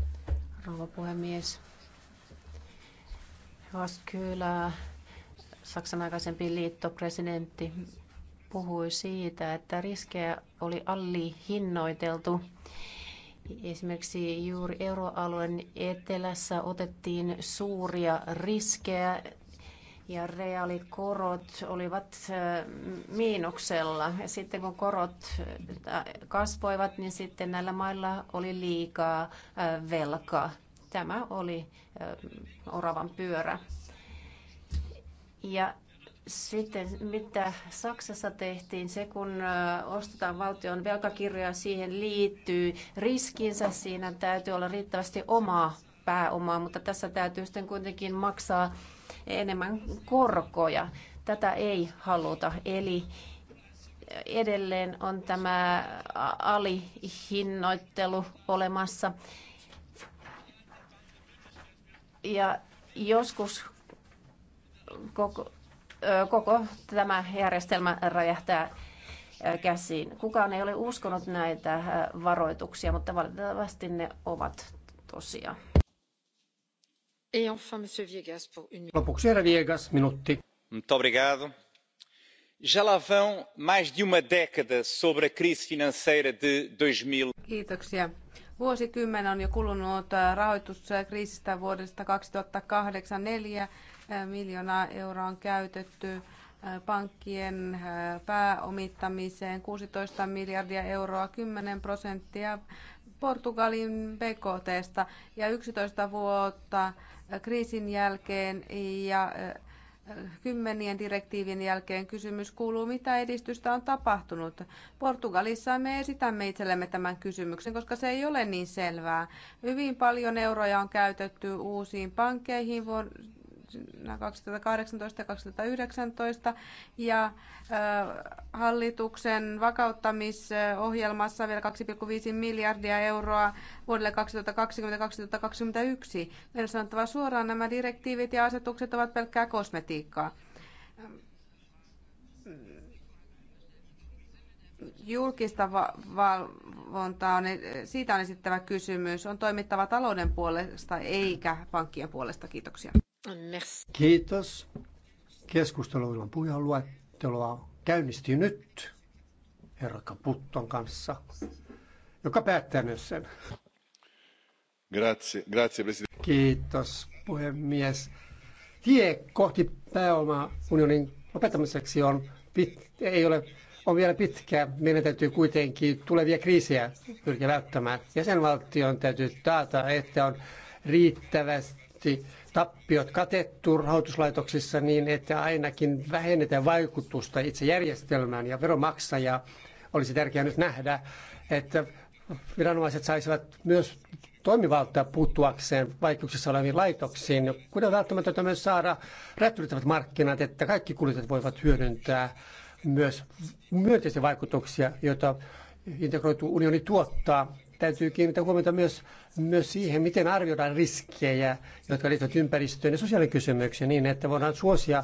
Rouva puhemies. Kyllä Saksan aikaisempi liittopresidentti puhui siitä, että riskejä oli allihinnoiteltu. hinnoiteltu Esimerkiksi juuri euroalueen etelässä otettiin suuria riskejä ja reaalikorot olivat miinuksella. Ja sitten kun korot kasvoivat, niin sitten näillä mailla oli liikaa velkaa. Tämä oli oravan pyörä. Ja sitten mitä Saksassa tehtiin, se kun äh, ostetaan valtion velkakirjoja, siihen liittyy riskinsä, siinä täytyy olla riittävästi omaa pääomaa, mutta tässä täytyy sitten kuitenkin maksaa enemmän korkoja. Tätä ei haluta, eli edelleen on tämä alihinnoittelu olemassa. Ja joskus koko koko tämä järjestelmä räjähtää käsiin. Kukaan ei ole uskonut näitä varoituksia, mutta valitettavasti ne ovat tosia. Lopuksi herra Viegas, minuutti. Muito obrigado. Já lá vão mais de uma década sobre a crise financeira de 2000. Kiitoksia. Vuosikymmen on jo kulunut rahoituskriisistä vuodesta 2008 Äh, miljoonaa euroa on käytetty äh, pankkien äh, pääomittamiseen, 16 miljardia euroa, 10 prosenttia Portugalin BKTstä ja 11 vuotta kriisin jälkeen ja kymmenien direktiivin jälkeen kysymys kuuluu, mitä edistystä on tapahtunut. Portugalissa me esitämme itsellemme tämän kysymyksen, koska se ei ole niin selvää. Hyvin paljon euroja on käytetty uusiin pankkeihin 2018 ja 2019 ja hallituksen vakauttamisohjelmassa vielä 2,5 miljardia euroa vuodelle 2020-2021. Meillä sanottava suoraan nämä direktiivit ja asetukset ovat pelkkää kosmetiikkaa julkista valvontaa on, siitä on esittävä kysymys. On toimittava talouden puolesta eikä pankkien puolesta. Kiitoksia. Merci. Kiitos. Keskusteluilla puhujan luetteloa nyt herra Caputton kanssa, joka päättää myös sen. Grazie, grazie presidente. Kiitos puhemies. Tie kohti pääomaunionin opettamiseksi on, pit, ei ole, on vielä pitkä. Meidän täytyy kuitenkin tulevia kriisejä pyrkiä välttämään. Jäsenvaltion täytyy taata, että on riittävästi tappiot katettu rahoituslaitoksissa niin, että ainakin vähennetään vaikutusta itse järjestelmään ja veronmaksaja olisi tärkeää nyt nähdä, että viranomaiset saisivat myös toimivaltaa puuttuakseen vaikeuksissa oleviin laitoksiin, kuten välttämätöntä myös saada rättyrittävät markkinat, että kaikki kuluttajat voivat hyödyntää myös myönteisiä vaikutuksia, joita integroitu unioni tuottaa täytyy kiinnittää huomiota myös, myös siihen, miten arvioidaan riskejä, jotka liittyvät ympäristöön ja sosiaalikysymyksiin niin, että voidaan suosia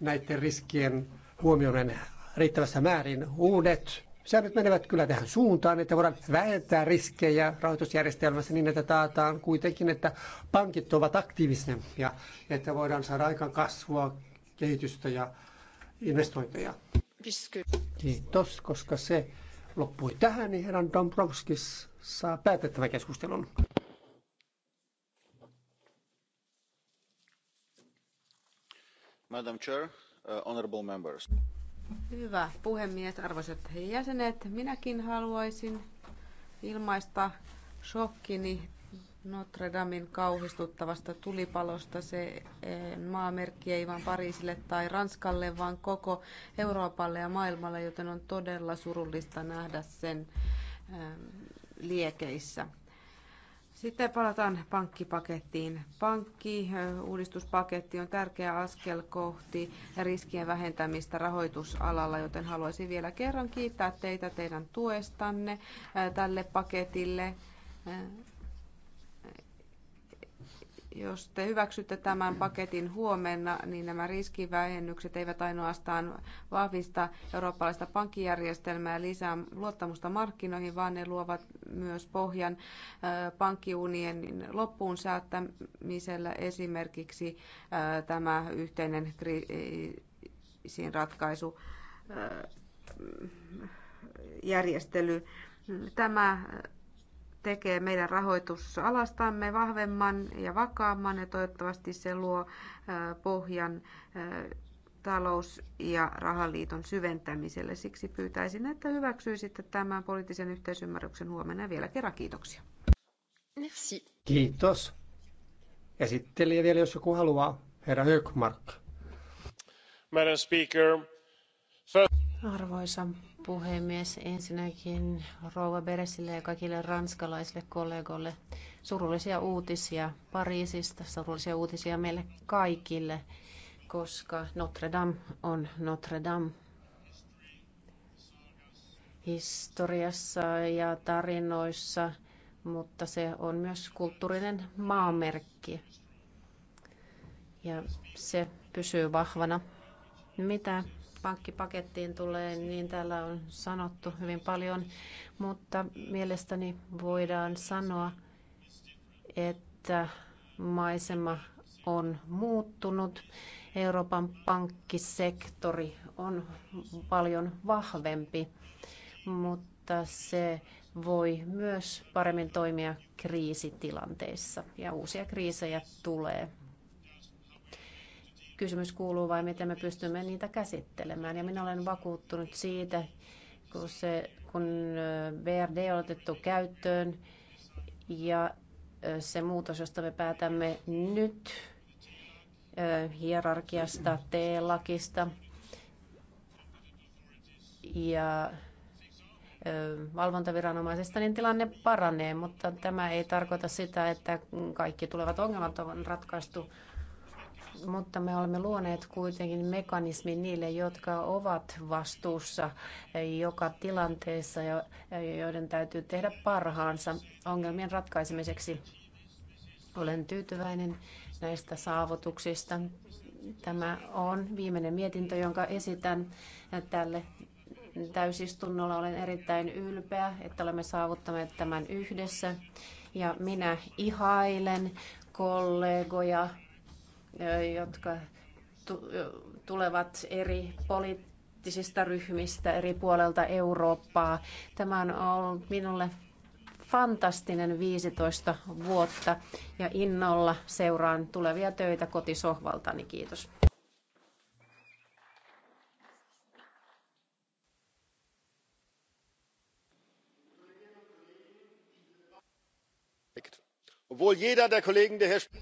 näiden riskien huomioiden riittävässä määrin uudet säännöt menevät kyllä tähän suuntaan, että voidaan vähentää riskejä rahoitusjärjestelmässä niin, että taataan kuitenkin, että pankit ovat aktiivisempia, että voidaan saada aikaan kasvua, kehitystä ja investointeja. Kiitos, koska se loppui tähän, niin herran Dombrovskis saa päätettävän keskustelun. Madam Chair, uh, honorable members. Hyvä puhemies, arvoisat jäsenet. Minäkin haluaisin ilmaista shokkini Notre Damen kauhistuttavasta tulipalosta. Se eh, maamerkki ei vain Pariisille tai Ranskalle, vaan koko Euroopalle ja maailmalle, joten on todella surullista nähdä sen eh, liekeissä. Sitten palataan pankkipakettiin. Pankki-uudistuspaketti eh, on tärkeä askel kohti riskien vähentämistä rahoitusalalla, joten haluaisin vielä kerran kiittää teitä teidän tuestanne tälle paketille. Jos te hyväksytte tämän paketin huomenna, niin nämä riskivähennykset eivät ainoastaan vahvista eurooppalaista pankkijärjestelmää ja lisää luottamusta markkinoihin, vaan ne luovat myös pohjan pankkiunien loppuun saattamiselle esimerkiksi tämä yhteinen kriisin ratkaisu järjestely. Tämä tekee meidän rahoitusalastamme vahvemman ja vakaamman ja toivottavasti se luo pohjan talous- ja rahaliiton syventämiselle. Siksi pyytäisin, että hyväksyisitte tämän poliittisen yhteisymmärryksen huomenna. Vielä kerran kiitoksia. Merci. Kiitos. Esittelijä vielä, jos joku haluaa. Herra Hökmark. Madam Speaker, Arvoisa puhemies. Ensinnäkin Rouva Beresille ja kaikille ranskalaisille kollegoille surullisia uutisia Pariisista, surullisia uutisia meille kaikille, koska Notre Dame on Notre Dame. Historiassa ja tarinoissa, mutta se on myös kulttuurinen maamerkki. Ja se pysyy vahvana. Mitä pankkipakettiin tulee, niin täällä on sanottu hyvin paljon, mutta mielestäni voidaan sanoa, että maisema on muuttunut. Euroopan pankkisektori on paljon vahvempi, mutta se voi myös paremmin toimia kriisitilanteissa ja uusia kriisejä tulee Kysymys kuuluu vain, miten me pystymme niitä käsittelemään. Ja minä olen vakuuttunut siitä, kun, se, kun BRD on otettu käyttöön ja se muutos, josta me päätämme nyt hierarkiasta, T-lakista ja valvontaviranomaisista, niin tilanne paranee, mutta tämä ei tarkoita sitä, että kaikki tulevat ongelmat on ratkaistu mutta me olemme luoneet kuitenkin mekanismin niille, jotka ovat vastuussa joka tilanteessa ja joiden täytyy tehdä parhaansa ongelmien ratkaisemiseksi. Olen tyytyväinen näistä saavutuksista. Tämä on viimeinen mietintö, jonka esitän tälle täysistunnolla. Olen erittäin ylpeä, että olemme saavuttaneet tämän yhdessä. Ja minä ihailen kollegoja jotka tulevat eri poliittisista ryhmistä eri puolelta Eurooppaa. Tämä on ollut minulle fantastinen 15 vuotta ja innolla seuraan tulevia töitä kotisohvaltani. Kiitos.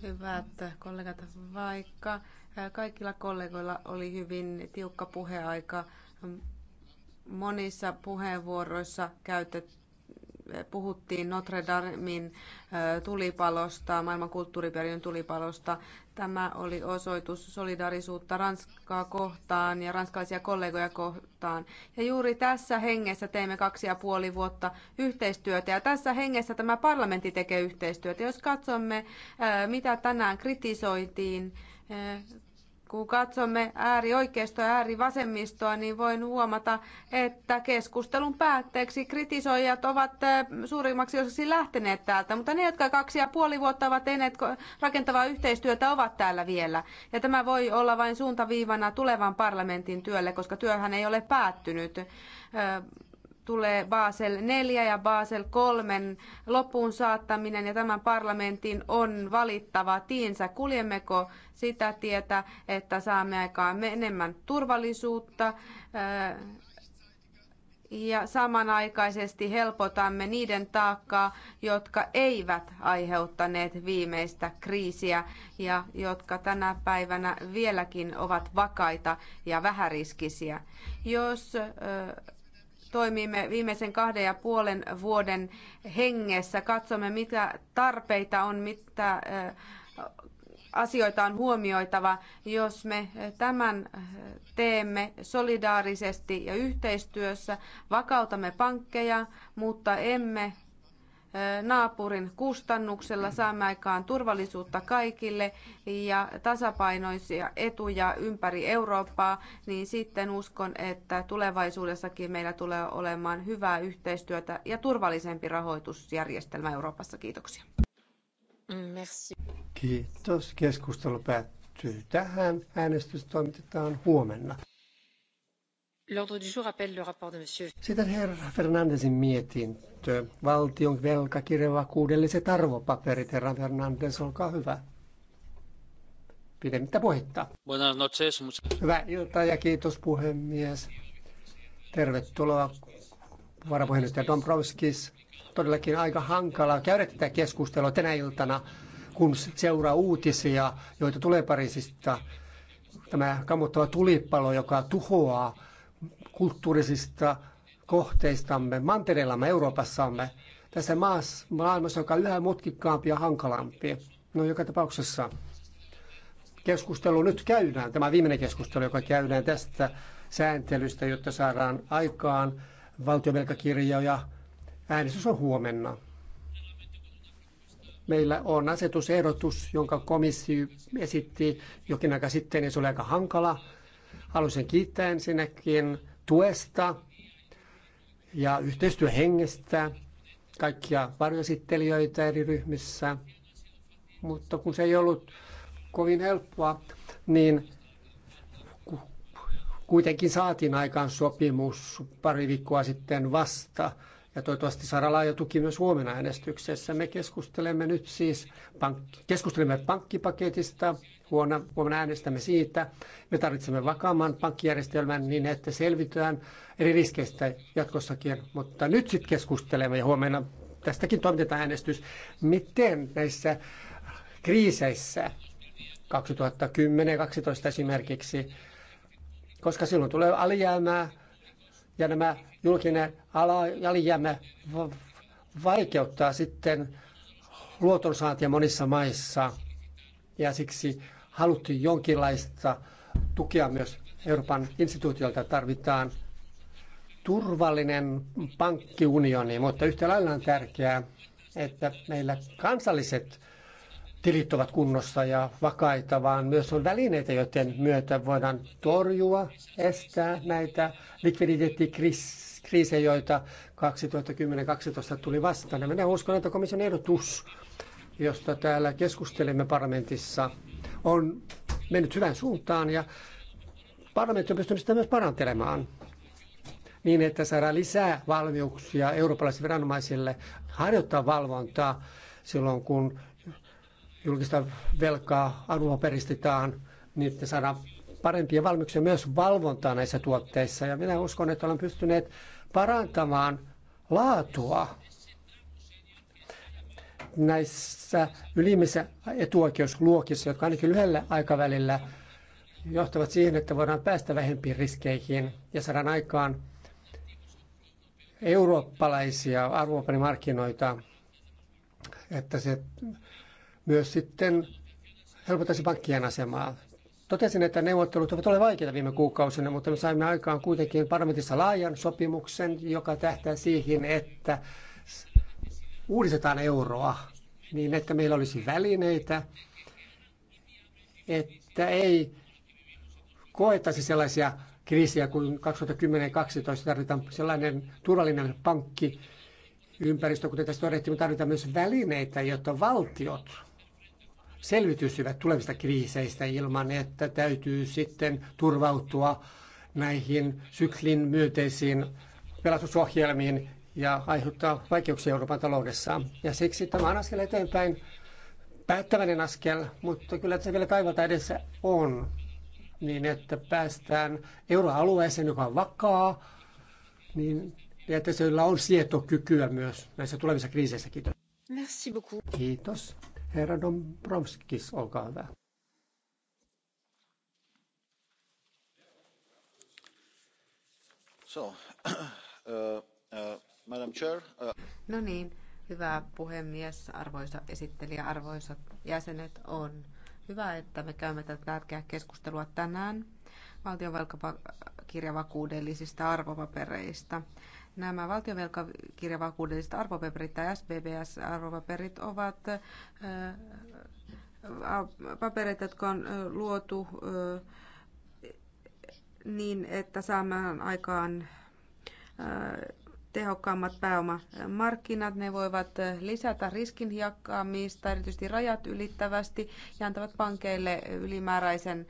Hyvät kollegat, vaikka äh, kaikilla kollegoilla oli hyvin tiukka puheaika, monissa puheenvuoroissa käytettiin puhuttiin Notre Damein tulipalosta, maailman kulttuuriperinnön tulipalosta. Tämä oli osoitus solidarisuutta Ranskaa kohtaan ja ranskalaisia kollegoja kohtaan. Ja juuri tässä hengessä teimme kaksi ja puoli vuotta yhteistyötä ja tässä hengessä tämä parlamentti tekee yhteistyötä. Jos katsomme, mitä tänään kritisoitiin, kun katsomme äärioikeistoa ja äärivasemmistoa, niin voin huomata, että keskustelun päätteeksi kritisoijat ovat eh, suurimmaksi osaksi lähteneet täältä, mutta ne, jotka kaksi ja puoli vuotta ovat tehneet rakentavaa yhteistyötä, ovat täällä vielä. Ja tämä voi olla vain suuntaviivana tulevan parlamentin työlle, koska työhän ei ole päättynyt eh, tulee Basel 4 ja Basel 3 loppuun saattaminen ja tämän parlamentin on valittava tiensä. Kuljemmeko sitä tietä, että saamme aikaan enemmän turvallisuutta ja samanaikaisesti helpotamme niiden taakkaa, jotka eivät aiheuttaneet viimeistä kriisiä ja jotka tänä päivänä vieläkin ovat vakaita ja vähäriskisiä. Jos toimimme viimeisen kahden ja puolen vuoden hengessä. Katsomme, mitä tarpeita on, mitä asioita on huomioitava. Jos me tämän teemme solidaarisesti ja yhteistyössä, vakautamme pankkeja, mutta emme naapurin kustannuksella saamme aikaan turvallisuutta kaikille ja tasapainoisia etuja ympäri Eurooppaa, niin sitten uskon, että tulevaisuudessakin meillä tulee olemaan hyvää yhteistyötä ja turvallisempi rahoitusjärjestelmä Euroopassa. Kiitoksia. Merci. Kiitos. Keskustelu päättyy tähän. Äänestys toimitetaan huomenna. Sitten herra Fernandesin mietintö. Valtion velkakirjavakuudelliset arvopaperit. Herra Fernandes, olkaa hyvä. Pidemmittä puhetta. Buenas noches. Hyvää iltaa ja kiitos puhemies. Tervetuloa varapuheenjohtaja Dombrovskis. Todellakin aika hankalaa käydä tätä keskustelua tänä iltana, kun seuraa uutisia, joita tulee Pariisista. Tämä kammottava tulipalo, joka tuhoaa kulttuurisista kohteistamme, mantereillamme, Euroopassamme, tässä maassa, maailmassa, joka on yhä mutkikkaampi ja hankalampi. No joka tapauksessa keskustelu nyt käydään, tämä viimeinen keskustelu, joka käydään tästä sääntelystä, jotta saadaan aikaan valtiovelkakirjoja. Äänestys on huomenna. Meillä on asetusehdotus, jonka komissio esitti jokin aika sitten, ja se oli aika hankala. Haluaisin kiittää ensinnäkin tuesta ja yhteistyöhengestä kaikkia varjosittelijöitä eri ryhmissä. Mutta kun se ei ollut kovin helppoa, niin kuitenkin saatiin aikaan sopimus pari viikkoa sitten vasta. Ja toivottavasti saadaan laaja tuki myös huomenna äänestyksessä. Me keskustelemme nyt siis pank- keskustelemme pankkipaketista, huomenna huomenna äänestämme siitä. Me tarvitsemme vakaamman pankkijärjestelmän niin, että selvitään eri riskeistä jatkossakin. Mutta nyt sitten keskustelemme ja huomenna tästäkin toimitetaan äänestys. Miten näissä kriiseissä 2010-2012 esimerkiksi, koska silloin tulee alijäämää ja nämä julkinen ala alijäämä vaikeuttaa sitten luotonsaantia monissa maissa. Ja siksi haluttiin jonkinlaista tukea myös Euroopan instituutioilta. Tarvitaan turvallinen pankkiunioni, mutta yhtä lailla on tärkeää, että meillä kansalliset tilit ovat kunnossa ja vakaita, vaan myös on välineitä, joiden myötä voidaan torjua, estää näitä likviditeettikriisejä, joita 2010-2012 tuli vastaan. Ja minä uskon, että komission ehdotus, josta täällä keskustelemme parlamentissa, on mennyt hyvään suuntaan ja parlamentti on pystynyt sitä myös parantelemaan niin, että saadaan lisää valmiuksia eurooppalaisille viranomaisille harjoittaa valvontaa silloin, kun julkista velkaa arvoperistetaan, niin että saadaan parempia valmiuksia myös valvontaa näissä tuotteissa. Ja minä uskon, että olemme pystyneet parantamaan laatua näissä ylimmissä etuoikeusluokissa, jotka ainakin lyhyellä aikavälillä johtavat siihen, että voidaan päästä vähempiin riskeihin ja saadaan aikaan eurooppalaisia arvopaperimarkkinoita, että se myös sitten helpottaisi pankkien asemaa. Totesin, että neuvottelut ovat olleet vaikeita viime kuukausina, mutta me saimme aikaan kuitenkin parlamentissa laajan sopimuksen, joka tähtää siihen, että uudistetaan euroa niin, että meillä olisi välineitä, että ei koettaisi sellaisia kriisiä kuin 2010-2012 tarvitaan sellainen turvallinen pankki, ympäristö, kuten tässä todettiin, me tarvitaan myös välineitä, jotta valtiot selviytyisivät tulevista kriiseistä ilman, että täytyy sitten turvautua näihin syklin myönteisiin pelastusohjelmiin, ja aiheuttaa vaikeuksia Euroopan taloudessa. Ja siksi tämä on askel eteenpäin, päättäväinen askel, mutta kyllä se vielä kaivalta edessä on, niin että päästään euroalueeseen, joka on vakaa, niin että sillä on sietokykyä myös näissä tulevissa kriiseissä. Kiitos. Merci beaucoup. Kiitos. Herra Dombrovskis, olkaa hyvä. So, uh, uh. Madam Chair. Uh, no niin, hyvä puhemies, arvoisa esittelijä, arvoisat jäsenet. On hyvä, että me käymme tätä tärkeää keskustelua tänään valtion velkakirjavakuudellisista arvopapereista. Nämä valtion velkakirjavakuudelliset arvopaperit tai SBBS-arvopaperit ovat papereita, jotka on luotu niin, että saamme aikaan tehokkaammat pääomamarkkinat. Ne voivat eh, lisätä riskin jakamista erityisesti rajat ylittävästi ja antavat pankeille ylimääräisen eh,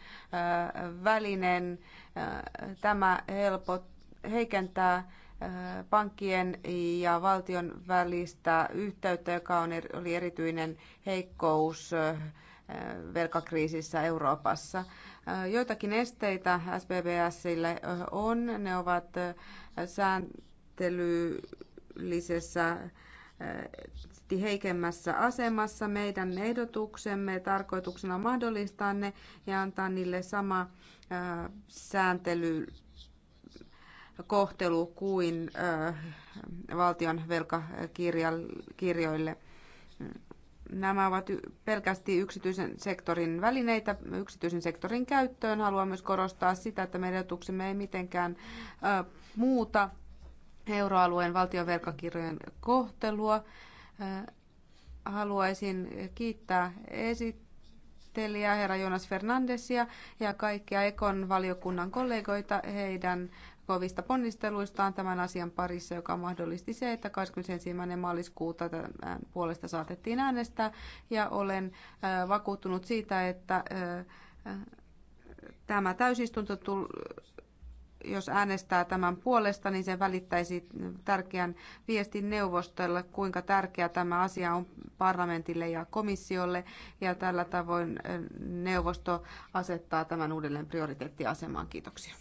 välinen. Eh, tämä helpot, heikentää pankkien ja valtion välistä yhteyttä, joka on, oli erityinen heikkous velkakriisissä Euroopassa. Joitakin esteitä SBBSille on. Ne ovat sään, menettelyllisessä äh, heikemmässä asemassa. Meidän ehdotuksemme tarkoituksena on mahdollistaa ne ja antaa niille sama äh, sääntely kohtelu kuin äh, valtion velkakirjoille. Nämä ovat pelkästi yksityisen sektorin välineitä yksityisen sektorin käyttöön. Haluan myös korostaa sitä, että meidän ehdotuksemme ei mitenkään muuta euroalueen valtionvelkakirjojen kohtelua. Äh, haluaisin kiittää esittelijää herra Jonas Fernandesia ja kaikkia Ekon valiokunnan kollegoita heidän kovista ponnisteluistaan tämän asian parissa, joka mahdollisti se, että 21. maaliskuuta tämän puolesta saatettiin äänestää. Ja olen äh, vakuuttunut siitä, että äh, tämä täysistunto jos äänestää tämän puolesta, niin se välittäisi tärkeän viestin neuvostolle, kuinka tärkeä tämä asia on parlamentille ja komissiolle. Ja tällä tavoin neuvosto asettaa tämän uudelleen prioriteettiasemaan. Kiitoksia.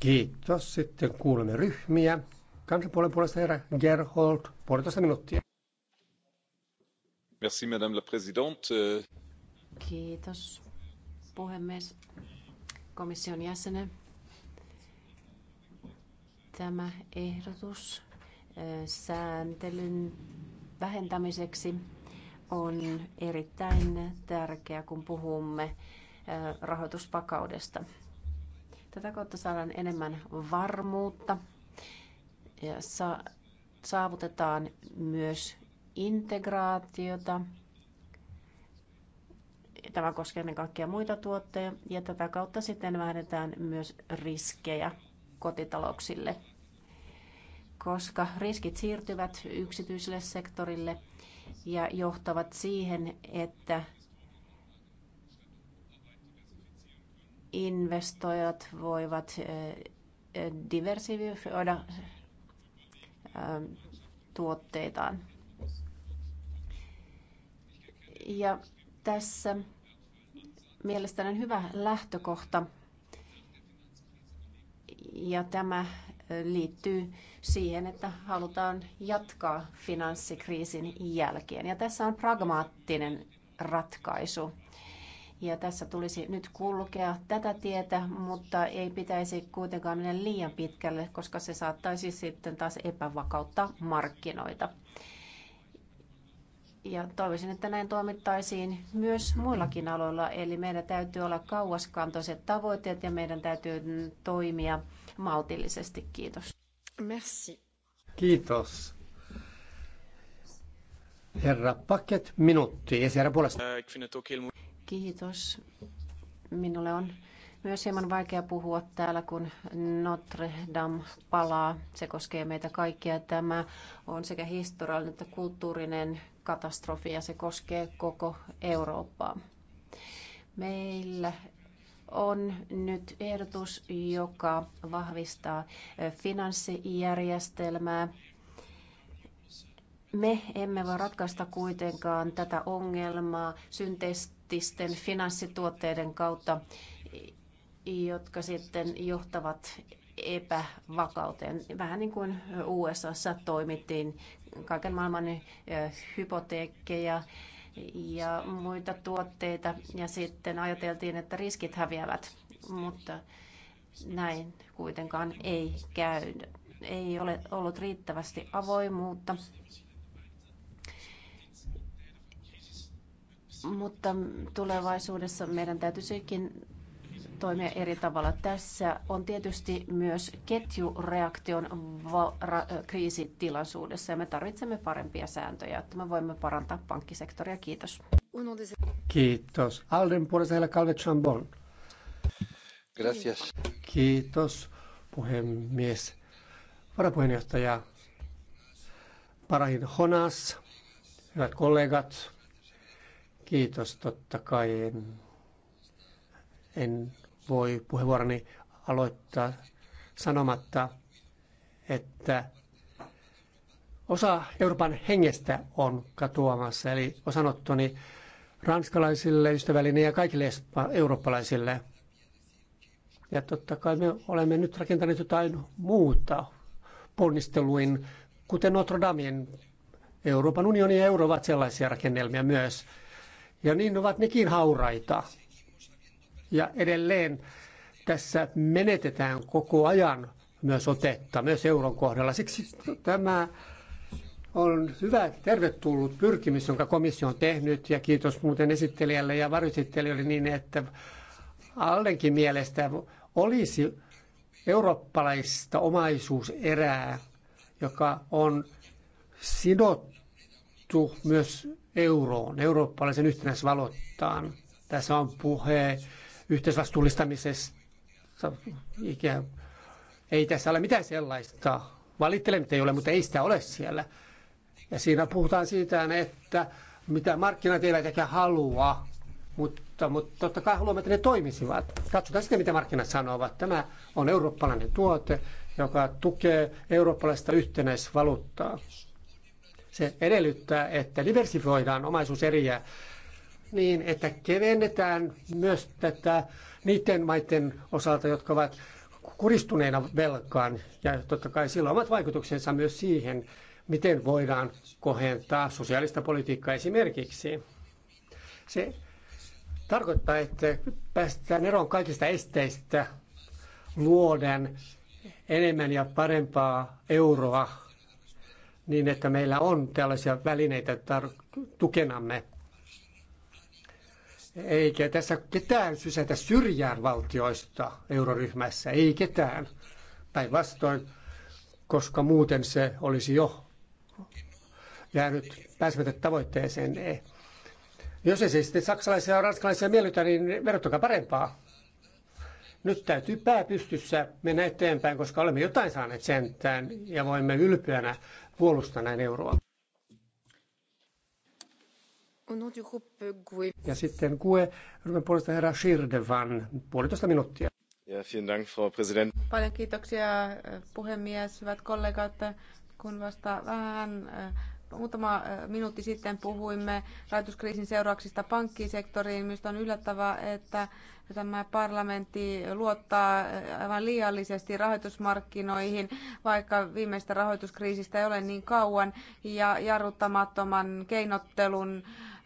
Kiitos. Sitten kuulemme ryhmiä. Kansanpuolen puolesta herra Gerhold, puolitoista minuuttia. Merci, madame la présidente. Kiitos, puhemies komission jäsenen tämä ehdotus sääntelyn vähentämiseksi on erittäin tärkeä, kun puhumme rahoitusvakaudesta. Tätä kautta saadaan enemmän varmuutta ja saavutetaan myös integraatiota. Tämä koskee ennen kaikkea muita tuotteja ja tätä kautta sitten vähennetään myös riskejä kotitalouksille, koska riskit siirtyvät yksityiselle sektorille ja johtavat siihen, että investoijat voivat diversifioida tuotteitaan. Ja tässä mielestäni hyvä lähtökohta ja tämä liittyy siihen, että halutaan jatkaa finanssikriisin jälkeen. Ja tässä on pragmaattinen ratkaisu. Ja tässä tulisi nyt kulkea tätä tietä, mutta ei pitäisi kuitenkaan mennä liian pitkälle, koska se saattaisi sitten taas epävakauttaa markkinoita. Ja toivoisin, että näin toimittaisiin myös muillakin aloilla. Eli meidän täytyy olla kauaskantoiset tavoitteet ja meidän täytyy toimia maltillisesti. Kiitos. Merci. Kiitos. Herra Paket, minuutti. Esiherra puolesta. Kiitos. Minulle on myös hieman vaikea puhua täällä, kun Notre Dame palaa. Se koskee meitä kaikkia. Tämä on sekä historiallinen että kulttuurinen katastrofi ja se koskee koko Eurooppaa. Meillä on nyt ehdotus, joka vahvistaa finanssijärjestelmää. Me emme voi ratkaista kuitenkaan tätä ongelmaa synteettisten finanssituotteiden kautta, jotka sitten johtavat epävakauteen. Vähän niin kuin USA toimittiin kaiken maailman hypoteekkeja ja muita tuotteita ja sitten ajateltiin, että riskit häviävät, mutta näin kuitenkaan ei käy. Ei ole ollut riittävästi avoimuutta. Mutta tulevaisuudessa meidän täytyisikin toimia eri tavalla. Tässä on tietysti myös ketjureaktion kriisitilaisuudessa ja me tarvitsemme parempia sääntöjä, että me voimme parantaa pankkisektoria. Kiitos. Kiitos. Alden puolesta Calve Chambon. Gracias. Kiitos puhemies. Varapuheenjohtaja Parahin Honas, hyvät kollegat, kiitos totta kai. En, en voi puheenvuoroni aloittaa sanomatta, että osa Euroopan hengestä on katoamassa, eli osanottoni ranskalaisille ystävällinen ja kaikille eurooppalaisille. Ja totta kai me olemme nyt rakentaneet jotain muuta ponnisteluin, kuten Notre Damein Euroopan unioni ja euro ovat sellaisia rakennelmia myös. Ja niin ovat nekin hauraita. Ja edelleen tässä menetetään koko ajan myös otetta, myös euron kohdalla. Siksi tämä on hyvä, tervetullut pyrkimys, jonka komissio on tehnyt, ja kiitos muuten esittelijälle ja varjoesittelijöille niin, että Allenkin mielestä olisi eurooppalaista omaisuuserää, joka on sidottu myös euroon, eurooppalaisen yhtenäisvalottaan. Tässä on puhe yhteisvastuullistamisesta. Ikään. Ei tässä ole mitään sellaista. Valittelen, että ei ole, mutta ei sitä ole siellä. Ja siinä puhutaan siitä, että mitä markkinat eivät ehkä halua, mutta, mutta totta kai haluamme, että ne toimisivat. Katsotaan sitten, mitä markkinat sanovat. Tämä on eurooppalainen tuote, joka tukee eurooppalaista yhtenäisvaluuttaa. Se edellyttää, että diversifioidaan omaisuuseriä niin, että kevennetään myös tätä niiden maiden osalta, jotka ovat kuristuneena velkaan. Ja totta kai sillä omat vaikutuksensa myös siihen, miten voidaan kohentaa sosiaalista politiikkaa esimerkiksi. Se tarkoittaa, että päästään eroon kaikista esteistä luoden enemmän ja parempaa euroa niin, että meillä on tällaisia välineitä tar- tukenamme. Eikä tässä ketään sysätä syrjään valtioista euroryhmässä, ei ketään. Päinvastoin, koska muuten se olisi jo jäänyt pääsemättä tavoitteeseen. Ei. Jos ei se sitten saksalaisia ja ranskalaisia miellytä, niin verottakaa parempaa. Nyt täytyy pää pystyssä mennä eteenpäin, koska olemme jotain saaneet sentään ja voimme ylpeänä puolustaa näin euroa. Ja sitten Kue, ryhmän puolesta herra Schirdevan, puolitoista minuuttia. Ja, dank, Frau President. Paljon kiitoksia äh, puhemies, hyvät kollegat. Kun vasta vähän äh, muutama äh, minuutti sitten puhuimme rahoituskriisin seurauksista pankkisektoriin. Minusta on yllättävää, että tämä parlamentti luottaa aivan liiallisesti rahoitusmarkkinoihin, vaikka viimeistä rahoituskriisistä ei ole niin kauan, ja jarruttamattoman keinottelun äh,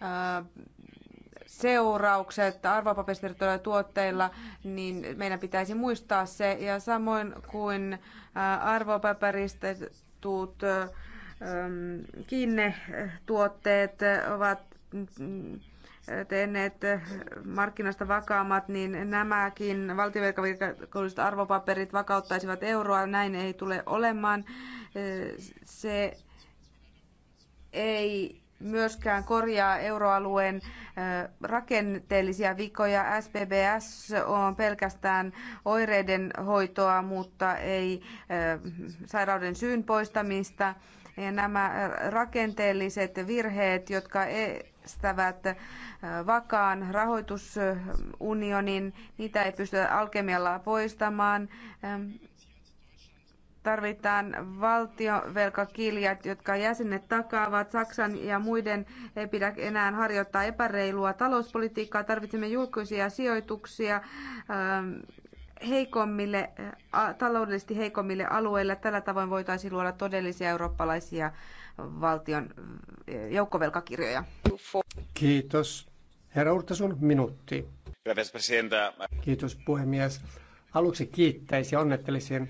seuraukset arvopaperisiirtoilla tuotteilla, niin meidän pitäisi muistaa se. Ja samoin kuin äh, arvopaperistetut ähm, kiinnetuotteet ovat äh, tehneet markkinasta vakaammat, niin nämäkin valtiovelkavirkolliset arvopaperit vakauttaisivat euroa. Näin ei tule olemaan. Äh, se ei myöskään korjaa euroalueen rakenteellisia vikoja. SPBS on pelkästään oireiden hoitoa, mutta ei sairauden syyn poistamista. Ja nämä rakenteelliset virheet, jotka estävät vakaan rahoitusunionin, niitä ei pystytä alkemialla poistamaan tarvitaan valtiovelkakiljat, jotka jäsenet takaavat. Saksan ja muiden ei pidä enää harjoittaa epäreilua talouspolitiikkaa. Tarvitsemme julkisia sijoituksia ähm, heikommille, äh, taloudellisesti heikommille alueille. Tällä tavoin voitaisiin luoda todellisia eurooppalaisia valtion äh, joukkovelkakirjoja. Kiitos. Herra Urtasun minuutti. Kiitos puhemies. Aluksi kiittäisin ja onnettelisin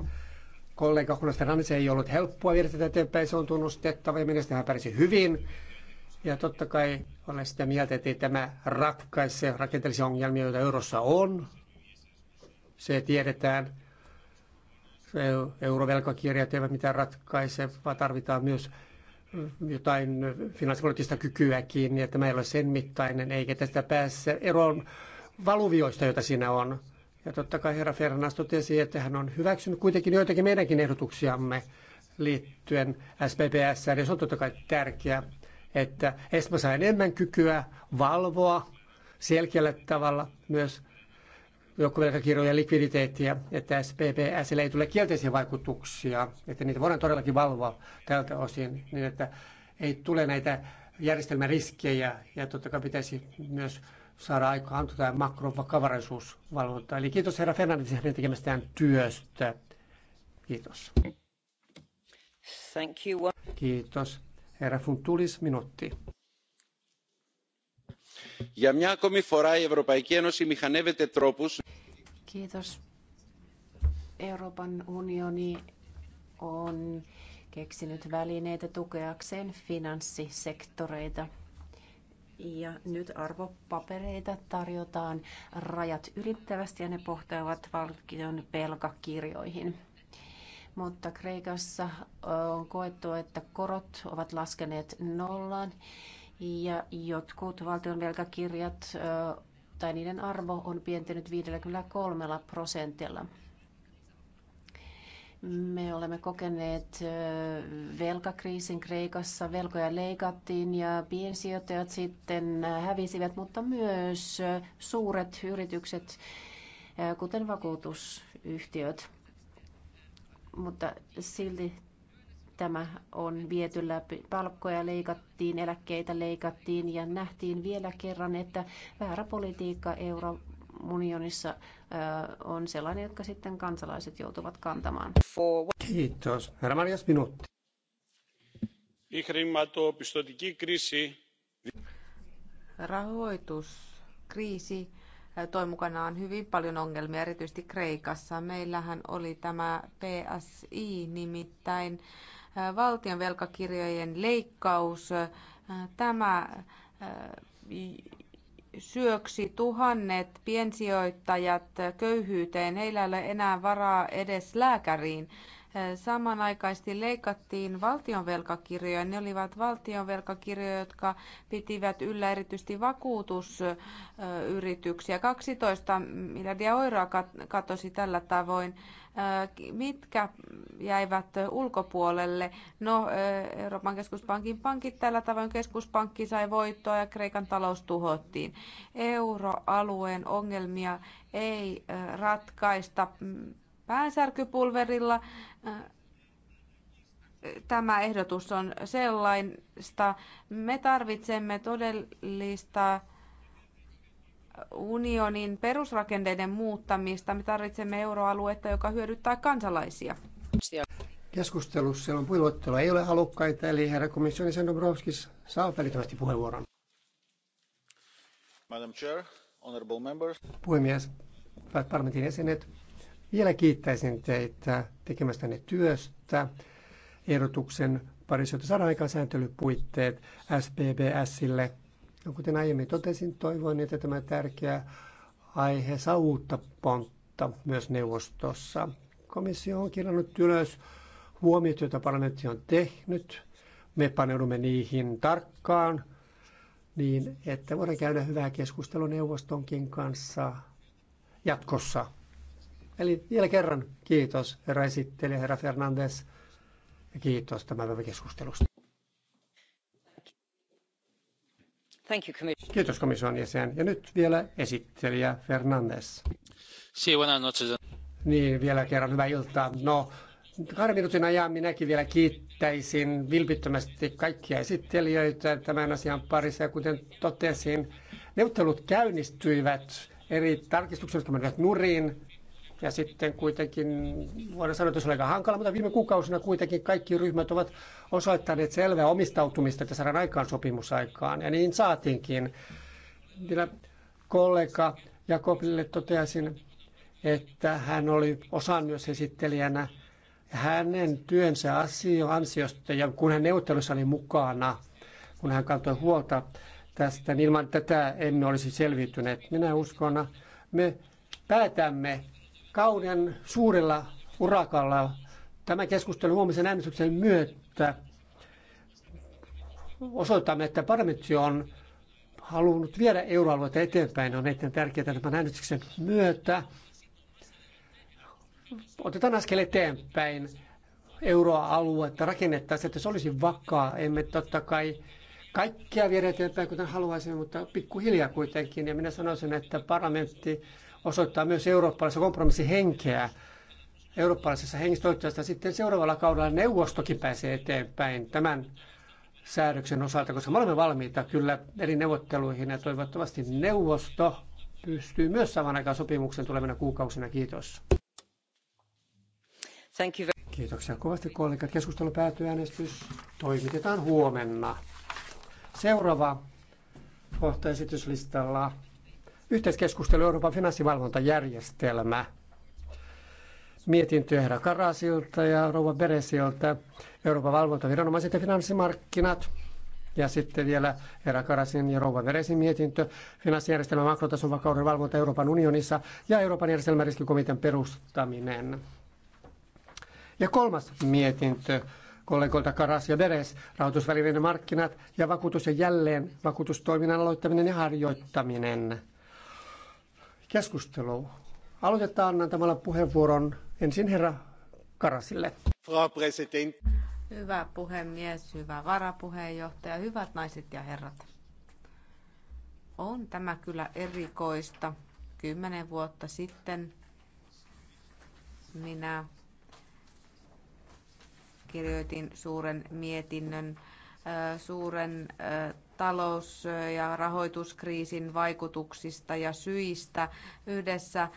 kollega Kunnasta se ei ollut helppoa viedä tätä eteenpäin, se on tunnustettava ja mielestäni hän pärsi hyvin. Ja totta kai olen sitä mieltä, että ei tämä ratkaise rakenteellisia ongelmia, joita eurossa on. Se tiedetään. Eurovelkakirjat eivät mitään ratkaise, vaan tarvitaan myös jotain finanssipoliittista kykyäkin, ja tämä ei ole sen mittainen, eikä tästä pääse eroon valuvioista, joita siinä on. Ja totta kai herra Fernas totesi, että hän on hyväksynyt kuitenkin joitakin meidänkin ehdotuksiamme liittyen SPPS. Ja se on totta kai tärkeää, että ESMA saa enemmän kykyä valvoa selkeällä tavalla myös joukkovelkakirjojen likviditeettiä, että SPPS ei tule kielteisiä vaikutuksia, että niitä voidaan todellakin valvoa tältä osin, niin että ei tule näitä järjestelmäriskejä ja totta kai pitäisi myös saada aikaan tätä makrovakavaraisuusvalvontaa. Eli kiitos herra Fernandes hänen tekemästään työstä. Kiitos. Thank you. Kiitos. Herra Funtulis, minuutti. Για μια ακόμη φορά η Ευρωπαϊκή Ένωση μηχανεύεται τρόπους... Kiitos. Euroopan unioni on keksinyt välineitä tukeakseen finanssisektoreita – ja nyt arvopapereita tarjotaan rajat ylittävästi ja ne pohtavat valtion velkakirjoihin. Mutta Kreikassa on koettu, että korot ovat laskeneet nollaan ja jotkut valtion velkakirjat tai niiden arvo on pientynyt 53 prosentilla. Me olemme kokeneet velkakriisin Kreikassa. Velkoja leikattiin ja piensijoittajat sitten hävisivät, mutta myös suuret yritykset, kuten vakuutusyhtiöt. Mutta silti tämä on viety läpi. Palkkoja leikattiin, eläkkeitä leikattiin ja nähtiin vielä kerran, että väärä politiikka euro unionissa on sellainen, jotka sitten kansalaiset joutuvat kantamaan. Kiitos. Herra Marias, minuutti. Rahoituskriisi toi mukanaan hyvin paljon ongelmia, erityisesti Kreikassa. Meillähän oli tämä PSI, nimittäin valtion velkakirjojen leikkaus. Tämä syöksi tuhannet piensijoittajat köyhyyteen. Heillä ei ole enää varaa edes lääkäriin. Samanaikaisesti leikattiin valtionvelkakirjoja Ne olivat valtionvelkakirjoja, jotka pitivät yllä erityisesti vakuutusyrityksiä. 12 miljardia euroa katosi tällä tavoin. Mitkä jäivät ulkopuolelle? No, Euroopan keskuspankin pankit tällä tavoin. Keskuspankki sai voittoa ja Kreikan talous tuhottiin. Euroalueen ongelmia ei ratkaista päänsärkypulverilla. Tämä ehdotus on sellaista. Me tarvitsemme todellista unionin perusrakenteiden muuttamista. Me tarvitsemme euroaluetta, joka hyödyttää kansalaisia. Keskustelussa on puheluottelu ei ole halukkaita, eli herra jäsen Sandobrovskis saa välittömästi puheenvuoron. Madam Chair, honorable members. Puhemies, hyvät parlamentin jäsenet, vielä kiittäisin teitä tekemästänne työstä. Ehdotuksen parissa, jota saadaan aikaan sääntelypuitteet SPBSille – ja no, kuten aiemmin totesin, toivoin, että tämä tärkeä aihe saa uutta pontta myös neuvostossa. Komissio on kirjannut ylös huomiot, joita parlamentti on tehnyt. Me paneudumme niihin tarkkaan, niin että voidaan käydä hyvää keskustelua neuvostonkin kanssa jatkossa. Eli vielä kerran kiitos herra esittelijä, herra Fernandes, ja kiitos tämän päivän keskustelusta. Thank you, commission. Kiitos komission jäsen. Ja nyt vielä esittelijä Fernandes. Sí, buenas noches. Niin, vielä kerran hyvää iltaa. No, kahden minuutin ajan minäkin vielä kiittäisin vilpittömästi kaikkia esittelijöitä tämän asian parissa. Ja kuten totesin, neuvottelut käynnistyivät eri tarkistukset, jotka menivät nurin. Ja sitten kuitenkin, voidaan sanoa, että se oli aika hankala, mutta viime kuukausina kuitenkin kaikki ryhmät ovat osoittaneet selvää omistautumista, että saadaan aikaan sopimusaikaan. Ja niin saatiinkin. Vielä kollega Jakobille toteaisin, että hän oli osan myös esittelijänä hänen työnsä asio, ansiosta ja kun hän neuvottelussa oli mukana, kun hän kantoi huolta tästä, niin ilman tätä emme olisi selviytyneet. Minä uskon, me päätämme kauden suurella urakalla tämän keskustelun huomisen äänestyksen myötä osoitamme, että parlamentti on halunnut viedä euroalueita eteenpäin. On erittäin tärkeää tämän äänestyksen myötä. Otetaan askel eteenpäin euroaluetta rakennettaisiin, että se olisi vakaa. Emme totta kai kaikkia viedä eteenpäin, kuten haluaisimme, mutta pikkuhiljaa kuitenkin. Ja minä sanoisin, että parlamentti osoittaa myös eurooppalaisen kompromissihenkeä. Eurooppalaisessa hengessä toivottavasti sitten seuraavalla kaudella neuvostokin pääsee eteenpäin tämän säädöksen osalta, koska me olemme valmiita kyllä eri neuvotteluihin ja toivottavasti neuvosto pystyy myös saman aikaan sopimuksen tulevina kuukausina. Kiitos. Thank you. Kiitoksia kovasti kollegat. Keskustelu päätyy äänestys toimitetaan huomenna. Seuraava kohta esityslistalla yhteiskeskustelu Euroopan finanssivalvontajärjestelmä. Mietintö Herra Karasilta ja Rouva Beresilta. Euroopan valvontaviranomaiset ja finanssimarkkinat. Ja sitten vielä Herra Karasin ja Rouva Veresin mietintö, finanssijärjestelmän makrotason vakauden valvonta Euroopan unionissa ja Euroopan järjestelmäriskikomitean perustaminen. Ja kolmas mietintö kollegoilta Karas ja Beres, rahoitusvälineiden markkinat ja vakuutus ja jälleen vakuutustoiminnan aloittaminen ja harjoittaminen. Keskustelu. Aloitetaan antamalla puheenvuoron ensin herra Karasille. Frau President. Hyvä puhemies, hyvä varapuheenjohtaja, hyvät naiset ja herrat. On tämä kyllä erikoista. Kymmenen vuotta sitten minä kirjoitin suuren mietinnön suuren talous- ja rahoituskriisin vaikutuksista ja syistä yhdessä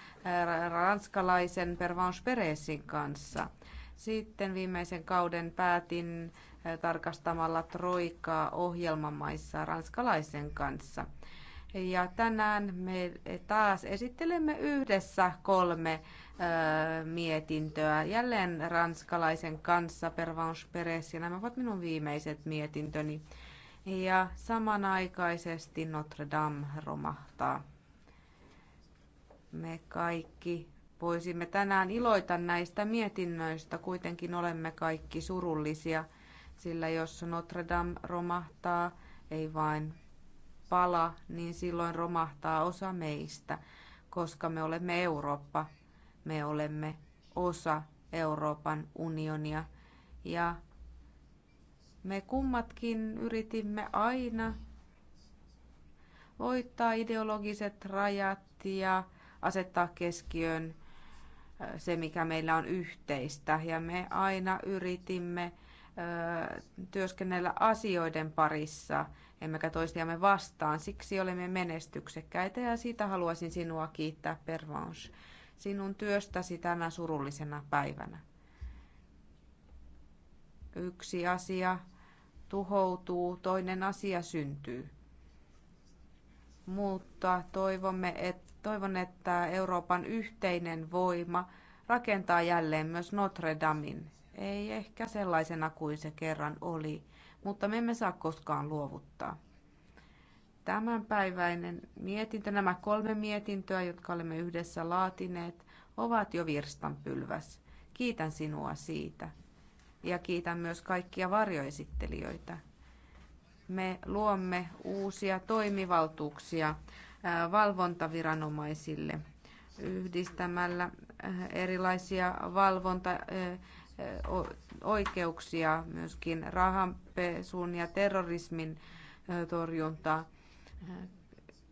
ranskalaisen Pervanche Peresin kanssa. Sitten viimeisen kauden päätin tarkastamalla Troikaa ohjelmamaissa ranskalaisen kanssa. Ja tänään me taas esittelemme yhdessä kolme ö, mietintöä. Jälleen ranskalaisen kanssa, per Perez, ja nämä ovat minun viimeiset mietintöni. Ja samanaikaisesti Notre Dame romahtaa. Me kaikki voisimme tänään iloita näistä mietinnöistä, kuitenkin olemme kaikki surullisia, sillä jos Notre Dame romahtaa, ei vain pala, niin silloin romahtaa osa meistä, koska me olemme Eurooppa, me olemme osa Euroopan unionia ja me kummatkin yritimme aina voittaa ideologiset rajat ja asettaa keskiöön äh, se, mikä meillä on yhteistä. Ja me aina yritimme työskennellä asioiden parissa, emmekä toisiamme vastaan. Siksi olemme menestyksekkäitä ja siitä haluaisin sinua kiittää, Pervanche, sinun työstäsi tänä surullisena päivänä. Yksi asia tuhoutuu, toinen asia syntyy. Mutta toivomme, että, toivon, että Euroopan yhteinen voima rakentaa jälleen myös Notre Damin ei ehkä sellaisena kuin se kerran oli, mutta me emme saa koskaan luovuttaa. Tämänpäiväinen mietintö, nämä kolme mietintöä, jotka olemme yhdessä laatineet, ovat jo virstanpylväs. Kiitän sinua siitä ja kiitän myös kaikkia varjoesittelijöitä. Me luomme uusia toimivaltuuksia valvontaviranomaisille yhdistämällä erilaisia valvonta oikeuksia, myöskin rahanpesun ja terrorismin torjunta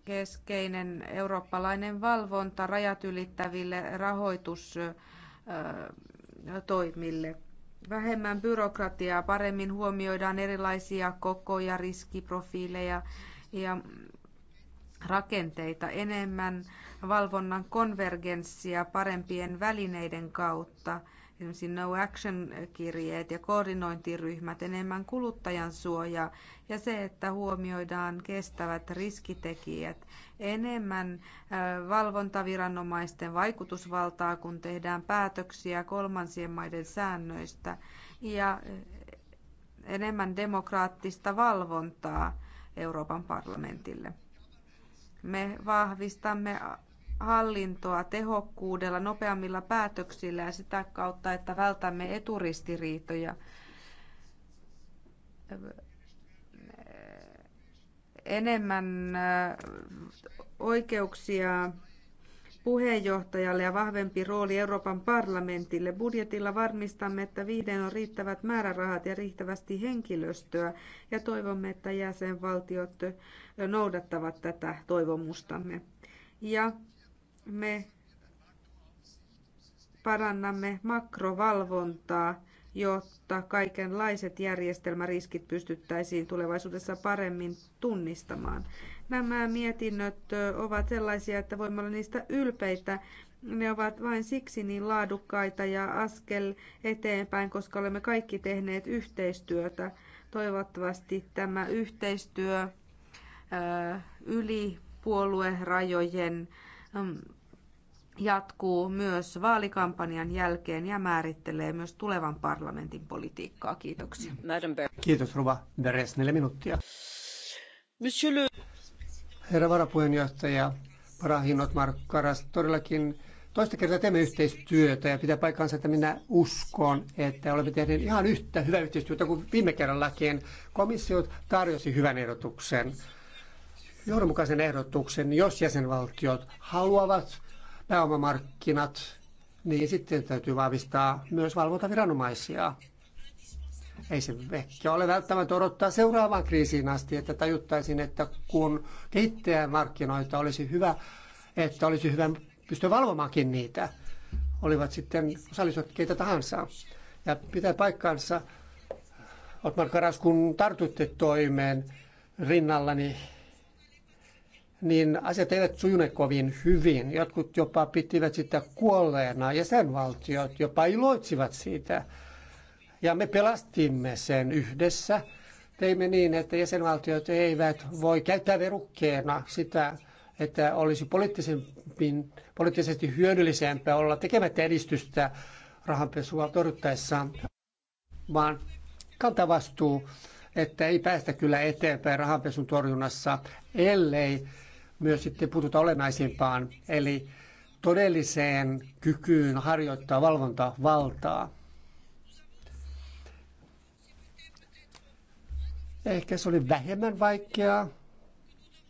Keskeinen eurooppalainen valvonta rajat ylittäville rahoitustoimille. Vähemmän byrokratiaa, paremmin huomioidaan erilaisia kokoja, riskiprofiileja ja rakenteita, enemmän valvonnan konvergenssia parempien välineiden kautta – no action-kirjeet ja koordinointiryhmät, enemmän kuluttajan suoja ja se, että huomioidaan kestävät riskitekijät, enemmän valvontaviranomaisten vaikutusvaltaa, kun tehdään päätöksiä kolmansien maiden säännöistä ja enemmän demokraattista valvontaa Euroopan parlamentille. Me vahvistamme hallintoa tehokkuudella, nopeammilla päätöksillä ja sitä kautta, että vältämme eturistiriitoja. Enemmän äh, oikeuksia puheenjohtajalle ja vahvempi rooli Euroopan parlamentille. Budjetilla varmistamme, että viiden on riittävät määrärahat ja riittävästi henkilöstöä ja toivomme, että jäsenvaltiot noudattavat tätä toivomustamme. Ja me parannamme makrovalvontaa, jotta kaikenlaiset järjestelmäriskit pystyttäisiin tulevaisuudessa paremmin tunnistamaan. Nämä mietinnöt ovat sellaisia, että voimme olla niistä ylpeitä. Ne ovat vain siksi niin laadukkaita ja askel eteenpäin, koska olemme kaikki tehneet yhteistyötä. Toivottavasti tämä yhteistyö yli puoluerajojen mm, jatkuu myös vaalikampanjan jälkeen ja määrittelee myös tulevan parlamentin politiikkaa. Kiitoksia. Kiitos Ruva Beres, neljä minuuttia. le... Herra varapuheenjohtaja Parahinot Karas, todellakin toista kertaa teemme yhteistyötä ja pitää paikkaansa, että minä uskon, että olemme tehneet ihan yhtä hyvää yhteistyötä kuin viime kerrallakin. Komissio tarjosi hyvän ehdotuksen, johdonmukaisen ehdotuksen, jos jäsenvaltiot haluavat pääomamarkkinat, niin sitten täytyy vahvistaa myös valvontaviranomaisia. Ei se ehkä ole välttämättä odottaa seuraavaan kriisiin asti, että tajuttaisin, että kun kehittäjän markkinoita olisi hyvä, että olisi hyvä pystyä valvomaankin niitä, olivat sitten osallisuudet keitä tahansa. Ja pitää paikkaansa, Otmar Karas, kun tartutte toimeen rinnallani niin asiat eivät sujuneet kovin hyvin. Jotkut jopa pitivät sitä kuolleena, ja sen valtiot jopa iloitsivat siitä. Ja me pelastimme sen yhdessä. Teimme niin, että jäsenvaltiot eivät voi käyttää verukkeena sitä, että olisi poliittisesti hyödyllisempää olla tekemättä edistystä rahanpesua torjuttaessaan, vaan kantaa vastuu, että ei päästä kyllä eteenpäin rahanpesun torjunnassa, ellei myös sitten puututa olennaisimpaan, eli todelliseen kykyyn harjoittaa valvontavaltaa. Ehkä se oli vähemmän vaikeaa,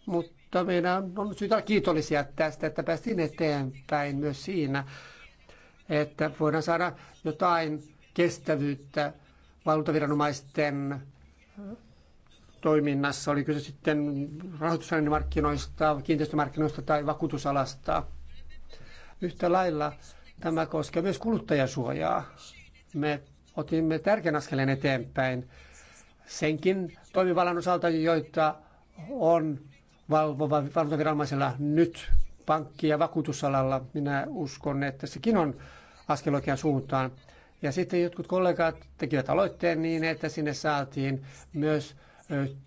mutta meidän on syytä olla kiitollisia tästä, että päästiin eteenpäin myös siinä, että voidaan saada jotain kestävyyttä valvontaviranomaisten toiminnassa, oli kyse sitten rahoitusmarkkinoista, kiinteistömarkkinoista tai vakuutusalasta. Yhtä lailla tämä koskee myös kuluttajasuojaa. Me otimme tärkeän askeleen eteenpäin senkin toimivallan osalta, joita on valvova, valvontaviranomaisella nyt pankki- ja vakuutusalalla. Minä uskon, että sekin on askel oikeaan suuntaan. Ja sitten jotkut kollegat tekivät aloitteen niin, että sinne saatiin myös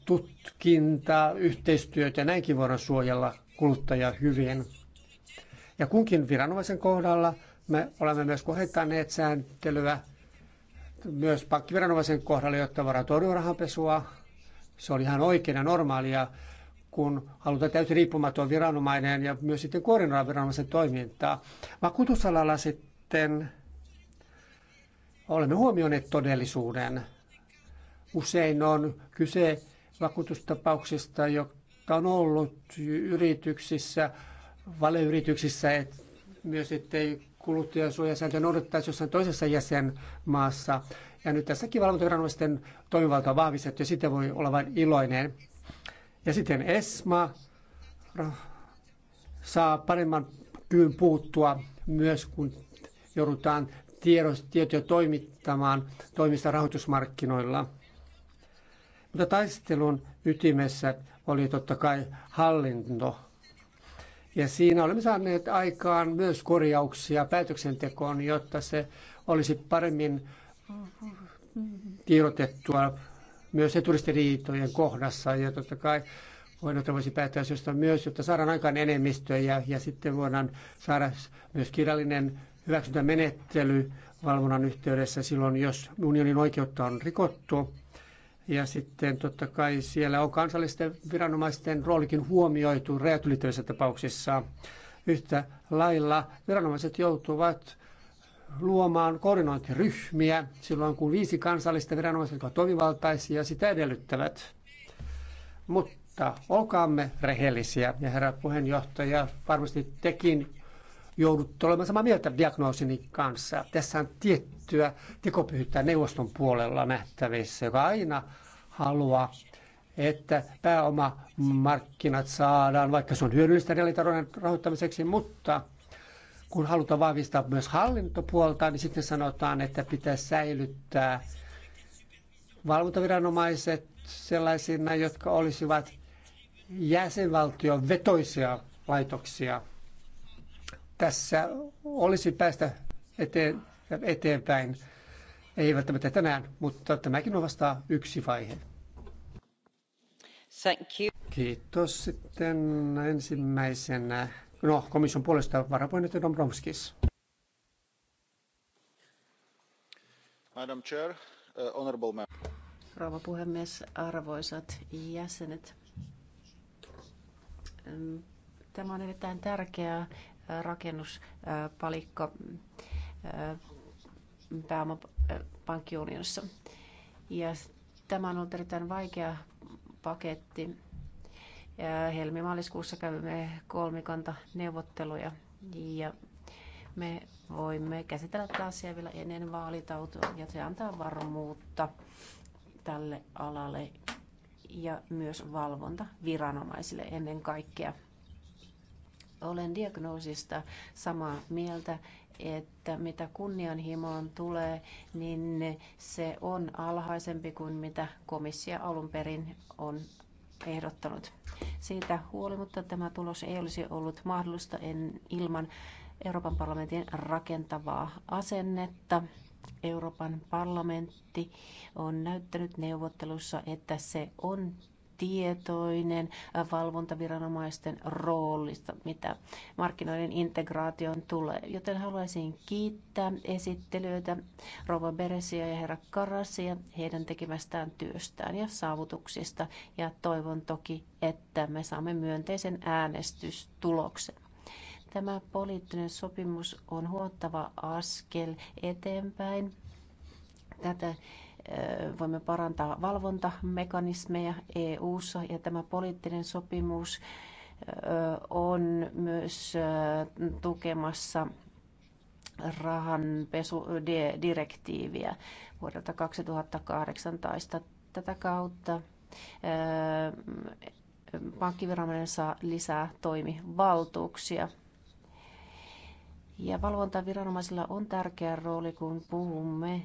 tutkintaa, yhteistyötä, näinkin voidaan suojella kuluttajaa hyvin. Ja kunkin viranomaisen kohdalla me olemme myös kohentaneet sääntelyä myös pankkiviranomaisen kohdalla, jotta voidaan torjua rahanpesua. Se on ihan oikein ja normaalia, kun halutaan täysin riippumaton viranomainen ja myös sitten koordinoida viranomaisen toimintaa. Vakuutusalalla sitten olemme huomioineet todellisuuden – Usein on kyse vakuutustapauksista, jotka on ollut yrityksissä, valeyrityksissä, että myös ettei kuluttajasuojasääntöjä noudattaisi jossain toisessa jäsenmaassa. Ja nyt tässäkin valvontaviranomaisten toimivalta on vahvistettu ja sitä voi olla vain iloinen. Ja sitten ESMA saa paremman kyyn puuttua myös, kun joudutaan tietoja toimittamaan toimista rahoitusmarkkinoilla. Mutta taistelun ytimessä oli totta kai hallinto. Ja siinä olemme saaneet aikaan myös korjauksia päätöksentekoon, jotta se olisi paremmin tiedotettua myös eturistiriitojen kohdassa. Ja totta kai voidaan voisi päättää josta myös, jotta saadaan aikaan enemmistöä ja, ja sitten voidaan saada myös kirjallinen hyväksyntämenettely valvonnan yhteydessä silloin, jos unionin oikeutta on rikottu. Ja sitten totta kai siellä on kansallisten viranomaisten roolikin huomioitu rajat ylittävissä tapauksissa. Yhtä lailla viranomaiset joutuvat luomaan koordinointiryhmiä silloin, kun viisi kansallista viranomaista, jotka ovat toimivaltaisia, sitä edellyttävät. Mutta olkaamme rehellisiä. Ja herra puheenjohtaja, varmasti tekin joudut olemaan samaa mieltä diagnoosini kanssa. Tässä on tiettyä tekopyhyyttä neuvoston puolella nähtävissä, joka aina haluaa, että pääomamarkkinat saadaan, vaikka se on hyödyllistä reaalitalouden rahoittamiseksi, mutta kun halutaan vahvistaa myös hallintopuolta, niin sitten sanotaan, että pitää säilyttää valvontaviranomaiset sellaisina, jotka olisivat jäsenvaltion vetoisia laitoksia tässä olisi päästä eteen, eteenpäin. Ei välttämättä tänään, mutta tämäkin on vasta yksi vaihe. Thank you. Kiitos. Sitten ensimmäisenä, no komission puolesta varapuheenjohtaja Dombrovskis. Madam Chair, uh, honorable member. Rouva puhemies, arvoisat jäsenet. Tämä on erittäin tärkeää Rakennuspalikka pääomapankkiunionissa. Ja tämä on ollut erittäin vaikea paketti. Helmimaaliskuussa kävimme kolmikanta neuvotteluja ja me voimme käsitellä tätä asiaa vielä ennen vaalitautua ja se antaa varmuutta tälle alalle ja myös valvonta viranomaisille ennen kaikkea. Olen diagnoosista samaa mieltä, että mitä kunnianhimoon tulee, niin se on alhaisempi kuin mitä komissio alun perin on ehdottanut. Siitä huolimatta tämä tulos ei olisi ollut mahdollista en ilman Euroopan parlamentin rakentavaa asennetta. Euroopan parlamentti on näyttänyt neuvottelussa, että se on tietoinen valvontaviranomaisten roolista, mitä markkinoiden integraation tulee. Joten haluaisin kiittää esittelyitä Rova Beresia ja herra Karasia heidän tekemästään työstään ja saavutuksista ja toivon toki, että me saamme myönteisen äänestystuloksen tämä poliittinen sopimus on huomattava askel eteenpäin tätä voimme parantaa valvontamekanismeja EU:ssa ja tämä poliittinen sopimus on myös tukemassa rahanpesudirektiiviä vuodelta 2018. Tätä kautta pankkiviranomainen saa lisää toimivaltuuksia. Ja valvontaviranomaisilla on tärkeä rooli, kun puhumme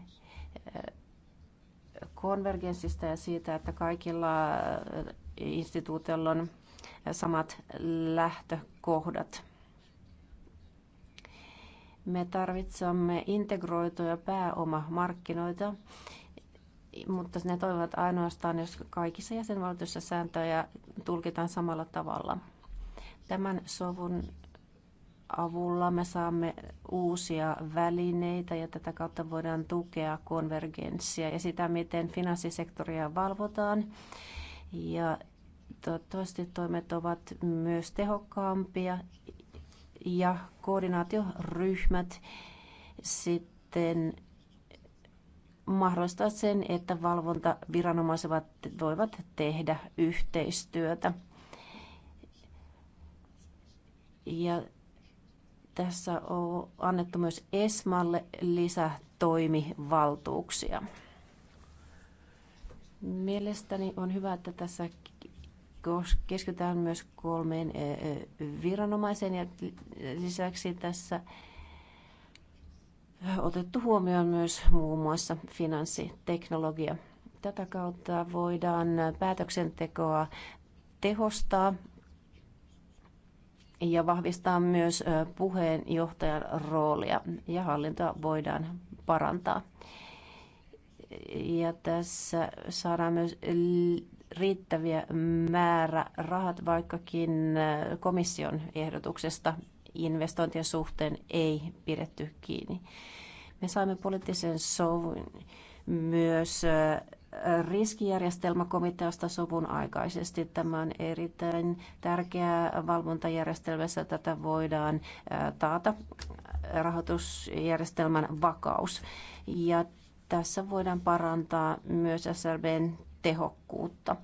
konvergenssista ja siitä, että kaikilla eh, instituutioilla on samat lähtökohdat. Me tarvitsemme integroituja pääomamarkkinoita, mutta ne toimivat ainoastaan, jos kaikissa jäsenvaltioissa sääntöjä tulkitaan samalla tavalla. Tämän sovun avulla me saamme uusia välineitä ja tätä kautta voidaan tukea konvergenssia ja sitä, miten finanssisektoria valvotaan. Ja toivottavasti toimet ovat myös tehokkaampia ja koordinaatioryhmät sitten mahdollistaa sen, että valvontaviranomaiset voivat tehdä yhteistyötä. Ja tässä on annettu myös ESMAlle lisätoimivaltuuksia. Mielestäni on hyvä, että tässä keskitytään myös kolmeen e, e, viranomaiseen ja lisäksi tässä otettu huomioon myös muun muassa finanssiteknologia. Tätä kautta voidaan päätöksentekoa tehostaa ja vahvistaa myös puheenjohtajan roolia ja hallintoa voidaan parantaa. Ja tässä saadaan myös riittäviä määrä rahat, vaikkakin komission ehdotuksesta investointien suhteen ei pidetty kiinni. Me saimme poliittisen sovun myös riskijärjestelmäkomiteasta sovun aikaisesti. Tämä on erittäin tärkeää valvontajärjestelmässä. Tätä voidaan taata rahoitusjärjestelmän vakaus. Ja tässä voidaan parantaa myös SRBn tehokkuutta.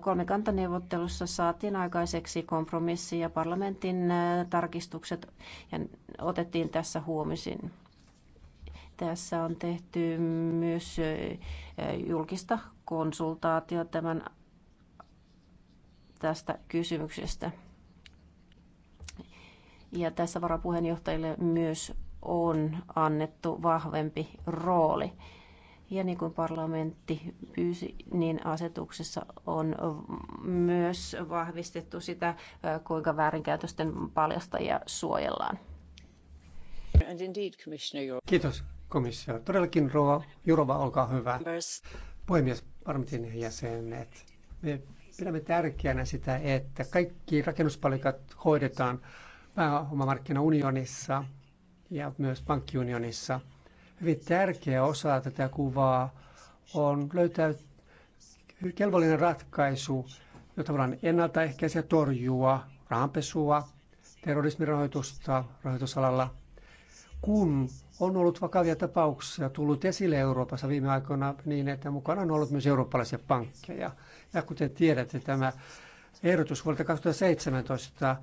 Kolmikantaneuvottelussa saatiin aikaiseksi kompromissi ja parlamentin tarkistukset otettiin tässä huomisin. Tässä on tehty myös julkista konsultaatio tämän, tästä kysymyksestä. Ja tässä varapuheenjohtajille myös on annettu vahvempi rooli. Ja niin kuin parlamentti pyysi, niin asetuksessa on myös vahvistettu sitä, kuinka väärinkäytösten paljastajia suojellaan. Kiitos komissio. Todellakin, Rova, Jurova, olkaa hyvä. Puhemies, varmitin jäsenet. Me pidämme tärkeänä sitä, että kaikki rakennuspalikat hoidetaan pääomamarkkinaunionissa ja myös pankkiunionissa. Hyvin tärkeä osa tätä kuvaa on löytää kelvollinen ratkaisu, jota voidaan ennaltaehkäisiä torjua, rahanpesua, terrorismirahoitusta rahoitusalalla, kun on ollut vakavia tapauksia tullut esille Euroopassa viime aikoina niin, että mukana on ollut myös eurooppalaisia pankkeja. Ja kuten tiedätte, tämä ehdotus vuodelta 2017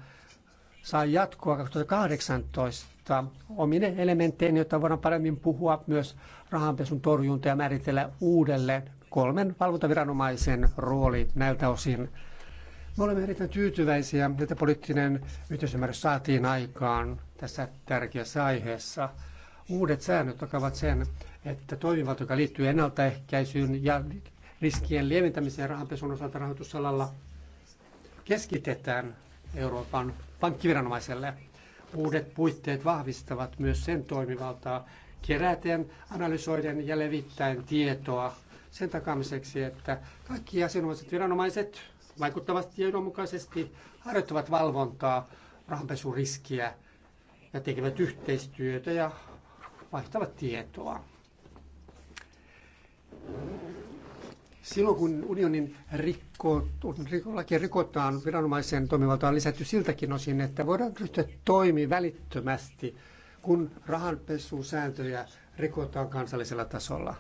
saa jatkoa 2018 omine elementteihin, jotta voidaan paremmin puhua myös rahanpesun torjunta ja määritellä uudelleen kolmen valvontaviranomaisen rooli näiltä osin. Me olemme erittäin tyytyväisiä, että poliittinen yhteisymmärrys saatiin aikaan tässä tärkeässä aiheessa. Uudet säännöt takavat sen, että toimivat, joka liittyy ennaltaehkäisyyn ja riskien lieventämiseen rahanpesun osalta rahoitusalalla, keskitetään Euroopan pankkiviranomaiselle. Uudet puitteet vahvistavat myös sen toimivaltaa keräten, analysoiden ja levittäen tietoa sen takaamiseksi, että kaikki asianomaiset viranomaiset vaikuttavasti ja yhdenmukaisesti harjoittavat valvontaa, rahanpesuriskiä ja tekevät yhteistyötä ja vaihtavat tietoa. Silloin kun unionin rikko, laki rikotaan, viranomaisen toimivalta on lisätty siltäkin osin, että voidaan ryhtyä toimii välittömästi, kun rahanpesusääntöjä rikotaan kansallisella tasolla.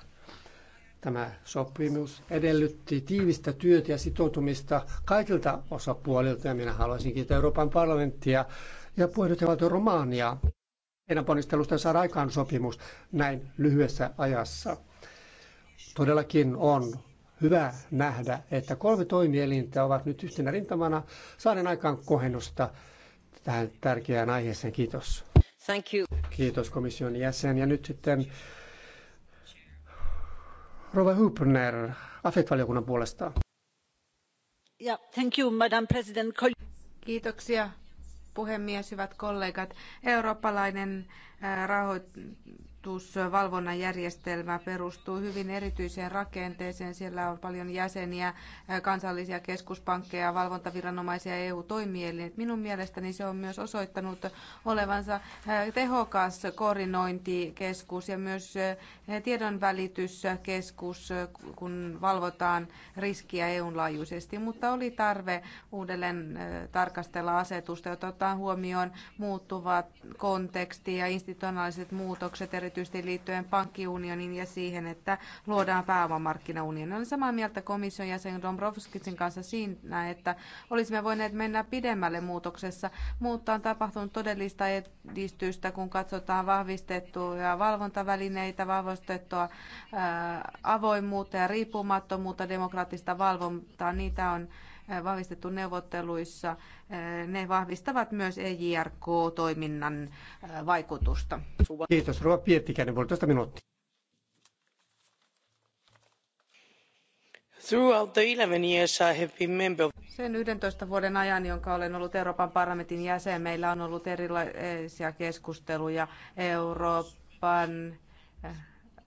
Tämä sopimus edellytti tiivistä työtä ja sitoutumista kaikilta osapuolilta ja minä haluaisin kiittää Euroopan parlamenttia ja puheenjohtajavaltio Romania heidän ponnistelustaan saada aikaan sopimus näin lyhyessä ajassa. Todellakin on hyvä nähdä, että kolme toimielintä ovat nyt yhtenä rintamana saaneen aikaan kohennusta tähän tärkeään aiheeseen. Kiitos. Thank you. Kiitos komission jäsen. Ja nyt sitten Rova Hupner, AFET-valiokunnan puolesta. Yeah, thank you, Madam President. Kiitoksia puhemies, hyvät kollegat. Eurooppalainen rahoitus rahoitusvalvonnan järjestelmä perustuu hyvin erityiseen rakenteeseen. Siellä on paljon jäseniä, kansallisia keskuspankkeja, valvontaviranomaisia ja EU-toimielin. Minun mielestäni se on myös osoittanut olevansa tehokas koordinointikeskus ja myös tiedonvälityskeskus, kun valvotaan riskiä EUn laajuisesti. Mutta oli tarve uudelleen tarkastella asetusta, ja ottaa huomioon muuttuvat konteksti ja institutionaaliset muutokset eri erityisesti liittyen pankkiunioniin ja siihen, että luodaan pääomamarkkinaunioni. Olen samaa mieltä komission jäsen Dombrovskitsin kanssa siinä, että olisimme voineet mennä pidemmälle muutoksessa, mutta on tapahtunut todellista edistystä, kun katsotaan vahvistettuja valvontavälineitä, vahvistettua avoimuutta ja riippumattomuutta, demokraattista valvontaa. Niitä on vahvistettu neuvotteluissa, ne vahvistavat myös EJRK-toiminnan vaikutusta. Kiitos. Rova Piettikäinen, puolitoista minuuttia. Sen 11 vuoden ajan, jonka olen ollut Euroopan parlamentin jäsen, meillä on ollut erilaisia keskusteluja Euroopan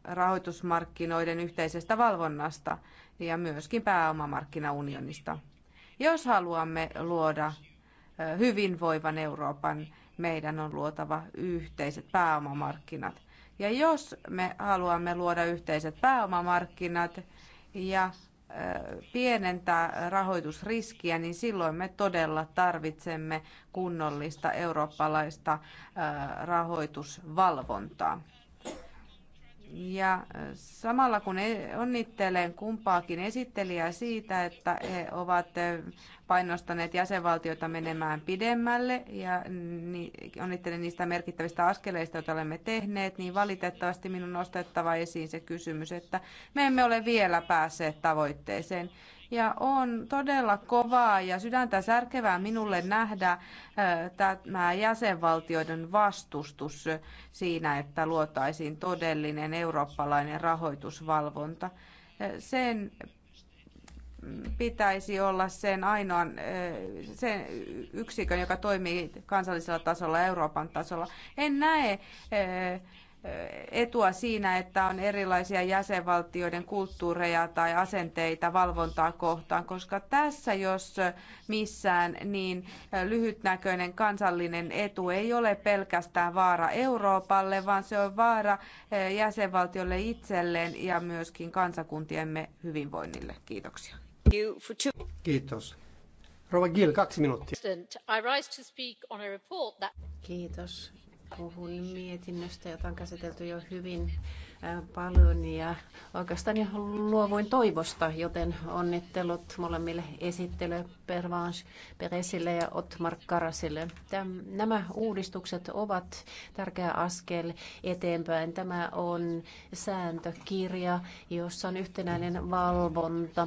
rahoitusmarkkinoiden yhteisestä valvonnasta ja myöskin pääomamarkkinaunionista. Jos haluamme luoda hyvinvoivan Euroopan, meidän on luotava yhteiset pääomamarkkinat. Ja jos me haluamme luoda yhteiset pääomamarkkinat ja pienentää rahoitusriskiä, niin silloin me todella tarvitsemme kunnollista eurooppalaista rahoitusvalvontaa. Ja samalla kun e-, onnittelen kumpaakin esittelijää siitä, että he ovat painostaneet jäsenvaltioita menemään pidemmälle ja onnittelen niistä merkittävistä askeleista, joita olemme tehneet, niin valitettavasti minun on nostettava esiin se kysymys, että me emme ole vielä päässeet tavoitteeseen. Ja on todella kovaa ja sydäntä särkevää minulle nähdä tämä jäsenvaltioiden vastustus siinä, että luotaisiin todellinen eurooppalainen rahoitusvalvonta. Sen pitäisi olla sen ainoan sen yksikön, joka toimii kansallisella tasolla ja Euroopan tasolla. En näe etua siinä, että on erilaisia jäsenvaltioiden kulttuureja tai asenteita valvontaa kohtaan, koska tässä jos missään, niin lyhytnäköinen kansallinen etu ei ole pelkästään vaara Euroopalle, vaan se on vaara eh, jäsenvaltiolle itselleen ja myöskin kansakuntiemme hyvinvoinnille. Kiitoksia. Kiitos. Rova Gill, kaksi minuuttia. Kiitos puhun mietinnöstä, jota on käsitelty jo hyvin äh, paljon ja oikeastaan jo luovuin toivosta, joten onnittelut molemmille esittelyille, Pervans Peresille ja Otmar Karasille. Täm, nämä uudistukset ovat tärkeä askel eteenpäin. Tämä on sääntökirja, jossa on yhtenäinen valvonta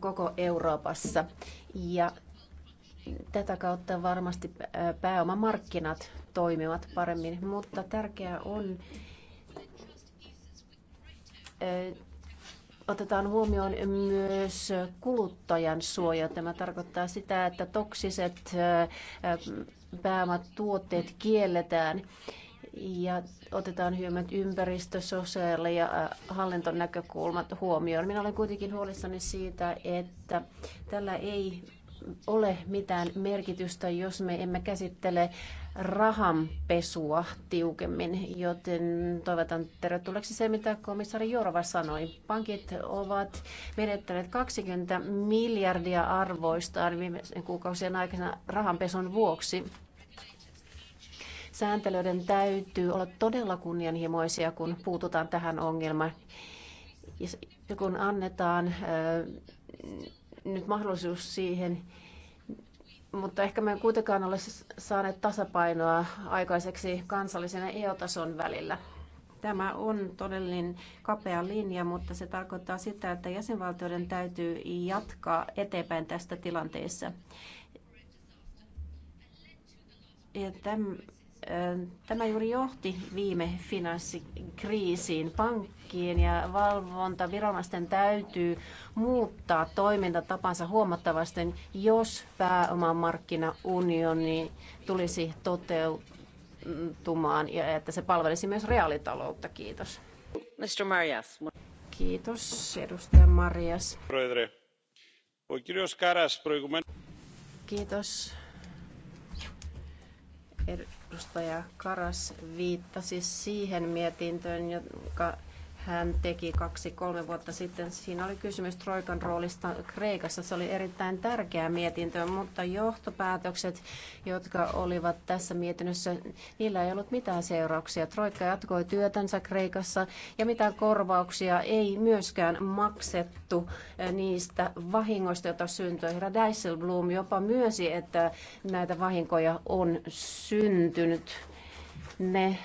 koko Euroopassa. Ja tätä kautta varmasti äh, pääomamarkkinat toimivat paremmin, mutta tärkeää on, eh, otetaan huomioon myös kuluttajan suoja. Tämä tarkoittaa sitä, että toksiset eh, pääomatuotteet kielletään ja otetaan hyömät ympäristö-, sosiaali- ja eh, hallintonäkökulmat huomioon. Minä olen kuitenkin huolissani siitä, että tällä ei ole mitään merkitystä, jos me emme käsittele rahanpesua tiukemmin, joten toivotan tervetulleeksi se, mitä komissaari Jorva sanoi. Pankit ovat menettäneet 20 miljardia arvoistaan viimeisen kuukausien aikana rahanpesun vuoksi. Sääntelyiden täytyy olla todella kunnianhimoisia, kun puututaan tähän ongelmaan. Ja kun annetaan nyt mahdollisuus siihen, mutta ehkä me ei kuitenkaan ole saaneet tasapainoa aikaiseksi kansallisen ja EU-tason välillä. Tämä on todellinen kapea linja, mutta se tarkoittaa sitä, että jäsenvaltioiden täytyy jatkaa eteenpäin tästä tilanteessa. Ja tämän Tämä juuri johti viime finanssikriisiin. Pankkien ja valvontaviranomaisten täytyy muuttaa toimintatapansa huomattavasti, jos pääomamarkkinaunioni tulisi toteutumaan ja että se palvelisi myös reaalitaloutta. Kiitos. Mr. Marias. Kiitos, edustaja Marias. Kiitos. Er- Edustaja Karas viittasi siihen mietintöön, joka hän teki kaksi-kolme vuotta sitten. Siinä oli kysymys Troikan roolista Kreikassa. Se oli erittäin tärkeä mietintö, mutta johtopäätökset, jotka olivat tässä mietinnössä, niillä ei ollut mitään seurauksia. Troikka jatkoi työtänsä Kreikassa ja mitään korvauksia ei myöskään maksettu eh, niistä vahingoista, joita syntyi. Herra Dijsselbloem jopa myönsi, että näitä vahinkoja on syntynyt. Ne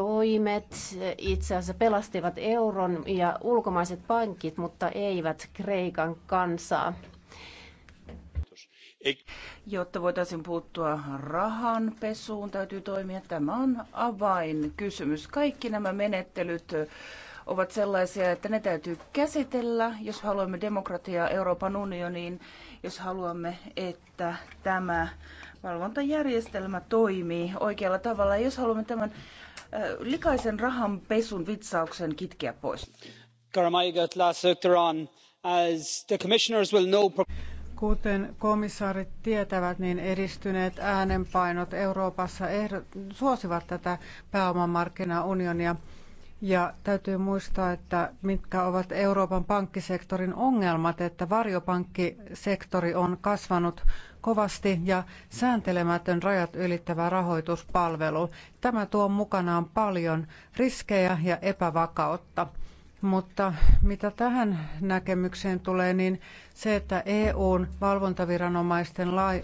toimet itse asiassa pelastivat euron ja ulkomaiset pankit, mutta eivät Kreikan kansaa. Jotta voitaisiin puuttua rahanpesuun, täytyy toimia. Tämä on avainkysymys. Kaikki nämä menettelyt ovat sellaisia, että ne täytyy käsitellä, jos haluamme demokratiaa Euroopan unioniin, jos haluamme, että tämä valvontajärjestelmä toimii oikealla tavalla. jos haluamme tämän likaisen rahan pesun vitsauksen kitkeä pois. Kuten komissaarit tietävät, niin edistyneet äänenpainot Euroopassa suosivat tätä pääomamarkkinaunionia. Ja täytyy muistaa, että mitkä ovat Euroopan pankkisektorin ongelmat, että varjopankkisektori on kasvanut kovasti ja sääntelemätön rajat ylittävä rahoituspalvelu. Tämä tuo mukanaan paljon riskejä ja epävakautta. Mutta mitä tähän näkemykseen tulee, niin se, että EUn valvontaviranomaisten lai-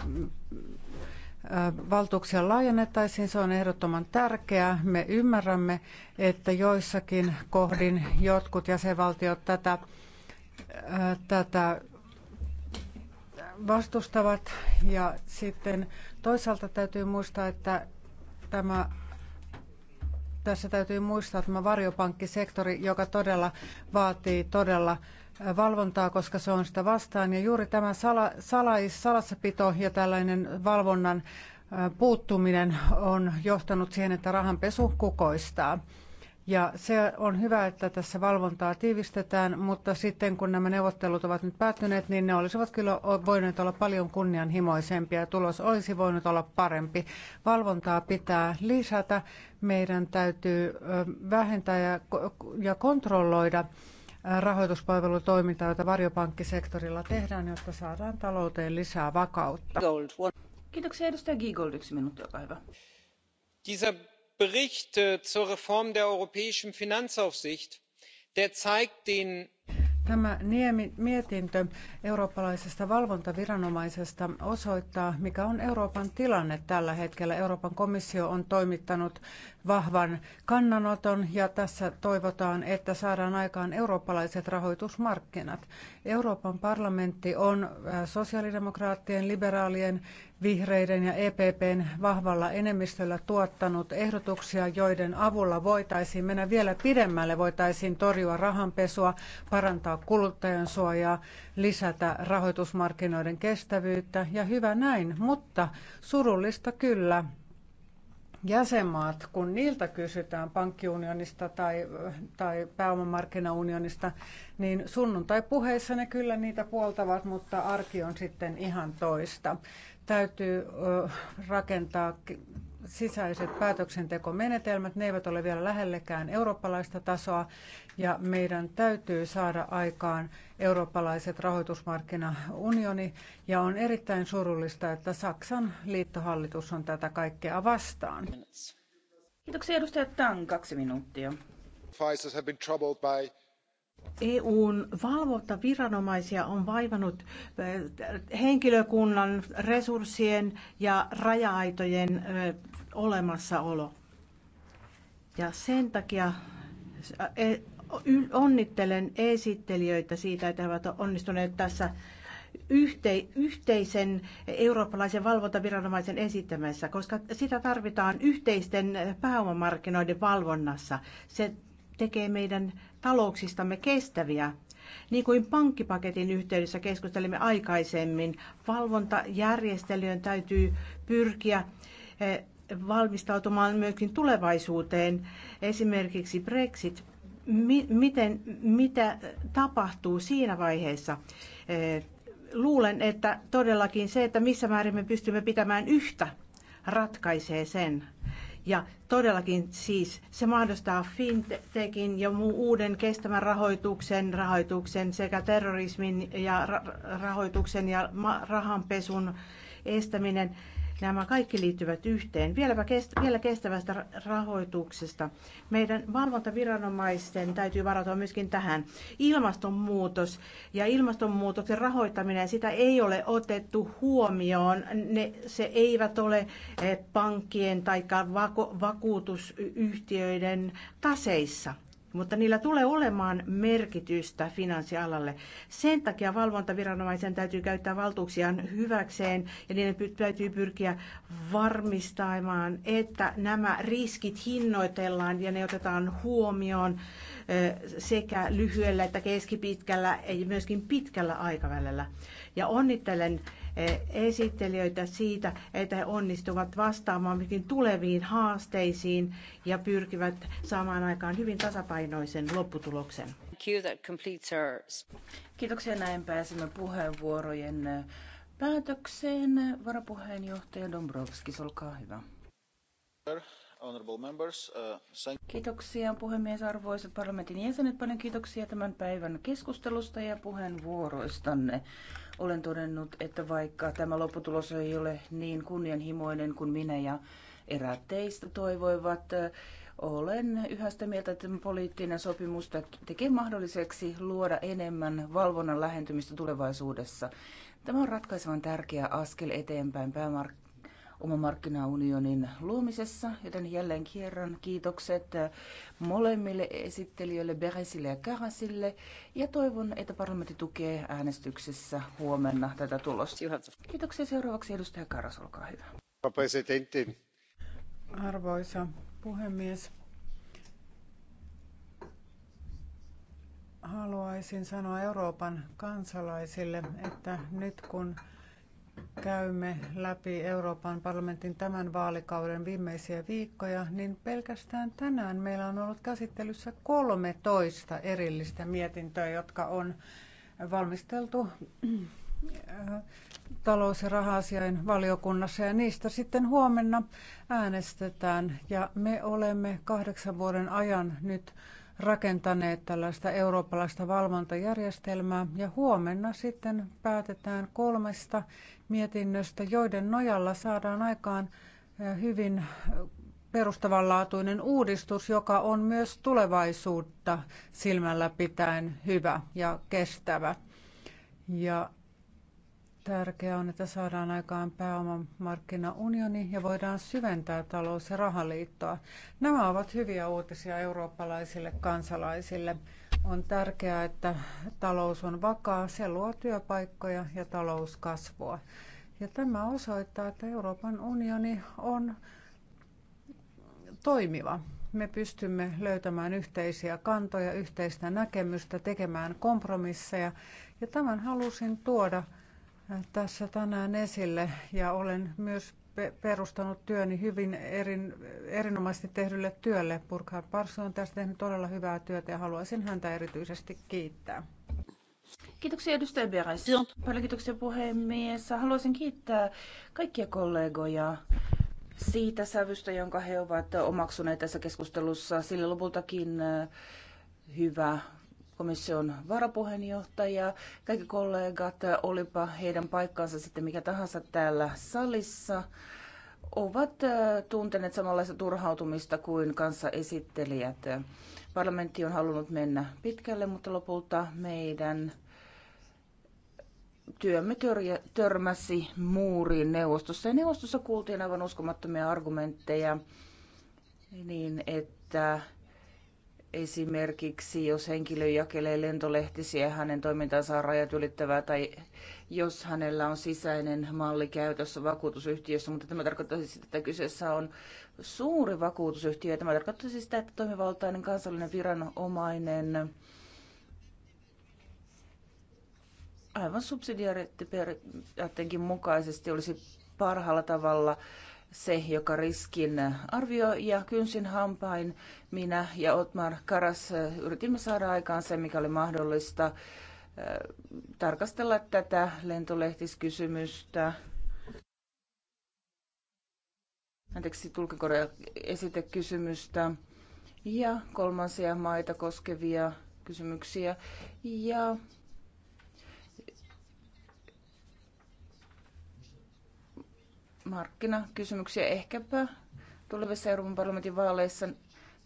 valtuuksia laajennettaisiin, se on ehdottoman tärkeää. Me ymmärrämme, että joissakin kohdin jotkut jäsenvaltiot tätä, tätä vastustavat. Ja sitten toisaalta täytyy muistaa, että tämä tässä täytyy muistaa tämä varjopankkisektori, joka todella vaatii todella valvontaa, koska se on sitä vastaan. Ja juuri tämä sala, salais, salassapito ja tällainen valvonnan puuttuminen on johtanut siihen, että rahanpesu kukoistaa. Ja se on hyvä, että tässä valvontaa tiivistetään, mutta sitten kun nämä neuvottelut ovat nyt päättyneet, niin ne olisivat kyllä voineet olla paljon kunnianhimoisempia ja tulos olisi voinut olla parempi. Valvontaa pitää lisätä, meidän täytyy vähentää ja, ja kontrolloida rahoituspalvelutoimintaa, jota varjopankkisektorilla tehdään, jotta saadaan talouteen lisää vakautta. Kiitoksia edustaja Giegold, yksi minuutti, olkaa hyvä bericht äh, zur reform der europäischen finanzaufsicht zeigt den Tämä Niemin mietintö eurooppalaisesta valvontaviranomaisesta osoittaa, mikä on Euroopan tilanne tällä hetkellä. Euroopan komissio on toimittanut vahvan kannanoton ja tässä toivotaan, että saadaan aikaan eurooppalaiset rahoitusmarkkinat. Euroopan parlamentti on äh, sosiaalidemokraattien, liberaalien, vihreiden ja EPPn vahvalla enemmistöllä tuottanut ehdotuksia, joiden avulla voitaisiin mennä vielä pidemmälle, voitaisiin torjua rahanpesua, parantaa kuluttajan suojaa, lisätä rahoitusmarkkinoiden kestävyyttä ja hyvä näin, mutta surullista kyllä jäsenmaat, kun niiltä kysytään pankkiunionista tai, tai pääomamarkkinaunionista, niin sunnuntai-puheissa ne kyllä niitä puoltavat, mutta arki on sitten ihan toista. Täytyy rakentaa sisäiset päätöksentekomenetelmät, ne eivät ole vielä lähellekään eurooppalaista tasoa, ja meidän täytyy saada aikaan eurooppalaiset rahoitusmarkkinaunioni ja on erittäin surullista, että Saksan liittohallitus on tätä kaikkea vastaan. Kiitoksia edustaja Tang, kaksi minuuttia. EUn e valvontaviranomaisia on vaivannut eh, henkilökunnan resurssien ja raja-aitojen eh, olemassaolo. Ja sen takia eh, Onnittelen esittelijöitä siitä, että he ovat onnistuneet tässä yhte, yhteisen eurooppalaisen valvontaviranomaisen esittämässä, koska sitä tarvitaan yhteisten pääomamarkkinoiden valvonnassa. Se tekee meidän talouksistamme kestäviä. Niin kuin pankkipaketin yhteydessä keskustelimme aikaisemmin, valvontajärjestelyön täytyy pyrkiä eh, valmistautumaan myöskin tulevaisuuteen. Esimerkiksi Brexit mi, miten, mitä tapahtuu siinä vaiheessa. Luulen, että todellakin se, että missä määrin me pystymme pitämään yhtä, ratkaisee sen. Ja todellakin siis se mahdollistaa fintechin ja muun uuden kestävän rahoituksen, rahoituksen sekä terrorismin ja ra- rahoituksen ja rahanpesun estäminen Nämä kaikki liittyvät yhteen. Vieläpä kestä, vielä kestävästä rahoituksesta. Meidän valvontaviranomaisten täytyy varautua myöskin tähän. Ilmastonmuutos ja ilmastonmuutoksen rahoittaminen, sitä ei ole otettu huomioon. Ne, se eivät ole eh, pankkien tai vakuutusyhtiöiden taseissa mutta niillä tulee olemaan merkitystä finanssialalle. Sen takia valvontaviranomaisen täytyy käyttää valtuuksiaan hyväkseen ja niiden täytyy pyrkiä varmistamaan, että nämä riskit hinnoitellaan ja ne otetaan huomioon sekä lyhyellä että keskipitkällä ja myöskin pitkällä aikavälillä. Ja onnittelen esittelijöitä siitä, että he onnistuvat vastaamaan myöskin tuleviin haasteisiin ja pyrkivät saamaan aikaan hyvin tasapainoisen lopputuloksen. Kiitoksia. Näin pääsemme puheenvuorojen äh, päätökseen. Varapuheenjohtaja Dombrovskis, olkaa hyvä. Uh, kiitoksia puhemies, arvoisat parlamentin jäsenet. Paljon kiitoksia tämän päivän keskustelusta ja puheenvuoroistanne. Olen todennut, että vaikka tämä lopputulos ei ole niin kunnianhimoinen kuin minä ja eräät teistä toivoivat, olen yhä sitä mieltä, että poliittinen sopimus tekee mahdolliseksi luoda enemmän valvonnan lähentymistä tulevaisuudessa. Tämä on ratkaisevan tärkeä askel eteenpäin päämarkkinoilla omamarkkinaunionin luomisessa, joten jälleen kerran kiitokset molemmille esittelijöille, Beresille ja Karasille, ja toivon, että parlamentti tukee äänestyksessä huomenna tätä tulosta. Kiitoksia seuraavaksi edustaja Karas, olkaa hyvä. Arvoisa puhemies, haluaisin sanoa Euroopan kansalaisille, että nyt kun käymme läpi Euroopan parlamentin tämän vaalikauden viimeisiä viikkoja, niin pelkästään tänään meillä on ollut käsittelyssä 13 erillistä mietintöä, jotka on valmisteltu äh, talous- ja rahasiain valiokunnassa ja niistä sitten huomenna äänestetään. Ja me olemme kahdeksan vuoden ajan nyt rakentaneet tällaista eurooppalaista valvontajärjestelmää ja huomenna sitten päätetään kolmesta mietinnöstä, joiden nojalla saadaan aikaan eh, hyvin eh, perustavanlaatuinen uudistus, joka on myös tulevaisuutta silmällä pitäen hyvä ja kestävä. Ja Tärkeää on, että saadaan aikaan pääomamarkkinaunioni ja voidaan syventää talous- ja rahaliittoa. Nämä ovat hyviä uutisia eurooppalaisille kansalaisille. On tärkeää, että talous on vakaa, se luo työpaikkoja ja talouskasvua. Ja tämä osoittaa, että Euroopan unioni on toimiva. Me pystymme löytämään yhteisiä kantoja, yhteistä näkemystä, tekemään kompromisseja. Ja tämän halusin tuoda tässä tänään esille ja olen myös perustanut työni hyvin erin, erinomaisesti tehdylle työlle. Burkhard Parsu on tässä tehnyt todella hyvää työtä ja haluaisin häntä erityisesti kiittää. Kiitoksia edustaja Beres. Paljon kiitoksia puhemies. Haluaisin kiittää kaikkia kollegoja siitä sävystä, jonka he ovat omaksuneet tässä keskustelussa. Sillä lopultakin äh, hyvä komission varapuheenjohtaja, kaikki kollegat, olipa heidän paikkaansa sitten mikä tahansa täällä salissa, ovat tunteneet samanlaista turhautumista kuin kanssa esittelijät. Parlamentti on halunnut mennä pitkälle, mutta lopulta meidän työmme törmäsi muuriin neuvostossa. Ja neuvostossa kuultiin aivan uskomattomia argumentteja niin, että Esimerkiksi jos henkilö jakelee lentolehtisiä, hänen toimintansa on rajat ylittävää tai jos hänellä on sisäinen malli käytössä vakuutusyhtiössä, mutta tämä tarkoittaisi sitä, että kyseessä on suuri vakuutusyhtiö ja tämä tarkoittaisi sitä, että toimivaltainen kansallinen viranomainen aivan subsidiariteettiperiaatteenkin mukaisesti olisi parhaalla tavalla se, joka riskin arvioi ja kynsin hampain minä ja Otmar Karas yritimme saada aikaan se, mikä oli mahdollista tarkastella tätä lentolehtiskysymystä. Anteeksi, tulkikorea esitekysymystä ja kolmansia maita koskevia kysymyksiä. Ja markkinakysymyksiä. Ehkäpä tulevissa Euroopan parlamentin vaaleissa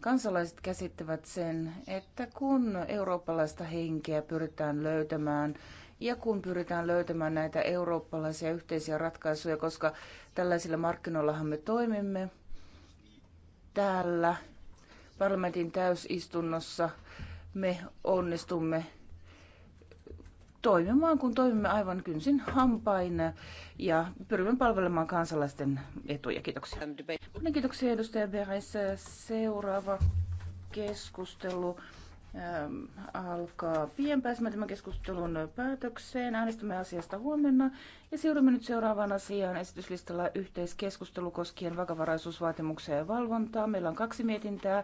kansalaiset käsittävät sen, että kun eurooppalaista henkeä pyritään löytämään ja kun pyritään löytämään näitä eurooppalaisia yhteisiä ratkaisuja, koska tällaisilla markkinoillahan me toimimme täällä parlamentin täysistunnossa, me onnistumme toimimaan, kun toimimme aivan kynsin hampain ja pyrimme palvelemaan kansalaisten etuja. Kiitoksia. Paljon kiitoksia edustaja Beres. Seuraava keskustelu ähm, alkaa pian. tämän keskustelun päätökseen. Äänestämme asiasta huomenna ja siirrymme nyt seuraavaan asiaan esityslistalla yhteiskeskustelu koskien vakavaraisuusvaatimuksia ja valvontaa. Meillä on kaksi mietintää.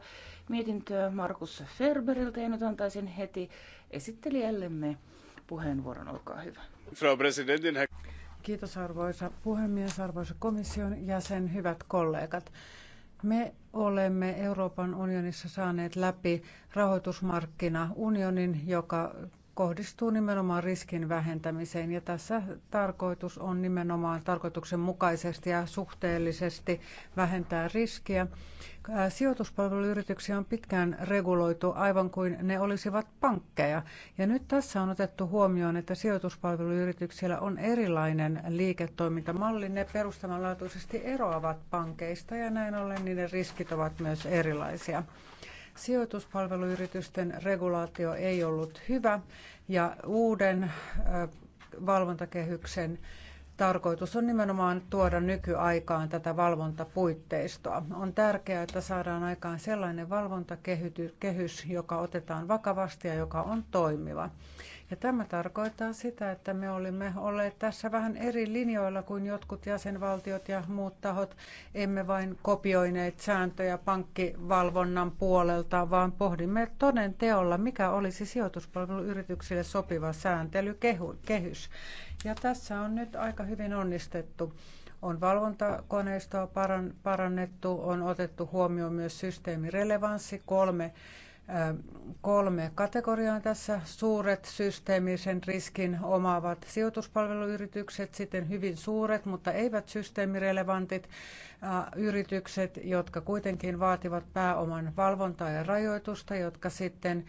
Mietintöä Markus Ferberiltä ja nyt antaisin heti esittelijällemme puheenvuoron. Olkaa hyvä. Frau Präsidentin. Kiitos arvoisa puhemies, arvoisa komission jäsen, hyvät kollegat. Me olemme Euroopan unionissa saaneet läpi rahoitusmarkkinaunionin, joka kohdistuu nimenomaan riskin vähentämiseen ja tässä tarkoitus on nimenomaan tarkoituksenmukaisesti ja suhteellisesti vähentää riskiä. Sijoituspalveluyrityksiä on pitkään reguloitu aivan kuin ne olisivat pankkeja ja nyt tässä on otettu huomioon, että sijoituspalveluyrityksillä on erilainen liiketoimintamalli. Ne perustavanlaatuisesti eroavat pankeista ja näin ollen niiden riskit ovat myös erilaisia. Sijoituspalveluyritysten regulaatio ei ollut hyvä ja uuden valvontakehyksen tarkoitus on nimenomaan tuoda nykyaikaan tätä valvontapuitteistoa. On tärkeää, että saadaan aikaan sellainen valvontakehys, joka otetaan vakavasti ja joka on toimiva. Ja tämä tarkoittaa sitä, että me olimme olleet tässä vähän eri linjoilla kuin jotkut jäsenvaltiot ja muut tahot. Emme vain kopioineet sääntöjä pankkivalvonnan puolelta, vaan pohdimme toden teolla, mikä olisi sijoituspalveluyrityksille sopiva sääntelykehys. Ja tässä on nyt aika hyvin onnistettu. On valvontakoneistoa parannettu, on otettu huomioon myös systeemirelevanssi, kolme kolme kategoriaa tässä. Suuret systeemisen riskin omaavat sijoituspalveluyritykset, sitten hyvin suuret, mutta eivät systeemirelevantit yritykset, jotka kuitenkin vaativat pääoman valvontaa ja rajoitusta, jotka sitten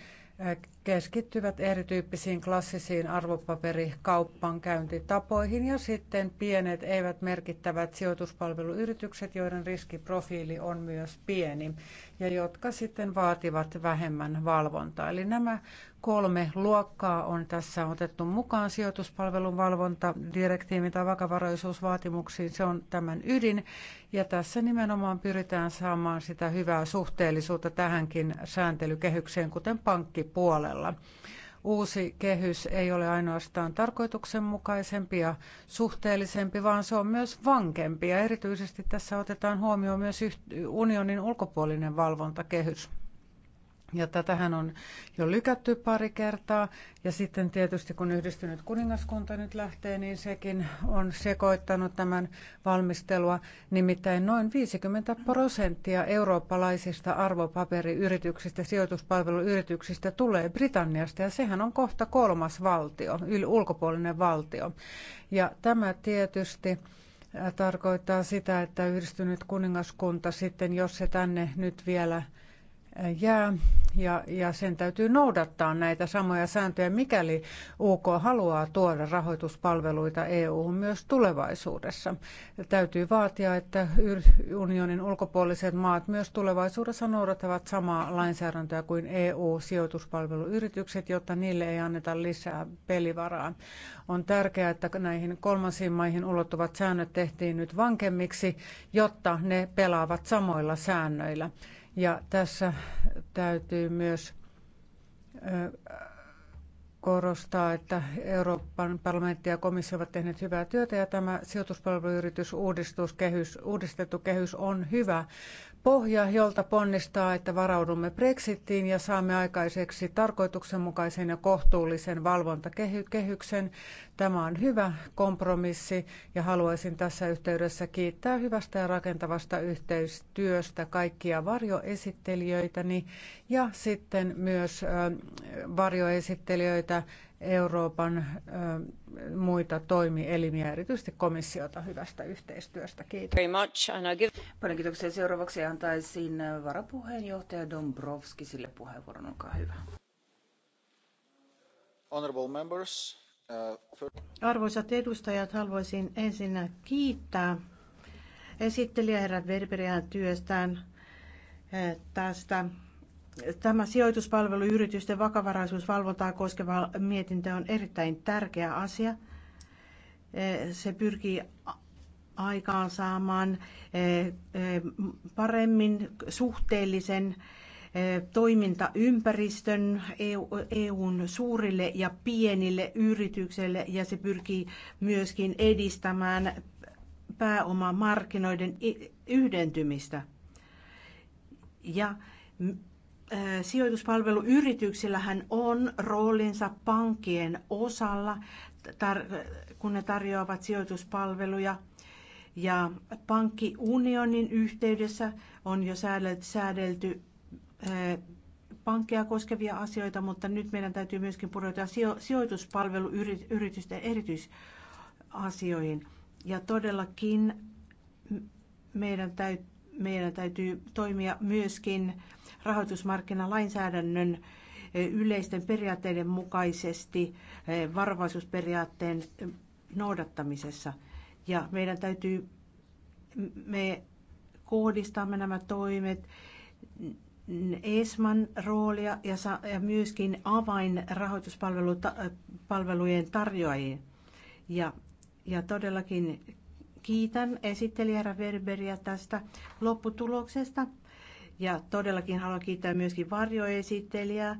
keskittyvät erityyppisiin klassisiin arvopaperikauppankäyntitapoihin ja sitten pienet eivät merkittävät sijoituspalveluyritykset, joiden riskiprofiili on myös pieni ja jotka sitten vaativat vähemmän valvontaa. Eli nämä kolme luokkaa on tässä otettu mukaan sijoituspalvelun valvonta direktiivin tai vakavaraisuusvaatimuksiin. Se on tämän ydin ja tässä nimenomaan pyritään saamaan sitä hyvää suhteellisuutta tähänkin sääntelykehykseen, kuten pankkipuolella alueella. Uusi kehys ei ole ainoastaan tarkoituksenmukaisempi ja suhteellisempi, vaan se on myös vankempi. Ja erityisesti tässä otetaan huomioon myös unionin ulkopuolinen valvontakehys. Ja tätähän on jo lykätty pari kertaa. Ja sitten tietysti kun yhdistynyt kuningaskunta nyt lähtee, niin sekin on sekoittanut tämän valmistelua. Nimittäin noin 50 prosenttia eurooppalaisista arvopaperiyrityksistä, sijoituspalveluyrityksistä tulee Britanniasta. Ja sehän on kohta kolmas valtio, ulkopuolinen valtio. Ja tämä tietysti tarkoittaa sitä, että yhdistynyt kuningaskunta sitten, jos se tänne nyt vielä jää ja, ja sen täytyy noudattaa näitä samoja sääntöjä, mikäli UK haluaa tuoda rahoituspalveluita EU:hun myös tulevaisuudessa. Täytyy vaatia, että unionin ulkopuoliset maat myös tulevaisuudessa noudattavat samaa lainsäädäntöä kuin EU-sijoituspalveluyritykset, jotta niille ei anneta lisää pelivaraa. On tärkeää, että näihin kolmansiin maihin ulottuvat säännöt tehtiin nyt vankemmiksi, jotta ne pelaavat samoilla säännöillä. Ja tässä täytyy myös korostaa, että Euroopan parlamentti ja komissio ovat tehneet hyvää työtä ja tämä kehys, uudistettu kehys on hyvä pohja, jolta ponnistaa, että varaudumme Brexitiin ja saamme aikaiseksi tarkoituksenmukaisen ja kohtuullisen valvontakehyksen. Tämä on hyvä kompromissi ja haluaisin tässä yhteydessä kiittää hyvästä ja rakentavasta yhteistyöstä kaikkia varjoesittelijöitäni ja sitten myös varjoesittelijöitä Euroopan muita toimielimiä, erityisesti komissiota hyvästä yhteistyöstä. Kiitos. Paljon kiitoksia. Seuraavaksi antaisin varapuheenjohtaja Dombrovskisille puheenvuoron. Olkaa hyvä. Honorable members, Äh, arvoisat edustajat, haluaisin ensinnä kiittää esittelijä herra Verberiä työstään äh, tästä. Tämä sijoituspalveluyritysten vakavaraisuusvalvontaa koskeva mietintö on erittäin tärkeä asia. Äh, se pyrkii aikaansaamaan paremmin suhteellisen toimintaympäristön EUn e suurille ja pienille yrityksille ja se pyrkii myöskin edistämään pääomamarkkinoiden yhdentymistä. Ja sijoituspalveluyrityksillähän on roolinsa pankkien osalla, kun ne tarjoavat sijoituspalveluja. Ja pankkiunionin yhteydessä on jo säädelty pankkeja koskevia asioita, mutta nyt meidän täytyy myöskin pureutua sijoituspalveluyritysten erityisasioihin. Ja todellakin meidän täytyy meidän täytyy toimia myöskin rahoitusmarkkinalainsäädännön yleisten periaatteiden mukaisesti varovaisuusperiaatteen noudattamisessa. Ja meidän täytyy, me kohdistamme nämä toimet ESMAn roolia ja, ja myöskin avainrahoituspalvelujen tarjoajia. Ja, ja todellakin kiitän esittelijä Verberia tästä lopputuloksesta. Ja todellakin haluan kiittää myöskin varjoesittelijää.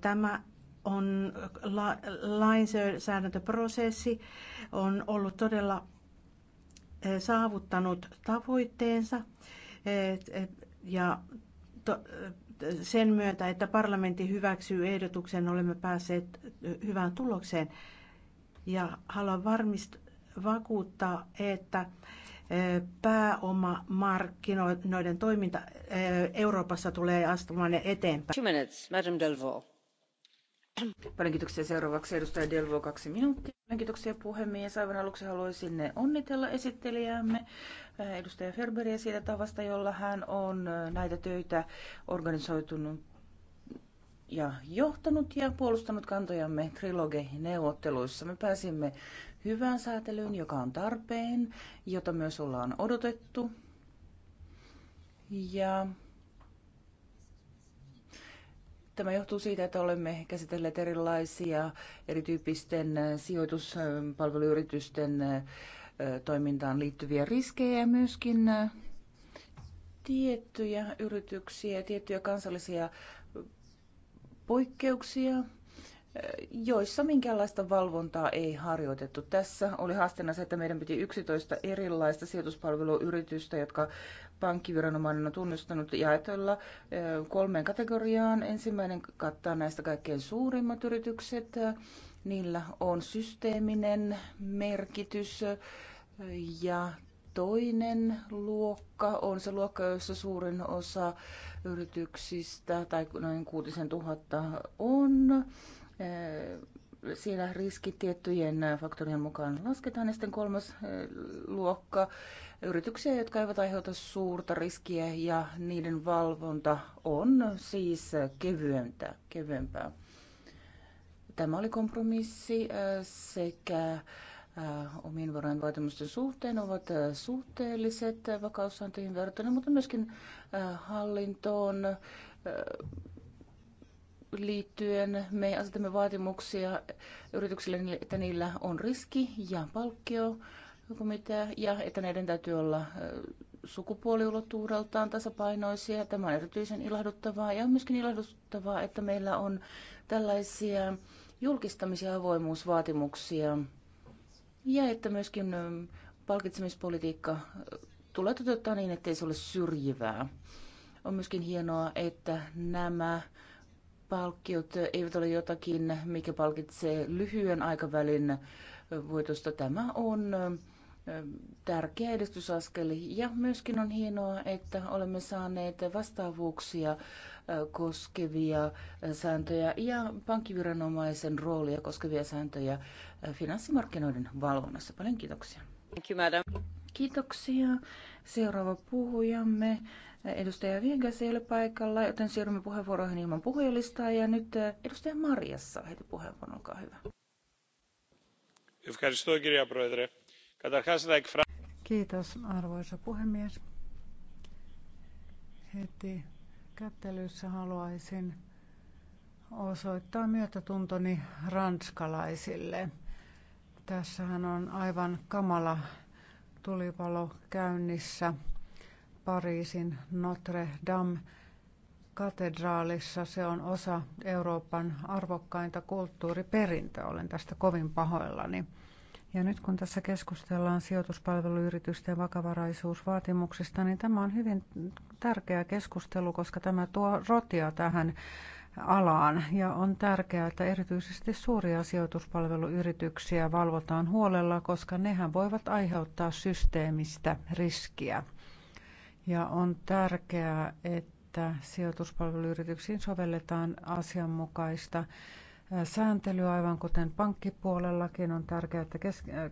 Tämä on la, lainsäädäntöprosessi on ollut todella saavuttanut tavoitteensa ja sen myötä, että parlamentti hyväksyy ehdotuksen, olemme päässeet hyvään tulokseen. Ja haluan varmist, vakuuttaa, että pääomamarkkinoiden toiminta Euroopassa tulee astumaan eteenpäin. Two minutes, Delvaux Paljon kiitoksia seuraavaksi edustaja Delvo, kaksi minuuttia. Paljon kiitoksia puhemies. Aivan aluksi haluaisin ne onnitella esittelijämme eh, edustaja Ferberiä siitä tavasta, jolla hän on eh, näitä töitä organisoitunut ja johtanut ja puolustanut kantojamme triloge-neuvotteluissa. Me pääsimme hyvään säätelyyn, joka on tarpeen, jota myös ollaan odotettu. Ja Tämä johtuu siitä, että olemme käsitelleet erilaisia erityyppisten äh, sijoituspalveluyritysten äh, toimintaan liittyviä riskejä ja myöskin äh, tiettyjä yrityksiä, tiettyjä kansallisia poikkeuksia, joissa minkäänlaista valvontaa ei harjoitettu. Tässä oli haasteena se, että meidän piti 11 erilaista sijoituspalveluyritystä, jotka pankkiviranomainen on tunnistanut jaetella kolmeen kategoriaan. Ensimmäinen kattaa näistä kaikkein suurimmat yritykset. Niillä on systeeminen merkitys ja toinen luokka on se luokka, jossa suurin osa yrityksistä tai noin kuutisen tuhatta on. siellä riski tiettyjen faktorien mukaan lasketaan. Ja sitten kolmas luokka yrityksiä, jotka eivät aiheuta suurta riskiä ja niiden valvonta on siis kevyempää. kevyempää. Tämä oli kompromissi äh, sekä äh, omien varojen vaatimusten suhteen ovat äh, suhteelliset vakaussääntöihin verrattuna, mutta myöskin hallintoon liittyen me asetamme vaatimuksia yrityksille, että niillä on riski ja palkkio komitea ja että näiden täytyy olla sukupuoliulottuvuudeltaan tasapainoisia. Tämä on erityisen ilahduttavaa ja on myöskin ilahduttavaa, että meillä on tällaisia julkistamisia avoimuusvaatimuksia ja että myöskin palkitsemispolitiikka tulee toteuttaa niin, ettei se ole syrjivää. On myöskin hienoa, että nämä palkkiot eivät ole jotakin, mikä palkitsee lyhyen aikavälin voitosta. Tämä on tärkeä edistysaskeli. Ja myöskin on hienoa, että olemme saaneet vastaavuuksia koskevia sääntöjä ja pankkiviranomaisen roolia koskevia sääntöjä finanssimarkkinoiden valvonnassa. Paljon kiitoksia. Kiitoksia. Seuraava puhujamme. Edustaja Viegas ei ole paikalla, joten siirrymme puheenvuoroihin ilman puhujalistaa. Ja nyt edustaja Marjassa heti puheenvuoron, olkaa hyvä. Kiitos, kirja, Kiitos, arvoisa puhemies. Heti kättelyssä haluaisin osoittaa myötätuntoni ranskalaisille. Tässähän on aivan kamala tulipalo käynnissä Pariisin Notre Dame katedraalissa. Se on osa Euroopan arvokkainta kulttuuriperintöä. Olen tästä kovin pahoillani. Ja nyt kun tässä keskustellaan sijoituspalveluyritysten vakavaraisuusvaatimuksista, niin tämä on hyvin tärkeä keskustelu, koska tämä tuo rotia tähän alaan. Ja on tärkeää, että erityisesti suuria sijoituspalveluyrityksiä valvotaan huolella, koska nehän voivat aiheuttaa systeemistä riskiä. Ja on tärkeää, että sijoituspalveluyrityksiin sovelletaan asianmukaista sääntelyä, aivan kuten pankkipuolellakin. On tärkeää, että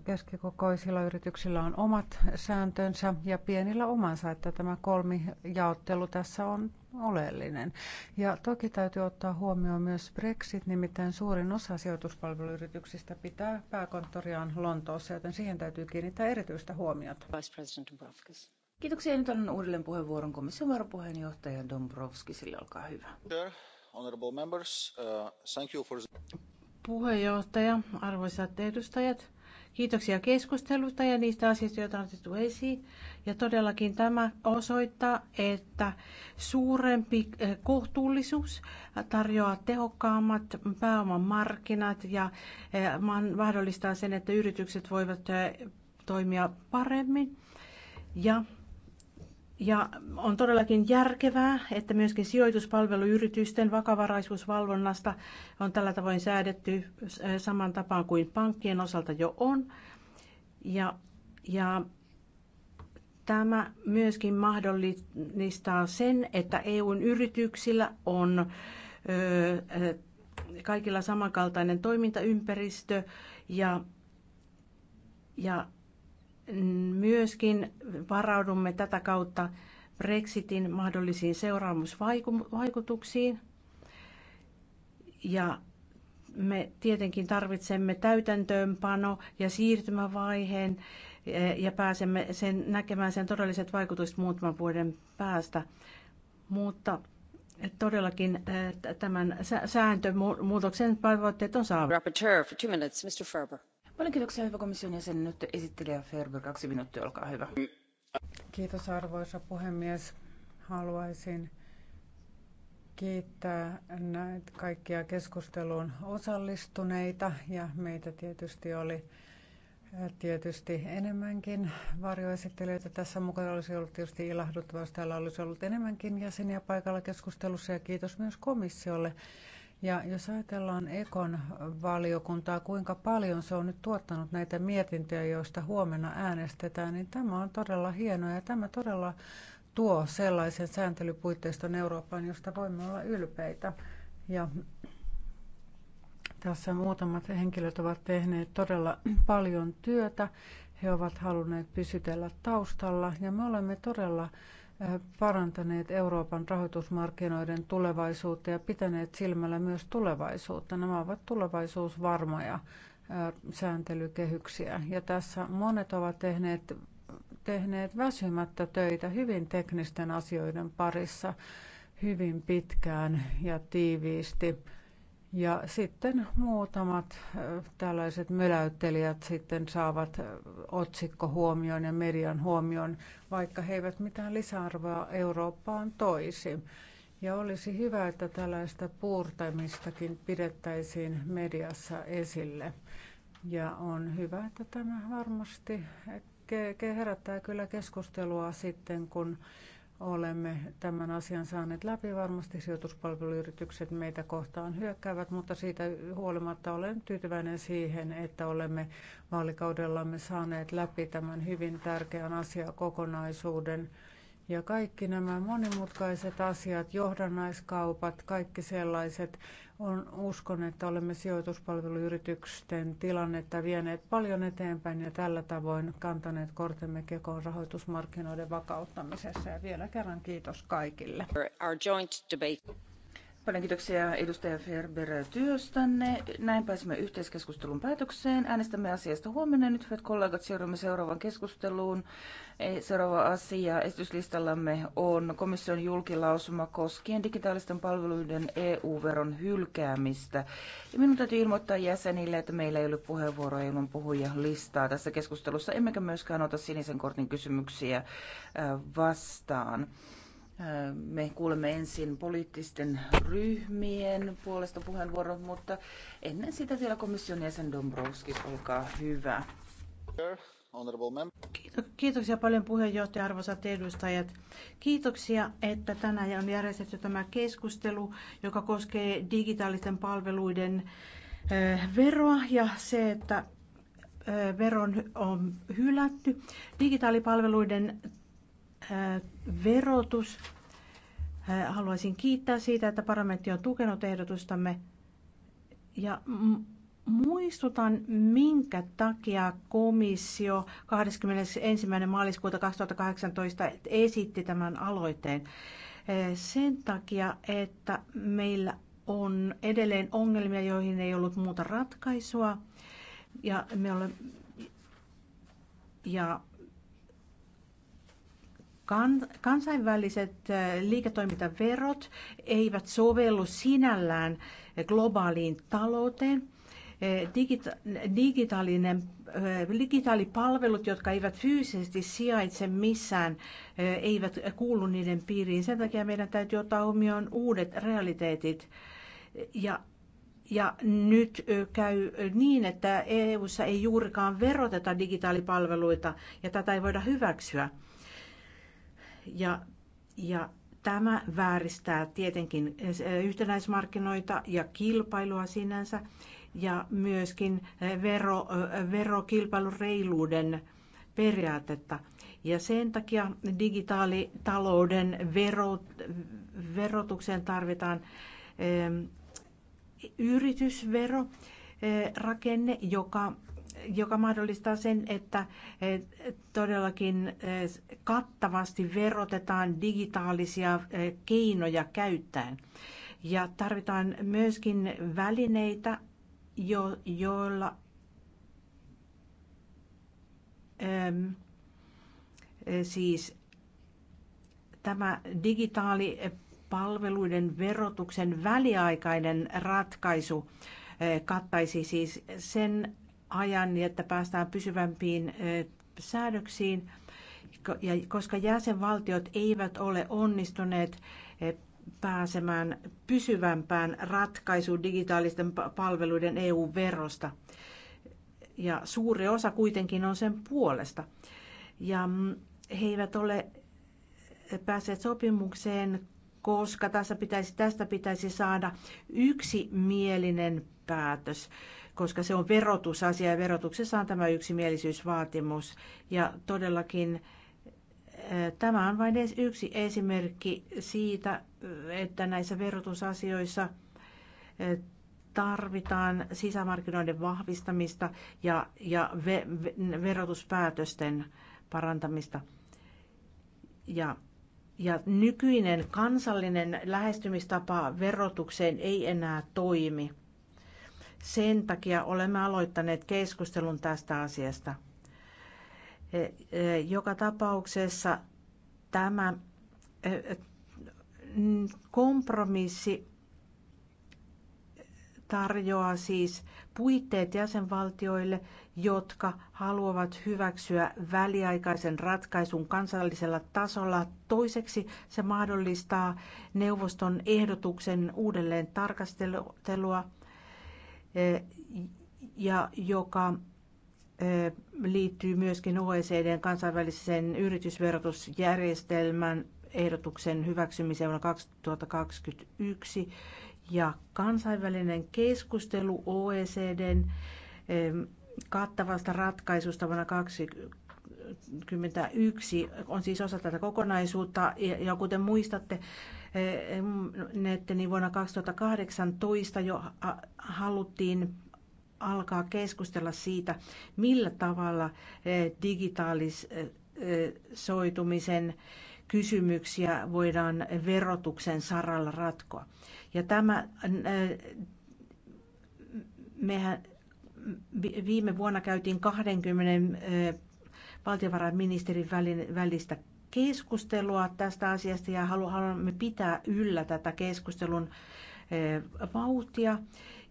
keskikokoisilla yrityksillä on omat sääntönsä ja pienillä omansa, että tämä kolmijaottelu tässä on oleellinen. Ja toki täytyy ottaa huomioon myös Brexit, nimittäin suurin osa sijoituspalveluyrityksistä pitää pääkonttoriaan Lontoossa, joten siihen täytyy kiinnittää erityistä huomiota. Vice President Dombrovskis. Kiitoksia. Nyt annan uudelleen puheenvuoron komission varapuheenjohtaja Dombrovskisille. Olkaa hyvä. Sure honourable uh, Puheenjohtaja, arvoisat edustajat, kiitoksia keskustelusta ja niistä asioista, joita on otettu esiin. Ja todellakin tämä osoittaa, että suurempi eh, kohtuullisuus tarjoaa tehokkaammat pääoman markkinat ja eh, mahdollistaa sen, että yritykset voivat eh, toimia paremmin. Ja ja on todellakin järkevää, että myöskin sijoituspalveluyritysten vakavaraisuusvalvonnasta on tällä tavoin säädetty saman tapaan kuin pankkien osalta jo on. Ja, ja tämä myöskin mahdollistaa sen, että EUn yrityksillä on ö, kaikilla samankaltainen toimintaympäristö ja, ja Myöskin varaudumme tätä kautta Brexitin mahdollisiin seuraamusvaikutuksiin. Ja me tietenkin tarvitsemme täytäntöönpano ja siirtymävaiheen eh, ja pääsemme sen, näkemään sen todelliset vaikutukset muutaman vuoden päästä. Mutta todellakin eh, tämän sääntömuutoksen tavoitteet on saavutettu. Paljon kiitoksia, hyvä komission jäsen. Nyt esittelijä Ferber, kaksi minuuttia, olkaa hyvä. Kiitos arvoisa puhemies. Haluaisin kiittää näitä kaikkia keskusteluun osallistuneita ja meitä tietysti oli eh, tietysti enemmänkin varjoesittelijöitä tässä mukana. Olisi ollut tietysti ilahduttavaa, jos täällä olisi ollut enemmänkin jäseniä paikalla keskustelussa ja kiitos myös komissiolle ja jos ajatellaan Ekon valiokuntaa, kuinka paljon se on nyt tuottanut näitä mietintöjä, joista huomenna äänestetään, niin tämä on todella hienoa ja tämä todella tuo sellaisen sääntelypuitteiston Eurooppaan, josta voimme olla ylpeitä. Ja tässä muutamat henkilöt ovat tehneet todella paljon työtä. He ovat halunneet pysytellä taustalla ja me olemme todella parantaneet Euroopan rahoitusmarkkinoiden tulevaisuutta ja pitäneet silmällä myös tulevaisuutta. Nämä ovat tulevaisuusvarmoja sääntelykehyksiä. Ja tässä monet ovat tehneet, tehneet väsymättä töitä hyvin teknisten asioiden parissa hyvin pitkään ja tiiviisti ja sitten muutamat tällaiset möläyttelijät sitten saavat otsikkohuomion ja median huomion, vaikka he eivät mitään lisäarvoa Eurooppaan toisi. Ja olisi hyvä, että tällaista puurtamistakin pidettäisiin mediassa esille. Ja on hyvä, että tämä varmasti herättää kyllä keskustelua sitten, kun olemme tämän asian saaneet läpi. Varmasti sijoituspalveluyritykset meitä kohtaan hyökkäävät, mutta siitä huolimatta olen tyytyväinen siihen, että olemme vaalikaudellamme saaneet läpi tämän hyvin tärkeän asiakokonaisuuden. Ja kaikki nämä monimutkaiset asiat, johdannaiskaupat, kaikki sellaiset, on, uskon, että olemme sijoituspalveluyritysten tilannetta vieneet paljon eteenpäin ja tällä tavoin kantaneet kortemme kekoon rahoitusmarkkinoiden vakauttamisessa. Ja vielä kerran kiitos kaikille. Paljon kiitoksia edustaja Ferber työstänne. Näin pääsemme yhteiskeskustelun päätökseen. Äänestämme asiasta huomenna. Nyt hyvät kollegat, siirrymme seuraavaan keskusteluun. E, seuraava asia esityslistallamme on komission julkilausuma koskien digitaalisten palveluiden EU-veron hylkäämistä. Ja minun täytyy ilmoittaa jäsenille, että meillä ei ole puheenvuoroa ilman puhuja listaa tässä keskustelussa, emmekä myöskään ota sinisen kortin kysymyksiä vastaan. Me kuulemme ensin poliittisten ryhmien puolesta puheenvuoron, mutta ennen sitä vielä komission jäsen Dombrovskis, olkaa hyvä. Kiitoksia paljon puheenjohtaja, arvoisat edustajat. Kiitoksia, että tänään on järjestetty tämä keskustelu, joka koskee digitaalisten palveluiden eh, veroa ja se, että eh, veron on hylätty. Digitaalipalveluiden Äh, verotus. Äh, haluaisin kiittää siitä, että parlamentti on tukenut ehdotustamme ja muistutan, minkä takia komissio 21. maaliskuuta 2018 esitti tämän aloitteen. Äh, sen takia, että meillä on edelleen ongelmia, joihin ei ollut muuta ratkaisua. Ja me olemme ja kansainväliset äh, liiketoimintaverot eivät sovellu sinällään globaaliin talouteen. Äh, digitaalinen, äh, digitaalipalvelut, jotka eivät fyysisesti sijaitse missään, eivät kuulu niiden piiriin. Sen takia meidän täytyy ottaa huomioon uudet realiteetit. Ja ja nyt käy niin, että EU:ssa ei juurikaan veroteta digitaalipalveluita ja tätä ei voida hyväksyä ja, ja tämä vääristää tietenkin eh, yhtenäismarkkinoita ja kilpailua sinänsä ja myöskin eh, vero, eh, verokilpailureiluuden reiluuden periaatetta. Ja sen takia digitaalitalouden verot, verotukseen tarvitaan yritysvero, rakenne, joka joka mahdollistaa sen, että eh, todellakin eh, kattavasti verotetaan digitaalisia eh, keinoja käyttäen. Ja tarvitaan myöskin välineitä, jo, joilla äm, ehm, siis tämä digitaalipalveluiden verotuksen väliaikainen ratkaisu kattaisi siis sen ajan, niin että päästään pysyvämpiin säädöksiin. Ja koska jäsenvaltiot eivät ole onnistuneet pääsemään pysyvämpään ratkaisuun digitaalisten palveluiden EU-verosta. Ja suuri osa kuitenkin on sen puolesta. Ja mm, he eivät ole päässeet sopimukseen, koska tässä pitäisi, tästä pitäisi saada yksimielinen päätös koska se on verotusasia ja verotuksessa on tämä yksimielisyysvaatimus. Ja todellakin eh, tämä on vain yksi esimerkki siitä, eh, että näissä verotusasioissa eh, tarvitaan sisämarkkinoiden vahvistamista ja, ja ve, ve, verotuspäätösten parantamista. Ja, ja nykyinen kansallinen lähestymistapa verotukseen ei enää toimi. Sen takia olemme aloittaneet keskustelun tästä asiasta. E, e, joka tapauksessa tämä e, kompromissi tarjoaa siis puitteet jäsenvaltioille, jotka haluavat hyväksyä väliaikaisen ratkaisun kansallisella tasolla. Toiseksi se mahdollistaa neuvoston ehdotuksen uudelleen tarkastelua ja joka liittyy myöskin OECDn kansainvälisen yritysverotusjärjestelmän ehdotuksen hyväksymiseen vuonna 2021 ja kansainvälinen keskustelu OECDn kattavasta ratkaisusta vuonna 2021 on siis osa tätä kokonaisuutta ja kuten muistatte että niin vuonna 2018 jo haluttiin alkaa keskustella siitä, millä tavalla e, digitaalisoitumisen e, e, kysymyksiä voidaan verotuksen saralla ratkoa. Ja tämä, mehän viime vuonna käytiin 20 valtiovarainministerin välistä keskustelua tästä asiasta ja haluamme pitää yllä tätä keskustelun eh, vauhtia.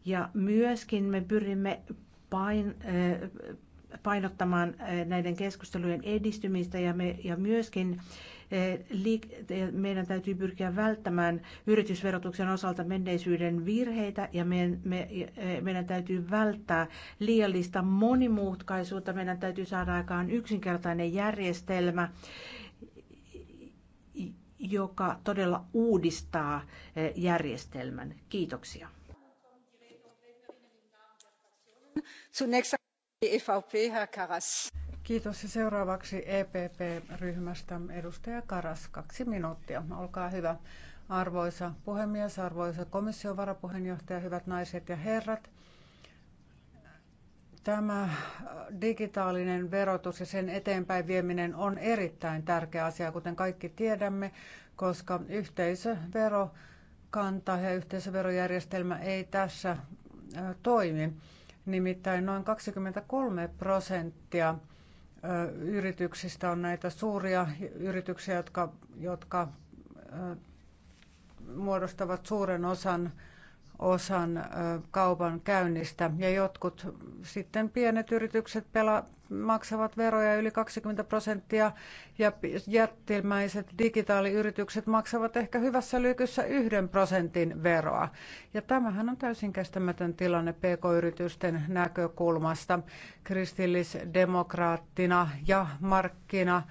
Ja myöskin me pyrimme pain, eh, painottamaan eh, näiden keskustelujen edistymistä ja, me, ja myöskin meidän täytyy pyrkiä välttämään yritysverotuksen osalta menneisyyden virheitä ja meidän, me, meidän täytyy välttää liiallista monimutkaisuutta. Meidän täytyy saada aikaan yksinkertainen järjestelmä joka todella uudistaa eh, järjestelmän. Kiitoksia. E Kiitos. Ja seuraavaksi EPP-ryhmästä edustaja Karas, kaksi minuuttia. Olkaa hyvä. Arvoisa puhemies, arvoisa komission varapuheenjohtaja, hyvät naiset ja herrat. Tämä digitaalinen verotus ja sen eteenpäin vieminen on erittäin tärkeä asia, kuten kaikki tiedämme, koska yhteisöverokanta ja yhteisöverojärjestelmä ei tässä toimi. Nimittäin noin 23 prosenttia yrityksistä on näitä suuria yrityksiä, jotka, jotka muodostavat suuren osan osan kaupan käynnistä. Ja jotkut sitten pienet yritykset pela, maksavat veroja yli 20 prosenttia ja jättimäiset digitaaliyritykset maksavat ehkä hyvässä lykyssä yhden prosentin veroa. Ja tämähän on täysin kestämätön tilanne pk-yritysten näkökulmasta. Kristillisdemokraattina ja markkina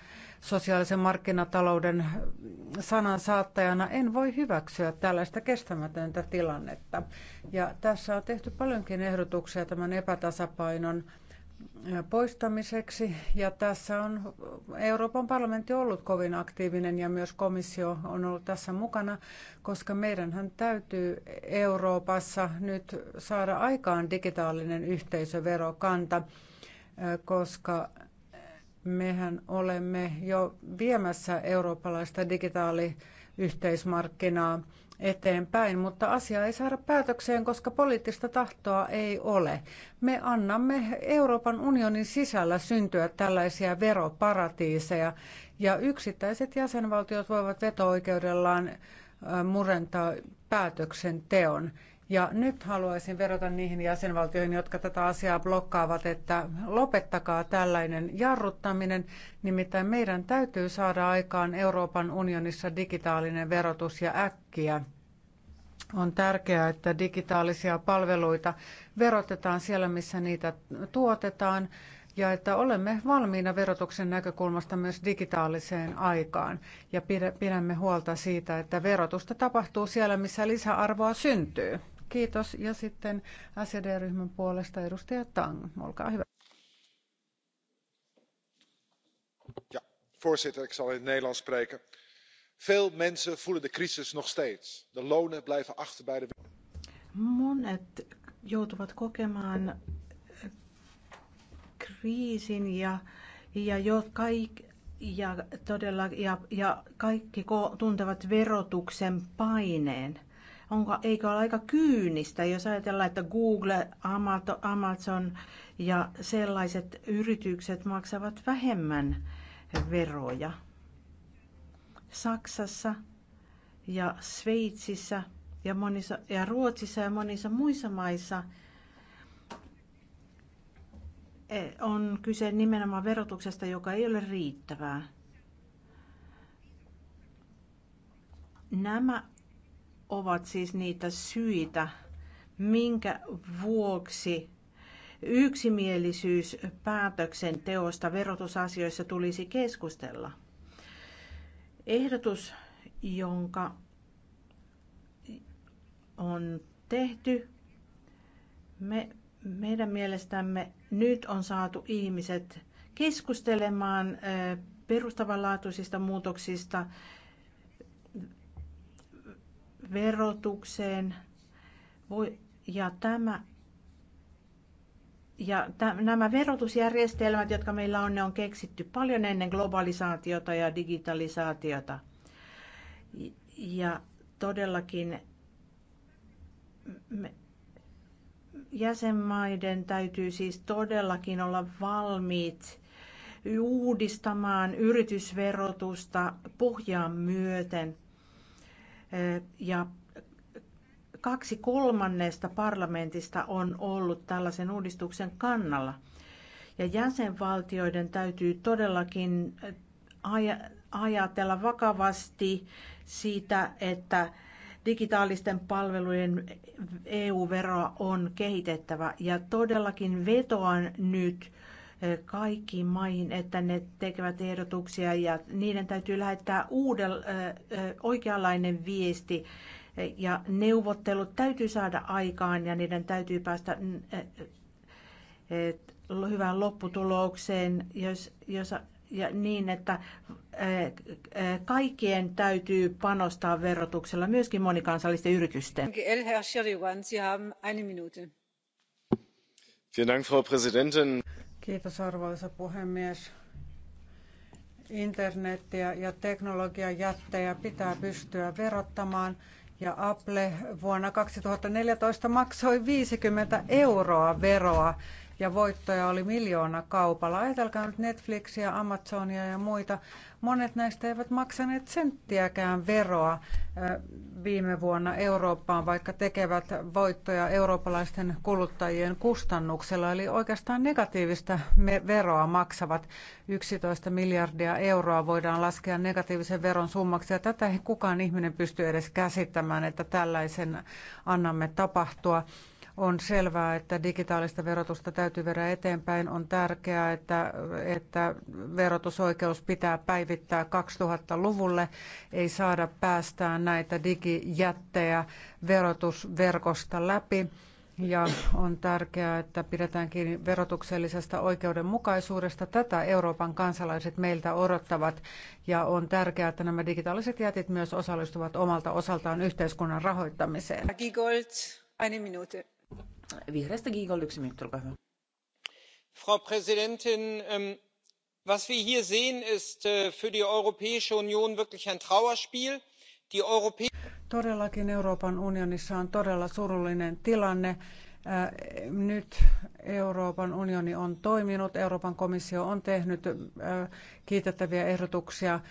sosiaalisen markkinatalouden sanan saattajana en voi hyväksyä tällaista kestämätöntä tilannetta. Ja tässä on tehty paljonkin ehdotuksia tämän epätasapainon poistamiseksi. Ja tässä on Euroopan parlamentti ollut kovin aktiivinen ja myös komissio on ollut tässä mukana, koska meidänhän täytyy Euroopassa nyt saada aikaan digitaalinen yhteisöverokanta, koska Mehän olemme jo viemässä eurooppalaista digitaaliyhteismarkkinaa eteenpäin, mutta asia ei saada päätökseen, koska poliittista tahtoa ei ole. Me annamme Euroopan unionin sisällä syntyä tällaisia veroparatiiseja, ja yksittäiset jäsenvaltiot voivat veto-oikeudellaan murentaa päätöksenteon. Ja nyt haluaisin verrata niihin jäsenvaltioihin, jotka tätä asiaa blokkaavat, että lopettakaa tällainen jarruttaminen. Nimittäin meidän täytyy saada aikaan Euroopan unionissa digitaalinen verotus ja äkkiä. On tärkeää, että digitaalisia palveluita verotetaan siellä, missä niitä tuotetaan ja että olemme valmiina verotuksen näkökulmasta myös digitaaliseen aikaan ja pidämme huolta siitä, että verotusta tapahtuu siellä, missä lisäarvoa syntyy. Kiitos. Ja sitten SED-ryhmän puolesta edustaja Tang. Olkaa hyvä. Ja, voorzitter, ik zal in het Nederlands spreken. Veel mensen voelen de crisis nog steeds. De lonen blijven achter bij de... Monet joutuvat kokemaan eh, kriisin ja, ja, jo kaik, ja, todella, ja, ja kaikki ko, tuntevat verotuksen paineen. Onko, eikö ole aika kyynistä, jos ajatellaan, että Google, Amazon ja sellaiset yritykset maksavat vähemmän veroja? Saksassa ja Sveitsissä ja, monissa, ja Ruotsissa ja monissa muissa maissa e, on kyse nimenomaan verotuksesta, joka ei ole riittävää. Nämä ovat siis niitä syitä, minkä vuoksi yksimielisyys päätöksenteosta verotusasioissa tulisi keskustella. Ehdotus, jonka on tehty, me, meidän mielestämme nyt on saatu ihmiset keskustelemaan perustavanlaatuisista muutoksista verotukseen. Voi, ja tämä ja täm, nämä verotusjärjestelmät, jotka meillä on, ne on keksitty paljon ennen globalisaatiota ja digitalisaatiota. Ja todellakin me, jäsenmaiden täytyy siis todellakin olla valmiit uudistamaan yritysverotusta pohjaan myöten – ja kaksi kolmannesta parlamentista on ollut tällaisen uudistuksen kannalla. Ja jäsenvaltioiden täytyy todellakin ajatella vakavasti siitä, että digitaalisten palvelujen EU-veroa on kehitettävä. Ja todellakin vetoan nyt kaikkiin maihin, että ne tekevät ehdotuksia ja niiden täytyy lähettää uudel, oikeanlainen viesti ja neuvottelut täytyy saada aikaan ja niiden täytyy päästä hyvään lopputulokseen, jos, jos, ja niin, että kaikkien täytyy panostaa verotuksella, myöskin monikansallisten yritysten. Frau Präsidentin! Kiitos arvoisa puhemies. Internetiä ja teknologian jättejä pitää pystyä verottamaan ja Apple vuonna 2014 maksoi 50 euroa veroa ja voittoja oli miljoona kaupalla. Ajatelkaa nyt Netflixiä, Amazonia ja muita. Monet näistä eivät maksaneet senttiäkään veroa viime vuonna Eurooppaan, vaikka tekevät voittoja eurooppalaisten kuluttajien kustannuksella. Eli oikeastaan negatiivista veroa maksavat 11 miljardia euroa voidaan laskea negatiivisen veron summaksi. Ja tätä ei kukaan ihminen pysty edes käsittämään, että tällaisen annamme tapahtua. On selvää, että digitaalista verotusta täytyy viedä eteenpäin. On tärkeää, että, että verotusoikeus pitää päivittää 2000-luvulle. Ei saada päästää näitä digijättejä verotusverkosta läpi. Ja on tärkeää, että pidetään kiinni verotuksellisesta oikeudenmukaisuudesta. Tätä Euroopan kansalaiset meiltä odottavat. Ja on tärkeää, että nämä digitaaliset jätit myös osallistuvat omalta osaltaan yhteiskunnan rahoittamiseen. eine Minute Frau Präsidentin, ähm, was wir hier sehen, ist äh, für die Europäische Union wirklich ein Trauerspiel. Todellakin Euroopan unionissa on todella surullinen tilanne. Äh, nyt Euroopan unioni on toiminut, Euroopan komissio on tehnyt äh, kiitettäviä ehdotuksia äh,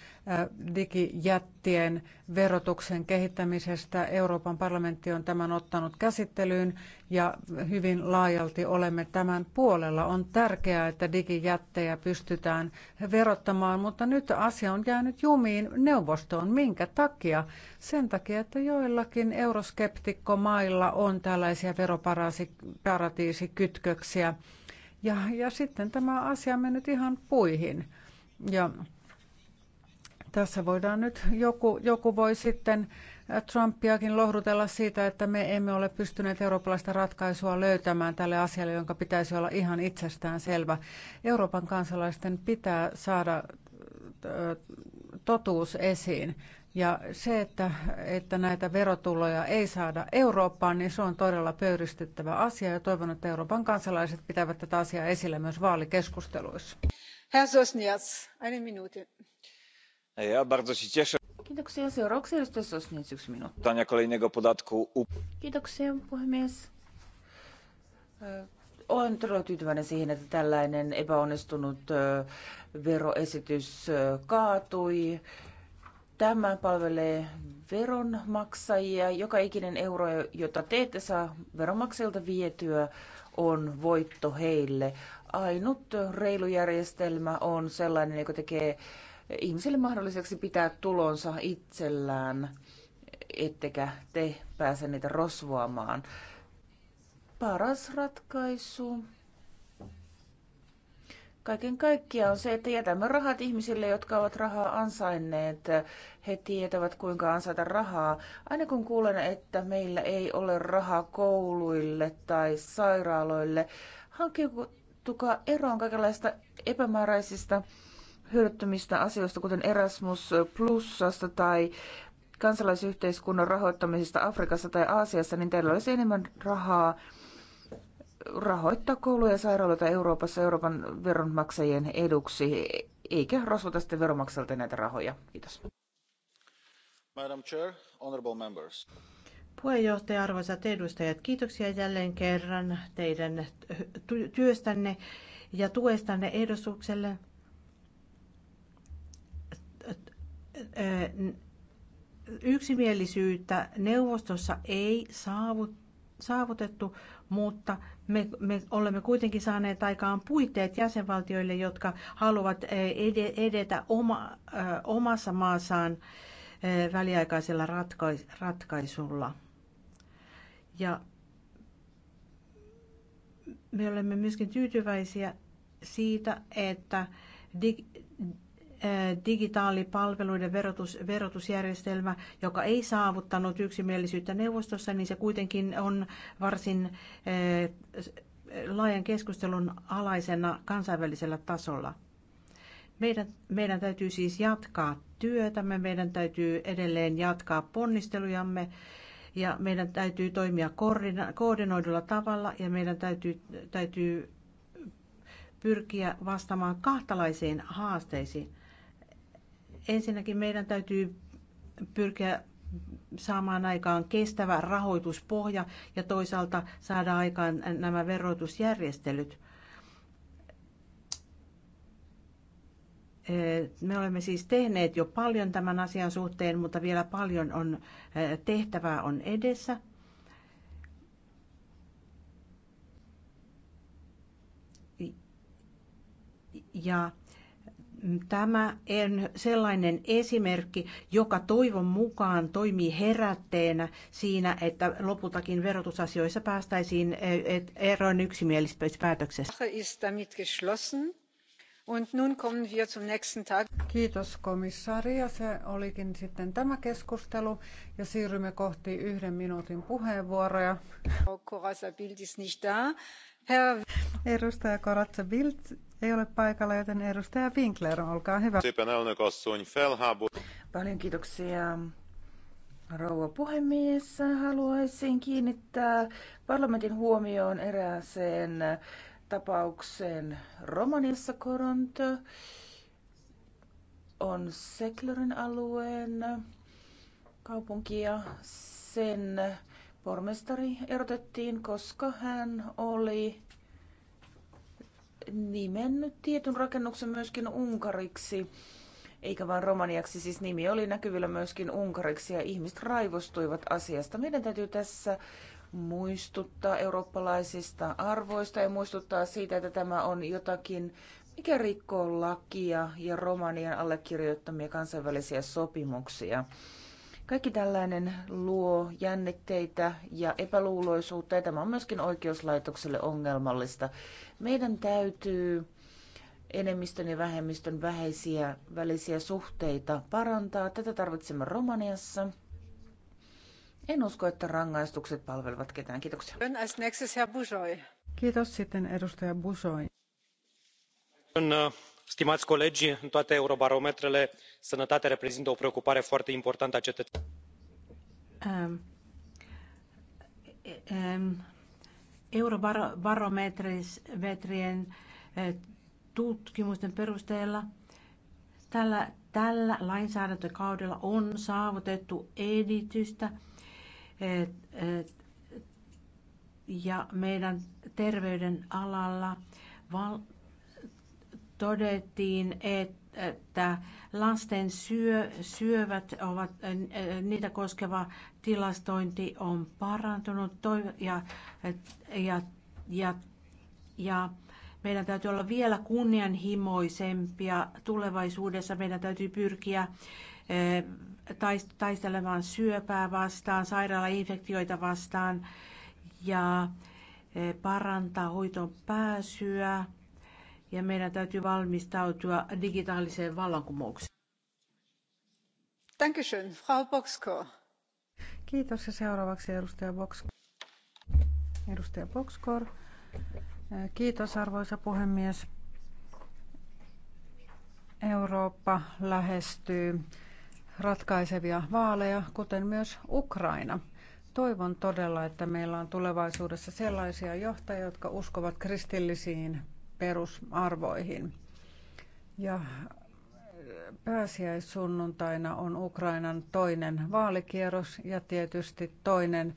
digijättien verotuksen kehittämisestä. Euroopan parlamentti on tämän ottanut käsittelyyn ja hyvin laajalti olemme tämän puolella. On tärkeää, että digijättejä pystytään verottamaan, mutta nyt asia on jäänyt jumiin neuvostoon. Minkä takia? Sen takia, että joillakin euroskeptikkomailla on tällaisia veroparatiisikytköksiä. Ja, ja sitten tämä asia on mennyt ihan puihin. Ja tässä voidaan nyt, joku, joku voi sitten äh, Trumpiakin lohdutella siitä, että me emme ole pystyneet eurooppalaista ratkaisua löytämään tälle asialle, jonka pitäisi olla ihan itsestään selvä. Euroopan kansalaisten pitää saada äh, totuus esiin. Ja se, että, että näitä verotuloja ei saada Eurooppaan, niin se on todella pöyristyttävä asia ja toivon, että Euroopan kansalaiset pitävät tätä asiaa esillä myös vaalikeskusteluissa bardzo się cieszę Kiitoksia. Seuraavaksi edustaja Sosniec, yksi minuutti. kolejnego podatku. Kiitoksia, puhemies. Olen todella tyytyväinen siihen, että tällainen epäonnistunut veroesitys kaatui. Tämä palvelee veronmaksajia. Joka ikinen euro, jota te ette saa veronmaksajilta vietyä, on voitto heille ainut reilu järjestelmä on sellainen, joka tekee ihmiselle mahdolliseksi pitää tulonsa itsellään, ettekä te pääse niitä rosvoamaan. Paras ratkaisu kaiken kaikkiaan on se, että jätämme rahat ihmisille, jotka ovat rahaa ansainneet. He tietävät, kuinka ansaita rahaa. Aina kun kuulen, että meillä ei ole rahaa kouluille tai sairaaloille, hankkiuko Tukaa eroon kaikenlaista epämääräisistä hyödyttömistä asioista, kuten Erasmus Plusasta tai kansalaisyhteiskunnan rahoittamisesta Afrikassa tai Aasiassa, niin teillä olisi enemmän rahaa rahoittaa kouluja ja sairaaloita Euroopassa Euroopan veronmaksajien eduksi, eikä rosvota sitten veronmaksajilta näitä rahoja. Kiitos. Madam Chair, honorable members. Puheenjohtaja, arvoisat edustajat, kiitoksia jälleen kerran teidän työstänne ja tuestanne ehdotukselle. Yksimielisyyttä neuvostossa ei saavutettu, mutta me, me olemme kuitenkin saaneet aikaan puitteet jäsenvaltioille, jotka haluavat e, edetä oma, e, omassa maassaan e, väliaikaisella ratkaisulla. Ja me olemme myöskin tyytyväisiä siitä, että dig, digitaalipalveluiden verotus, verotusjärjestelmä, joka ei saavuttanut yksimielisyyttä neuvostossa, niin se kuitenkin on varsin laajan keskustelun alaisena kansainvälisellä tasolla. Meidän, meidän täytyy siis jatkaa työtämme, meidän täytyy edelleen jatkaa ponnistelujamme ja meidän täytyy toimia koordinoidulla tavalla ja meidän täytyy, täytyy pyrkiä vastaamaan kahtalaisiin haasteisiin. Ensinnäkin meidän täytyy pyrkiä saamaan aikaan kestävä rahoituspohja ja toisaalta saada aikaan nämä verotusjärjestelyt – Me olemme siis tehneet jo paljon tämän asian suhteen, mutta vielä paljon on tehtävää on edessä. Ja tämä on sellainen esimerkki, joka toivon mukaan toimii herätteenä siinä, että lopultakin verotusasioissa päästäisiin eroon yksimielisyyspäätöksestä. Kiitos komissaari ja se olikin sitten tämä keskustelu ja siirrymme kohti yhden minuutin puheenvuoroja. Edustaja Koratsa Bild ei ole paikalla, joten edustaja Winkler, olkaa hyvä. Paljon kiitoksia. Rouva puhemies, haluaisin kiinnittää parlamentin huomioon erääseen tapaukseen Romaniassa Koronto on Seklerin alueen kaupunki ja sen pormestari erotettiin, koska hän oli nimennyt tietyn rakennuksen myöskin unkariksi, eikä vain romaniaksi, siis nimi oli näkyvillä myöskin unkariksi ja ihmiset raivostuivat asiasta. Meidän täytyy tässä muistuttaa eurooppalaisista arvoista ja muistuttaa siitä, että tämä on jotakin, mikä rikkoo lakia ja Romanian allekirjoittamia kansainvälisiä sopimuksia. Kaikki tällainen luo jännitteitä ja epäluuloisuutta, ja tämä on myöskin oikeuslaitokselle ongelmallista. Meidän täytyy enemmistön ja vähemmistön vähäisiä välisiä suhteita parantaa. Tätä tarvitsemme Romaniassa. En usko, että rangaistukset palvelevat ketään. Kiitoksia. Kiitos sitten edustaja Busoi. Uh, stimați colegi, în toate eurobarometrele, sănătatea reprezintă o preocupare foarte importantă a cetățenilor. Um, um, eurobarometrien eh, tutkimusten perusteella tällä, tällä lainsäädäntökaudella on saavutettu edistystä – ja meidän terveyden alalla val- todettiin, että lasten syö, syövät ovat, niitä koskeva tilastointi on parantunut ja, ja, ja, ja meidän täytyy olla vielä kunnianhimoisempia tulevaisuudessa. Meidän täytyy pyrkiä eh, taistelemaan syöpää vastaan, sairaalainfektioita vastaan ja e, parantaa hoitoon pääsyä. Ja meidän täytyy valmistautua digitaaliseen vallankumoukseen. Dankeschön, Frau Boxko. Kiitos ja seuraavaksi edustaja Boxko. Edustaja Boxkor. E, kiitos arvoisa puhemies. Eurooppa lähestyy ratkaisevia vaaleja, kuten myös Ukraina. Toivon todella, että meillä on tulevaisuudessa sellaisia johtajia, jotka uskovat kristillisiin perusarvoihin. Ja pääsiäissunnuntaina on Ukrainan toinen vaalikierros ja tietysti toinen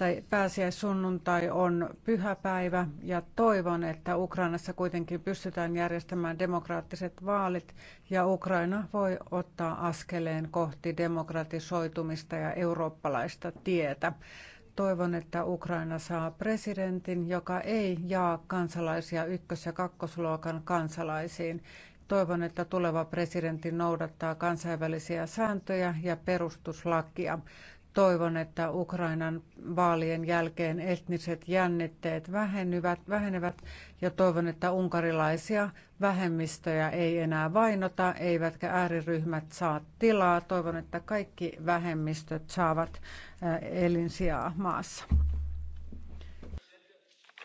tai pääsiäissunnuntai on pyhäpäivä ja toivon, että Ukrainassa kuitenkin pystytään järjestämään demokraattiset vaalit ja Ukraina voi ottaa askeleen kohti demokratisoitumista ja eurooppalaista tietä. Toivon, että Ukraina saa presidentin, joka ei jaa kansalaisia ykkös- ja kakkosluokan kansalaisiin. Toivon, että tuleva presidentti noudattaa kansainvälisiä sääntöjä ja perustuslakia toivon, että Ukrainan vaalien jälkeen etniset jännitteet vähenevät, vähenevät ja toivon, että unkarilaisia vähemmistöjä ei enää vainota, eivätkä ääriryhmät saa tilaa. Toivon, että kaikki vähemmistöt saavat eh, elinsijaa maassa.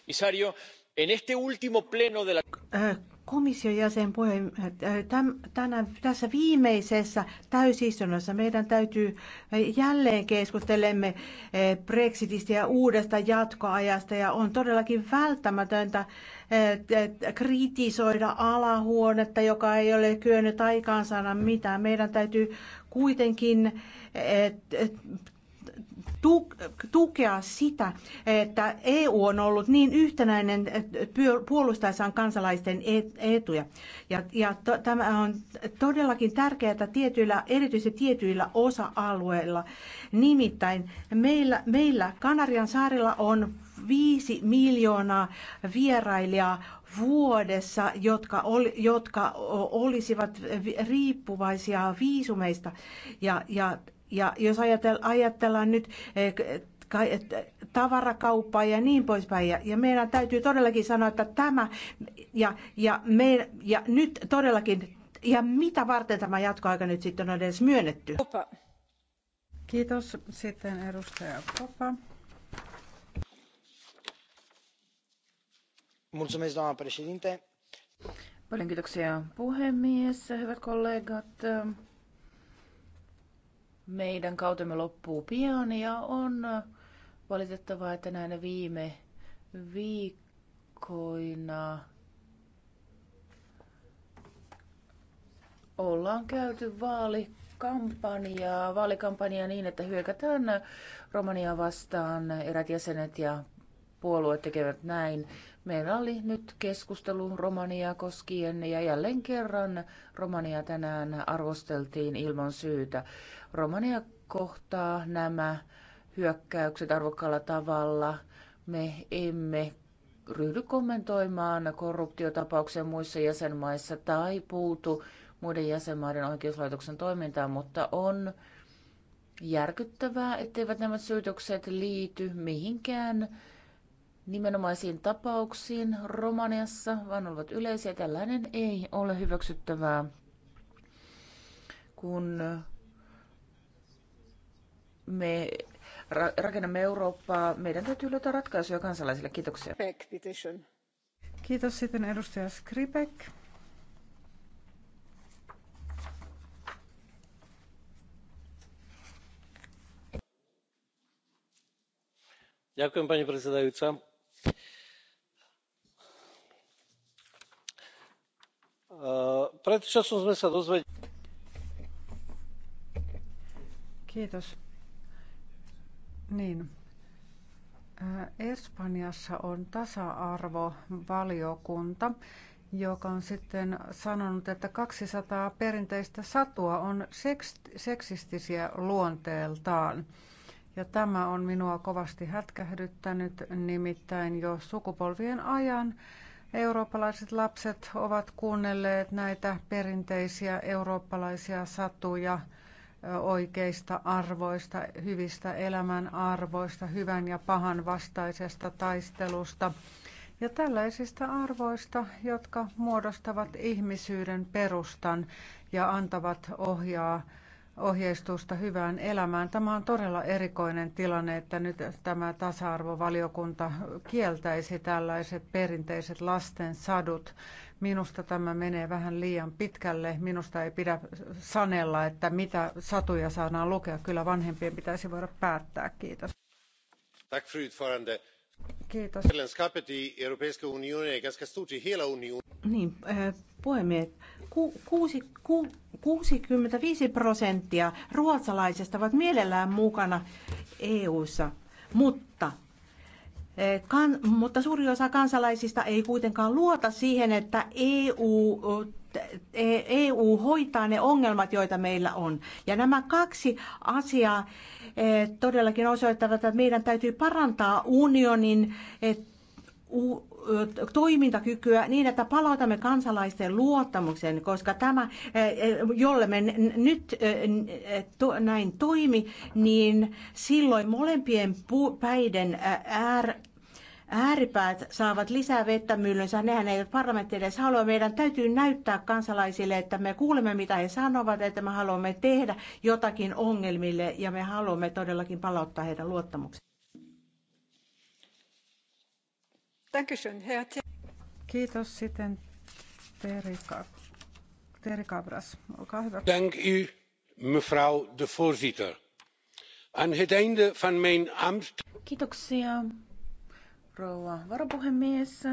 Komissario, en este último pleno de la eh, komission jäsen äh, tänä, tässä viimeisessä täysistunnossa meidän täytyy äh, jälleen keskustelemme äh, Brexitistä ja uudesta jatkoajasta ja on todellakin välttämätöntä kritisoida alahuonetta, joka ei ole kyennyt aikaansaada mitään. Meidän täytyy kuitenkin tukea sitä, että EU on ollut niin yhtenäinen puolustaessaan kansalaisten etuja. Ja, ja to, tämä on todellakin tärkeää tietyillä, erityisesti tietyillä osa-alueilla. Nimittäin meillä, meillä Kanarian saarilla on viisi miljoonaa vierailijaa vuodessa, jotka, ol, jotka olisivat riippuvaisia viisumeista. Ja, ja ja jos ajatellaan nyt eh, tavarakauppaa ja niin poispäin. Ja, ja meidän täytyy todellakin sanoa, että tämä ja, ja, me, ja nyt todellakin, ja mitä varten tämä jatkoaika nyt sitten on edes myönnetty? Kiitos. Sitten edustaja Popa. Paljon kiitoksia puhemies, hyvät kollegat meidän kautemme loppuu pian ja on valitettavaa, että näinä viime viikkoina ollaan käyty vaalikampanjaa, vaalikampanjaa niin, että hyökätään Romania vastaan. Erät jäsenet ja puolueet tekevät näin. Meillä oli nyt keskustelu Romania koskien ja jälleen kerran Romania tänään arvosteltiin ilman syytä. Romania kohtaa nämä hyökkäykset arvokkaalla tavalla. Me emme ryhdy kommentoimaan korruptiotapauksia muissa jäsenmaissa tai puutu muiden jäsenmaiden oikeuslaitoksen toimintaan, mutta on järkyttävää, etteivät nämä syytökset liity mihinkään nimenomaisiin tapauksiin Romaniassa, vaan olivat yleisiä. Tällainen ei ole hyväksyttävää, kun me ra- rakennamme Eurooppaa. Meidän täytyy löytää ratkaisuja kansalaisille. Kiitoksia. Kiitos sitten edustaja Skripek. pani predsedajúca Eh, Pred časom sme sa dozvedeli... Kiitos. Niin. Eh, Espanjassa on tasa-arvovaliokunta, joka on sitten sanonut, että 200 perinteistä satua on seksistisiä luonteeltaan. Ja tämä on minua kovasti hätkähdyttänyt, nimittäin jo sukupolvien ajan Eurooppalaiset lapset ovat kuunnelleet näitä perinteisiä eurooppalaisia satuja oikeista arvoista, hyvistä elämän arvoista, hyvän ja pahan vastaisesta taistelusta ja tällaisista arvoista, jotka muodostavat ihmisyyden perustan ja antavat ohjaa ohjeistusta hyvään elämään. Tämä on todella erikoinen tilanne, että nyt tämä tasa-arvovaliokunta kieltäisi tällaiset perinteiset lasten sadut. Minusta tämä menee vähän liian pitkälle. Minusta ei pidä sanella, että mitä satuja saadaan lukea. Kyllä vanhempien pitäisi voida päättää. Kiitos. Tack, fru Kiitos. Niin, eh, puhemies, ku, kuusi, ku, 65 prosenttia ruotsalaisista ovat mielellään mukana EU:ssa, mutta eh, Kan, mutta suuri osa kansalaisista ei kuitenkaan luota siihen, että EU, EU eh, e hoitaa ne ongelmat, joita meillä on. Ja nämä kaksi asiaa Eh, todellakin osoittavat, että meidän täytyy parantaa unionin eh, eh, toimintakykyä niin, että palautamme kansalaisten luottamuksen, koska tämä, jolle me nyt näin toimi, niin silloin molempien päiden ääri ääripäät saavat lisää vettä myllynsä, nehän eivät parlamentti edes halua. Meidän täytyy näyttää kansalaisille, että me kuulemme mitä he sanovat, että me haluamme tehdä jotakin ongelmille ja me haluamme todellakin palauttaa heidän luottamuksensa. Kiitos sitten Terri, Terri Cabras. Olkaa hyvä. Dank u, mevrouw de voorzitter. Aan het einde van mijn Kiitoksia rouva varapuhemies.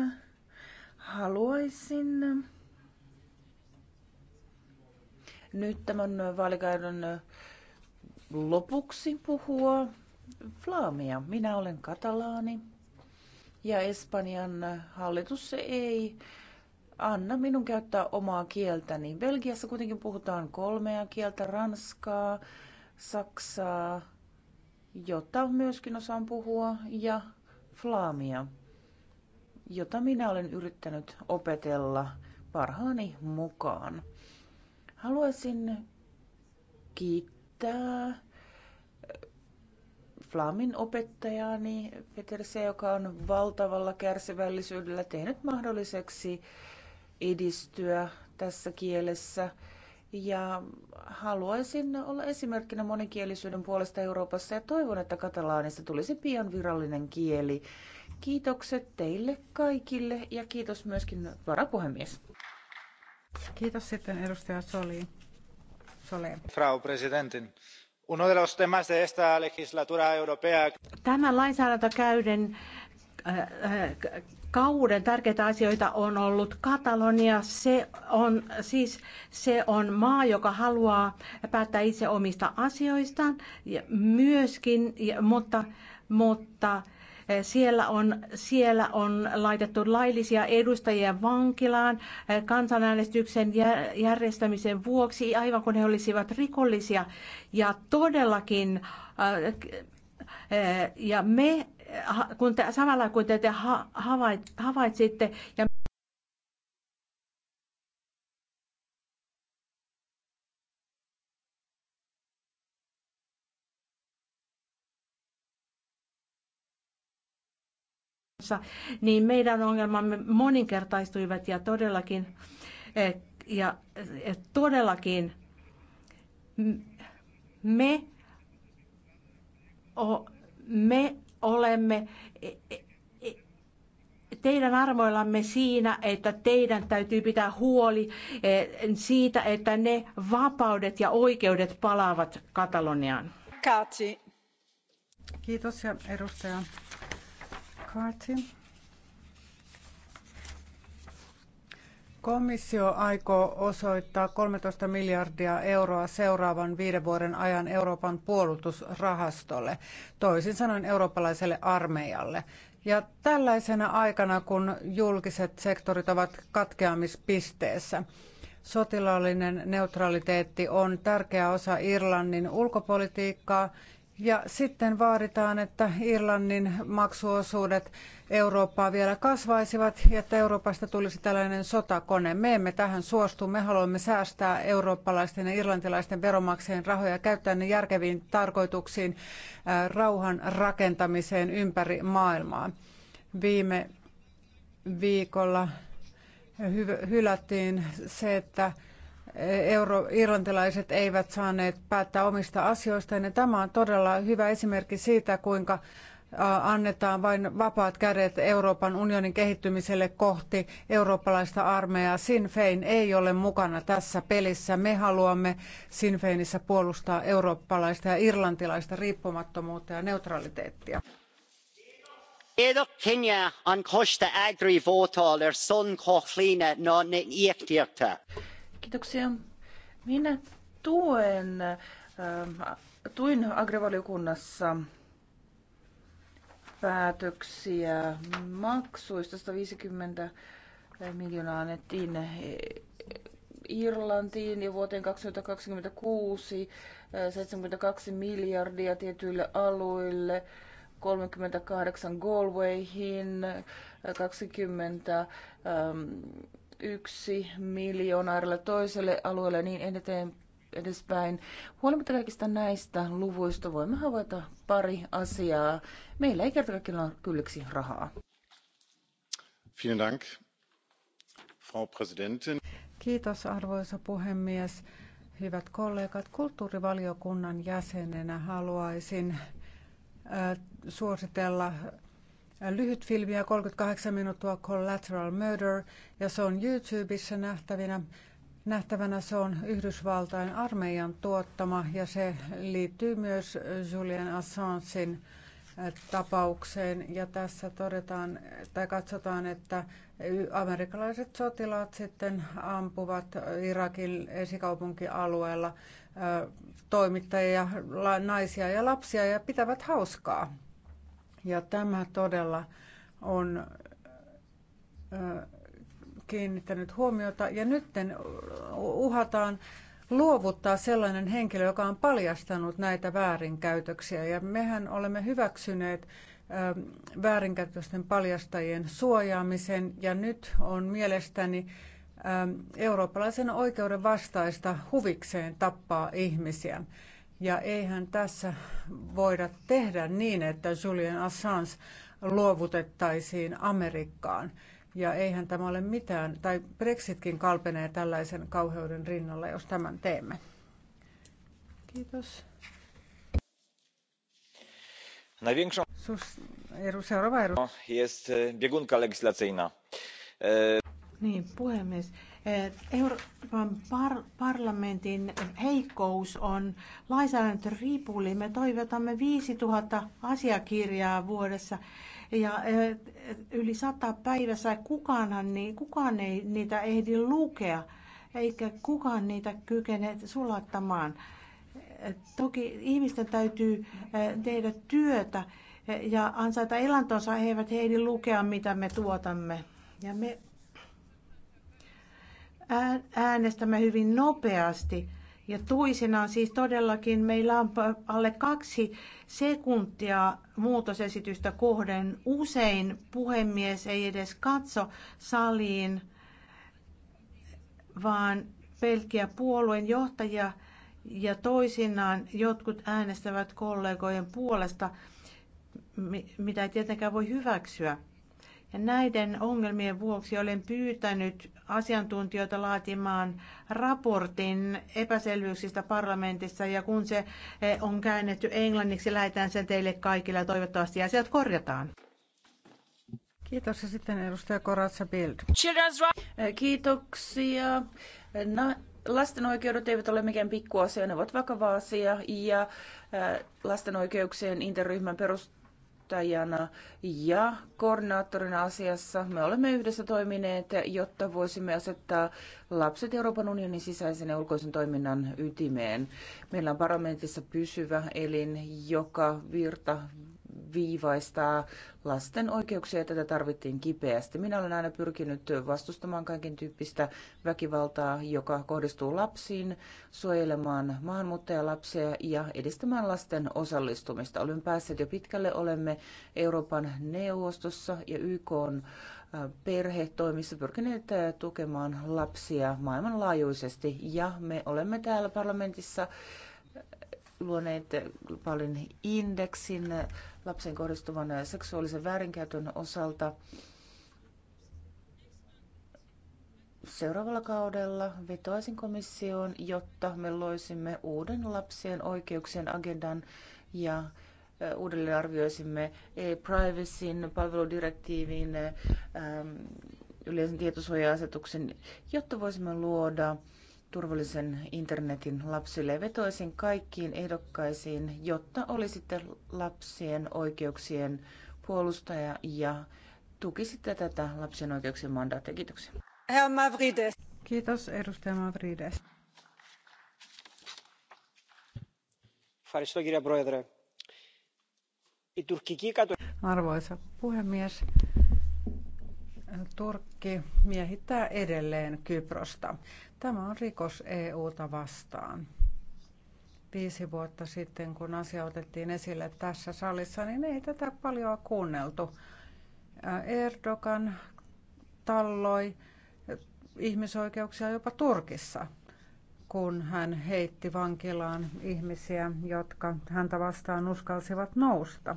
Haluaisin nyt tämän vaalikauden lopuksi puhua flaamia. Minä olen katalaani ja Espanjan hallitus ei anna minun käyttää omaa kieltäni. Belgiassa kuitenkin puhutaan kolmea kieltä, ranskaa, saksaa, jota myöskin osaan puhua, ja flaamia, jota minä olen yrittänyt opetella parhaani mukaan. Haluaisin kiittää äh, Flamin opettajani Peterse, joka on valtavalla kärsivällisyydellä tehnyt mahdolliseksi edistyä tässä kielessä – ja haluaisin olla esimerkkinä monikielisyyden puolesta Euroopassa ja toivon, että katalaanista tulisi pian virallinen kieli. Kiitokset teille kaikille ja kiitos myöskin varapuhemies. Kiitos sitten edustaja Soli. Sole. Frau presidentin. Uno de los temas de esta legislatura europea. Tämän lainsäädäntökäyden äh, äh, kauden tärkeitä asioita on ollut Katalonia. Se on, siis, se on maa, joka haluaa päättää itse omista asioistaan ja myöskin, mutta, mutta eh, siellä on, siellä on laitettu laillisia edustajia vankilaan eh, kansanäänestyksen järjestämisen vuoksi, aivan kun he olisivat rikollisia. Ja todellakin eh, ja me Eh, kun te, samalla kun te, te ha, havait, havaitsitte ja niin meidän ongelmamme moninkertaistuivat ja todellakin, eh, ja eh, todellakin me, me olemme e, e, e, teidän armoillamme siinä, että teidän täytyy pitää huoli siitä, että ne vapaudet ja oikeudet palaavat Kataloniaan. Kiitos ja edustaja Kaatsi. Komissio aikoo osoittaa 13 miljardia euroa seuraavan viiden vuoden ajan Euroopan puolustusrahastolle, toisin sanoen eurooppalaiselle armeijalle. Ja tällaisena aikana, kun julkiset sektorit ovat katkeamispisteessä, sotilaallinen neutraliteetti on tärkeä osa Irlannin ulkopolitiikkaa ja sitten vaaditaan, että Irlannin maksuosuudet Eurooppaa vielä kasvaisivat ja että Euroopasta tulisi tällainen sotakone. Me emme tähän suostu. Me haluamme säästää eurooppalaisten ja irlantilaisten veronmaksajien rahoja ja käyttää ne järkeviin tarkoituksiin rauhan rakentamiseen ympäri maailmaa. Viime viikolla hylättiin se, että euro, irlantilaiset eivät saaneet päättää omista asioistaan. Ja tämä on todella hyvä esimerkki siitä, kuinka annetaan vain vapaat kädet Euroopan unionin kehittymiselle kohti eurooppalaista armeijaa. Sinn Fein ei ole mukana tässä pelissä. Me haluamme Sinn Feinissä puolustaa eurooppalaista ja irlantilaista riippumattomuutta ja neutraliteettia. Kenya an Kiitoksia. Minä tuen, ähm, tuin agrivaliokunnassa päätöksiä maksuista 150 miljoonaa annettiin Irlantiin ja vuoteen 2026 72 äh, miljardia tietyille alueille, 38 Galwayhin, 20 äh, ähm, yksi miljoonaa erille toiselle alueelle ja niin eteen edespäin. Huolimatta kaikista näistä luvuista voimme havaita pari asiaa. Meillä ei kerta kaikkiaan ole kylliksi rahaa. Vielen Dank, Frau Präsidentin. Kiitos arvoisa puhemies. Hyvät kollegat, kulttuurivaliokunnan jäsenenä haluaisin äh, suositella lyhyt filmiä, 38 minuuttia Collateral Murder, ja se on YouTubessa nähtävinä. Nähtävänä se on Yhdysvaltain armeijan tuottama ja se liittyy myös Julian Assangein äh, tapaukseen. Ja tässä todetaan, tai katsotaan, että amerikkalaiset sotilaat sitten ampuvat Irakin esikaupunkialueella äh, toimittajia, naisia ja lapsia ja pitävät hauskaa. Ja tämä todella on kiinnittänyt huomiota. Ja nyt uhataan luovuttaa sellainen henkilö, joka on paljastanut näitä väärinkäytöksiä. Ja mehän olemme hyväksyneet väärinkäytösten paljastajien suojaamisen ja nyt on mielestäni eurooppalaisen oikeuden vastaista huvikseen tappaa ihmisiä. Ja eihän tässä voida tehdä niin, että Julian Assange luovutettaisiin Amerikkaan. Ja eihän tämä ole mitään, tai Brexitkin kalpenee tällaisen kauheuden rinnalla, jos tämän teemme. Kiitos. Największą seuraava edus... jest biegunka legislacyjna. Niin, puhemies. Eh, Euroopan par- parlamentin heikkous on lainsäädäntöriipuli. Me toivotamme 5000 asiakirjaa vuodessa ja eh, yli sata päivässä kukaanhan, niin kukaan ei niitä ehdi lukea eikä kukaan niitä kykene sulattamaan. Eh, toki ihmisten täytyy tehdä työtä ja ansaita elantonsa, he eivät heidi lukea, mitä me tuotamme. Ja me äänestämme hyvin nopeasti. Ja tuisinaan siis todellakin meillä on alle kaksi sekuntia muutosesitystä kohden. Usein puhemies ei edes katso saliin, vaan pelkkiä puolueen johtajia ja toisinaan jotkut äänestävät kollegojen puolesta, mitä ei tietenkään voi hyväksyä. Näiden ongelmien vuoksi olen pyytänyt asiantuntijoita laatimaan raportin epäselvyyksistä parlamentissa ja kun se eh, on käännetty englanniksi, lähetän sen teille kaikille ja toivottavasti asiat korjataan. Kiitos ja sitten edustaja Koratsa Bild. Eh, kiitoksia. No, lasten oikeudet eivät ole mikään pikkuasia, ne ovat vakava asia ja eh, lasten oikeuksien interryhmän perustus johtajana ja koordinaattorina asiassa. Me olemme yhdessä toimineet, jotta voisimme asettaa lapset Euroopan unionin sisäisen ja ulkoisen toiminnan ytimeen. Meillä on parlamentissa pysyvä elin, joka virta viivaistaa lasten oikeuksia ja tätä tarvittiin kipeästi. Minä olen aina pyrkinyt vastustamaan kaiken tyyppistä väkivaltaa, joka kohdistuu lapsiin, suojelemaan maahanmuuttajalapsia ja edistämään lasten osallistumista. Olen päässyt jo pitkälle, olemme Euroopan neuvostossa ja YK on perhetoimissa pyrkineet tukemaan lapsia maailmanlaajuisesti ja me olemme täällä parlamentissa luoneet globaalin indeksin lapsen kohdistuvan seksuaalisen väärinkäytön osalta. Seuraavalla kaudella vetoaisin komissioon, jotta me loisimme uuden lapsien oikeuksien agendan ja uudelleen arvioisimme e-privacyn, palveludirektiivin, yleisen tietosuoja-asetuksen, jotta voisimme luoda turvallisen internetin lapsille. Vetoisin kaikkiin ehdokkaisiin, jotta olisitte lapsien oikeuksien puolustaja ja tukisitte tätä lapsen oikeuksien mandaattia. Kiitoksia. Herr Mavrides. Kiitos, edustaja Mavrides. Arvoisa puhemies, Turkki miehittää edelleen Kyprosta. Tämä on rikos EUta vastaan. Viisi vuotta sitten, kun asia otettiin esille tässä salissa, niin ei tätä paljon kuunneltu. Erdogan talloi ihmisoikeuksia jopa Turkissa, kun hän heitti vankilaan ihmisiä, jotka häntä vastaan uskalsivat nousta.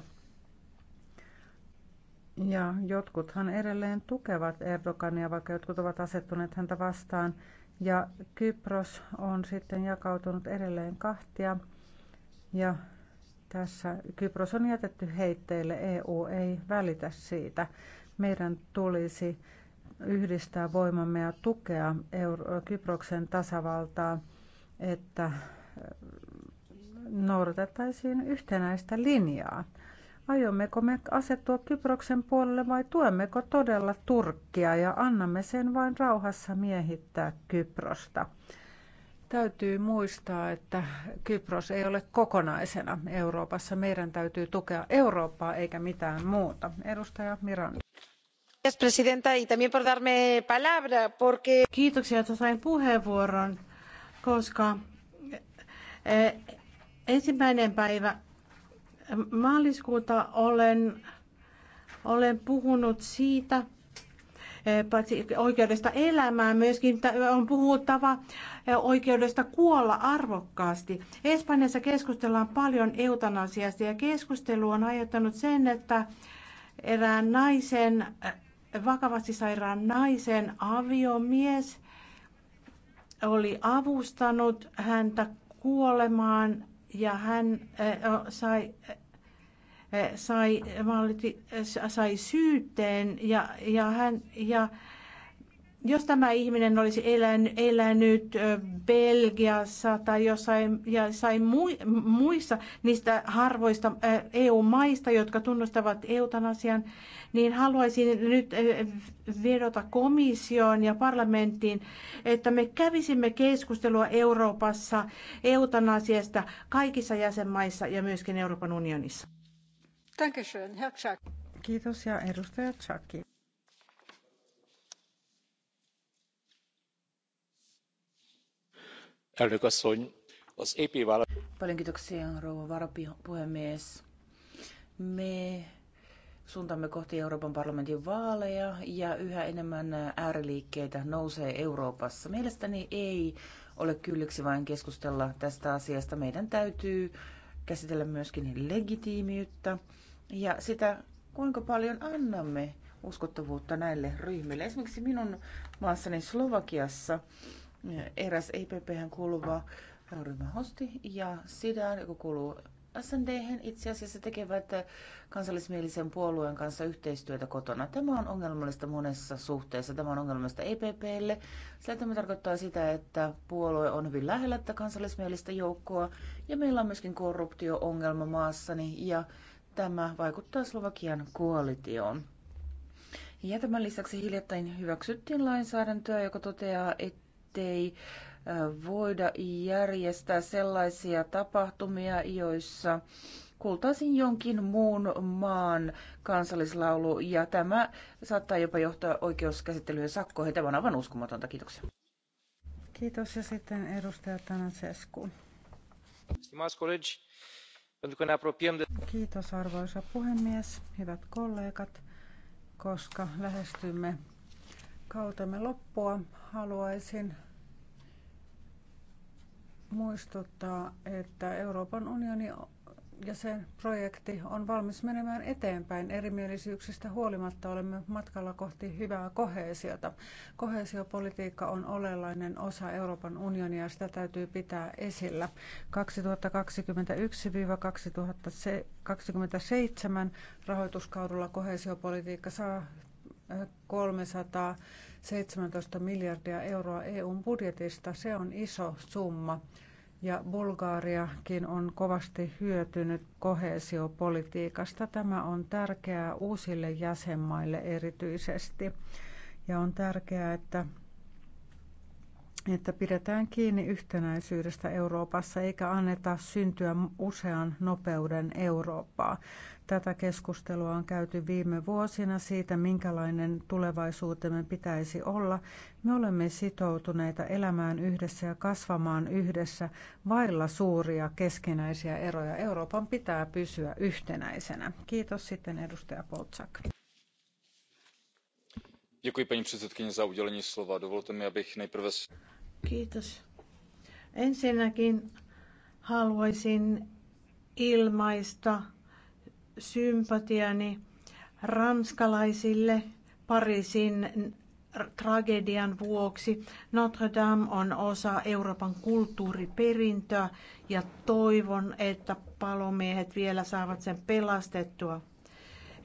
Ja jotkuthan edelleen tukevat Erdogania, vaikka jotkut ovat asettuneet häntä vastaan ja Kypros on sitten jakautunut edelleen kahtia. Ja tässä Kypros on jätetty heitteille. EU ei välitä siitä. Meidän tulisi yhdistää voimamme ja tukea Euro- Kyproksen tasavaltaa, että noudatettaisiin yhtenäistä linjaa. Aiommeko me asettua Kyproksen puolelle vai tuemmeko todella Turkkia ja annamme sen vain rauhassa miehittää Kyprosta? Täytyy muistaa, että Kypros ei ole kokonaisena Euroopassa. Meidän täytyy tukea Eurooppaa eikä mitään muuta. Edustaja Miranda. Kiitoksia, että sain puheenvuoron, koska eh, ensimmäinen päivä maaliskuuta olen, olen puhunut siitä, e, paitsi oikeudesta elämään, myöskin on puhuttava e, oikeudesta kuolla arvokkaasti. Espanjassa keskustellaan paljon eutanasiasta ja keskustelu on aiheuttanut sen, että erään naisen, e, vakavasti sairaan naisen aviomies oli avustanut häntä kuolemaan ja hän eh, sai eh, sai, äh, sai syytteen ja, ja, hän, ja jos tämä ihminen olisi elänyt, elänyt Belgiassa tai jossain ja sai mu, muissa niistä harvoista EU-maista, jotka tunnustavat eutanasian, niin haluaisin nyt vedota komissioon ja parlamenttiin, että me kävisimme keskustelua Euroopassa eutanasiasta kaikissa jäsenmaissa ja myöskin Euroopan unionissa. Kiitos ja edustaja Chaki. E paljon kiitoksia, rouva varapuhemies. Me suuntaamme kohti Euroopan parlamentin vaaleja ja yhä enemmän ääriliikkeitä nousee Euroopassa. Mielestäni ei ole kylliksi vain keskustella tästä asiasta. Meidän täytyy käsitellä myöskin legitiimiyttä ja sitä, kuinka paljon annamme uskottavuutta näille ryhmille. Esimerkiksi minun maassani Slovakiassa eräs EPP-hän kuuluva ryhmä Hosti ja Sidan, joka kuuluu SND itse asiassa tekevät kansallismielisen puolueen kanssa yhteistyötä kotona. Tämä on ongelmallista monessa suhteessa. Tämä on ongelmallista EPPlle, sillä tämä tarkoittaa sitä, että puolue on hyvin lähellä tätä kansallismielistä joukkoa ja meillä on myöskin korruptio-ongelma maassani ja tämä vaikuttaa Slovakian koalitioon. Ja tämän lisäksi hiljattain hyväksyttiin lainsäädäntöä, joka toteaa, että ettei voida järjestää sellaisia tapahtumia, joissa kuultaisiin jonkin muun maan kansallislaulu, ja tämä saattaa jopa johtaa oikeuskäsittelyyn sakkoihin. Tämä on aivan uskomatonta. Kiitoksia. Kiitos, ja sitten edustaja Tanasescu. Kiitos, arvoisa puhemies, hyvät kollegat, koska lähestymme kautemme loppua haluaisin muistuttaa, että Euroopan unioni ja sen projekti on valmis menemään eteenpäin. Erimielisyyksistä huolimatta olemme matkalla kohti hyvää koheesiota. Koheesiopolitiikka on oleellinen osa Euroopan unionia ja sitä täytyy pitää esillä. 2021-2027 rahoituskaudella koheesiopolitiikka saa 317 miljardia euroa EUn budjetista. Se on iso summa ja Bulgaariakin on kovasti hyötynyt koheesiopolitiikasta. Tämä on tärkeää uusille jäsenmaille erityisesti. Ja on tärkeää, että niin, että pidetään kiinni yhtenäisyydestä Euroopassa eikä anneta syntyä usean nopeuden Eurooppaa. Tätä keskustelua on käyty viime vuosina siitä, minkälainen tulevaisuutemme pitäisi olla. Me olemme sitoutuneita elämään yhdessä ja kasvamaan yhdessä vailla suuria keskinäisiä eroja. Euroopan pitää pysyä yhtenäisenä. Kiitos sitten edustaja Poltsak paní předsedající dovolte mi abych nejprve. Kiitos. Ensinnäkin haluaisin ilmaista sympatiani ranskalaisille Pariisin tragedian vuoksi. Notre Dame on osa Euroopan kulttuuriperintöä ja toivon, että palomiehet vielä saavat sen pelastettua.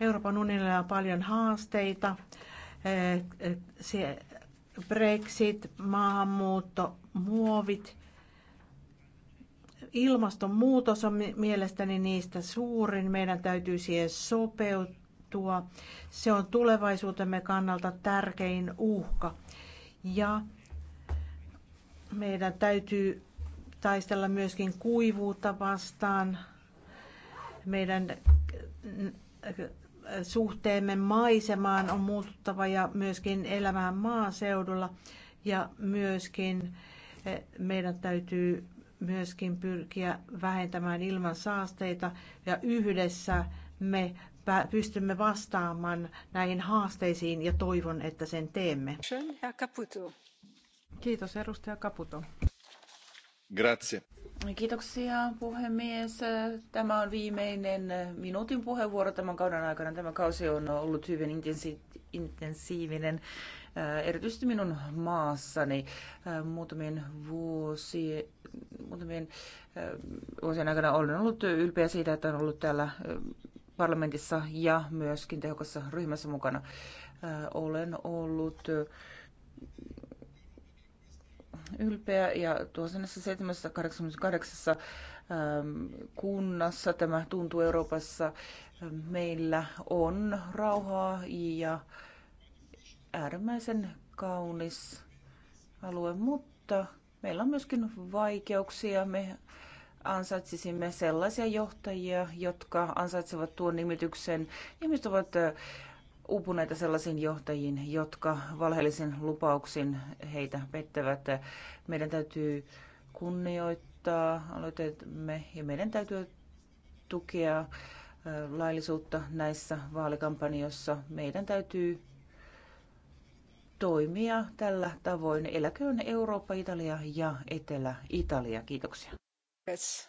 Euroopan unionilla on paljon haasteita. Eh, eh, Brexit, maahanmuutto, muovit, ilmastonmuutos on mielestäni niistä suurin. Meidän täytyy siihen sopeutua. Se on tulevaisuutemme kannalta tärkein uhka. Ja meidän täytyy taistella myöskin kuivuutta vastaan. Meidän suhteemme maisemaan on muututtava ja myöskin elämään maaseudulla ja myöskin eh, meidän täytyy myöskin pyrkiä vähentämään ilman saasteita ja yhdessä me pystymme vastaamaan näihin haasteisiin ja toivon, että sen teemme. Kiitos edustaja Kaputo. Kiitoksia puhemies. Tämä on viimeinen minuutin puheenvuoro tämän kauden aikana. Tämä kausi on ollut hyvin intensiivinen, äh, erityisesti minun maassani. Äh, muutamien vuosien, muutamien äh, vuosien aikana olen ollut ylpeä siitä, että olen ollut täällä parlamentissa ja myöskin tehokassa ryhmässä mukana. Olen ollut ylpeä ja tuossa näissä 788 kunnassa tämä tuntuu Euroopassa. Meillä on rauhaa ja äärimmäisen kaunis alue, mutta meillä on myöskin vaikeuksia. Me ansaitsisimme sellaisia johtajia, jotka ansaitsevat tuon nimityksen. Ihmiset ovat äh, uupuneita sellaisiin johtajiin, jotka valheellisin lupauksin heitä pettävät. Meidän täytyy kunnioittaa aloitteemme ja meidän täytyy tukea laillisuutta näissä vaalikampanjoissa. Meidän täytyy toimia tällä tavoin. Eläköön Eurooppa, Italia ja Etelä-Italia. Kiitoksia. Yes.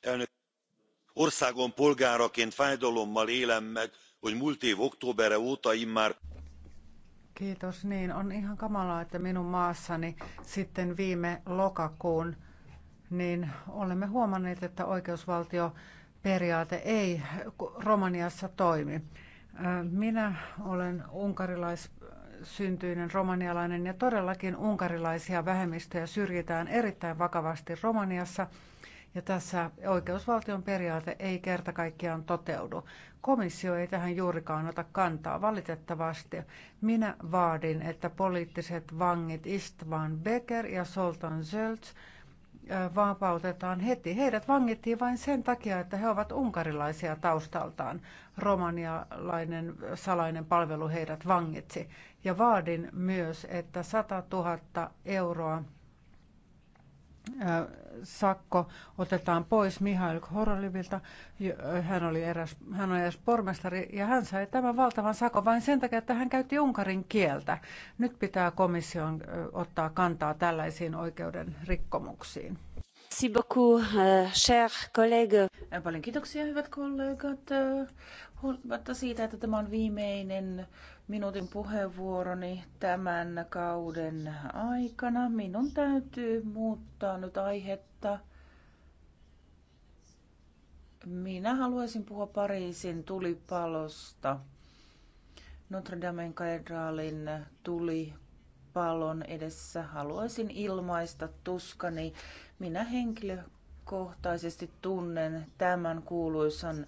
elnök úr országom polgáraként fájdalommal élem meg hogy múlt év októbere óta immár. Kiitos. Niin, on ihan kamalaa, että minun maassani sitten viime lokakuun niin olemme huomanneet, että oikeusvaltioperiaate ei Romaniassa toimi. Minä olen unkarilais syntyinen romanialainen ja todellakin unkarilaisia vähemmistöjä syrjitään erittäin vakavasti Romaniassa ja tässä oikeusvaltion periaate ei kerta kaikkiaan toteudu. Komissio ei tähän juurikaan ota kantaa, valitettavasti. Minä vaadin, että poliittiset vangit Istvan Becker ja Soltan Zölts vapautetaan heti. Heidät vangittiin vain sen takia, että he ovat unkarilaisia taustaltaan. Romanialainen salainen palvelu heidät vangitsi. Ja vaadin myös, että 100 000 euroa sakko otetaan pois Mihail Horolivilta. Hän oli eräs, hän oli eräs pormestari ja hän sai tämän valtavan sakon vain sen takia, että hän käytti unkarin kieltä. Nyt pitää komission ottaa kantaa tällaisiin oikeuden rikkomuksiin. Merci beaucoup, euh, cher collègue. Paljon kiitoksia, hyvät kollegat. Huolimatta siitä, että tämä on viimeinen minuutin puheenvuoroni tämän kauden aikana. Minun täytyy muuttaa nyt aihetta. Minä haluaisin puhua Pariisin tulipalosta. Notre Damen katedraalin tulipalon edessä haluaisin ilmaista tuskani. Minä henkilökohtaisesti tunnen tämän kuuluisan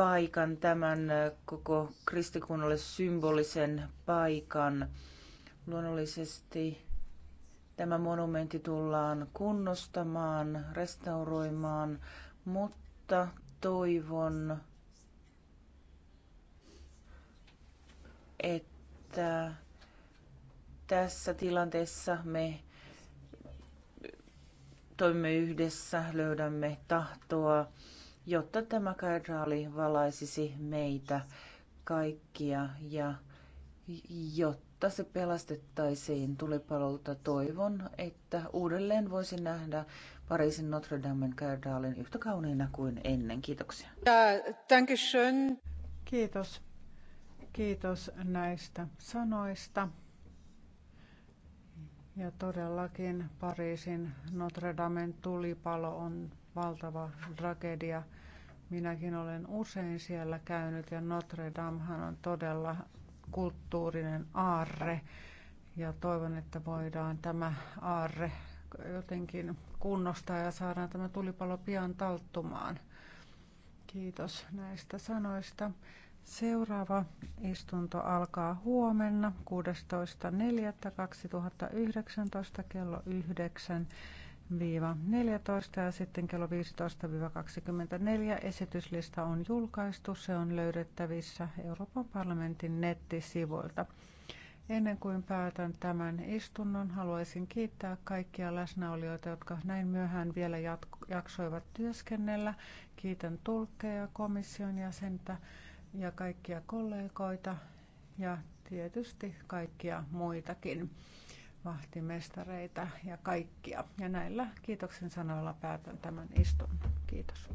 paikan, tämän koko kristikunnalle symbolisen paikan. Luonnollisesti tämä monumentti tullaan kunnostamaan, restauroimaan, mutta toivon, että tässä tilanteessa me toimimme yhdessä, löydämme tahtoa jotta tämä kairaali valaisisi meitä kaikkia ja jotta se pelastettaisiin tulipalolta. Toivon, että uudelleen voisi nähdä Pariisin Notre Damen kairaalin yhtä kauniina kuin ennen. Kiitoksia. Kiitos. Kiitos näistä sanoista. Ja todellakin Pariisin Notre Damen tulipalo on valtava tragedia. Minäkin olen usein siellä käynyt ja Notre Damehan on todella kulttuurinen aarre ja toivon, että voidaan tämä aarre jotenkin kunnostaa ja saadaan tämä tulipalo pian talttumaan. Kiitos näistä sanoista. Seuraava istunto alkaa huomenna 16.4.2019 kello 9. 14 ja sitten kello 15-24 esityslista on julkaistu. Se on löydettävissä Euroopan parlamentin nettisivuilta. Ennen kuin päätän tämän istunnon, haluaisin kiittää kaikkia läsnäolijoita, jotka näin myöhään vielä jaksoivat työskennellä. Kiitän tulkkeja, komission jäsentä ja kaikkia kollegoita ja tietysti kaikkia muitakin vahtimestareita ja kaikkia. Ja näillä kiitoksen sanoilla päätän tämän istunnon. Kiitos.